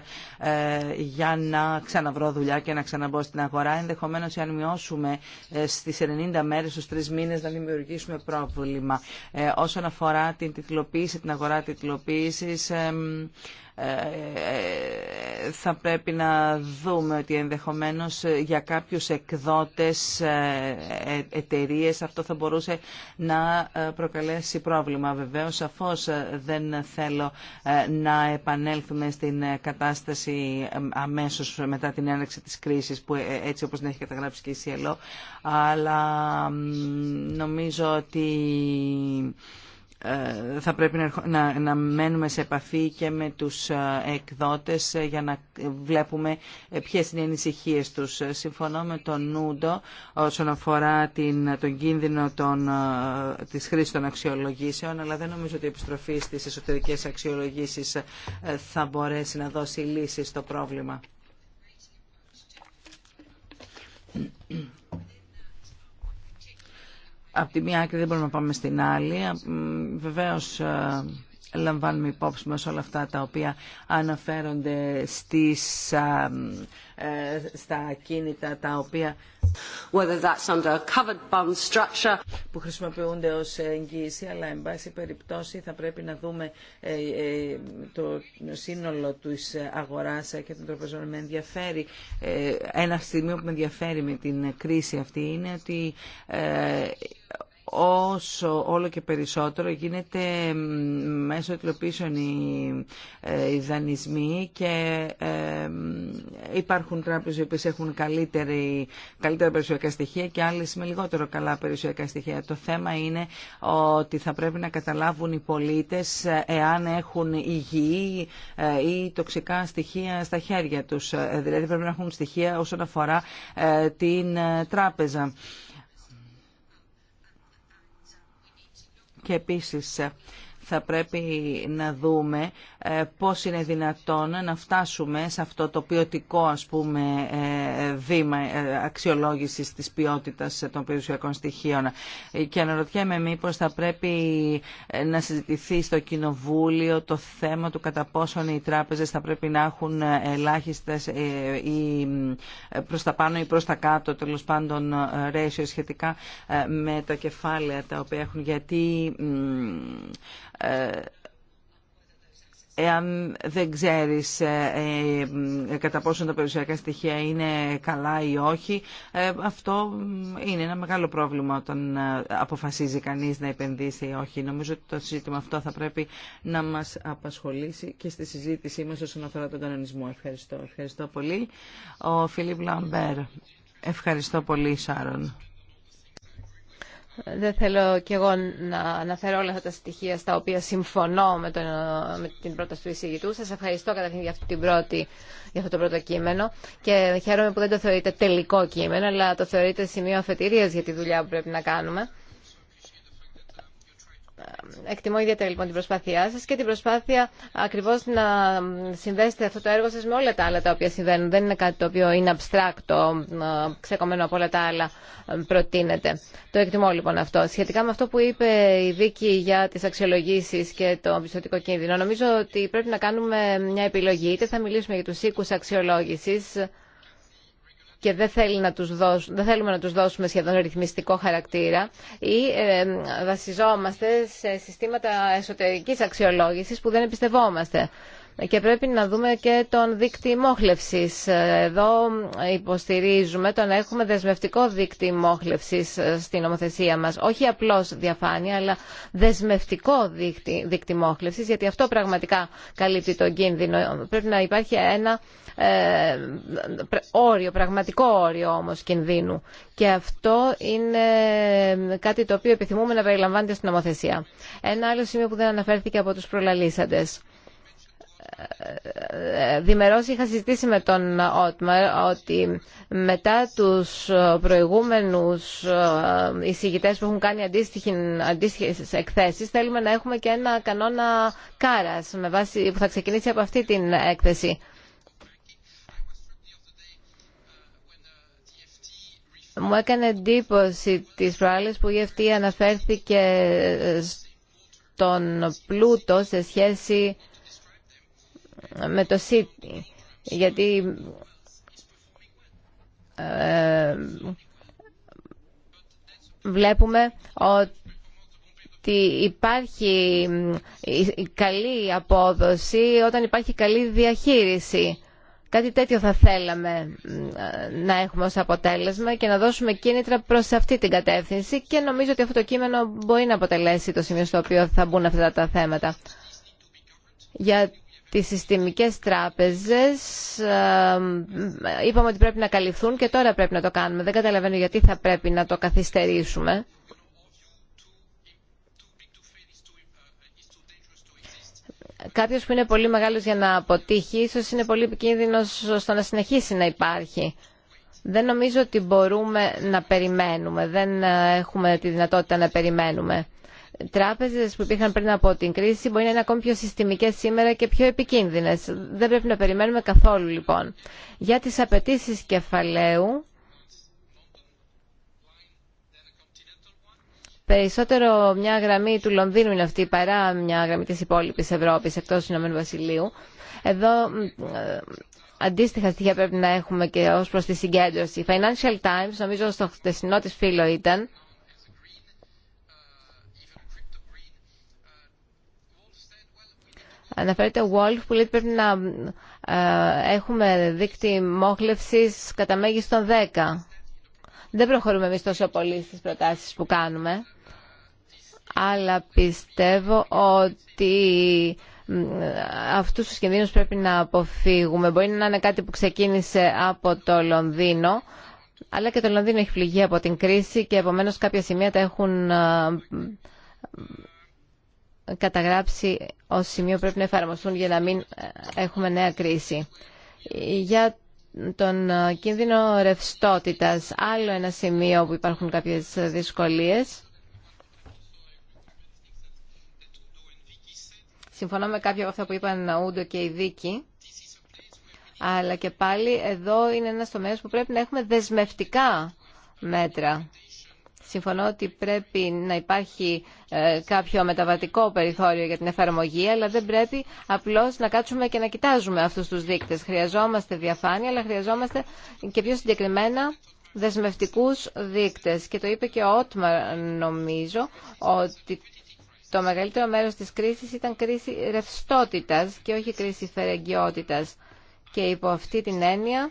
για να ξαναβρω δουλειά και να ξαναμπω στην αγορά. Ενδεχομένως, αν μειώσουμε στις 90 μέρες, στους τρεις μήνες, να δημιουργήσουμε δημιουργήσουμε πρόβλημα. Ε, όσον αφορά την τιτλοποίηση, την αγορά ε, θα πρέπει να δούμε ότι ενδεχομένως για κάποιους εκδότες ε, ε, εταιρείε αυτό θα μπορούσε να ε, προκαλέσει πρόβλημα. Βεβαίως, σαφώς δεν θέλω να επανέλθουμε στην κατάσταση αμέσως μετά την έναρξη της κρίσης που έτσι όπως την έχει καταγράψει και η ΣΥΕΛΟ αλλά νομίζω ότι ε, θα πρέπει να, να, μένουμε σε επαφή και με τους ε, εκδότες ε, για να βλέπουμε ποιες είναι οι ανησυχίε τους. Συμφωνώ με τον Νούντο όσον αφορά την, τον κίνδυνο των, της χρήσης των αξιολογήσεων, αλλά δεν νομίζω ότι η επιστροφή στις εσωτερικές αξιολογήσεις θα μπορέσει να δώσει λύση στο πρόβλημα από τη μία άκρη δεν μπορούμε να πάμε στην άλλη. Βεβαίω λαμβάνουμε υπόψη μας όλα αυτά τα οποία αναφέρονται στις, ε, στα κίνητα τα οποία Whether under covered structure. που χρησιμοποιούνται ως εγγύηση, αλλά εν πάση περιπτώσει θα πρέπει να δούμε ε, ε, το σύνολο της αγοράς και των τροπεζών. Με ενδιαφέρει, ένα στιγμή που με ενδιαφέρει με την κρίση αυτή είναι ότι όσο όλο και περισσότερο γίνεται μέσω εκλοπήσεων ε, οι, δανεισμοί και ε, υπάρχουν τράπεζες οι οποίες έχουν καλύτερη, καλύτερα περιουσιακά στοιχεία και άλλες με λιγότερο καλά περιουσιακά στοιχεία. Το θέμα είναι ότι θα πρέπει να καταλάβουν οι πολίτες ε, εάν έχουν υγιή ή τοξικά στοιχεία στα χέρια τους. Δηλαδή πρέπει να έχουν στοιχεία όσον αφορά την τράπεζα. και επίσης ε, θα πρέπει να δούμε ε, πώς είναι δυνατόν να φτάσουμε σε αυτό το ποιοτικό ας πούμε ε, βήμα ε, αξιολόγησης της ποιότητας των περιουσιακών στοιχείων. Και αναρωτιέμαι μήπως θα πρέπει να συζητηθεί στο Κοινοβούλιο το θέμα του κατά πόσον οι τράπεζες θα πρέπει να έχουν ελάχιστες ή προς τα πάνω ή προς τα κάτω τέλος πάντων ratio σχετικά με τα κεφάλαια τα οποία έχουν γιατί ε, εάν δεν ξέρεις ε, ε, κατά πόσο τα περιουσιακά στοιχεία είναι καλά ή όχι, αυτό είναι ένα μεγάλο πρόβλημα όταν αποφασίζει κανείς να επενδύσει ή όχι. Νομίζω ότι το ζήτημα αυτό θα πρέπει να μας απασχολήσει και στη συζήτησή μας όσον αφορά τον κανονισμό. Ευχαριστώ. Ευχαριστώ πολύ. Ο Φιλίπ Λαμπέρ. Ευχαριστώ πολύ, Σάρον. Δεν θέλω κι εγώ να αναφέρω όλα αυτά τα στοιχεία στα οποία συμφωνώ με, τον, με την πρόταση του εισηγητού. Σας ευχαριστώ καταρχήν για, αυτή την για αυτό το πρώτο κείμενο και χαίρομαι που δεν το θεωρείτε τελικό κείμενο, αλλά το θεωρείτε σημείο αφετηρίας για τη δουλειά που πρέπει να κάνουμε εκτιμώ ιδιαίτερα λοιπόν την προσπάθειά σας και την προσπάθεια ακριβώς να συνδέσετε αυτό το έργο σας με όλα τα άλλα τα οποία συμβαίνουν. Δεν είναι κάτι το οποίο είναι αμπστράκτο, ε, ξεκομμένο από όλα τα άλλα ε, προτείνεται. Το εκτιμώ λοιπόν αυτό. Σχετικά με αυτό που είπε η Δίκη για τις αξιολογήσεις και το πιστοτικό κίνδυνο, νομίζω ότι πρέπει να κάνουμε μια επιλογή. Είτε θα μιλήσουμε για τους οίκους αξιολόγησης, και δεν, θέλουμε να τους δώσουμε σχεδόν ρυθμιστικό χαρακτήρα ή βασιζόμαστε σε συστήματα εσωτερικής αξιολόγησης που δεν εμπιστευόμαστε. Και πρέπει να δούμε και τον δίκτυ μόχλευσης. Εδώ υποστηρίζουμε το να έχουμε δεσμευτικό δίκτυ μόχλευσης ε, στην νομοθεσία μας. Όχι απλώς διαφάνεια, αλλά δεσμευτικό δίκτυ, δίκτυ γιατί αυτό πραγματικά καλύπτει τον κίνδυνο. Πρέπει να υπάρχει ένα ε, όριο, πραγματικό όριο όμως κινδύνου. Και αυτό είναι κάτι το οποίο επιθυμούμε να περιλαμβάνεται στην νομοθεσία. Ένα άλλο σημείο που δεν αναφέρθηκε από τους προλαλήσαντες ε, ε, διμερώς είχα συζητήσει με τον Ότμαρ ότι μετά τους προηγούμενους εισηγητές που έχουν κάνει αντίστοιχες εκθέσεις θέλουμε να έχουμε και ένα κανόνα κάρας με βάση, που θα ξεκινήσει από αυτή την έκθεση. Μου έκανε εντύπωση τις προάλλες που η αυτή αναφέρθηκε στον πλούτο σε σχέση με το City. Γιατί ε, βλέπουμε ότι υπάρχει καλή απόδοση όταν υπάρχει καλή διαχείριση. Κάτι τέτοιο θα θέλαμε να έχουμε ως αποτέλεσμα και να δώσουμε κίνητρα προς αυτή την κατεύθυνση και νομίζω ότι αυτό το κείμενο μπορεί να αποτελέσει το σημείο στο οποίο θα μπουν αυτά τα θέματα. Για τις συστημικές τράπεζες ε, είπαμε ότι πρέπει να καλυφθούν και τώρα πρέπει να το κάνουμε. Δεν καταλαβαίνω γιατί θα πρέπει να το καθυστερήσουμε. κάποιος που είναι πολύ μεγάλος για να αποτύχει, ίσως είναι πολύ επικίνδυνος στο να συνεχίσει να υπάρχει. Δεν νομίζω ότι μπορούμε να περιμένουμε, δεν ε, έχουμε τη δυνατότητα να περιμένουμε. Τράπεζες που υπήρχαν πριν από την κρίση μπορεί να είναι ακόμη πιο συστημικές σήμερα και πιο επικίνδυνες. Δεν πρέπει να περιμένουμε καθόλου λοιπόν. Για τις απαιτήσει κεφαλαίου, Περισσότερο μια γραμμή του Λονδίνου είναι αυτή παρά μια γραμμή της υπόλοιπης Ευρώπης εκτός του Ηνωμένου Βασιλείου. Εδώ ε, αντίστοιχα στοιχεία πρέπει να έχουμε και ως προς τη συγκέντρωση. Η Financial Times, νομίζω στο χτεσινό της φίλο ήταν, Αναφέρεται ο Wolf που λέει πρέπει να ε, έχουμε δίκτυ μόχλευσης κατά μέγιστον 10. Δεν προχωρούμε εμείς τόσο πολύ στις προτάσεις που κάνουμε αλλά πιστεύω ότι αυτούς τους κινδύνους πρέπει να αποφύγουμε. Μπορεί να είναι κάτι που ξεκίνησε από το Λονδίνο, αλλά και το Λονδίνο έχει πληγεί από την κρίση και επομένως κάποια σημεία τα έχουν καταγράψει ως σημείο πρέπει να εφαρμοστούν για να μην ε, έχουμε νέα κρίση. Για τον κίνδυνο ρευστότητας, άλλο ένα σημείο που υπάρχουν κάποιες δυσκολίες Συμφωνώ με κάποια από αυτά που είπαν ο και η Δίκη. Αλλά και πάλι εδώ είναι ένας τομέας που πρέπει να έχουμε δεσμευτικά μέτρα. Συμφωνώ ότι πρέπει να υπάρχει ε, κάποιο μεταβατικό περιθώριο για την εφαρμογή, αλλά δεν πρέπει απλώς να κάτσουμε και να κοιτάζουμε αυτούς τους δείκτες. Χρειαζόμαστε διαφάνεια, αλλά χρειαζόμαστε και πιο συγκεκριμένα δεσμευτικούς δείκτες. Και το είπε και ο Ότμαρ, νομίζω, ότι το μεγαλύτερο μέρος της κρίσης ήταν κρίση ρευστότητας και όχι κρίση φερεγγιότητας. Και υπό αυτή την έννοια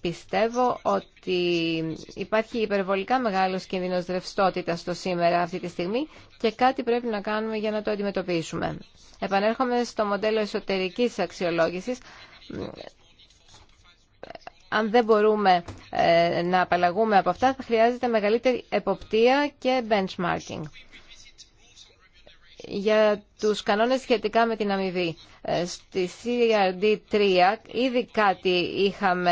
πιστεύω ότι υπάρχει υπερβολικά μεγάλος κινδύνος ρευστότητας στο σήμερα αυτή τη στιγμή και κάτι πρέπει να κάνουμε για να το αντιμετωπίσουμε. Επανέρχομαι στο μοντέλο εσωτερικής αξιολόγησης. Αν δεν μπορούμε ε, να απαλλαγούμε από αυτά, θα χρειάζεται μεγαλύτερη εποπτεία και benchmarking για τους κανόνες σχετικά με την αμοιβή. Ε, στη CRD3 ήδη κάτι είχαμε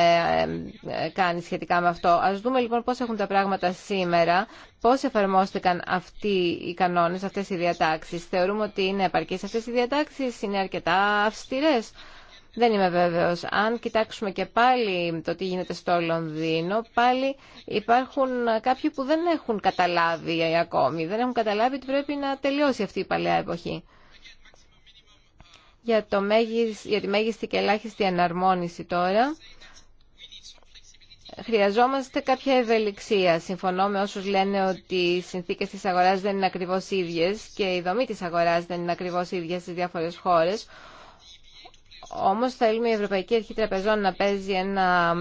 ε, ε, κάνει σχετικά με αυτό. Ας δούμε λοιπόν πώς έχουν τα πράγματα σήμερα, πώς εφαρμόστηκαν αυτοί οι κανόνες, αυτές οι διατάξεις. Θεωρούμε ότι είναι επαρκείς αυτές οι διατάξεις, είναι αρκετά αυστηρές. Δεν είμαι βέβαιος. Αν κοιτάξουμε και πάλι το τι γίνεται στο Λονδίνο, πάλι υπάρχουν κάποιοι που δεν έχουν καταλάβει ακόμη. Δεν έχουν καταλάβει ότι πρέπει να τελειώσει αυτή η παλαιά εποχή. Για, το για τη μέγιστη και ελάχιστη εναρμόνιση τώρα, χρειαζόμαστε κάποια ευελιξία. Συμφωνώ με όσους λένε ότι οι συνθήκες της αγοράς δεν είναι ακριβώς ίδιες και η δομή της αγοράς δεν είναι ακριβώς ίδια στις διάφορες χώρες. Όμως θέλουμε η Ευρωπαϊκή Αρχή Τραπεζών να παίζει ένα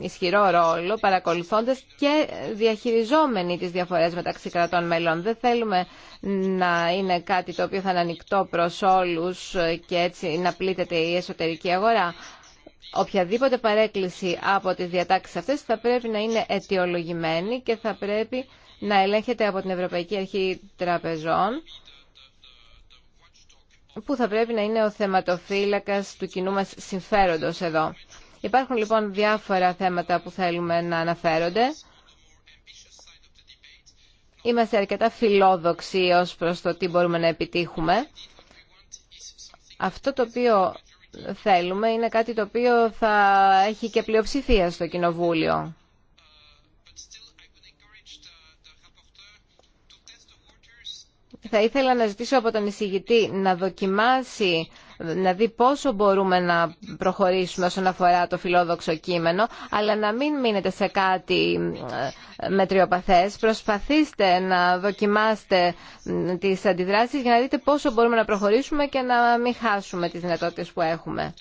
ε, ισχυρό ρόλο παρακολουθώντας και διαχειριζόμενη τις διαφορές μεταξύ κρατών μελών. Δεν θέλουμε να είναι κάτι το οποίο θα είναι ανοιχτό προς όλους και έτσι να πλήττεται η εσωτερική αγορά. Οποιαδήποτε παρέκκληση από τις διατάξεις αυτές θα πρέπει να είναι αιτιολογημένη και θα πρέπει να ελέγχεται από την Ευρωπαϊκή Αρχή Τραπεζών που θα πρέπει να είναι ο θεματοφύλακας του κοινού μας συμφέροντος εδώ. Υπάρχουν λοιπόν διάφορα θέματα που θέλουμε να αναφέρονται. Είμαστε αρκετά φιλόδοξοι ως προς το τι μπορούμε να επιτύχουμε. Αυτό το οποίο θέλουμε είναι κάτι το οποίο θα έχει και πλειοψηφία στο Κοινοβούλιο. Θα ήθελα να ζητήσω από τον εισηγητή να δοκιμάσει, να δει πόσο μπορούμε να προχωρήσουμε όσον αφορά το φιλόδοξο κείμενο, αλλά να μην μείνετε σε κάτι ε, μετριοπαθές. Προσπαθήστε να δοκιμάστε τις αντιδράσεις για να δείτε πόσο μπορούμε να προχωρήσουμε και να μην χάσουμε τις δυνατότητες που έχουμε.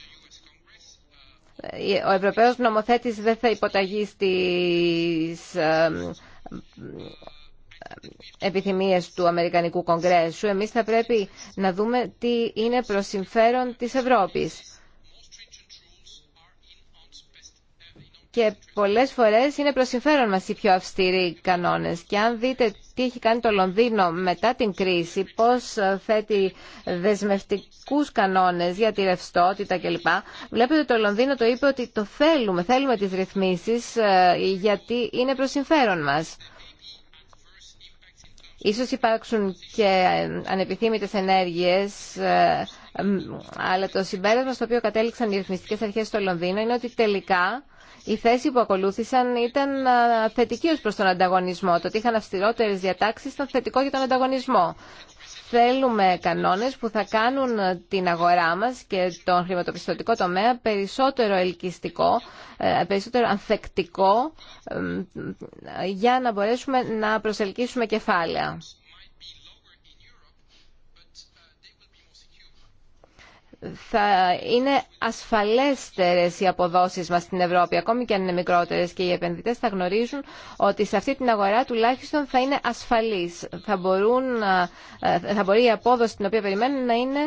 Ε, ο Ευρωπαίος νομοθέτης δεν θα υποταγεί στις ε, επιθυμίες του Αμερικανικού Κογκρέσου, εμείς θα πρέπει να δούμε τι είναι προς συμφέρον της Ευρώπης. Και πολλές φορές είναι προς συμφέρον μας οι πιο αυστηροί κανόνες. Και αν δείτε τι έχει κάνει το Λονδίνο μετά την κρίση, πώς θέτει δεσμευτικούς κανόνες για τη ρευστότητα κλπ. Βλέπετε το Λονδίνο το είπε ότι το θέλουμε, θέλουμε τις ρυθμίσεις ε, γιατί είναι προς συμφέρον μας. Ίσως υπάρξουν και ανεπιθύμητες ενέργειες, ε, αλλά το συμπέρασμα στο οποίο κατέληξαν οι ρυθμιστικές αρχές στο Λονδίνο είναι ότι τελικά η θέση που ακολούθησαν ήταν ε, θετική ως προς τον ανταγωνισμό. Το ότι είχαν αυστηρότερες διατάξεις ήταν θετικό για τον ανταγωνισμό. Θέλουμε κανόνες που θα κάνουν την αγορά μας και τον χρηματοπιστωτικό τομέα περισσότερο ελκυστικό, ε, περισσότερο ανθεκτικό ε, για να μπορέσουμε να προσελκύσουμε κεφάλαια. θα είναι ασφαλέστερες οι αποδόσεις μας στην Ευρώπη, ακόμη και αν είναι μικρότερες και οι επενδυτές θα γνωρίζουν ότι σε αυτή την αγορά τουλάχιστον θα είναι ασφαλής. Θα, μπορούν, ε, θα μπορεί η απόδοση την οποία περιμένουν να είναι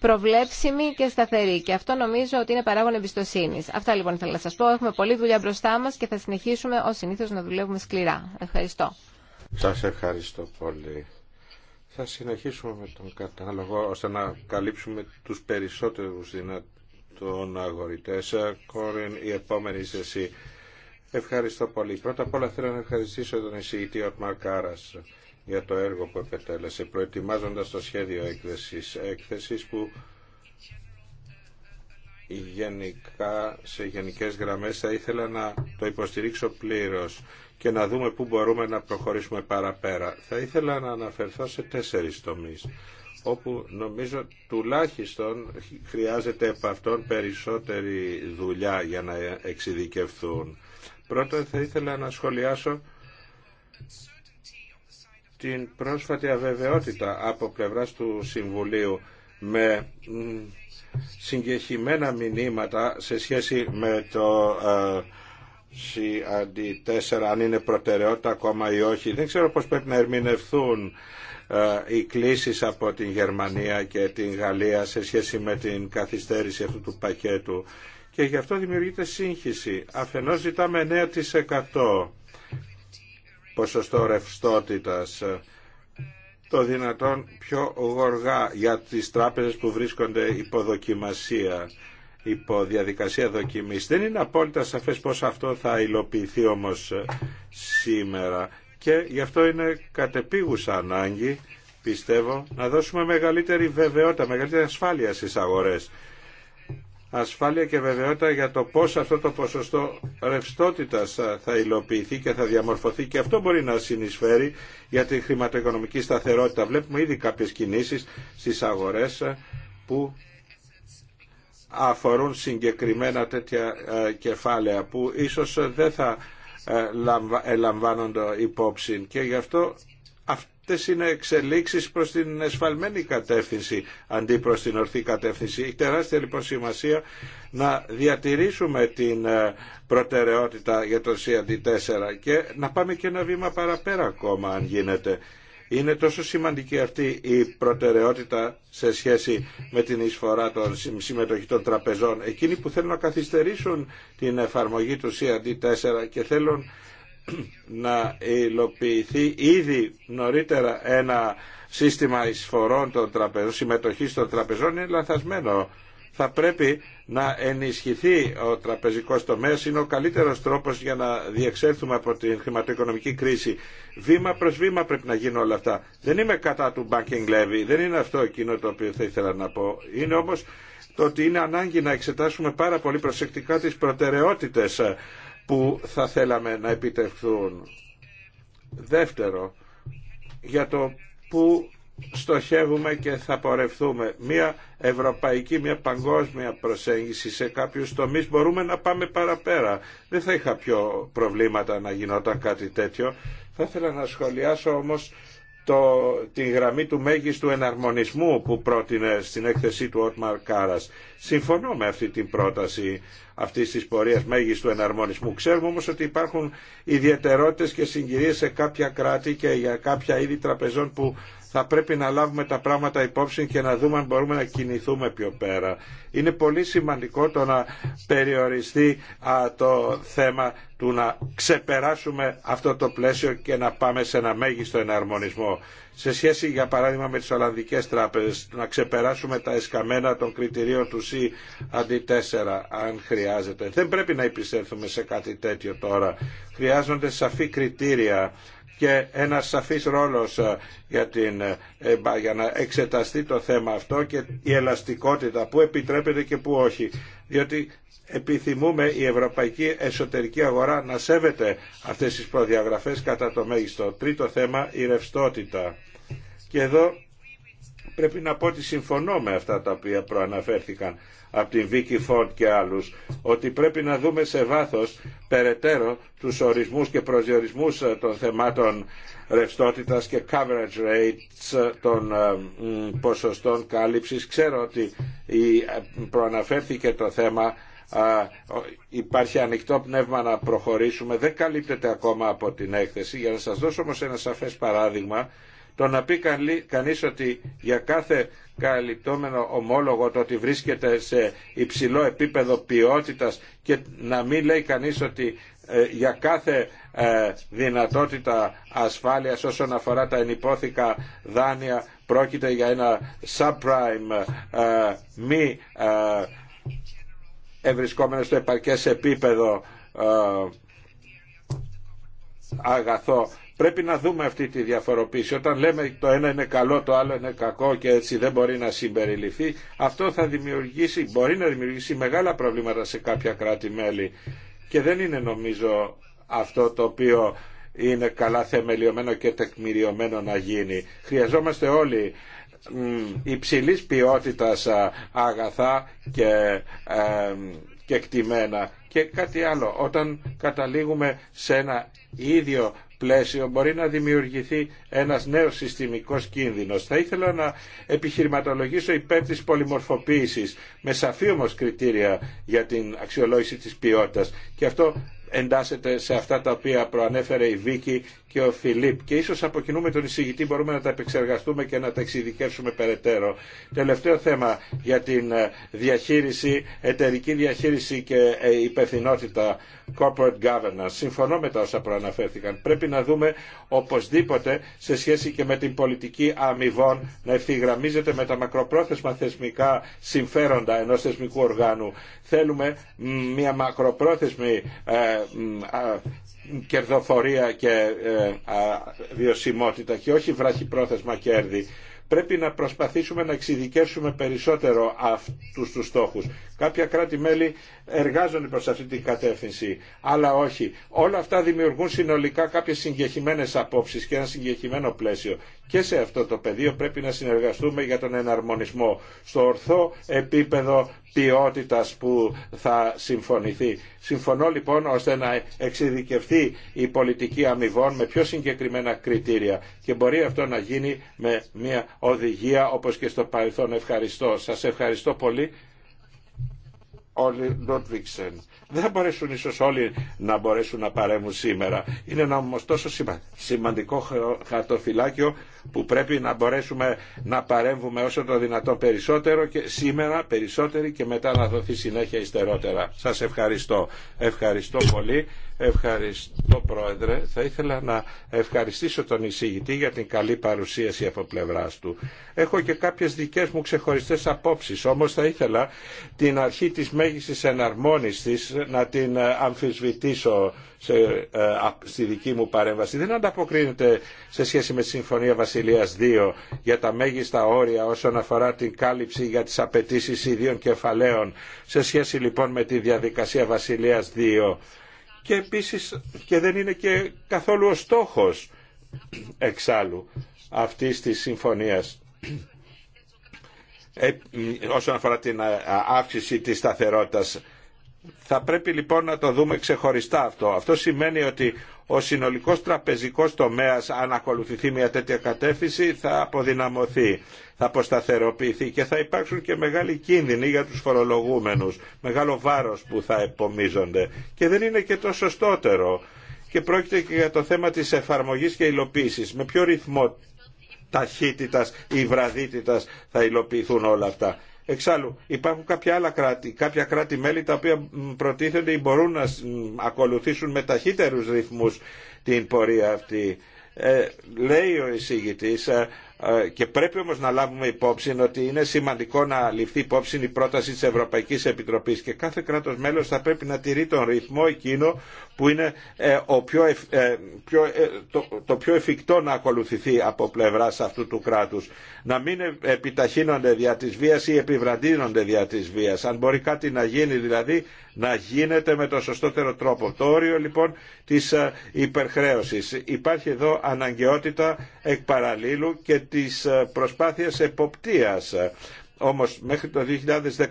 προβλέψιμη και σταθερή. Και αυτό νομίζω ότι είναι παράγον εμπιστοσύνη. Αυτά λοιπόν ήθελα να σα πω. Έχουμε πολλή δουλειά μπροστά μα και θα συνεχίσουμε ω συνήθω να δουλεύουμε σκληρά. Ευχαριστώ. Σα ευχαριστώ πολύ. Θα συνεχίσουμε με τον κατάλογο ώστε να καλύψουμε τους περισσότερους δυνατών αγορητές. Ε, Κόριν, η επόμενη είσαι εσύ. Ευχαριστώ πολύ. Πρώτα απ' όλα θέλω να ευχαριστήσω τον εισηγητή Οτμαρ Κάρας για το έργο που επετέλεσε, προετοιμάζοντας το σχέδιο έκθεσης. Έκθεσης που γενικά, σε γενικές γραμμές θα ήθελα να το υποστηρίξω πλήρως και να δούμε πού μπορούμε να προχωρήσουμε παραπέρα. Θα ήθελα να αναφερθώ σε τέσσερις τομείς όπου νομίζω τουλάχιστον χρειάζεται από αυτόν περισσότερη δουλειά για να εξειδικευθούν. Πρώτον, θα ήθελα να σχολιάσω την πρόσφατη αβεβαιότητα από πλευράς του Συμβουλίου με συγκεχημένα μηνύματα σε σχέση με το ε, σι αντί τέσσερα αν είναι προτεραιότητα ακόμα ή όχι. Δεν ξέρω πώς πρέπει να ερμηνευθούν ε, οι κλήσεις από την Γερμανία και την Γαλλία σε σχέση με την καθυστέρηση αυτού του πακέτου και γι' αυτό δημιουργείται σύγχυση. Αφενός ζητάμε 9% ποσοστό ρευστότητας το δυνατόν πιο γοργά για τις τράπεζες που βρίσκονται υποδοκιμασία υπό διαδικασία δοκιμής. Δεν είναι απόλυτα σαφές πώς αυτό θα υλοποιηθεί όμως ε, σήμερα και γι' αυτό είναι κατεπίγουσα ανάγκη πιστεύω να δώσουμε μεγαλύτερη βεβαιότητα, μεγαλύτερη ασφάλεια στις αγορές. Ασφάλεια και βεβαιότητα για το πώς αυτό το ποσοστό ρευστότητας θα υλοποιηθεί και θα διαμορφωθεί και αυτό μπορεί να συνεισφέρει για τη χρηματοοικονομική σταθερότητα. Βλέπουμε ήδη κάποιες κινήσεις στις αγορές ε, που αφορούν συγκεκριμένα τέτοια ε, κεφάλαια που ίσως δεν θα ε, ελαμβάνονται υπόψη και γι' αυτό αυτές είναι εξελίξεις προς την εσφαλμένη κατεύθυνση αντί προς την ορθή κατεύθυνση. Έχει τεράστια λοιπόν σημασία να διατηρήσουμε την ε, προτεραιότητα για το 4 και να πάμε και ένα βήμα παραπέρα ακόμα αν γίνεται είναι τόσο σημαντική αυτή η προτεραιότητα σε σχέση με την εισφορά των συμμετοχή των τραπεζών. Εκείνοι που θέλουν να καθυστερήσουν την εφαρμογή του CRD4 και θέλουν να υλοποιηθεί ήδη νωρίτερα ένα σύστημα εισφορών των τραπεζών, συμμετοχής των τραπεζών είναι λανθασμένο θα πρέπει να ενισχυθεί ο τραπεζικός τομέας είναι ο καλύτερος τρόπος για να διεξέλθουμε από την χρηματοοικονομική κρίση. Βήμα προς βήμα πρέπει να γίνουν όλα αυτά. Δεν είμαι κατά του banking levy, δεν είναι αυτό εκείνο το οποίο θα ήθελα να πω. Είναι όμως το ότι είναι ανάγκη να εξετάσουμε πάρα πολύ προσεκτικά τις προτεραιότητες ε, που θα θέλαμε να επιτευχθούν. Δεύτερο, για το που στοχεύουμε και θα πορευθούμε. Μία ευρωπαϊκή, Μια ευρωπαϊκή, μια παγκόσμια προσέγγιση σε κάποιους τομείς μπορούμε να πάμε παραπέρα. Δεν θα είχα πιο προβλήματα να γινόταν κάτι τέτοιο. Θα ήθελα να σχολιάσω όμως το, τη γραμμή του μέγιστου εναρμονισμού που πρότεινε στην έκθεσή του Ότμαρ Κάρας. Συμφωνώ με αυτή την πρόταση αυτή τη πορεία μέγιστου εναρμονισμού. Ξέρουμε όμω ότι υπάρχουν ιδιαιτερότητε και συγκυρίε σε κάποια κράτη και για κάποια είδη τραπεζών που θα πρέπει να λάβουμε τα πράγματα υπόψη και να δούμε αν μπορούμε να κινηθούμε πιο πέρα. Είναι πολύ σημαντικό το να περιοριστεί το θέμα του να ξεπεράσουμε αυτό το πλαίσιο και να πάμε σε ένα μέγιστο εναρμονισμό. Σε σχέση για παράδειγμα με τις Ολλανδικές τράπεζες, να ξεπεράσουμε τα εσκαμμένα των κριτηρίων του C αντί 4 αν χρειάζεται. Δεν πρέπει να επισέλθουμε σε κάτι τέτοιο τώρα. Χρειάζονται σαφή κριτήρια και ένα σαφής ρόλος ε, για, ε, ε, για να εξεταστεί το θέμα αυτό και η ελαστικότητα που επιτρέπεται και που όχι. Διότι επιθυμούμε η ευρωπαϊκή εσωτερική αγορά να σέβεται αυτές τις προδιαγραφές κατά το μέγιστο. Τρίτο θέμα, η ρευστότητα. Και εδώ πρέπει να πω ότι συμφωνώ με αυτά τα οποία προαναφέρθηκαν από την Βίκη Φοντ και άλλους, ότι πρέπει να δούμε σε βάθος περαιτέρω τους ορισμούς και προσδιορισμούς ε, των θεμάτων ρευστότητας και coverage rates ε, των ε, ποσοστών κάλυψης. Ξέρω ότι προαναφέρθηκε το θέμα υπάρχει ανοιχτό πνεύμα να προχωρήσουμε δεν καλύπτεται ακόμα από την έκθεση για να σας δώσω όμως ένα σαφές παράδειγμα το να πει κανείς ότι για κάθε καλυπτόμενο ομόλογο το ότι βρίσκεται σε υψηλό επίπεδο ποιότητας και να μην λέει κανείς ότι ε, για κάθε ε, δυνατότητα ασφάλειας όσον αφορά τα ενυπόθηκα δάνεια πρόκειται για ένα subprime ε, μη ευρισκόμενο στο επαρκές επίπεδο αγαθό Πρέπει να δούμε αυτή τη διαφοροποίηση. Όταν λέμε το ένα είναι καλό, το άλλο είναι κακό και έτσι δεν μπορεί να συμπεριληφθεί, αυτό θα δημιουργήσει, μπορεί να δημιουργήσει μεγάλα προβλήματα σε κάποια κράτη-μέλη. Και δεν είναι νομίζω αυτό το οποίο είναι καλά θεμελιωμένο και τεκμηριωμένο να γίνει. Χρειαζόμαστε όλοι υψηλή ποιότητα αγαθά και, ε, και κτημένα. Και κάτι άλλο, όταν καταλήγουμε σε ένα ίδιο πλαίσιο μπορεί να δημιουργηθεί ένας νέος συστημικός κίνδυνος. Θα ήθελα να επιχειρηματολογήσω υπέρ της πολυμορφοποίησης με σαφή όμως κριτήρια για την αξιολόγηση της ποιότητας και αυτό εντάσσεται σε αυτά τα οποία προανέφερε η Βίκη και ο Φιλίπ και ίσως από κοινού με τον εισηγητή μπορούμε να τα επεξεργαστούμε και να τα εξειδικεύσουμε περαιτέρω. Τελευταίο θέμα για την διαχείριση, εταιρική διαχείριση και ε, υπευθυνότητα corporate governance. Συμφωνώ με τα όσα προαναφέρθηκαν. Πρέπει να δούμε οπωσδήποτε σε σχέση και με την πολιτική αμοιβών να ευθυγραμμίζεται με τα μακροπρόθεσμα θεσμικά συμφέροντα ενός θεσμικού οργάνου. Θέλουμε μια μακροπρόθεσμη ε, κερδοφορία και ε, βιωσιμότητα και όχι βραχυπρόθεσμα κέρδη πρέπει να προσπαθήσουμε να εξειδικεύσουμε περισσότερο αυτούς τους στόχους. Κάποια κράτη-μέλη εργάζονται προς αυτή την κατεύθυνση, αλλά όχι. Όλα αυτά δημιουργούν συνολικά κάποιες συγκεχημένες απόψεις και ένα συγκεχημένο πλαίσιο. Και σε αυτό το πεδίο πρέπει να συνεργαστούμε για τον εναρμονισμό στο ορθό επίπεδο ποιότητας που θα συμφωνηθεί. Συμφωνώ λοιπόν ώστε να εξειδικευτεί η πολιτική αμοιβών με πιο συγκεκριμένα κριτήρια και μπορεί αυτό να γίνει με μια οδηγία όπως και στο παρελθόν. Ευχαριστώ. Σας ευχαριστώ πολύ Όλοι Λότβιξεν. Δεν θα μπορέσουν ίσω όλοι να μπορέσουν να παρέμουν σήμερα. Είναι ένα όμω τόσο σημαντικό χαρτοφυλάκιο που πρέπει να μπορέσουμε να παρέμβουμε όσο το δυνατόν περισσότερο και σήμερα περισσότεροι και μετά να δοθεί συνέχεια ιστερότερα. Σας ευχαριστώ. Ευχαριστώ πολύ. Ευχαριστώ Πρόεδρε. Θα ήθελα να ευχαριστήσω τον εισηγητή για την καλή παρουσίαση από πλευράς του. Έχω και κάποιες δικές μου ξεχωριστές απόψεις, όμως θα ήθελα την αρχή της μέγιστης της να την αμφισβητήσω σε, ε, στη δική μου παρέμβαση. Δεν ανταποκρίνεται σε σχέση με τη Συμφωνία Βασιλείας 2 για τα μέγιστα όρια όσον αφορά την κάλυψη για τις απαιτήσει ιδίων κεφαλαίων σε σχέση λοιπόν με τη διαδικασία Βασιλείας 2 και επίσης και δεν είναι και καθόλου ο στόχος εξάλλου αυτής της συμφωνίας ε, όσον αφορά την αύξηση της σταθερότητας θα πρέπει λοιπόν να το δούμε ξεχωριστά αυτό. Αυτό σημαίνει ότι ο συνολικός τραπεζικός τομέας αν ακολουθηθεί μια τέτοια κατεύθυνση θα αποδυναμωθεί, θα αποσταθεροποιηθεί και θα υπάρξουν και μεγάλοι κίνδυνοι για τους φορολογούμενους, μεγάλο βάρος που θα επομίζονται και δεν είναι και το σωστότερο και πρόκειται και για το θέμα της εφαρμογής και υλοποίησης. Με ποιο ρυθμό ταχύτητας ή βραδύτητας θα υλοποιηθούν όλα αυτά. Εξάλλου, υπάρχουν κάποια άλλα κράτη, κάποια κράτη-μέλη τα οποία προτίθενται ή μπορούν να ακολουθήσουν με ταχύτερους ρυθμούς την πορεία αυτή. Ε, λέει ο εισηγητής ε, ε, και πρέπει όμως να λάβουμε υπόψη ότι είναι σημαντικό να ληφθεί υπόψη η πρόταση της Ευρωπαϊκής Επιτροπής και κάθε κράτος μέλος θα πρέπει να τηρεί τον ρυθμό εκείνο που είναι ε, ε, το, πιο εφικτό να ακολουθηθεί από πλευράς αυτού του κράτους. Να μην επιταχύνονται δια της βίας ή επιβραδύνονται δια της βίας. Αν μπορεί κάτι να γίνει δηλαδή να γίνεται με τον σωστότερο τρόπο. Το όριο λοιπόν της υπερχρέωσης. Υπάρχει εδώ αναγκαιότητα εκ και της προσπάθειας εποπτείας. Όμως μέχρι το 2015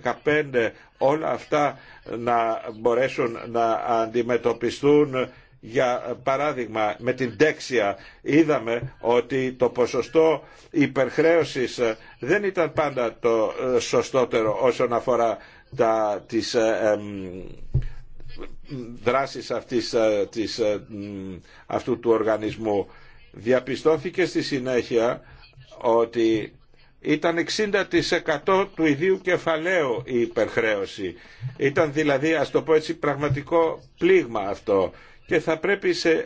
όλα αυτά να μπορέσουν να αντιμετωπιστούν για παράδειγμα με την τέξια είδαμε ότι το ποσοστό υπερχρέωσης δεν ήταν πάντα το ε, σωστότερο όσον αφορά τα, τις ε, δράσεις ε, ε, αυτού του οργανισμού. Διαπιστώθηκε στη συνέχεια ότι ήταν 60% του ιδίου κεφαλαίου η υπερχρέωση. Ήταν δηλαδή, ας το πω έτσι, πραγματικό πλήγμα αυτό και θα πρέπει σε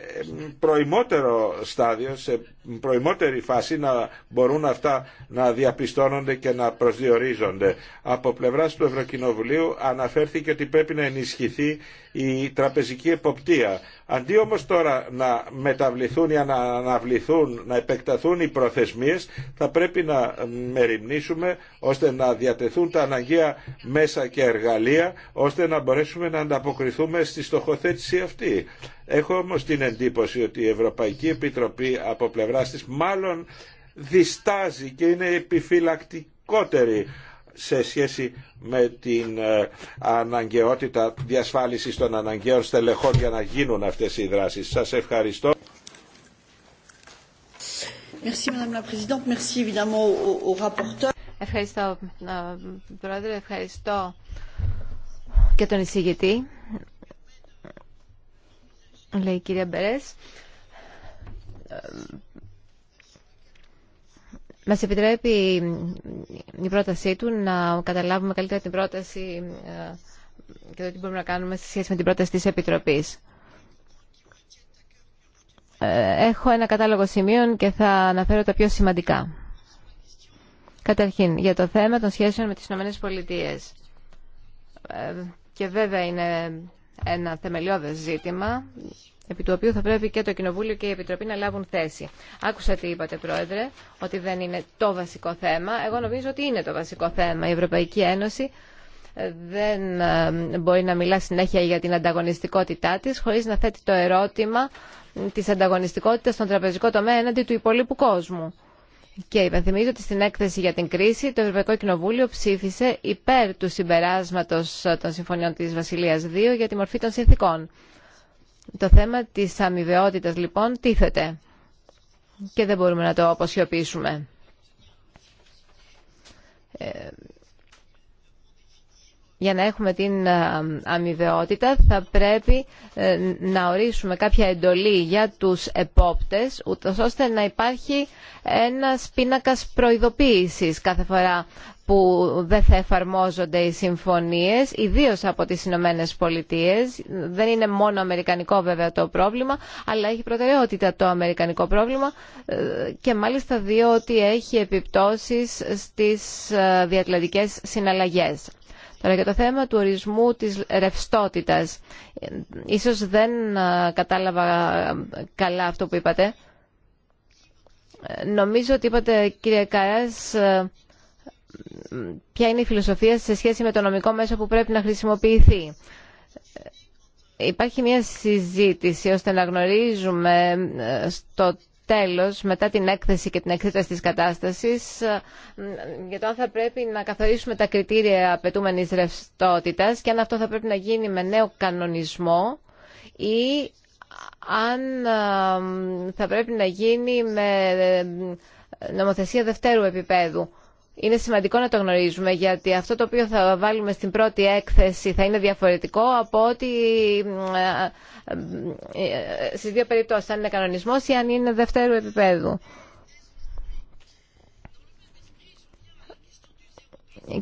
προημότερο στάδιο, σε προημότερη φάση να μπορούν αυτά να διαπιστώνονται και να προσδιορίζονται. Από πλευράς του Ευρωκοινοβουλίου αναφέρθηκε ότι πρέπει να ενισχυθεί η τραπεζική εποπτεία. Αντί όμως τώρα να μεταβληθούν ή να αναβληθούν, να επεκταθούν οι προθεσμίες, θα πρέπει να μεριμνήσουμε ώστε να διατεθούν τα αναγκαία μέσα και εργαλεία, ώστε να μπορέσουμε να ανταποκριθούμε στη στοχοθέτηση αυτή Έχω όμως την εντύπωση ότι η Ευρωπαϊκή Επιτροπή από πλευρά της μάλλον διστάζει και είναι επιφυλακτικότερη σε σχέση με την ε, αναγκαιότητα διασφάλισης των αναγκαίων στελεχών για να γίνουν αυτές οι δράσεις. Σας ευχαριστώ. Ευχαριστώ, Πρόεδρε. Ευχαριστώ και τον εισηγητή λέει η κυρία Μπερές, μας επιτρέπει η πρότασή του να καταλάβουμε καλύτερα την πρόταση ε, και το τι μπορούμε να κάνουμε σε σχέση με την πρόταση της Επιτροπής. Ε, έχω ένα κατάλογο σημείων και θα αναφέρω τα πιο σημαντικά. Καταρχήν, για το θέμα των σχέσεων με τις ΗΠΑ. Πολιτείες. Ε, και βέβαια είναι ένα θεμελιώδες ζήτημα επί του οποίου θα πρέπει και το Κοινοβούλιο και η Επιτροπή να λάβουν θέση. Άκουσα τι είπατε, Πρόεδρε, ότι δεν είναι το βασικό θέμα. Εγώ νομίζω ότι είναι το βασικό θέμα. Η Ευρωπαϊκή Ένωση ε, δεν ε, μπορεί να μιλά συνέχεια για την ανταγωνιστικότητά της χωρίς να θέτει το ερώτημα ε, της ανταγωνιστικότητας στον τραπεζικό τομέα έναντι του υπολείπου κόσμου. Και υπενθυμίζω ότι στην έκθεση για την κρίση το Ευρωπαϊκό Κοινοβούλιο ψήφισε υπέρ του συμπεράσματος των συμφωνιών τη Βασιλείας 2 για τη μορφή των συνθήκων. Το θέμα της αμοιβαιότητα λοιπόν τίθεται και δεν μπορούμε να το αποσιωπήσουμε. Ε, για να έχουμε την ε, αμοιβαιότητα θα πρέπει ε, να ορίσουμε κάποια εντολή για τους επόπτες ούτως ώστε να υπάρχει ένας πίνακας προειδοποίησης κάθε φορά που δεν θα εφαρμόζονται οι συμφωνίες, ιδίως από τις Ηνωμένε Πολιτείε. Δεν είναι μόνο αμερικανικό βέβαια το πρόβλημα, αλλά έχει προτεραιότητα το αμερικανικό πρόβλημα ε, και μάλιστα διότι έχει επιπτώσεις στις διατλαντικές συναλλαγές. Τώρα για το θέμα του ορισμού της ρευστότητας. Ίσως δεν ε, κατάλαβα ε, καλά αυτό που είπατε. Ε, νομίζω ότι είπατε κύριε Καράς ποια είναι η φιλοσοφία σε σχέση με το νομικό μέσο που πρέπει να χρησιμοποιηθεί. Υπάρχει μια συζήτηση ώστε να γνωρίζουμε στο τέλος, μετά την έκθεση και την εκθέταση της κατάστασης, ε, για το αν θα πρέπει να καθορίσουμε τα κριτήρια απαιτούμενη ρευστότητα και αν αυτό θα πρέπει να γίνει με νέο κανονισμό ή αν ε, θα πρέπει να γίνει με ε, νομοθεσία δευτέρου επίπεδου είναι σημαντικό να το γνωρίζουμε γιατί αυτό το οποίο θα βάλουμε στην πρώτη έκθεση θα είναι διαφορετικό από ότι ε, ε, ε, στις δύο περιπτώσεις αν είναι κανονισμός ή αν είναι δεύτερου επίπεδου.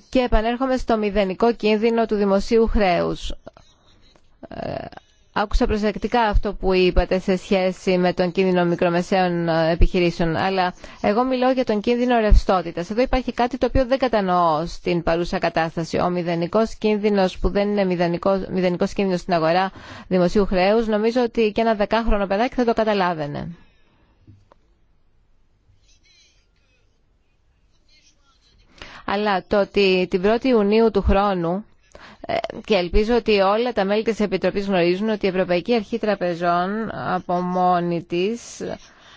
Και επανέρχομαι στο μηδενικό κίνδυνο του δημοσίου χρέους. Άκουσα προσεκτικά αυτό που είπατε σε σχέση με τον κίνδυνο μικρομεσαίων ε, επιχειρήσεων, αλλά εγώ μιλώ για τον κίνδυνο ρευστότητα. Εδώ υπάρχει κάτι το οποίο δεν κατανοώ στην παρούσα κατάσταση. Ο μηδενικό κίνδυνο που δεν είναι μηδενικό κίνδυνο στην αγορά δημοσίου χρέου, νομίζω ότι και ένα δεκάχρονο παιδάκι θα το καταλάβαινε. Αλλά το ότι την 1η Ιουνίου του χρόνου και ελπίζω ότι όλα τα μέλη της Επιτροπής γνωρίζουν ότι η Ευρωπαϊκή Αρχή Τραπεζών από μόνη της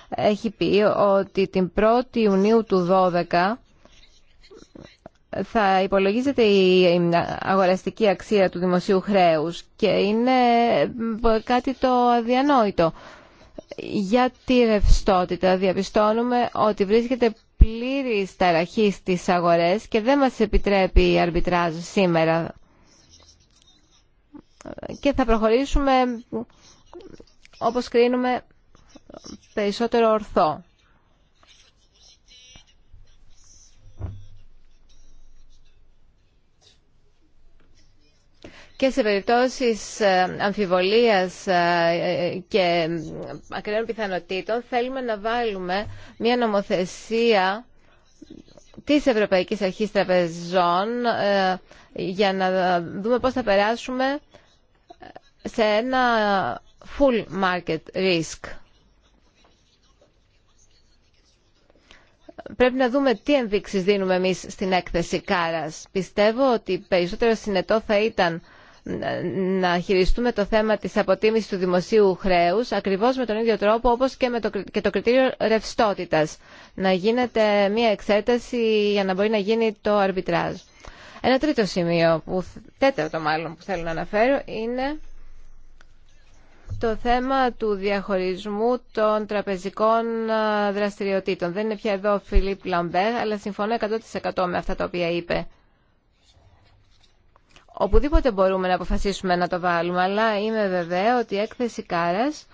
έχει πει ότι την 1η Ιουνίου του 2012 θα υπολογίζεται η αγοραστική αξία του δημοσίου χρέους και είναι κάτι το αδιανόητο. Για τη ρευστότητα διαπιστώνουμε ότι βρίσκεται πλήρη ταραχή στις αγορές και δεν μας επιτρέπει η αρμπιτράζ σήμερα και θα προχωρήσουμε όπως κρίνουμε περισσότερο ορθό. Και σε περιπτώσεις ε, αμφιβολίας ε, και ακραίων πιθανότητων θέλουμε να βάλουμε μια νομοθεσία της Ευρωπαϊκής Αρχής Τραπεζών ε, για να δούμε πώς θα περάσουμε σε ένα full market risk. Πρέπει να δούμε τι ενδείξεις δίνουμε εμείς στην έκθεση Κάρας. Πιστεύω ότι περισσότερο συνετό θα ήταν να χειριστούμε το θέμα της αποτίμησης του δημοσίου χρέους ακριβώς με τον ίδιο τρόπο όπως και, με το, κριτήριο ρευστότητας. Να γίνεται μια εξέταση για να μπορεί να γίνει το αρμπιτράζ. Ένα τρίτο σημείο, που, τέταρτο μάλλον που θέλω να αναφέρω, είναι το θέμα του διαχωρισμού των τραπεζικών δραστηριοτήτων. Δεν είναι πια εδώ ο Φιλίπ Λαμπέρ, αλλά συμφωνώ 100% με αυτά τα οποία είπε. Οπουδήποτε μπορούμε να αποφασίσουμε να το βάλουμε, αλλά είμαι βεβαία ότι η έκθεση Κάρας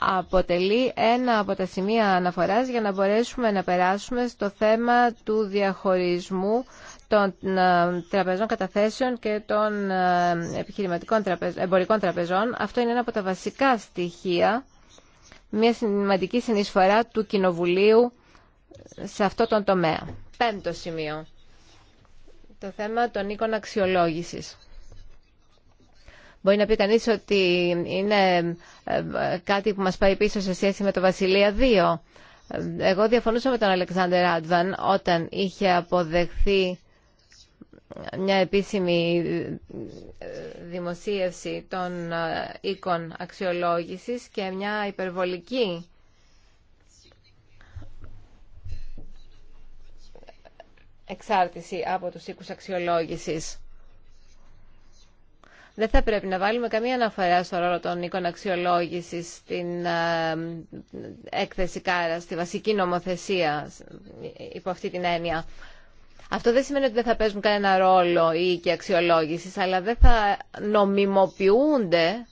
αποτελεί ένα από τα σημεία αναφοράς για να μπορέσουμε να περάσουμε στο θέμα του διαχωρισμού των ε, τραπεζών καταθέσεων και των ε, επιχειρηματικών τραπεζών, εμπορικών τραπεζών. Αυτό είναι ένα από τα βασικά στοιχεία, μια σημαντική συνεισφορά του Κοινοβουλίου σε αυτό τον τομέα. Πέμπτο σημείο, το θέμα των οίκων αξιολόγησης. Μπορεί να πει κανείς ότι είναι ε, κάτι που μας πάει πίσω σε σχέση με το Βασιλεία 2. Εγώ διαφωνούσα με τον Αλεξάνδερ Άντβαν όταν είχε αποδεχθεί μια επίσημη ε, δημοσίευση των ε, οίκων αξιολόγησης και μια υπερβολική ε, εξάρτηση από τους οίκους αξιολόγησης. Δεν θα πρέπει να βάλουμε καμία αναφορά στο ρόλο των οίκων αξιολόγηση στην έκθεση Κάρα, στη βασική νομοθεσία υπό αυτή την έννοια. Αυτό δεν σημαίνει ότι δεν θα παίζουν κανένα ρόλο ή και αξιολόγηση, αλλά δεν θα νομιμοποιούνται,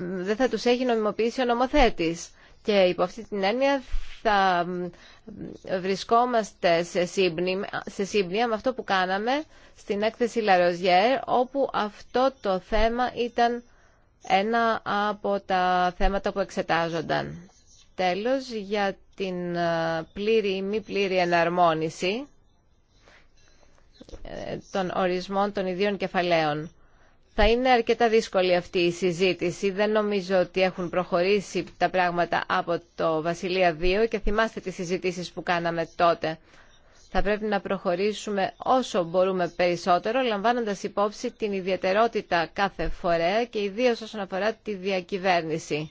δεν θα τους έχει νομιμοποιήσει ο νομοθέτης. Και υπό αυτή την έννοια θα βρισκόμαστε σε σύμπνοια, σε με αυτό που κάναμε στην έκθεση Λαροζιέρ, όπου αυτό το θέμα ήταν ένα από τα θέματα που εξετάζονταν. Τέλος, για την ε, πλήρη ή μη πλήρη εναρμόνιση, ε, των ορισμών των ιδίων κεφαλαίων. Θα είναι αρκετά δύσκολη αυτή η συζήτηση. Δεν νομίζω ότι έχουν προχωρήσει τα πράγματα από το Βασιλεία 2 και θυμάστε τις συζητήσεις που κάναμε τότε. Θα πρέπει να προχωρήσουμε όσο μπορούμε περισσότερο, λαμβάνοντας υπόψη την ιδιαιτερότητα κάθε φορέα και ιδίως όσον αφορά τη διακυβέρνηση.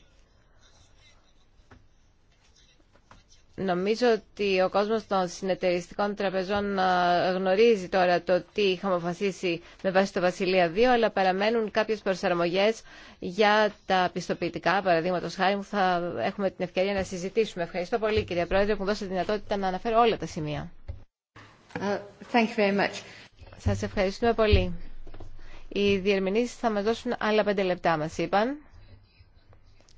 Νομίζω ότι ο κόσμος των συνεταιριστικών τραπεζών ε, γνωρίζει τώρα το τι είχαμε αποφασίσει με βάση το Βασιλεία 2, αλλά παραμένουν κάποιες προσαρμογές για τα πιστοποιητικά, παραδείγματο χάρη μου, θα έχουμε την ευκαιρία να συζητήσουμε. Ευχαριστώ πολύ κυρία Πρόεδρε που μου δώσατε τη δυνατότητα να αναφέρω όλα τα σημεία. Uh, thank you very much. Σας ευχαριστούμε πολύ. Οι διερμηνήσεις θα μας δώσουν άλλα πέντε λεπτά, μας είπαν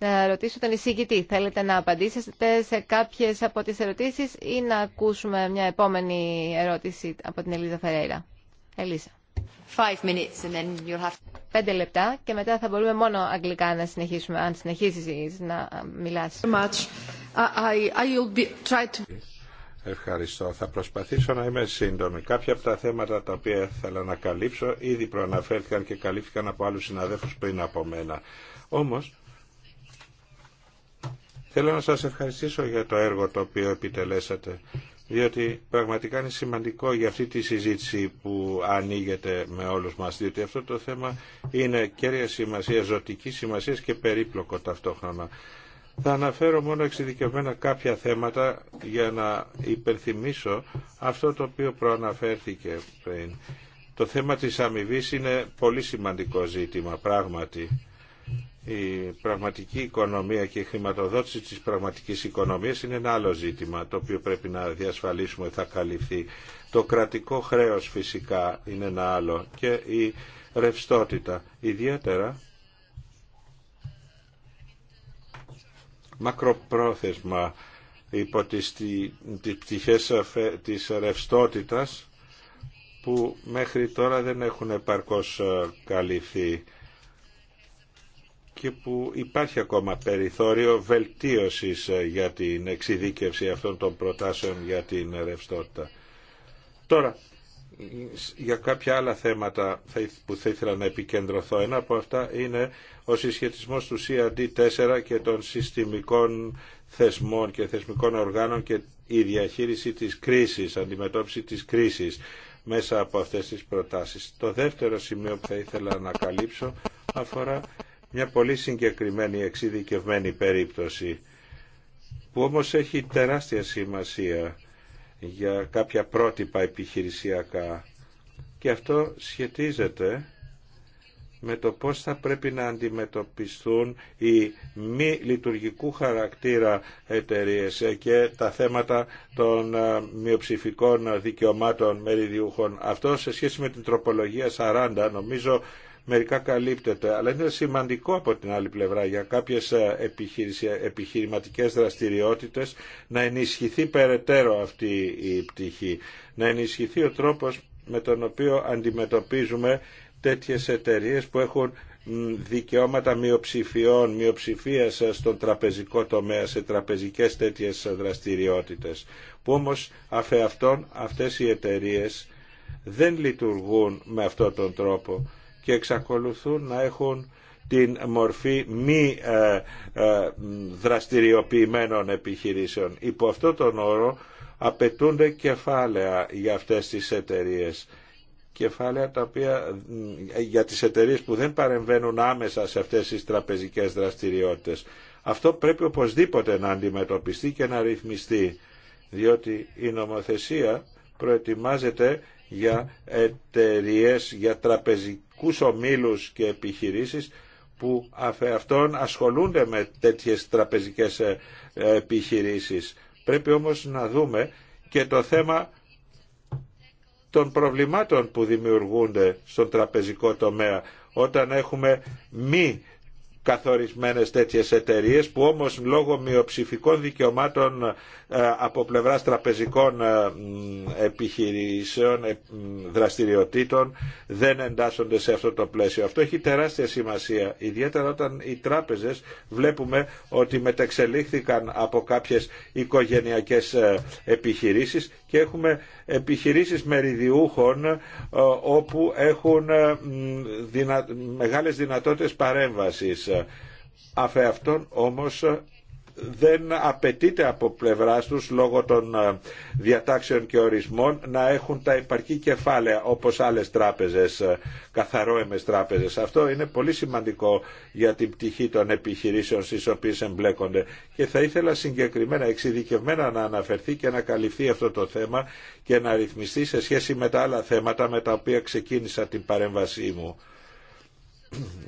να ρωτήσω τον εισηγητή. Θέλετε να απαντήσετε σε κάποιες από τις ερωτήσεις ή να ακούσουμε μια επόμενη ερώτηση από την Ελίζα Φερέιρα. Ελίζα. Πέντε λεπτά και μετά θα μπορούμε μόνο αγγλικά να συνεχίσουμε, αν συνεχίσεις να μιλάς. Ευχαριστώ. Θα προσπαθήσω να είμαι σύντομη. Κάποια από τα θέματα τα οποία ήθελα να καλύψω ήδη προαναφέρθηκαν και καλύφθηκαν από άλλους συναδέλφους πριν από μένα. Όμως Θέλω να σας ευχαριστήσω για το έργο το οποίο επιτελέσατε, διότι πραγματικά είναι σημαντικό για αυτή τη συζήτηση που ανοίγεται με όλους μας, διότι αυτό το θέμα είναι κέρια σημασία, ζωτική σημασία και περίπλοκο ταυτόχρονα. Θα αναφέρω μόνο εξειδικευμένα κάποια θέματα για να υπενθυμίσω αυτό το οποίο προαναφέρθηκε πριν. Το θέμα της αμοιβή είναι πολύ σημαντικό ζήτημα, πράγματι η πραγματική οικονομία και η χρηματοδότηση της πραγματικής οικονομίας είναι ένα άλλο ζήτημα το οποίο πρέπει να διασφαλίσουμε θα καλυφθεί. Το κρατικό χρέος φυσικά είναι ένα άλλο και η ρευστότητα ιδιαίτερα μακροπρόθεσμα υπό τις, τις πτυχές της ρευστότητας που μέχρι τώρα δεν έχουν επαρκώς ε, καλυφθεί και που υπάρχει ακόμα περιθώριο βελτίωσης ε, για την εξειδίκευση αυτών των προτάσεων για την ρευστότητα. Τώρα, για κάποια άλλα θέματα που θα ήθελα να επικεντρωθώ. Ένα από αυτά είναι ο συσχετισμός του CRD4 και των συστημικών θεσμών και θεσμικών οργάνων και η διαχείριση της κρίσης, αντιμετώπιση της κρίσης μέσα από αυτές τις προτάσεις. Το δεύτερο σημείο που θα ήθελα να καλύψω αφορά μια πολύ συγκεκριμένη εξειδικευμένη περίπτωση που όμως έχει τεράστια σημασία για κάποια πρότυπα επιχειρησιακά και αυτό σχετίζεται με το πώς θα πρέπει να αντιμετωπιστούν οι μη λειτουργικού χαρακτήρα εταιρείες και τα θέματα των ε, μειοψηφικών δικαιωμάτων μεριδιούχων. Αυτό σε σχέση με την τροπολογία 40 νομίζω μερικά καλύπτεται, αλλά είναι σημαντικό από την άλλη πλευρά για κάποιες ε, επιχειρηματικές δραστηριότητες να ενισχυθεί περαιτέρω αυτή η πτυχή, να ενισχυθεί ο τρόπος με τον οποίο αντιμετωπίζουμε τέτοιες εταιρείες που έχουν δικαιώματα μειοψηφιών, μειοψηφία ε, στον τραπεζικό τομέα, σε τραπεζικές τέτοιες δραστηριότητες, που όμως αυτών αυτές οι εταιρείες δεν λειτουργούν με αυτόν τον τρόπο και εξακολουθούν να έχουν την μορφή μη ε, ε, δραστηριοποιημένων επιχειρήσεων. Υπό αυτό τον όρο απαιτούνται κεφάλαια για αυτές τις εταιρείες. Κεφάλαια τα οποία, για τις εταιρείες που δεν παρεμβαίνουν άμεσα σε αυτές τις τραπεζικές δραστηριότητες. Αυτό πρέπει οπωσδήποτε να αντιμετωπιστεί και να ρυθμιστεί, διότι η νομοθεσία προετοιμάζεται για εταιρείε, για τραπεζικές ιδιωτικούς ομίλους και επιχειρήσεις που αυτών ασχολούνται με τέτοιες τραπεζικές ε, επιχειρήσεις. Πρέπει όμως να δούμε και το θέμα των προβλημάτων που δημιουργούνται στον τραπεζικό τομέα όταν έχουμε μη καθορισμένες τέτοιες εταιρείες που όμως λόγω μειοψηφικών δικαιωμάτων ε, από πλευράς τραπεζικών ε, επιχειρήσεων, ε, δραστηριοτήτων δεν εντάσσονται σε αυτό το πλαίσιο. Αυτό έχει τεράστια σημασία, ιδιαίτερα όταν οι τράπεζες βλέπουμε ότι μετεξελίχθηκαν από κάποιες οικογενειακές επιχειρήσεις και έχουμε επιχειρήσεις μεριδιούχων ε, όπου έχουν ε, μεγάλες δυνατότητες παρέμβασης. Ε, αφ' όμως δεν απαιτείται από πλευράς τους λόγω των ε, διατάξεων και ορισμών να έχουν τα υπαρκή κεφάλαια όπως άλλες τράπεζες, ε, καθαρόεμες τράπεζες. Αυτό είναι πολύ σημαντικό για την πτυχή των επιχειρήσεων στις οποίες εμπλέκονται και θα ήθελα συγκεκριμένα, εξειδικευμένα να αναφερθεί και να καλυφθεί αυτό το θέμα και να ρυθμιστεί σε σχέση με τα άλλα θέματα με τα οποία ξεκίνησα την παρέμβασή μου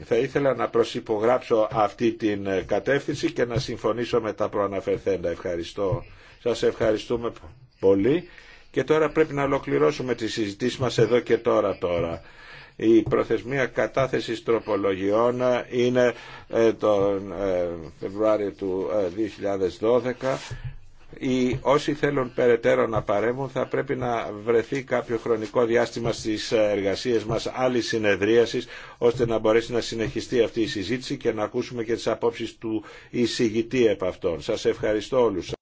θα ήθελα να προσυπογράψω αυτή την κατεύθυνση και να συμφωνήσω με τα προαναφερθέντα. Ευχαριστώ. Σας ευχαριστούμε πολύ. Και τώρα πρέπει να ολοκληρώσουμε τη συζήτηση μας εδώ και τώρα τώρα. Η προθεσμία κατάθεσης τροπολογιών είναι ε, τον ε, Φεβρουάριο του 2012 ε, οι όσοι θέλουν περαιτέρω να παρέμβουν θα πρέπει να βρεθεί κάποιο χρονικό διάστημα στις εργασίες μας άλλη συνεδρίασης ώστε να μπορέσει να συνεχιστεί αυτή η συζήτηση και να ακούσουμε και τις απόψεις του εισηγητή επ' αυτών. Σας ευχαριστώ όλους.